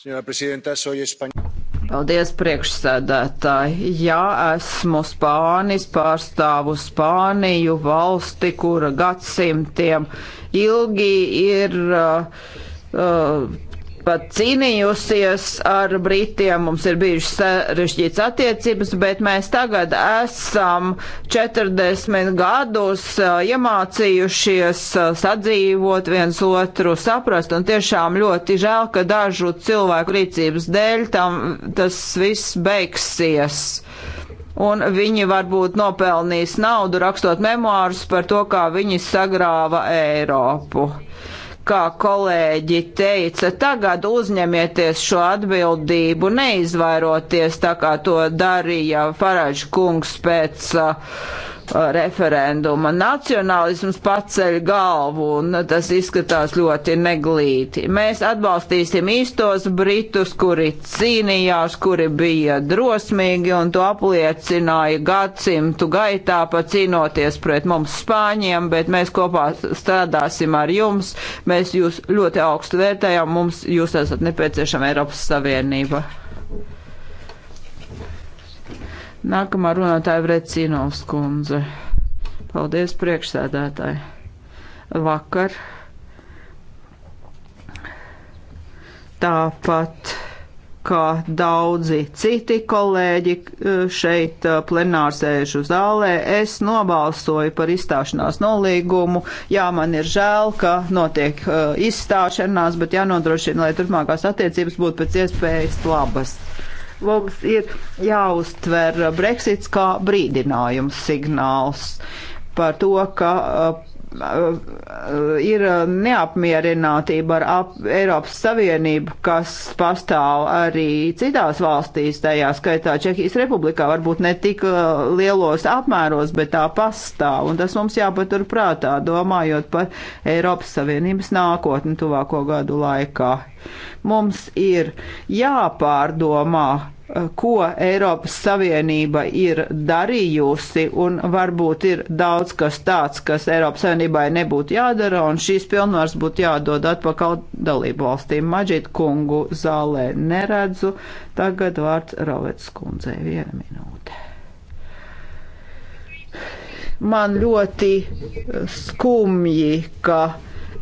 señora presidenta, soy español. Paldies, priekšsēdētāji. Jā, esmu Spānis, pārstāvu Spāniju, valsti, kura gadsimtiem cik ilgi ir uh, uh, pat cīnījusies ar Britiem, mums ir bijušas sarežģītas attiecības, bet mēs tagad esam 40 gadus uh, iemācījušies uh, sadzīvot viens otru, saprast, un tiešām ļoti žēl, ka dažu cilvēku rīcības dēļ tam tas viss beigsies un viņi varbūt nopelnīs naudu rakstot memoārus par to, kā viņi sagrāva Eiropu. Kā kolēģi teica, tagad uzņemieties šo atbildību, neizvairoties tā kā to darīja Farāģis kungs pēc uh, referenduma. Nacionālisms paceļ galvu un tas izskatās ļoti neglīti. Mēs atbalstīsim īstos britus, kuri cīnījās, kuri bija drosmīgi un to apliecināja gadsimtu gaitā pat cīnoties pret mums spāņiem, bet mēs kopā strādāsim ar jums. Mēs jūs ļoti augstu vērtējam, mums jūs esat nepieciešama Eiropas Savienība. Nākamā runātāja Vrecinovs kundze. Paldies priekšsēdētāji. Vakar. Tāpat kā daudzi citi kolēģi eh, šeit eh, plenārsēžu zālē, es nobalsoju par izstāšanās nolīgumu. Jā, man ir žēl, ka notiek eh, izstāšanās, bet jānodrošina, lai turpmākās attiecības būtu pēc iespējas labas mums ir jāuztver Brexits kā brīdinājums signāls par to, ka ir neapmierinātība ar ap, Eiropas Savienību, kas pastāv arī citās valstīs, tajā skaitā Čehijas Republikā, varbūt ne tik uh, lielos apmēros, bet tā pastāv. Un tas mums jāpatur prātā, domājot par Eiropas Savienības nākotni tuvāko gadu laikā. Mums ir jāpārdomā Eh, ko Eiropas Savienība ir darījusi, un varbūt ir daudz kas tāds, kas Eiropas Savienībai nebūtu jādara, un šīs pilnvars būtu jādod atpakaļ dalību valstīm. Maģīt kungu zālē neredzu. Tagad vārds Rovets kundzei viena minūte. Man ļoti skumji, ka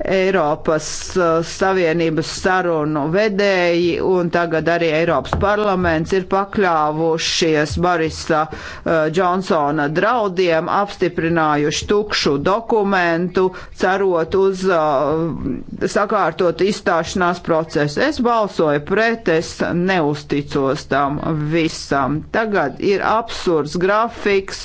Eiropas uh, Savienības sarunu vedēji un tagad arī Eiropas parlaments ir pakļāvušies Barisa uh, Džonsona draudiem, apstiprinājuši tukšu dokumentu, cerot uz uh, sakārtot izstāšanās procesu. Es balsoju pret, es neusticos tam visam. Tagad ir absurds grafiks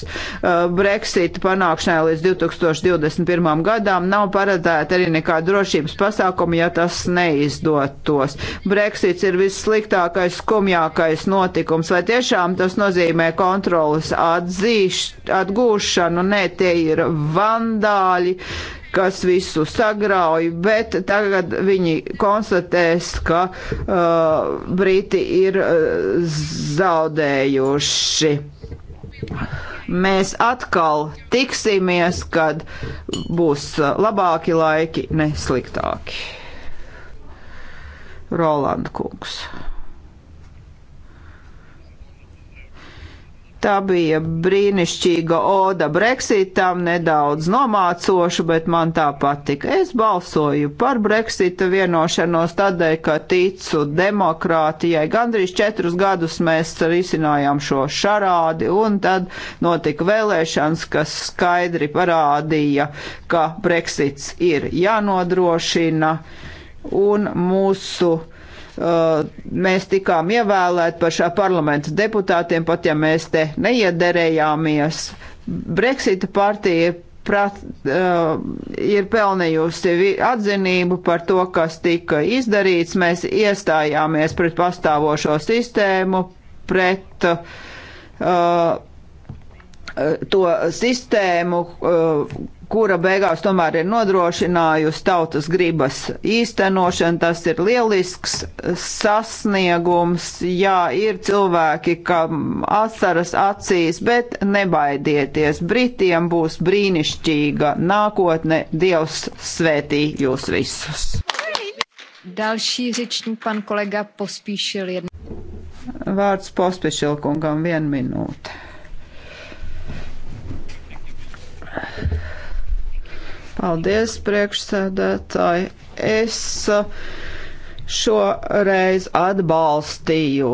Brexit panākšanai līdz 2021. gadām. Nav paredzēta arī nekāda nekā drošības pasākumi, ja tas neizdotos. Brexits ir vissliktākais, skumjākais notikums, vai tiešām tas nozīmē kontrolas atzīš, atgūšanu, nē, tie ir vandāļi, kas visu sagrauj, bet tagad viņi konstatēs, ka uh, Briti ir uh, zaudējuši mēs atkal tiksimies, kad būs uh, labāki laiki, ne sliktāki. Rolanda kungs. Tā bija brīnišķīga oda Brexitam, nedaudz nomācoša, bet man tā patika. Es balsoju par Brexita vienošanos tādēļ, ka ticu demokrātijai. Gandrīz četrus gadus mēs risinājām šo šarādi, un tad notika vēlēšanas, kas skaidri parādīja, ka Brexits ir jānodrošina, un mūsu mēs tikām ievēlēti par šā parlamenta deputātiem, pat ja mēs te neiederējāmies. Brexita partija prat, uh, ir pelnījusi atzinību par to, kas tika izdarīts. Mēs iestājāmies pret pastāvošo sistēmu, pret uh, to sistēmu, uh, kura beigās tomēr ir nodrošinājusi tautas gribas īstenošanu. Tas ir lielisks sasniegums. Jā, ir cilvēki, kam asaras acīs, bet nebaidieties. Britiem būs brīnišķīga nākotne. Dievs svētī jūs visus! Další řečník, pan kolega Pospíšil. Vārds Pospíšil kungam, viena minūte. Paldies, priekšsēdētāji. Es. Uh, šoreiz atbalstīju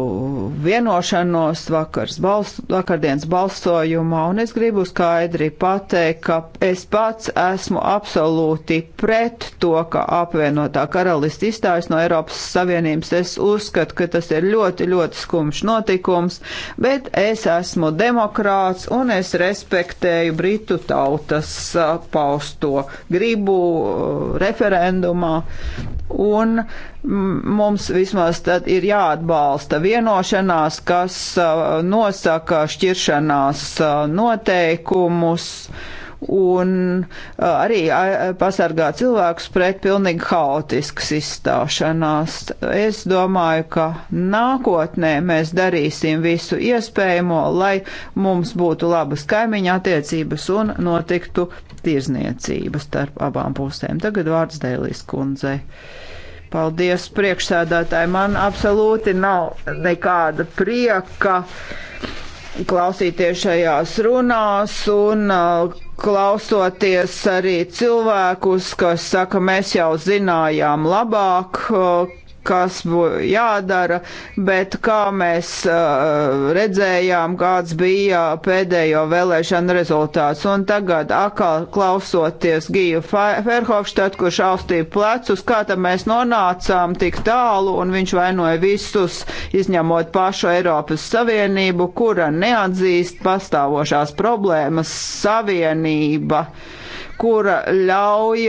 vienošanos vakars, balst, vakardienas balsojumā, un es gribu skaidri pateikt, ka es pats esmu absolūti pret to, ka apvienotā karalista izstājas no Eiropas Savienības. Es uzskatu, ka tas ir ļoti, ļoti skumjš notikums, bet es esmu demokrāts un es respektēju Britu tautas uh, pausto gribu uh, referendumā un mums vismaz tad ir jāatbalsta vienošanās, kas uh, nosaka šķiršanās uh, noteikumus. Uh, un uh, arī pasargā cilvēkus pret pilnīgi haotiskas izstāšanās. Es domāju, ka nākotnē mēs darīsim visu iespējamo, lai mums būtu labas kaimiņa attiecības un notiktu tirzniecība starp abām pusēm. Tagad vārds Dēlīs kundzei. Paldies priekšsēdētāji, man absolūti nav nekāda prieka. Uh, klausīties šajās runās un uh, klausoties arī cilvēkus, kas saka, mēs jau zinājām labāk, uh, kas būtu jādara, bet kā mēs uh, redzējām, kāds bija pēdējo vēlēšanu rezultāts. Un tagad atkal klausoties Giju Ferhofštad, kurš austīja plecus, kā tam mēs nonācām tik tālu, un viņš vainoja visus, izņemot pašu Eiropas Savienību, kura neatzīst pastāvošās problēmas savienība. Uh, kura ļauj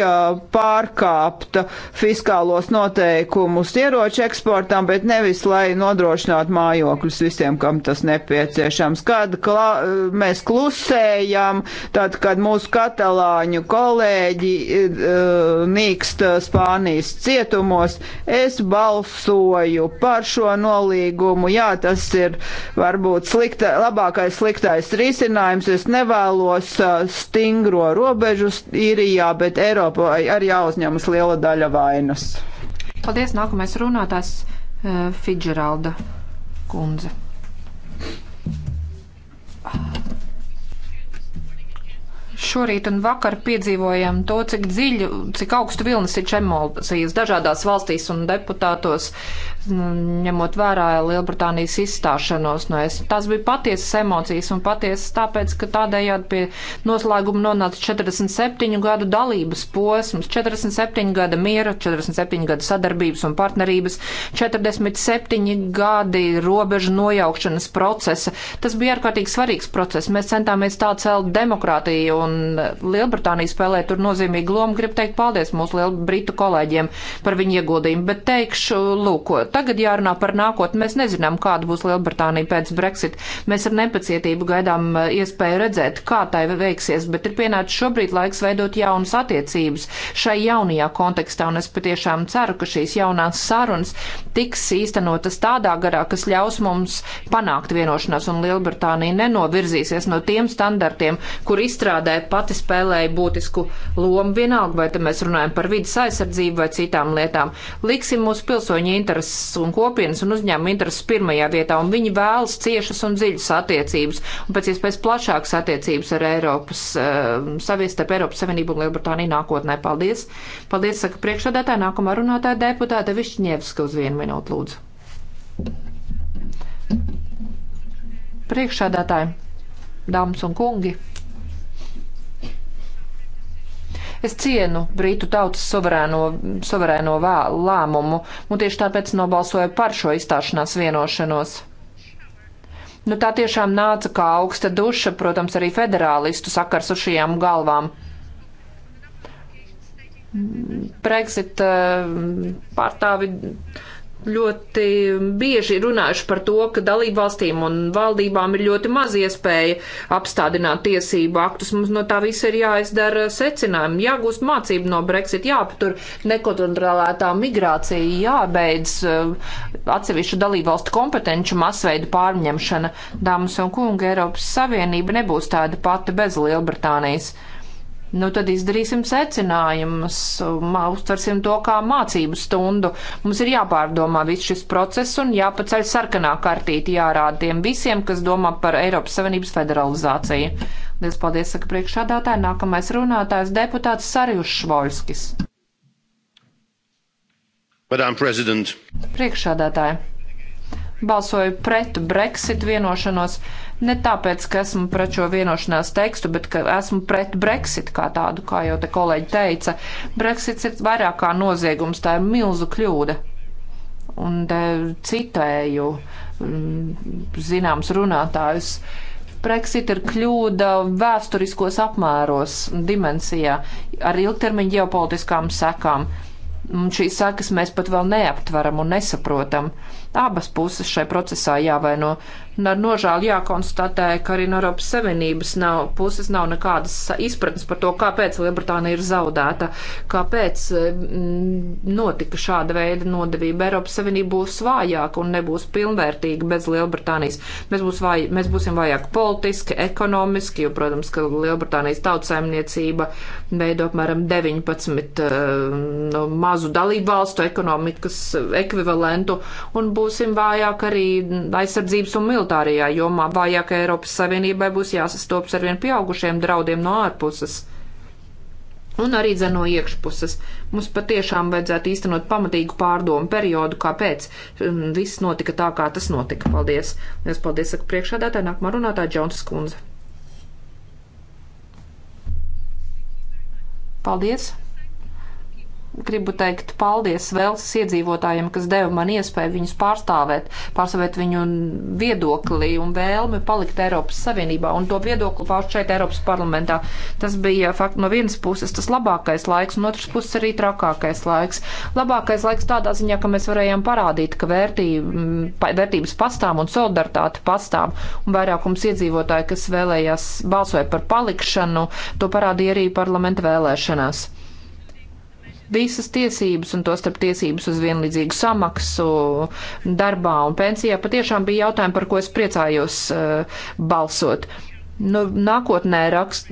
pārkāpt fiskālos noteikumus ieroču eksportam, bet nevis, lai nodrošinātu mājokļus visiem, kam tas nepieciešams. Kad klā, mēs klusējam, tad, kad mūsu katalāņu kolēģi nīkst Spānijas cietumos, es balsoju par šo nolīgumu. Jā, tas ir varbūt slikta, labākais sliktais risinājums. Es nevēlos stingro robežu nevis īrijā, bet Eiropā arī jāuzņemas liela daļa vainas. Paldies, nākamais runātājs uh, eh, Fidžeralda kundze. Šorīt un vakar piedzīvojam to, cik dziļi, cik augstu vilnis ir čemolsijas dažādās valstīs un deputātos ņemot vērā Lielbritānijas izstāšanos no es. Tās bija patiesas emocijas un patiesas tāpēc, ka tādējādi pie noslēguma nonāca 47 gadu dalības posms, 47 gada miera, 47 gada sadarbības un partnerības, 47 gadi robežu nojaukšanas procesa. Tas bija ārkārtīgi svarīgs process. Mēs centāmies tā celt demokrātiju un Lielbritānija spēlē tur nozīmīgu lomu. Gribu teikt paldies mūsu lielu britu kolēģiem par viņu ieguldījumu, bet teikšu, lūk, tagad jārunā par nākotni. Mēs nezinām, kāda būs Lielbritānija pēc Brexit. Mēs ar nepacietību gaidām uh, iespēju redzēt, kā tai veiksies, bet ir pienācis šobrīd laiks veidot jaunas attiecības šai jaunajā kontekstā, un es patiešām ceru, ka šīs jaunās sarunas tiks īstenotas tādā garā, kas ļaus mums panākt vienošanās, un Lielbritānija nenovirzīsies no tiem standartiem, kur izstrādē pati spēlēja būtisku lomu vienalga, vai te mēs runājam par vidas aizsardzību vai citām lietām. Liksim mūsu pilsoņu intereses un kopienas un uzņēmuma intereses pirmajā vietā, un viņi vēlas ciešas un dziļas attiecības, un pēc iespējas plašākas attiecības ar Eiropas, uh, eh, savies starp Eiropas Savienību un Lielbritāniju nākotnē. Paldies! Paldies, saka priekšsādātāja, nākamā runātāja deputāte Višķņevska uz vienu minūtu lūdzu. Priekšsādātāji, dāmas un kungi! Es cienu Brītu tautas suverēno, suverēno vā, lēmumu, un tieši tāpēc nobalsoju par šo izstāšanās vienošanos. Nu, tā tiešām nāca kā augsta duša, protams, arī federālistu sakars uz šajām galvām. Brexit eh, pārstāvi ļoti bieži runājuši par to, ka dalību valstīm un valdībām ir ļoti maz iespēja apstādināt tiesību aktus. Mums no tā visa ir jāizdara secinājumi, jāgūst mācību no Brexit, jāpatur nekontrolētā migrācija, jābeidz uh, atsevišķu dalību valstu kompetenču masveidu pārņemšana. Dāmas un kungi, Eiropas Savienība nebūs tāda pati bez Lielbritānijas. Nu, tad izdarīsim secinājumus, um, uztversim to kā mācību stundu. Mums ir jāpārdomā viss šis process un jāpaceļ sarkanā kartīte jārāda tiem visiem, kas domā par Eiropas Savienības federalizāciju. Liels paldies, saka priekšādātāji. Nākamais runātājs deputāts Sarijus Švoļskis. Priekšādātāji. Balsoju pret Brexit vienošanos Ne tāpēc, ka esmu pret šo vienošanās tekstu, bet ka esmu pret Brexit kā tādu, kā jau te kolēģi teica. Brexits ir vairāk kā noziegums, tā ir milzu kļūda. Un citēju mm, zināms runātājus. Brexit ir kļūda vēsturiskos apmēros, dimensijā, ar ilgtermiņa ģeopolitiskām sekām. Un šīs sekas mēs pat vēl neaptveram un nesaprotam. Abas puses šai procesā jāvaino. Ar nožēlu jākonstatē, ka arī no Eiropas Savienības nav, puses nav nekādas izpratnes par to, kāpēc Lielbritānija ir zaudēta, kāpēc notika šāda veida nodevība. Eiropas Savienība būs vājāka un nebūs pilnvērtīga bez Lielbritānijas. Mēs, būs vāj, mēs būsim vājāki politiski, ekonomiski, jo, protams, ka Lielbritānijas tautsēmniecība veido apmēram 19 uh, eh, no mazu dalību valstu ekonomikas ekvivalentu un būs būsim vājāk arī aizsardzības un militārajā jomā. Vājāk Eiropas Savienībai būs jāsastops ar vien pieaugušiem draudiem no ārpuses. Un arī dzen no iekšpuses. Mums patiešām vajadzētu īstenot pamatīgu pārdomu periodu, kāpēc um, viss notika tā, kā tas notika. Paldies! Es paldies, saka priekšādātāja, nākamā runātāja Džonsas kundze. Paldies! gribu teikt paldies Velsas iedzīvotājiem, kas deva man iespēju viņus pārstāvēt, pārstāvēt viņu viedokli un vēlmi palikt Eiropas Savienībā un to viedokli paust šeit Eiropas parlamentā. Tas bija fakt, no vienas puses tas labākais laiks, un otras puses arī trakākais laiks. Labākais laiks tādā ziņā, ka mēs varējām parādīt, ka vērtība, vērtības pastāv un solidaritāte pastāv, un vairākums iedzīvotāji, kas vēlējās balsoja par palikšanu, to parādīja arī parlamenta vēlēšanās visas tiesības, un tostarp tiesības uz vienlīdzīgu samaksu darbā un pensijā, patiešām bija jautājumi, par ko es priecājos uh, balsot. Nu, nākotnē, rakst,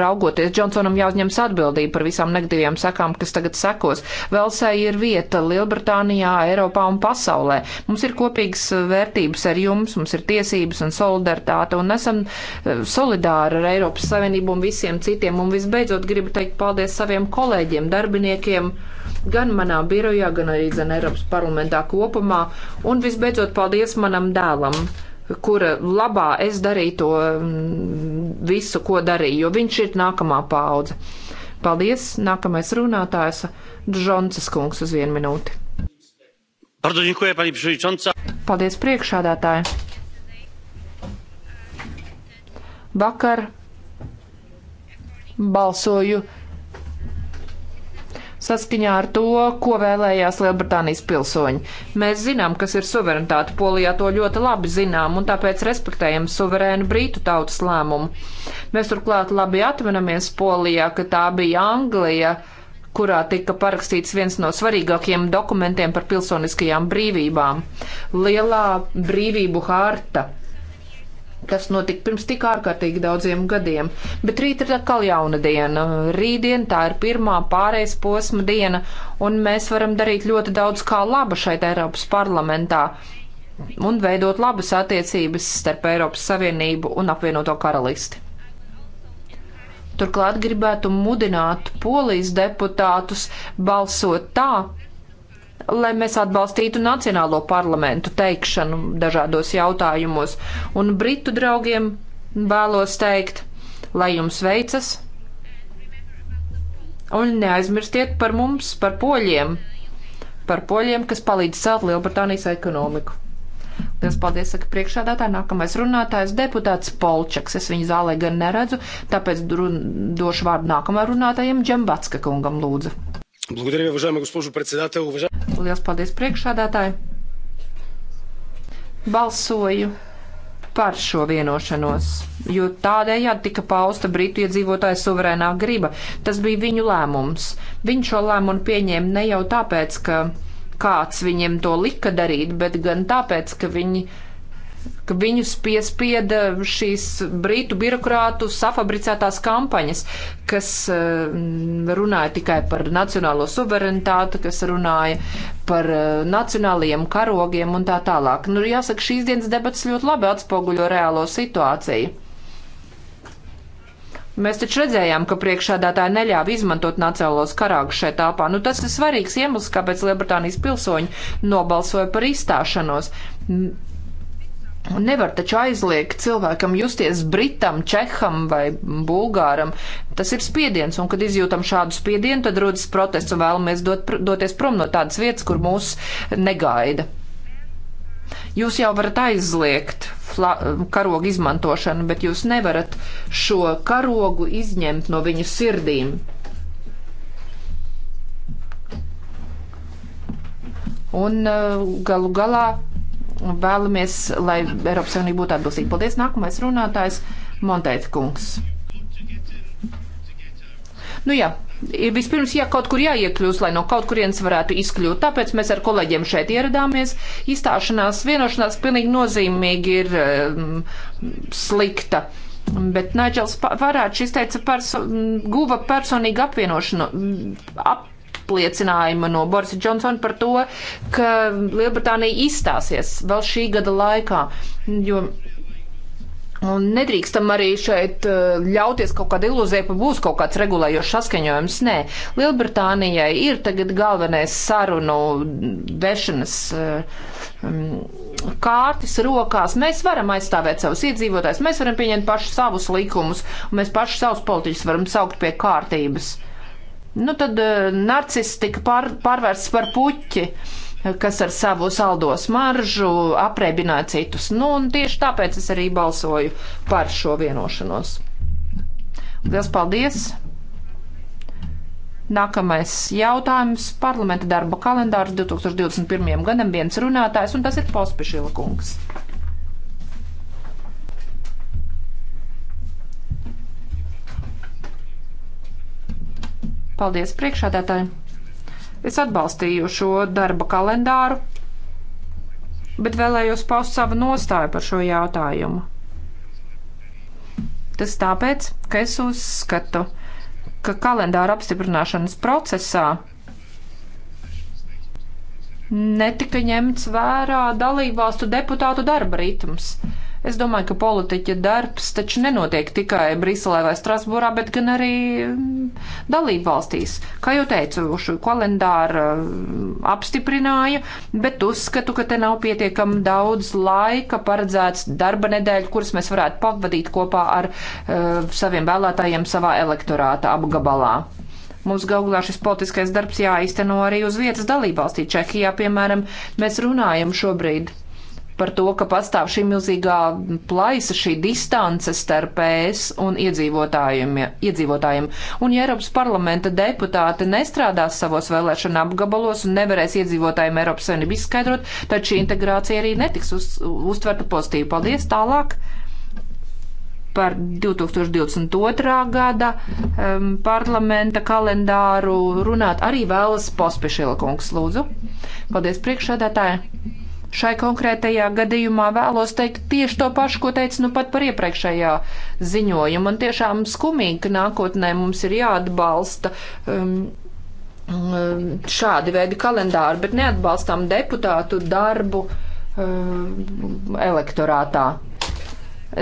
raugoties, Džonsonam jāuzņems atbildība par visām negatīvajām sekām, kas tagad sekos. Velsai ir vieta Lielbritānijā, Eiropā un pasaulē. Mums ir kopīgas uh, vērtības ar jums, mums ir tiesības un solidaritāte, un esam uh, solidāri ar Eiropas Savienību un visiem citiem. Un visbeidzot, gribu teikt paldies saviem kolēģiem, darbiniekiem, gan manā birojā, gan arī zin, Eiropas parlamentā kopumā. Un visbeidzot, paldies manam dēlam kura labā es darīju to mm, visu, ko darīju, jo viņš ir nākamā paudze. Paldies! Nākamais runātājs Džonsas kungs uz vienu minūti. Paldies priekšādātāji! Vakar balsoju saskaņā ar to, ko vēlējās Lielbritānijas pilsoņi. Mēs zinām, kas ir suverenitāte. Polijā to ļoti labi zinām, un tāpēc respektējam suverēnu brītu tautas lēmumu. Mēs turklāt labi atminamies Polijā, ka tā bija Anglija kurā tika parakstīts viens no svarīgākajiem dokumentiem par pilsoniskajām brīvībām - Lielā brīvību harta kas notika pirms tik ārkārtīgi daudziem gadiem. Bet rīt ir atkal jauna diena. Rītdien tā ir pirmā pārejas posma diena, un mēs varam darīt ļoti daudz kā laba šeit Eiropas parlamentā un veidot labas attiecības starp Eiropas Savienību un apvienoto karalisti. Turklāt gribētu mudināt polijas deputātus balsot tā, lai mēs atbalstītu Nacionālo parlamentu teikšanu dažādos jautājumos. Un Britu draugiem vēlos teikt, lai jums veicas. Un neaizmirstiet par mums, par poļiem, par poļiem, kas palīdz celt Lielbritānijas ekonomiku. Lielas paldies, saka priekšādātāja. Nākamais runātājs deputāts Polčaks. Es viņu zālē gan neredzu, tāpēc došu vārdu nākamā runātājiem Džembatska kungam lūdzu. Благодаря, уважаема госпожо председател. Уважа... Lielas paldies priekšādātāji. Balsoju par šo vienošanos, jo tādējādi tika pausta Britu iedzīvotāja suverēnā griba. Tas bija viņu lēmums. Viņš šo lēmumu pieņēma ne jau tāpēc, ka kāds viņiem to lika darīt, bet gan tāpēc, ka viņi ka viņus piespieda šīs brītu birokrātu safabricētās kampaņas, kas eh, runāja tikai par nacionālo suverenitāti, kas runāja par eh, nacionālajiem karogiem un tā tālāk. Nu, jāsaka, šīs dienas debats ļoti labi atspoguļo reālo situāciju. Mēs taču redzējām, ka priekšādātāji neļāva izmantot nacionālos karāgus šeit tāpā. Nu, tas ir svarīgs iemesls, kāpēc Lielbritānijas pilsoņi nobalsoja par izstāšanos. Un nevar taču aizliegt cilvēkam justies britam, čeham vai bulgāram. Tas ir spiediens, un kad izjūtam šādu spiedienu, tad rodas protests un vēlamies dot, doties prom no tādas vietas, kur mūs negaida. Jūs jau varat aizliegt karogu izmantošanu, bet jūs nevarat šo karogu izņemt no viņu sirdīm. Un uh, galu galā vēlamies, lai Eiropas Savienība būtu atbilstīga. Paldies, nākamais runātājs Monteita kungs. Nu jā, vispirms, ja kaut kur jāiekļūst, lai no kaut kurienes varētu izkļūt, tāpēc mēs ar kolēģiem šeit ieradāmies. Izstāšanās, vienošanās pilnīgi nozīmīgi ir um, slikta. Bet Nigels Farāčs izteica perso guva personīgu apvienošanu, ap apliecinājuma no Borisa Džonsona par to, ka Lielbritānija izstāsies vēl šī gada laikā. Jo Un nedrīkstam arī šeit uh, ļauties kaut kāda ilūzija, ka būs kaut kāds regulējošs saskaņojums. Nē, Lielbritānijai ir tagad galvenais sarunu vešanas uh, um, kārtas rokās. Mēs varam aizstāvēt savus iedzīvotājus, mēs varam pieņemt pašu savus likumus, un mēs pašu savus politiķus varam saukt pie kārtības. Nu, tad eh, narcis tika pār, pārvērsts par puķi, kas ar savu saldo smaržu apreibināja citus. Nu, un tieši tāpēc es arī balsoju par šo vienošanos. Lielas paldies! Nākamais jautājums - parlamenta darba kalendārs 2021. gadam viens runātājs, un tas ir Pospišila kungs. Paldies priekšādātāji. Es atbalstīju šo darba kalendāru, bet vēlējos paust savu nostāju par šo jautājumu. Tas tāpēc, ka es uzskatu, ka kalendāra apstiprināšanas procesā netika ņemts vērā dalībvalstu deputātu darba ritms. Es domāju, ka politiķa darbs taču nenotiek tikai Briselē vai Strasbūrā, bet gan arī mm, dalību valstīs. Kā jau teicu, šo kalendāru mm, apstiprināju, bet uzskatu, ka te nav pietiekami daudz laika paredzēts darba nedēļu, kuras mēs varētu pavadīt kopā ar uh, saviem vēlētājiem savā elektorāta apgabalā. Mums galvā šis politiskais darbs jāizteno arī uz vietas dalībvalstī. Čehijā, piemēram, mēs runājam šobrīd par to, ka pastāv šī milzīgā plaisa, šī distance starp ES un iedzīvotājiem, iedzīvotājiem. Un ja Eiropas parlamenta deputāti nestrādās savos vēlēšana apgabalos un nevarēs iedzīvotājiem Eiropas Savienību izskaidrot, tad šī integrācija arī netiks uz, uztverta pozitīvi. Paldies! Tālāk! par 2022. gada um, parlamenta kalendāru runāt arī vēlas Pospešila kungs, lūdzu. Paldies priekšsēdētāji! Šai konkrētajā gadījumā vēlos teikt tieši to pašu, ko teicu nu pat par iepriekšējā ziņojumu. Man tiešām skumīgi, ka nākotnē mums ir jāatbalsta. Um, um Šādi veidi kalendāri, bet neatbalstām deputātu darbu um, elektorātā.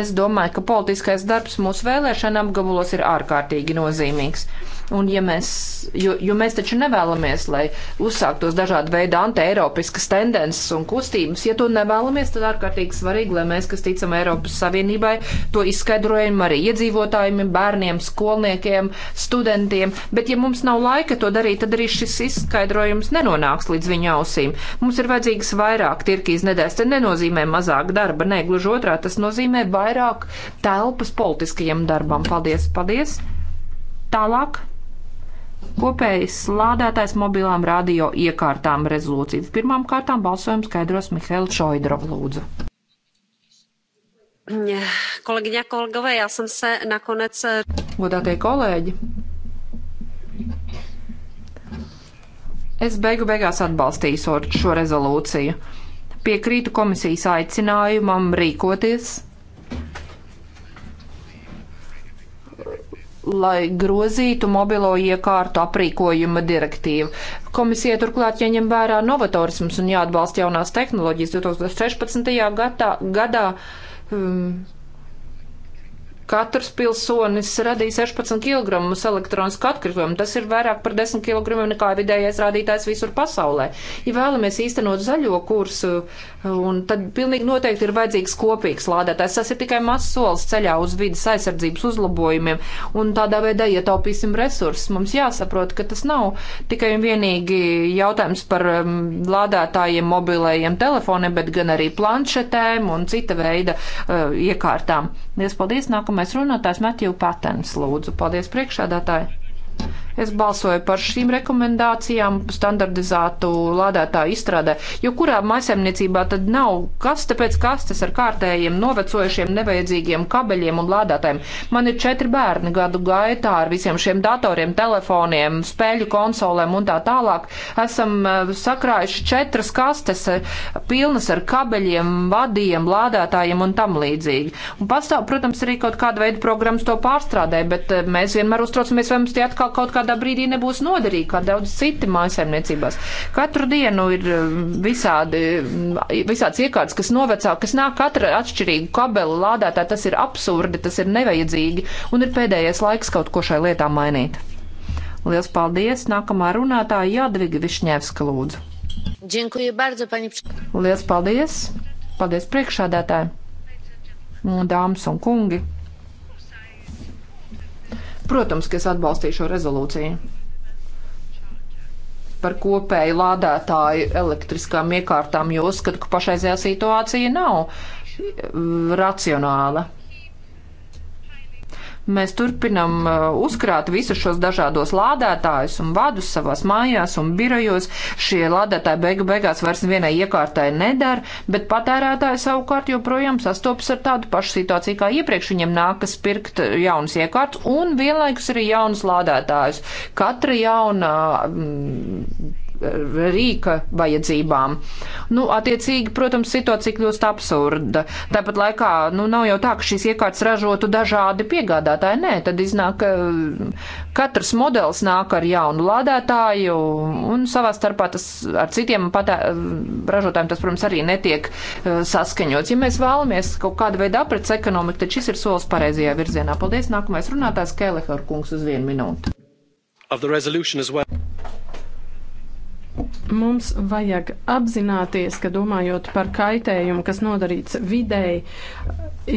Es domāju, ka politiskais darbs mūsu vēlēšana apgabalos ir ārkārtīgi nozīmīgs. Un ja mēs, jo, jo mēs taču nevēlamies, lai uzsāktos dažādi veidi antieiropiskas tendences un kustības, ja to nevēlamies, tad ārkārtīgi svarīgi, lai mēs, kas ticam Eiropas Savienībai, to izskaidrojam arī iedzīvotājiem, bērniem, skolniekiem, studentiem. Bet ja mums nav laika to darīt, tad arī šis izskaidrojums nenonāks līdz viņa ausīm. Mums ir vajadzīgs vairāk tirkīs nedēļas. Tas nenozīmē mazāk darba, nē, gluži otrā, tas nozīmē vairāk telpas politiskajam darbam. Paldies, paldies! Tālāk kopējs lādētājs mobilām radio iekārtām rezolūciju. Pirmām kārtām balsojumu skaidros Mihails Šoidrov lūdzu. Kolēģiņa, kolegové, já jsem se nakonec... Eh, Godātie kolēģi, es beigu beigās atbalstīšu šo rezolūciju. Piekrītu komisijas aicinājumam rīkoties lai grozītu mobilo iekārtu aprīkojuma direktīvu. Komisija turklāt jāņem ja vērā novatorisms un jāatbalsta jaunās tehnoloģijas 2016. gadā. gadā um, Katrs pilsonis radīja 16 kg elektronisku atkritumu. Tas ir vairāk par 10 kg nekā vidējais rādītājs visur pasaulē. Ja vēlamies īstenot zaļo kursu, tad pilnīgi noteikti ir vajadzīgs kopīgs lādētājs. Tas ir tikai mazs solis ceļā uz vidas aizsardzības uzlabojumiem, un tādā veidā ietaupīsim resursus. Mums jāsaprot, ka tas nav tikai un vienīgi jautājums par um, lādētājiem mobilējiem telefoniem, bet gan arī planšetēm un cita veida uh, iekārtām. Lies paldies! Nākamā Nākamais runātājs Matiju Patens, lūdzu. Paldies priekšādātāji. Es balsoju par šīm rekomendācijām standardizētu lādētāju izstrādē, jo kurā maisaimniecībā tad nav kas tāpēc kastes ar kārtējiem novecojušiem nevajadzīgiem kabeļiem un lādētājiem. Man ir četri bērni gadu gaitā ar visiem šiem datoriem, telefoniem, spēļu konsolēm un tā tālāk. Esam e, sakrājuši četras kastes e, pilnas ar kabeļiem, vadiem, lādētājiem un tam līdzīgi. Un pastāv, protams, arī kaut kāda veida programmas to pārstrādē, bet e, mēs vienmēr uztraucamies, vai mums tie atkal kaut kā kādā brīdī nebūs noderīgi, kā daudz citi mājasemniecībās. Katru dienu ir um, visādi, mm, visāds iekārts, kas novecā, kas nāk katra atšķirīgu kabeli lādētā, tas ir absurdi, tas ir nevajadzīgi, un ir pēdējais laiks kaut ko šai lietā mainīt. Liels paldies! Nākamā runātāja Jadviga Višņevska lūdzu. Bardzo, pani... Liels paldies! Paldies priekšādātāji! Dāmas un kungi! Protams, ka es atbalstīšu šo rezolūciju par kopēju lādētāju elektriskām iekārtām, jo uzskatu, ka pašreizējā situācija nav mm, racionāla. Mēs turpinam uh, uzkrāt visus šos dažādos lādētājus un vadus savās mājās un birojos. Šie lādētāji beigu beigās vairs vienai iekārtai nedara, bet patērētāji savukārt joprojām sastopas ar tādu pašu situāciju kā iepriekš. Viņiem nākas pirkt jaunas iekārtas un vienlaikus arī jaunas lādētājus. Katra jauna mm, rīka vajadzībām. Nu, attiecīgi, protams, situācija kļūst absurda. Tāpat laikā, nu, nav jau tā, ka šīs iekārtas ražotu dažādi piegādātāji. Nē, tad iznāk, ka katrs modelis nāk ar jaunu lādētāju un savā starpā tas ar citiem patē, ražotājiem tas, protams, arī netiek eh, saskaņots. Ja mēs vēlamies kaut kādu veidu aprits ekonomiku, tad šis ir solis pareizajā virzienā. Paldies, nākamais runātājs Kelehor kungs uz vienu minūtu. Well. Mums vajag apzināties, ka domājot par kaitējumu, kas nodarīts videi,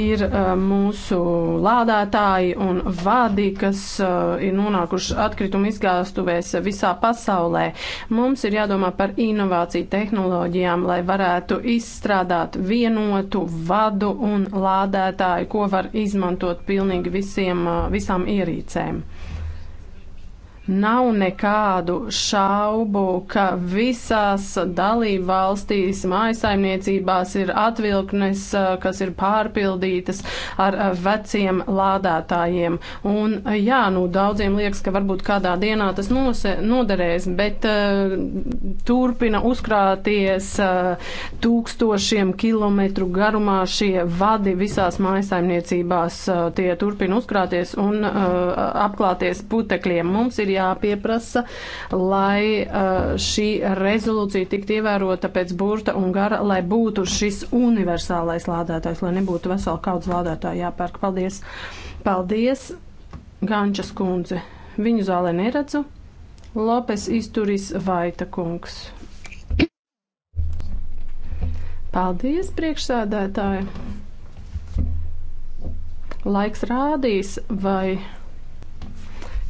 ir uh, mūsu lādētāji un vadi, kas uh, ir nonākuši atkritumu izgāstuvēs visā pasaulē. Mums ir jādomā par inovāciju tehnoloģijām, lai varētu izstrādāt vienotu vadu un lādētāju, ko var izmantot pilnīgi visiem, uh, visām ierīcēm. Nav nekādu šaubu, ka visās dalību valstīs mājasaimniecībās ir atvilknes, eh, kas ir pārpildītas ar eh, veciem lādētājiem. Un eh, jā, nu daudziem liekas, ka varbūt kādā dienā tas nose, noderēs, bet uh, turpina uzkrāties uh, tūkstošiem kilometru garumā šie vadi visās mājasaimniecībās. Uh, tie turpina uzkrāties un uh, apklāties putekļiem. Mums ir ir jāpieprasa, lai uh, šī rezolūcija tiktu ievērota pēc burta un gara, lai būtu šis universālais lādētājs, lai nebūtu vesela kaudzes lādētāja jāpērk. Paldies! Paldies, Gančas kundze! Viņu zālē neredzu. Lopes izturis Vaita kungs. Paldies, priekšsēdētāji! Laiks rādīs, vai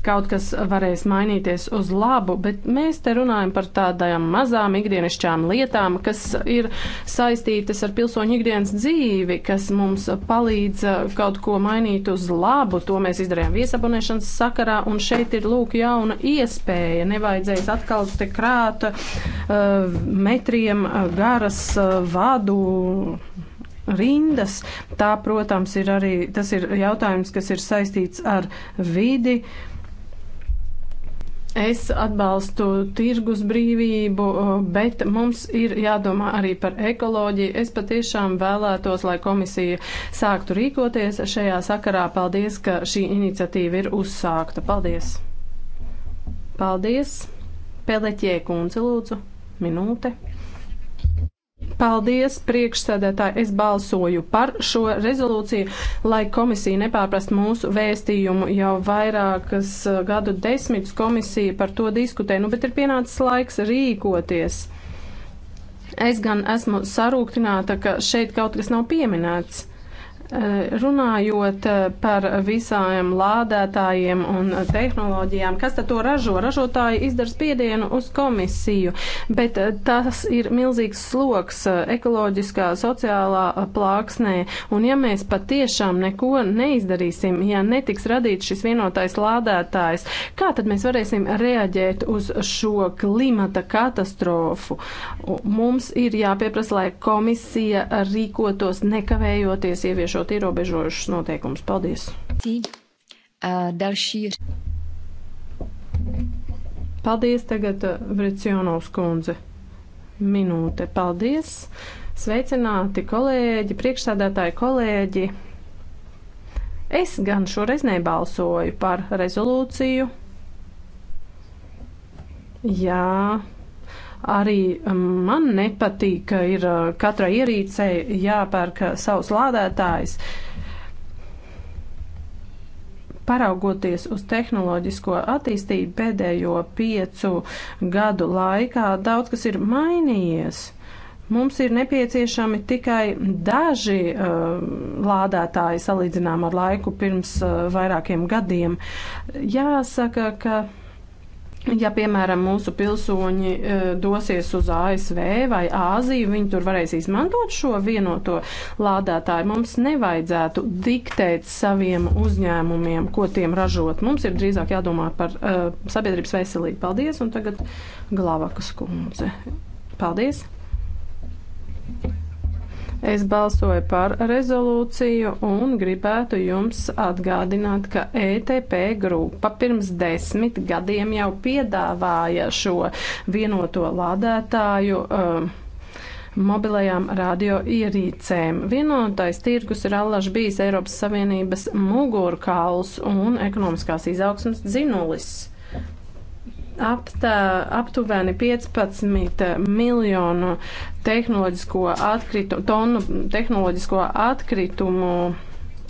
kaut kas varēs mainīties uz labu, bet mēs te runājam par tādām mazām ikdienišķām lietām, kas ir saistītas ar pilsoņu ikdienas dzīvi, kas mums palīdz uh, kaut ko mainīt uz labu. To mēs izdarījām viesabonēšanas sakarā, un šeit ir lūk jauna iespēja. Nevajadzēs atkal te krāt uh, metriem uh, garas uh, vadu rindas. Tā, protams, ir arī tas ir jautājums, kas ir saistīts ar vidi. Uh, Es atbalstu tirgus brīvību, bet mums ir jādomā arī par ekoloģiju. Es patiešām vēlētos, lai komisija sāktu rīkoties šajā sakarā. Paldies, ka šī iniciatīva ir uzsākta. Paldies! Paldies! Peleķie kundze lūdzu, minūte. Paldies, priekšsēdētāji. Es balsoju par šo rezolūciju, lai komisija nepārprast mūsu vēstījumu. Jau vairākas eh, gadu desmitus komisija par to diskutē, nu, bet ir pienācis laiks rīkoties. Es gan esmu sarūktināta, ka šeit kaut kas nav pieminēts. Eh, runājot eh, par visām lādētājiem un tehnoloģijām, kas tad to ražo? Ražotāji izdara spiedienu uz komisiju, bet eh, tas ir milzīgs sloks ekoloģiskā, sociālā plāksnē. Un ja mēs patiešām neko neizdarīsim, ja netiks radīts šis vienotais lādētājs, kā tad mēs varēsim reaģēt uz šo klimata katastrofu? Mums ir jāpieprasa, lai komisija rīkotos nekavējoties ieviešot ievērot ierobežojušas noteikumus. Paldies! Paldies tagad Vricionovs kundze. Minūte. Paldies! Sveicināti kolēģi, priekšsādātāji kolēģi! Es gan šoreiz nebalsoju par rezolūciju. Jā, Arī um, man nepatīk, ka ir uh, katrai ierīcei jāpērk uh, savs lādētājs. Paraugoties uz tehnoloģisko attīstību pēdējo piecu gadu laikā, daudz kas ir mainījies. Mums ir nepieciešami tikai daži uh, lādētāji salīdzinām ar laiku pirms uh, vairākiem gadiem. Jāsaka, ka Ja, piemēram, mūsu pilsoņi e, dosies uz ASV vai Āziju, viņi tur varēs izmantot šo vienoto lādētāju. Mums nevajadzētu diktēt saviem uzņēmumiem, ko tiem ražot. Mums ir drīzāk jādomā par uh, sabiedrības veselību. Paldies, un tagad Glavakas kundze. Paldies! Es balsoju par rezolūciju un gribētu jums atgādināt, ka ETP grupa pirms desmit gadiem jau piedāvāja šo vienoto lādētāju. Uh, mobilajām radioierīcēm. Vienotais tirgus ir allaž bijis Eiropas Savienības mugurkauls un ekonomiskās izaugsmas dzinulis aptā, aptuveni 15 miljonu tehnoloģisko atkritumu, tonu tehnoloģisko atkritumu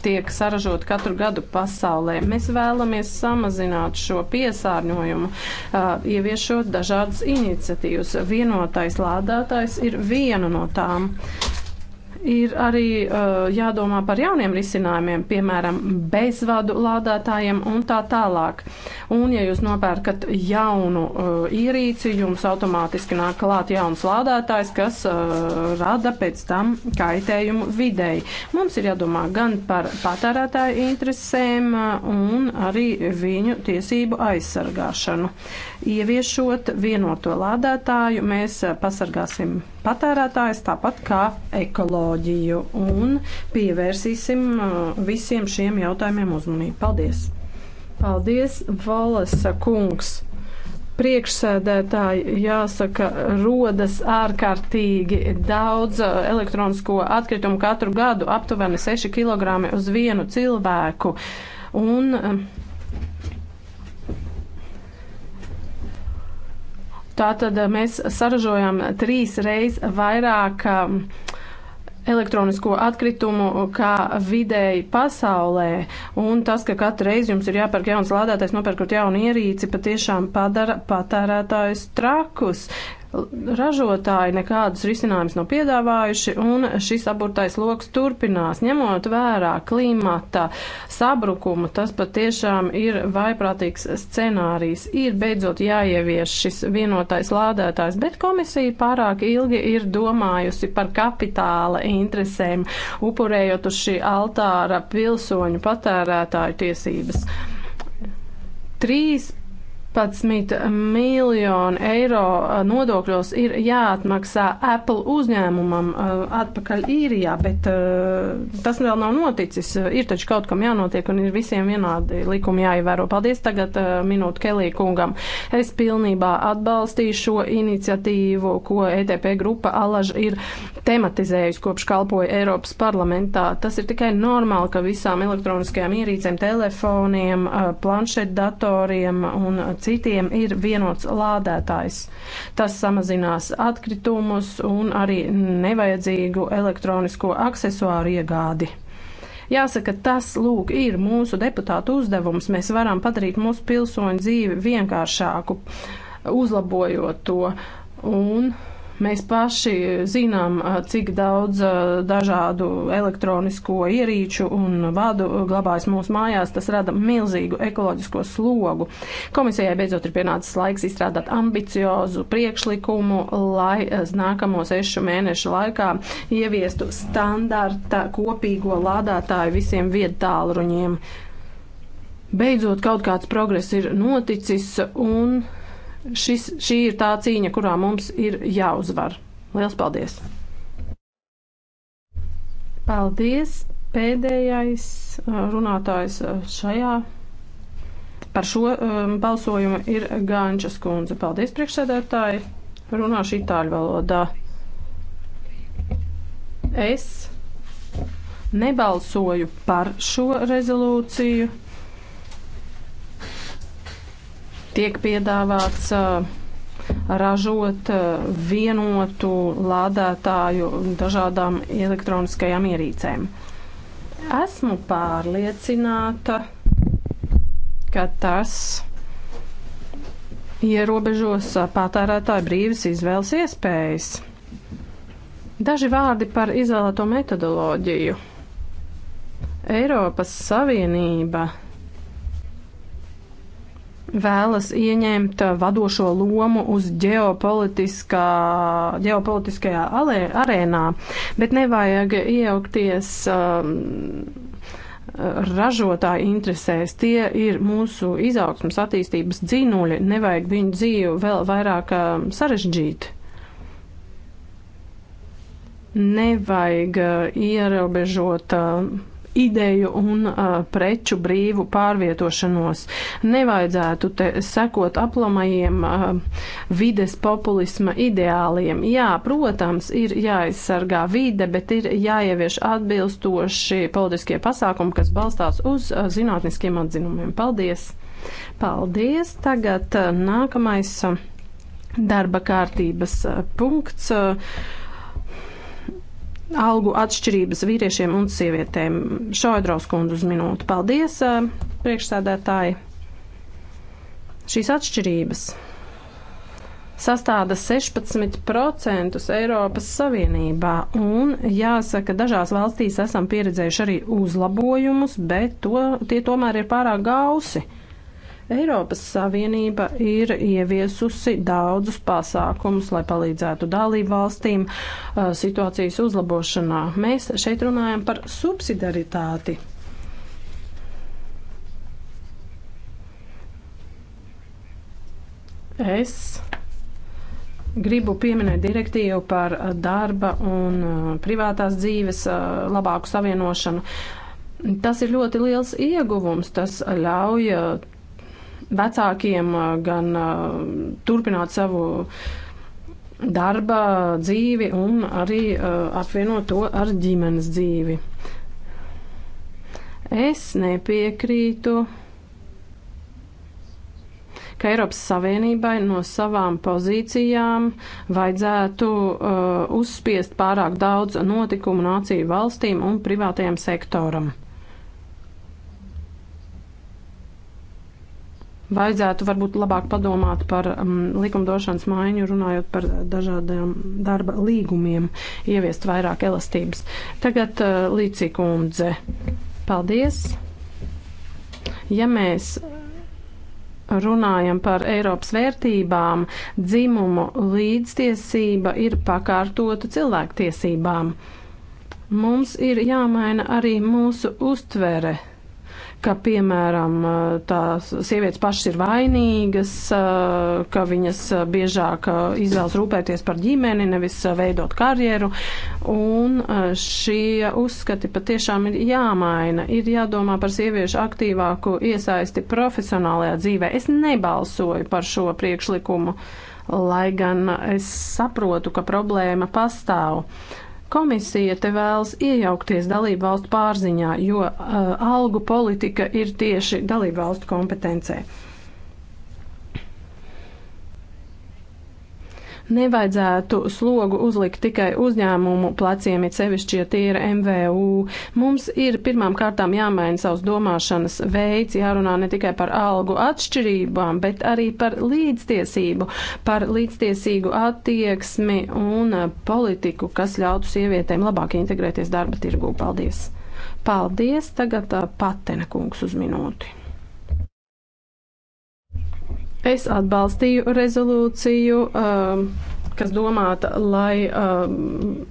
tiek saražot katru gadu pasaulē. Mēs vēlamies samazināt šo piesārņojumu, ieviešot dažādas iniciatīvas. Vienotais lādētājs ir viena no tām. Uh, ir arī uh, jādomā par jauniem risinājumiem, piemēram, bezvadu lādētājiem un tā tālāk. Un, ja jūs nopērkat jaunu uh, ierīci, jums automātiski nāk klāt jauns lādētājs, kas uh, rada pēc tam kaitējumu videi. Mums ir jādomā gan par patērētāju interesēm uh, un arī viņu tiesību aizsargāšanu. Uh, Ieviešot vienoto lādētāju, mēs pasargāsim patērētājs tāpat kā ekoloģiju un pievērsīsim uh, visiem šiem jautājumiem uzmanību. Paldies! Paldies, Valesa kungs! priekšsēdētāji, jāsaka, rodas ārkārtīgi daudz uh, elektronisko atkritumu katru gadu, aptuveni 6 kg uz vienu cilvēku. Un, um, Tātad eh, mēs saražojam trīs reiz vairāk eh, elektronisko atkritumu eh, kā vidēji pasaulē. Un tas, ka katru reizi jums ir jāpērk jauns lādētājs, nopērkot jaunu ierīci, patiešām padara patērētājus trakus. Ražotāji nekādus risinājumus nav piedāvājuši, un šis aburtais lokus turpinās. Ņemot vērā klimata sabrukumu, tas patiešām ir vaiprātīgs scenārijs. Ir beidzot jāievieš šis vienotais lādētājs, bet komisija pārāk ilgi ir domājusi par kapitāla interesēm, upurējot uz šī altāra pilsoņu patērētāju tiesības. Trīs 11 miljoni eiro eh, nodokļos ir jāatmaksā Apple uzņēmumam eh, atpakaļ īrijā, bet eh, tas vēl nav noticis. Ir taču kaut kam jānotiek un ir visiem vienādi likumi jāievēro. Paldies tagad minūtu Kelī kungam. Es pilnībā atbalstīju šo iniciatīvu, ko ETP grupa Alaž ir tematizējusi kopš kalpoja Eiropas parlamentā. Tas ir tikai normāli, ka visām elektroniskajām ierīcēm, telefoniem, planšetdatoriem un citiem ir vienots lādētājs. Tas samazinās atkritumus un arī nevajadzīgu elektronisko aksesuāru iegādi. Jāsaka, tas lūk ir mūsu deputātu uzdevums. Mēs varam padarīt mūsu pilsoņu dzīvi vienkāršāku, uzlabojot to un Mēs paši zinām, cik daudz dažādu elektronisko ierīču un vadu glabājas mūsu mājās. Tas rada milzīgu ekoloģisko slogu. Komisijai beidzot ir pienācis laiks izstrādāt ambiciozu priekšlikumu, lai nākamo sešu mēnešu laikā ieviestu standarta kopīgo lādētāju visiem viedtālruņiem. Beidzot, kaut kāds progress ir noticis un Šis, šī ir tā cīņa, kurā mums ir jāuzvar. Lielas paldies! Paldies! Pēdējais uh, runātājs uh, šajā par šo um, balsojumu ir Gāņčas kundze. Paldies, priekšsēdētāji! Runāšu itāļu valodā. Es nebalsoju par šo rezolūciju Tiek piedāvāts ražot vienotu lādētāju dažādām elektroniskajām ierīcēm. Esmu pārliecināta, ka tas ierobežos patērētāju brīvas izvēles iespējas. Daži vārdi par izvēlēto metodoloģiju. Eiropas Savienība vēlas ieņemt vadošo lomu uz ģeopolitiskajā arēnā, bet nevajag iejaukties um, ražotāju interesēs. Tie ir mūsu izaugsmas attīstības dzīnuļi, nevajag viņu dzīvi vēl vairāk um, sarežģīt. Nevajag uh, ierobežot. Uh, um, ideju un uh, preču brīvu pārvietošanos. Nevajadzētu te sekot aplamajiem uh, vides populisma ideāliem. Jā, protams, ir jāaizsargā vide, bet ir jāievieš atbilstoši politiskie pasākumi, kas balstās uz uh, zinātniskiem atzinumiem. Paldies! Paldies! Tagad uh, nākamais uh, darba kārtības uh, punkts. Uh, algu atšķirības vīriešiem un sievietēm. Šoidraus kundu uz minūtu. Paldies, priekšsēdētāji. Šīs atšķirības sastāda 16% Eiropas Savienībā, un jāsaka, dažās valstīs esam pieredzējuši arī uzlabojumus, bet to, tie tomēr ir pārāk gausi. Uh, Eiropas Savienība ir ieviesusi daudzus pasākumus, lai palīdzētu dalību valstīm uh, situācijas uzlabošanā. Mēs šeit runājam par subsidaritāti. Es gribu pieminēt direktīvu par darba un uh, privātās dzīves uh, labāku savienošanu. Tas ir ļoti liels ieguvums. Tas ļauj vecākiem gan turpināt savu darba dzīvi un arī apvienot to ar ģimenes dzīvi. Es nepiekrītu ka Eiropas Savienībai no savām pozīcijām vajadzētu uh, uzspiest pārāk daudz notikumu nāciju valstīm un privātajam sektoram. Vajadzētu varbūt labāk padomāt par um, likumdošanas maiņu, runājot par dažādiem darba līgumiem, ieviest vairāk elastības. Tagad uh, līdzīgi, paldies! Ja mēs runājam par Eiropas vērtībām, dzimumu līdztiesība ir pakārtota cilvēktiesībām. Mums ir jāmaina arī mūsu uztvere ka, piemēram, tās sievietes pašas ir vainīgas, ka viņas biežāk izvēlas rūpēties par ģimeni, nevis veidot karjeru, un šie uzskati patiešām ir jāmaina, ir jādomā par sieviešu aktīvāku iesaisti profesionālajā dzīvē. Es nebalsoju par šo priekšlikumu, lai gan es saprotu, ka problēma pastāv. Uh, Komisija te vēlas iejaukties dalību valstu pārziņā, jo uh, algu politika ir tieši dalību valstu kompetencē. nevajadzētu slogu uzlikt tikai uzņēmumu pleciem, it sevišķi, ja tie ir MVU. Mums ir pirmām kārtām jāmaina savs domāšanas veids, jārunā ne tikai par algu atšķirībām, bet arī par līdztiesību, par līdztiesīgu attieksmi un politiku, kas ļautu sievietēm labāk integrēties darba tirgū. Paldies! Paldies! Tagad uh, patena kungs uz minūti. Es atbalstīju rezolūciju, um, kas domāta, lai um,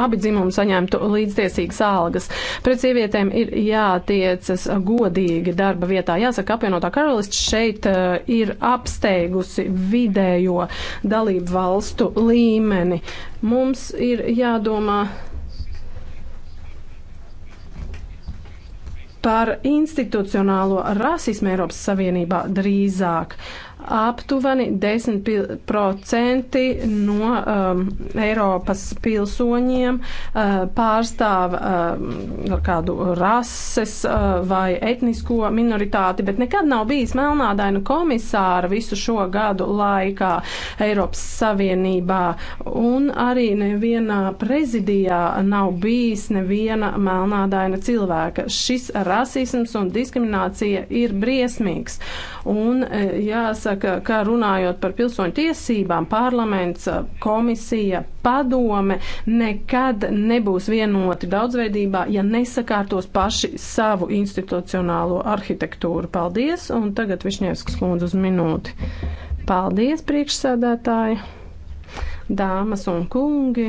abi dzimumi saņemtu līdztiesīgas algas. Pret sievietēm ir jātiecas godīgi darba vietā. Jāsaka, apvienotā karalists šeit uh, ir apsteigusi vidējo dalību valstu līmeni. Mums ir jādomā par institucionālo rasismu Eiropas Savienībā drīzāk. Uh, Aptuveni 10% no um, Eiropas pilsoņiem uh, pārstāv uh, kādu rases uh, vai etnisko minoritāti, bet nekad nav bijis melnādainu komisāra visu šo gadu laikā Eiropas Savienībā. Un arī nevienā prezidijā nav bijis neviena melnādaina cilvēka. Šis rasisms un diskriminācija ir briesmīgs. Uh, Un e, jāsaka, ka runājot par pilsoņu tiesībām, parlaments, e, komisija, padome nekad nebūs vienoti daudzveidībā, ja nesakārtos paši savu institucionālo arhitektūru. Paldies! Un tagad Višņevskas lūdzu uz minūti. Paldies, priekšsēdētāji, dāmas un kungi!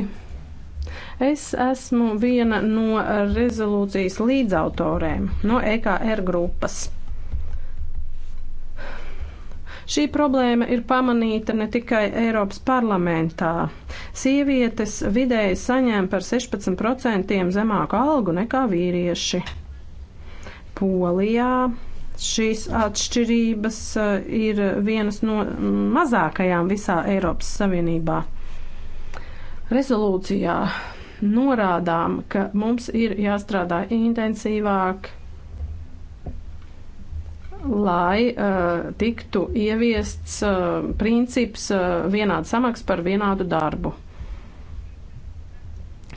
Es esmu viena no rezolūcijas līdzautorēm no EKR grupas. Šī problēma ir pamanīta ne tikai Eiropas parlamentā. Sievietes vidēji saņem par 16% zemāku algu nekā vīrieši. Polijā šīs atšķirības eh, ir vienas no mazākajām visā Eiropas Savienībā. Rezolūcijā norādām, ka mums ir jāstrādā intensīvāk, lai uh, tiktu ieviests uh, princips uh, vienāda samaksa par vienādu darbu.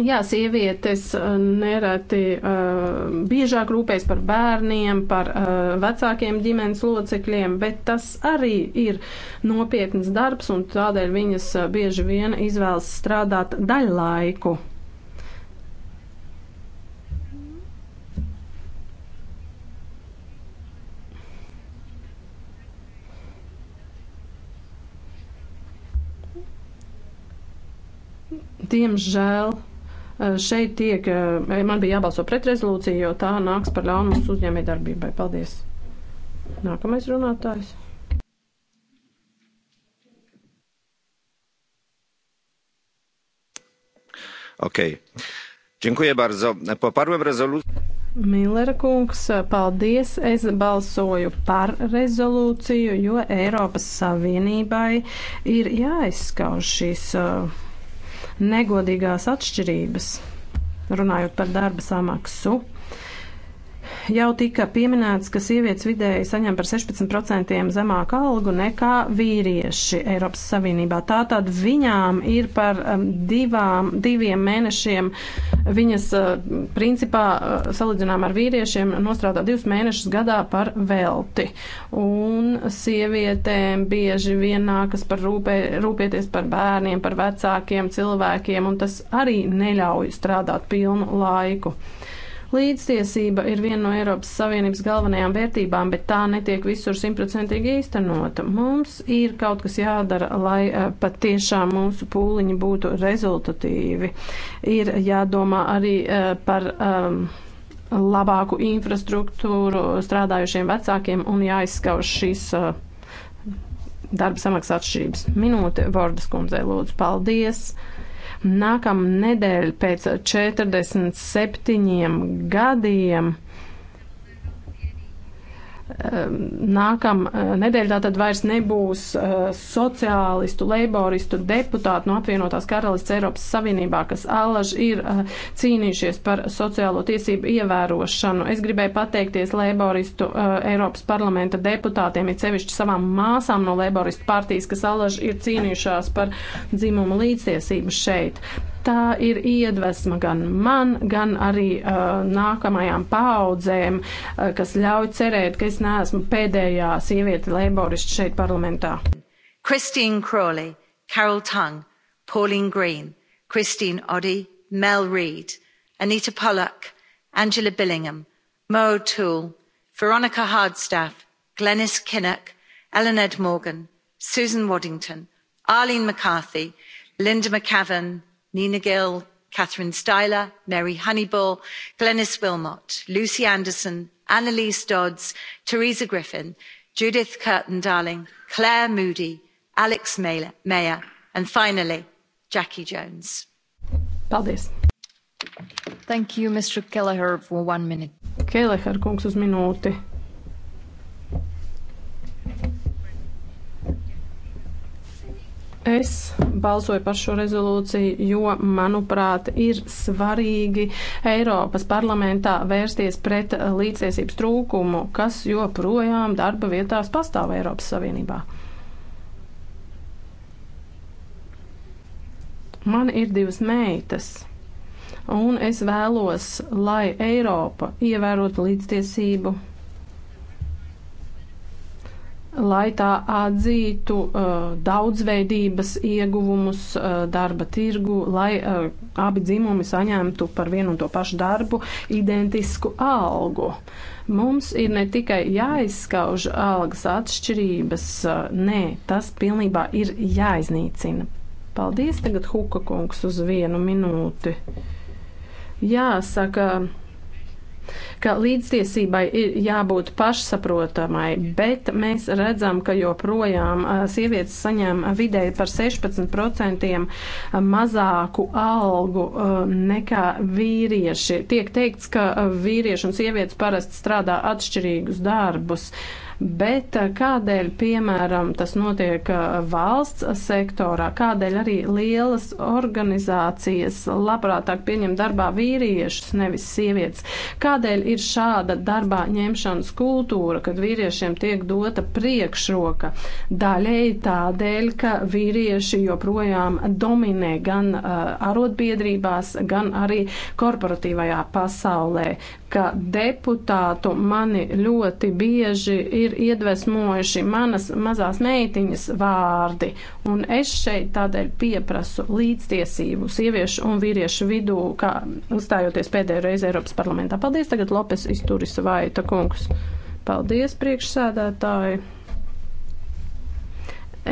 Jā, sievietes nereti uh, biežāk rūpēs par bērniem, par uh, vecākiem ģimenes locekļiem, bet tas arī ir nopietns darbs un tādēļ viņas bieži vien izvēlas strādāt daļlaiku. Diemžēl eh, šeit tiek, eh, man bija jābalso pret rezolūciju, jo tā nāks par ļaunu mūsu uzņēmē darbībai. Paldies. Nākamais runātājs. Okej. Okay. Dziękuję bardzo. Poparłem rezolucję. Millera kungs, paldies! Es balsoju par rezolūciju, jo Eiropas Savienībai ir jāizskauž šīs uh, eh, negodīgās atšķirības, runājot par darba samaksu. Jau tika pieminēts, ka sievietes vidēji saņem par 16% zemāku algu nekā vīrieši Eiropas Savienībā. Tātad viņām ir par um, divām, diviem mēnešiem viņas uh, principā uh, salīdzinām ar vīriešiem nostrādā divus mēnešus gadā par velti. Un sievietēm bieži vien nākas par rūpē, rūpieties par bērniem, par vecākiem cilvēkiem, un tas arī neļauj strādāt pilnu laiku. Līdztiesība ir viena no Eiropas Savienības galvenajām vērtībām, bet tā netiek visur simtprocentīgi īstenota. Mums ir kaut kas jādara, lai eh, pat tiešām mūsu pūliņi būtu rezultatīvi. Ir jādomā arī eh, par. Um, labāku infrastruktūru strādājušiem vecākiem un jāizskauž šīs uh, eh, darba samaksas atšķirības. Minūte Vordas kundzei lūdzu. Paldies! Nākamā nedēļa pēc 47 gadiem Ehm, nākam eh, nedēļ tātad vairs nebūs eh, sociālistu, leiboristu deputātu no apvienotās karalists Eiropas Savienībā, kas allaži ir eh, cīnījušies par sociālo tiesību ievērošanu. Es gribēju pateikties leiboristu Eiropas parlamenta deputātiem, ir sevišķi savām māsām no leiboristu partijas, kas allaži ir cīnījušās par dzimumu līdztiesību šeit tā ir iedvesma gan man, gan arī uh, nākamajām paudzēm, uh, kas ļauj cerēt, ka es neesmu pēdējā sieviete leiboristi šeit parlamentā. Christine Crawley, Carol Tung, Pauline Green, Christine Oddy, Mel Reid, Anita Pollock, Angela Billingham, Mo O'Toole, Veronica Hardstaff, Glenys Kinnock, Ellen Ed Morgan, Susan Waddington, Arlene McCarthy, Linda McCavan, nina gill catherine styler mary honeyball glenis willmott lucy anderson annelise dodds teresa griffin judith curtin darling claire moody alex mayer and finally jackie jones. paldies! Thank you, Mr. Kelleher, for one minute. Kelleher kungs uz minūti. Es balsoju par šo rezolūciju, jo, manuprāt, ir svarīgi Eiropas parlamentā vērsties pret līdziesības trūkumu, kas joprojām darba vietās pastāv Eiropas Savienībā. Man ir divas meitas, un es vēlos, lai Eiropa ievērotu līdztiesību lai tā atzītu uh, daudzveidības ieguvumus uh, darba tirgu, lai uh, abi dzimumi saņemtu par vienu un to pašu darbu identisku algu. Mums ir ne tikai jāizskauž algas atšķirības, uh, nē, tas pilnībā ir jāiznīcina. Paldies tagad Huka kungs uz vienu minūti. Jāsaka ka līdztiesībai ir jābūt pašsaprotamai, bet mēs redzam, ka joprojām sievietes saņem vidēji par 16% mazāku algu nekā vīrieši. Tiek teikts, ka vīrieši un sievietes parasti strādā atšķirīgus darbus. Uh, Bet eh, kādēļ, piemēram, tas notiek eh, valsts sektorā, kādēļ arī lielas organizācijas labprātāk pieņem darbā vīriešus, nevis sievietes? Kādēļ ir šāda darbā ņemšanas kultūra, kad vīriešiem tiek dota priekšroka? Daļēji tādēļ, ka vīrieši joprojām dominē gan uh, arotbiedrībās, gan arī korporatīvajā pasaulē ka deputātu mani ļoti bieži ir iedvesmojuši manas mazās meitiņas vārdi, un es šeit tādēļ pieprasu līdztiesību sieviešu un vīriešu vidū, kā uzstājoties pēdējo reizi Eiropas parlamentā. Paldies, tagad Lopes izturis Vaita kungs. Paldies, priekšsēdētāji!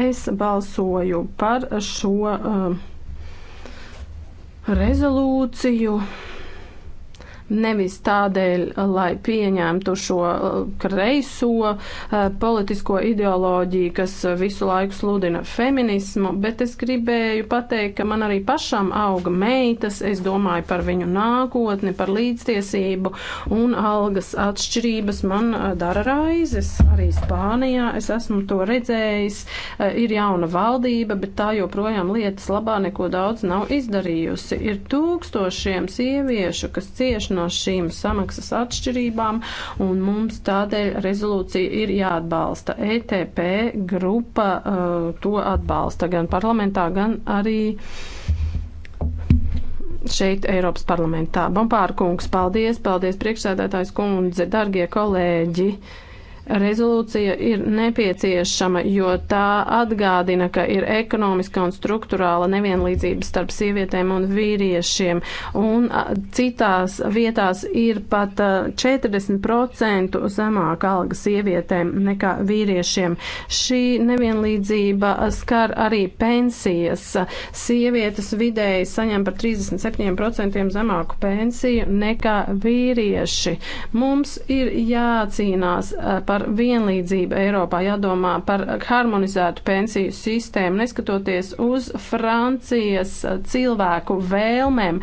Es balsoju par šo uh, rezolūciju nevis tādēļ, lai pieņemtu šo uh, kreiso uh, politisko ideoloģiju, kas uh, visu laiku sludina feminismu, bet es gribēju pateikt, ka man arī pašam auga meitas, es domāju par viņu nākotni, par līdztiesību un algas atšķirības man dara raizes. Arī Spānijā es esmu to redzējis, ir jauna valdība, bet tā joprojām lietas labā neko daudz nav izdarījusi. Ir tūkstošiem sieviešu, kas cieši no no šīm samaksas atšķirībām, un mums tādēļ rezolūcija ir jāatbalsta. ETP grupa uh, to atbalsta gan parlamentā, gan arī šeit Eiropas parlamentā. Bompārkungs, paldies, paldies priekšsēdētājs kundze, dargie kolēģi! Uh, Rezolūcija ir nepieciešama, jo tā atgādina, ka ir ekonomiska un struktūrāla nevienlīdzība starp sievietēm un vīriešiem, un citās vietās ir pat 40% zemāka alga sievietēm nekā vīriešiem. Šī nevienlīdzība skar arī pensijas. Sievietes vidēji saņem par 37% zemāku pensiju nekā vīrieši. Mums ir jācīnās par par vienlīdzību Eiropā, jādomā par harmonizētu pensiju sistēmu, neskatoties uz Francijas cilvēku vēlmēm.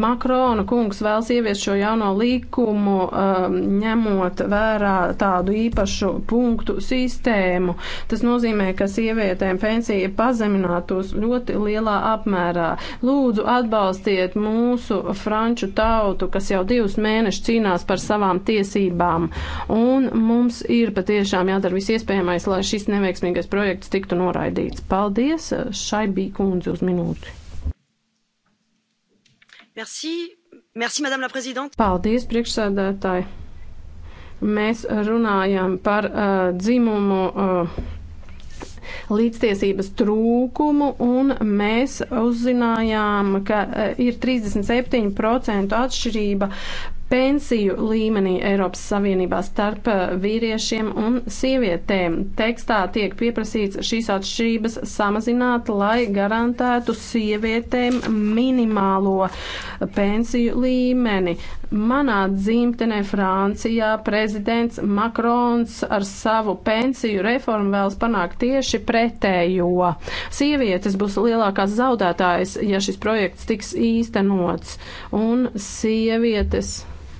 Makrona kungs vēlas ieviest šo jauno likumu, um, ņemot vērā tādu īpašu punktu sistēmu. Tas nozīmē, ka sievietēm pensija pazeminātos ļoti lielā apmērā. Lūdzu, atbalstiet mūsu franču tautu, kas jau divus mēnešus cīnās par savām tiesībām. Un mums ir patiešām jādara viss iespējamais, lai šis neveiksmīgais projekts tiktu noraidīts. Paldies, šai bija kundze uz minūti. Merci, merci, madame la prezidente. Paldies, priekšsēdētāji. Mēs runājam par uh, dzimumu. Uh, līdztiesības trūkumu, un mēs uzzinājām, ka uh, ir 37% atšķirība pensiju līmenī Eiropas Savienībā starp eh, vīriešiem un sievietēm. Tekstā tiek pieprasīts šīs atšķirības samazināt, lai garantētu sievietēm minimālo eh, pensiju līmeni. Manā dzimtenē Francijā prezidents Makrons ar savu pensiju reformu vēlas panākt tieši pretējo. Sievietes būs lielākās zaudētājas, ja šis projekts tiks īstenots. Un sievietes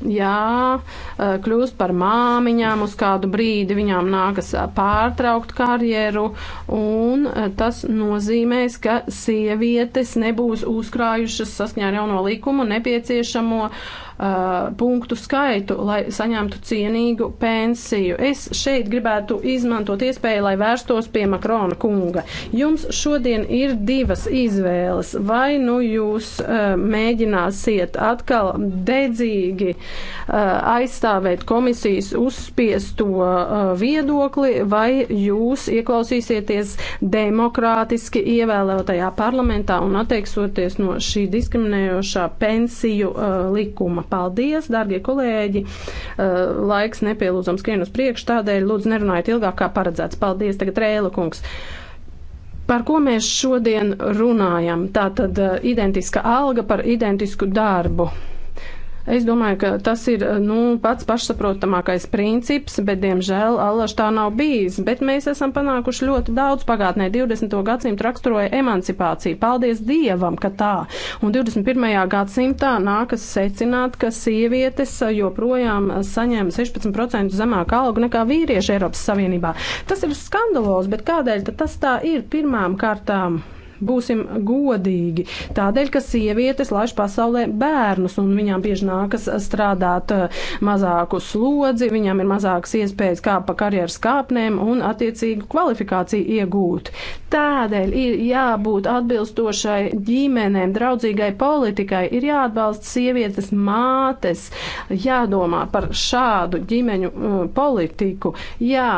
jā, e, kļūst par māmiņām, uz kādu brīdi viņām nākas e, pārtraukt karjeru, un e, tas nozīmēs, ka sievietes nebūs uzkrājušas saskņā ar jauno likumu nepieciešamo uh, uh, punktu skaitu, lai saņemtu cienīgu pensiju. Es šeit gribētu izmantot iespēju, lai vērstos pie Makrona kunga. Jums šodien ir divas izvēles. Vai nu jūs uh, mēģināsiet atkal dedzīgi uh, aizstāvēt komisijas uzspiesto uh, viedokli, vai jūs ieklausīsieties demokrātiski ievēlētajā parlamentā un attieksieties no šī diskriminējošā pensiju uh, likuma. Paldies, dārgie kolēģi! Uh, laiks nepielūdzams skrien uz priekšu, tādēļ lūdzu nerunājiet ilgāk kā paredzēts. Paldies, tagad Rēla kungs. Par ko mēs šodien runājam? Tā tad uh, identiska alga par identisku darbu. Es domāju, ka tas ir eh, nu, pats pašsaprotamākais princips, bet, diemžēl, allaž tā nav bijis. Bet mēs esam panākuši ļoti daudz pagātnē. 20. gadsimta raksturoja emancipācija. Paldies Dievam, ka tā. Un 21. gadsimtā nākas secināt, ka sievietes eh, joprojām eh, saņem 16% zemāku algu nekā vīrieši Eiropas Savienībā. Tas ir skandalos, bet kādēļ tas tā ir pirmām kārtām? Būsim godīgi. Tādēļ, ka sievietes laiž pasaulē bērnus un viņām bieži nākas strādāt eh, mazāku slodzi, viņām ir mazākas iespējas kā pa karjeras kāpnēm un attiecīgu kvalifikāciju iegūt. Tādēļ ir jābūt atbilstošai ģimenēm, draudzīgai politikai, ir jāatbalsta sievietes mātes, jādomā par šādu ģimeņu uh, politiku. Jā,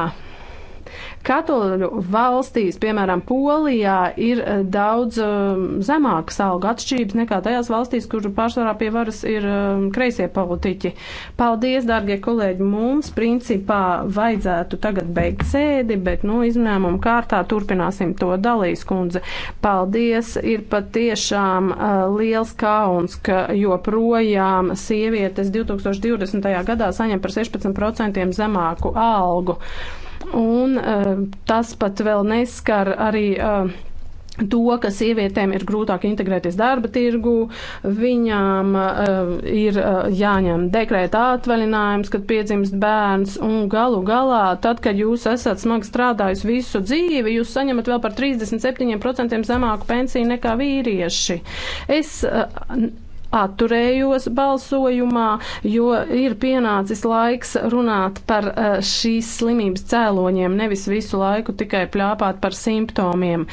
Katoļu valstīs, piemēram, Polijā, ir eh, daudz eh, zemākas algu atšķirības nekā tajās valstīs, kur pārsvarā pie varas ir eh, kreisie politiķi. Paldies, dārgie kolēģi, mums principā vajadzētu tagad beigt sēdi, bet, nu, izņēmumu kārtā turpināsim to dalīs, kundze. Paldies, ir patiešām uh, liels kauns, ka joprojām sievietes 2020. gadā saņem par 16% zemāku algu. Un uh, tas pat vēl neskar arī. Uh, To, ka sievietēm ir grūtāk integrēties darba tirgu, viņām uh, ir uh, jāņem dekrēta atvaļinājums, kad piedzimst bērns, un galu galā, tad, kad jūs esat smagi strādājis visu dzīvi, jūs saņemat vēl par 37% zemāku pensiju nekā vīrieši. Es uh, atturējos balsojumā, jo ir pienācis laiks runāt par eh, šīs slimības cēloņiem, nevis visu laiku tikai pļāpāt par simptomiem.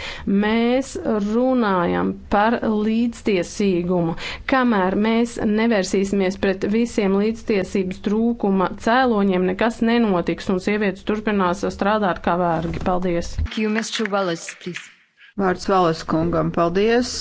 Mēs runājam par līdztiesīgumu. Kamēr mēs nevērsīsimies pret visiem līdztiesības trūkuma cēloņiem, nekas nenotiks un sievietes turpinās strādāt kā vērgi. Paldies! Vārds Valas kungam, paldies!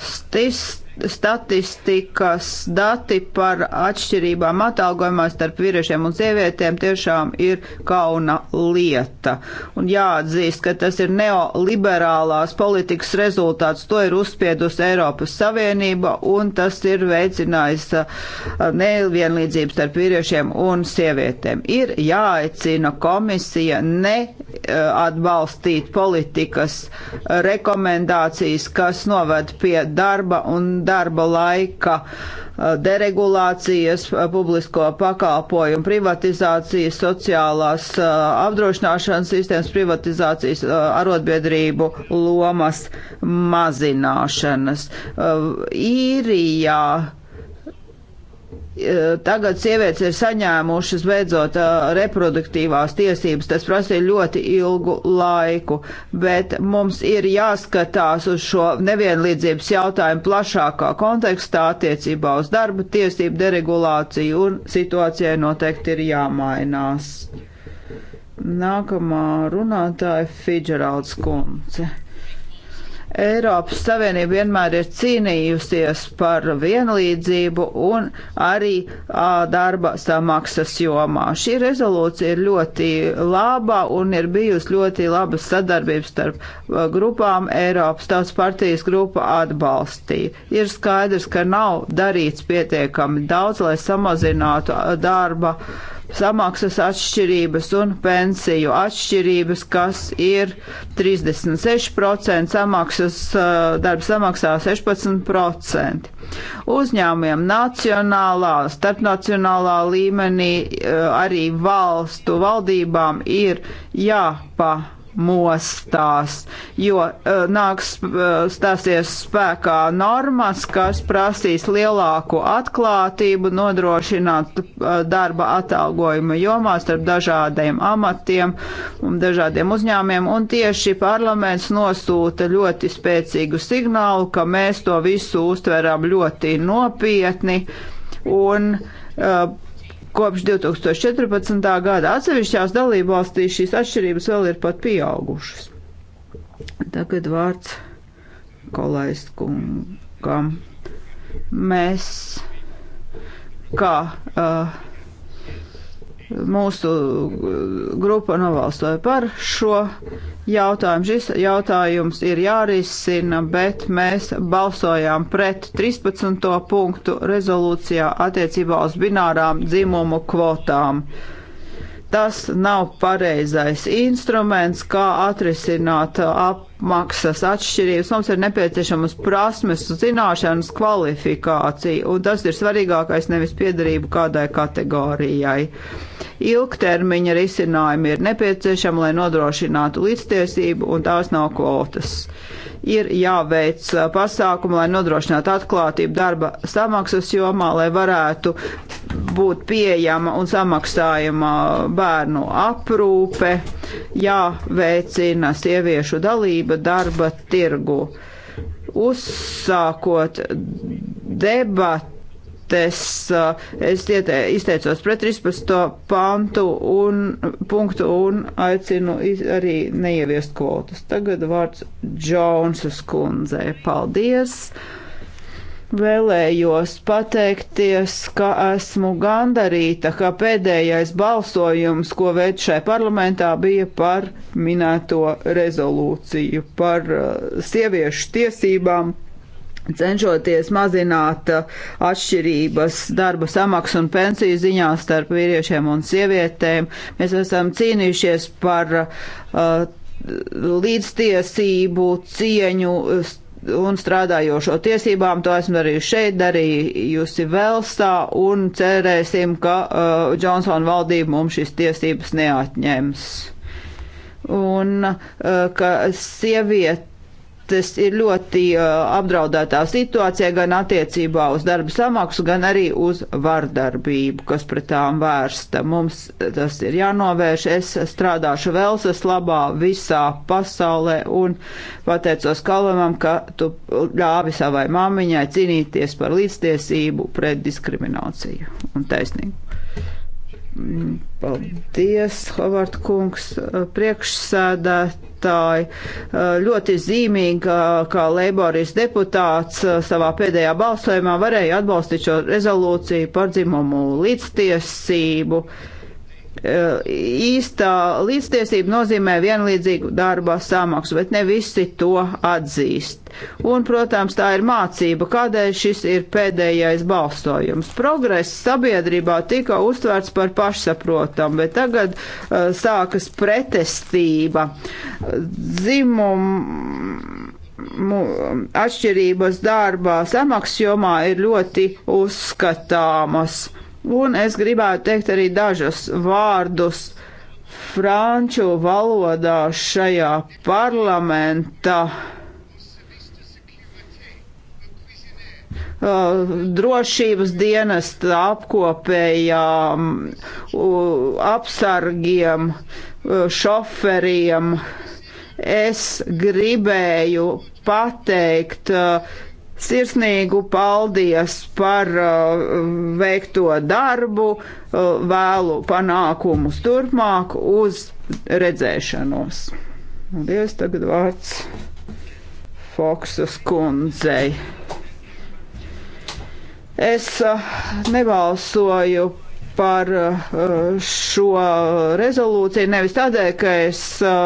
stist statistikas dati par atšķirībām atalgojumā starp vīriešiem un sievietēm tiešām ir kauna lieta. Un jāatzīst, ka tas ir neoliberālās politikas rezultāts. To ir uzspiedusi Eiropas Savienība un tas ir veicinājis nevienlīdzību starp vīriešiem un sievietēm. Ir jāaicina komisija neatbalstīt politikas rekomendācijas, kas noved pie darba un darba darba laika deregulācijas, publisko pakalpojumu privatizācijas, sociālās apdrošināšanas sistēmas privatizācijas, arotbiedrību lomas mazināšanas. Īrijā E, tagad sievietes ir saņēmušas beidzot e, reproduktīvās tiesības. Tas prasīja ļoti ilgu laiku, bet mums ir jāskatās uz šo nevienlīdzības jautājumu plašākā kontekstā attiecībā uz darba tiesību deregulāciju un situācijai noteikti ir jāmainās. Nākamā runātāja Fidžeralds Kunce. Eiropas Savienība vienmēr ir cīnījusies par vienlīdzību un arī a, darba samaksas jomā. Šī rezolūcija ir ļoti laba un ir bijusi ļoti laba sadarbība starp grupām. Eiropas Tautas partijas grupa atbalstīja. Ir skaidrs, ka nav darīts pietiekami daudz, lai samazinātu darba samaksas samaksas atšķirības un pensiju atšķirības, kas ir 36%, samaksas, darba samaksā 16%. Uzņēmumiem nacionālā, starpnacionālā līmenī arī valstu valdībām ir jāpa mostās, jo uh, nāks uh, stāsies spēkā normas, kas prasīs lielāku atklātību, nodrošināt uh, darba atalgojuma jomā starp dažādiem amatiem un dažādiem uzņēmiem, un tieši parlaments nosūta ļoti spēcīgu signālu, ka mēs to visu uztveram ļoti nopietni un uh, kopš 2014. gada. Atsevišķās dalībvalstīs šīs atšķirības vēl ir pat pieaugušas. Tagad vārds kolaistkungam. Mēs kā uh, mūsu uh, grupa novalstoja par šo jautājumu. Šis jautājums ir jārisina, bet mēs balsojām pret 13. punktu rezolūcijā attiecībā uz binārām dzimumu kvotām. Tas nav pareizais instruments, kā atrisināt uh, ap maksas atšķirības. Mums ir nepieciešamas prasmes, zināšanas, kvalifikācija, un tas ir svarīgākais nevis piedarību kādai kategorijai. Ilgtermiņa risinājumi ir nepieciešami, lai nodrošinātu līdztiesību, un tās nav kvotas. Uh, ir jāveic pasākumi, lai nodrošinātu atklātību darba samaksas jomā, lai varētu būt pieejama un samaksājama bērnu aprūpe, jāveicina sieviešu dalība darba tirgu. Uzsākot debatu debates. Es izteicos pret 13. pantu un punktu un aicinu arī neieviest kvotas. Tagad vārds Džonsas kundzei. Paldies! Vēlējos pateikties, ka esmu gandarīta, ka pēdējais balsojums, ko veic šai parlamentā, bija par minēto rezolūciju, par sieviešu tiesībām cenšoties mazināt uh, atšķirības darba samaksu un pensiju ziņā starp vīriešiem un sievietēm. Mēs esam cīnījušies par uh, līdztiesību, cieņu un strādājošo tiesībām. To esmu darījusi šeit, darījusi Velsā un cerēsim, ka uh, Džonsona valdība mums šīs tiesības neatņems un uh, ka sieviete valstis ir ļoti uh, apdraudētā situācijā gan attiecībā uz darba samaksu, gan arī uz vardarbību, kas pret tām vērsta. Mums tas ir jānovērš. Es strādāšu Velsas labā visā pasaulē un pateicos Kalvamam, ka tu ļāvi savai māmiņai cīnīties par līdztiesību pret diskrimināciju un taisnību. Paldies, Havard kungs, priekšsēdētāji. Ļoti zīmīgi, kā Leiboris deputāts savā pēdējā balsojumā varēja atbalstīt šo rezolūciju par dzimumu līdztiesību. Uh, Eh, īstā līdztiesība nozīmē vienlīdzīgu darba samaksu, bet ne visi to atzīst. Un, protams, tā ir mācība, kādēļ šis ir pēdējais balsojums. Progress sabiedrībā tika uztverts par pašsaprotam, bet tagad uh, sākas pretestība. Dzimum atšķirības darbā samaksas jomā ir ļoti uzskatāmas. Uh, Un es gribētu teikt arī dažus vārdus franču valodā šajā parlamentā. Uh, drošības dienesta apkopējām, apsargiem, šoferiem. Es gribēju pateikt uh, Sirsnīgu paldies par uh, veikto darbu, uh, vēlu panākumus turpmāk uz redzēšanos. Paldies, tagad vārds Foksas kundzei. Es uh, nebalsoju par eh, šo rezolūciju nevis tādēļ, ka es eh,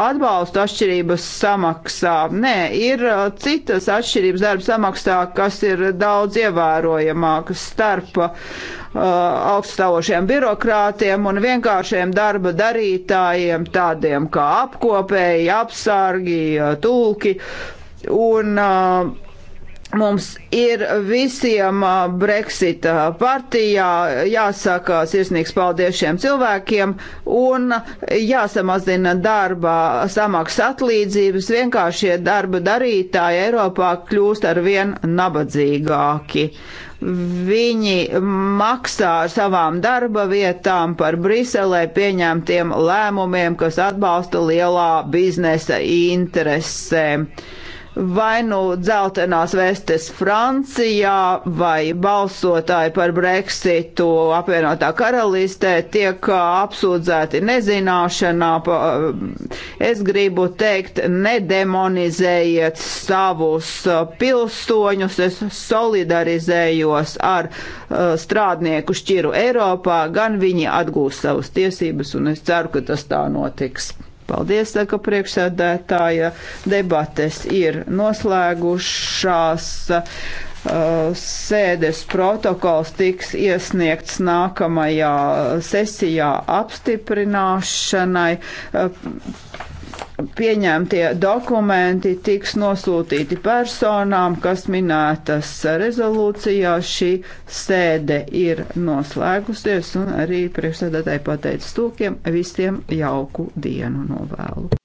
atbalstu atšķirības samaksā. Nē, ir eh, citas atšķirības darba samaksā, kas ir daudz ievērojamākas starp uh, augststāvošiem birokrātiem un vienkāršiem darba darītājiem, tādiem kā apkopēji, apsargi, tulki. Un, uh, Mums ir visiem Brexita partijā jāsaka sirsnīgs paldies šiem cilvēkiem un jāsamazina darba samaksas atlīdzības. Vienkāršie darba darītāji Eiropā kļūst ar vien nabadzīgāki. Viņi maksā ar savām darba vietām par Briselē pieņemtiem lēmumiem, kas atbalsta lielā biznesa interesēm vai nu dzeltenās vestes Francijā, vai balsotāji par Brexitu apvienotā karalistē tiek uh, apsūdzēti nezināšanā. Uh, es gribu teikt, nedemonizējiet savus uh, pilsoņus, es solidarizējos ar strādnieku šķiru Eiropā, gan viņi atgūs savas tiesības, un es ceru, ka tas tā notiks. Paldies, saka priekšsēdētāja. Debates ir noslēgušās. Uh, sēdes protokols tiks iesniegts nākamajā sesijā apstiprināšanai. Uh, pieņemtie dokumenti tiks nosūtīti personām, kas minētas rezolūcijā. Šī sēde ir noslēgusies un arī priekšsēdētāji pateica stūkiem visiem jauku dienu novēlu.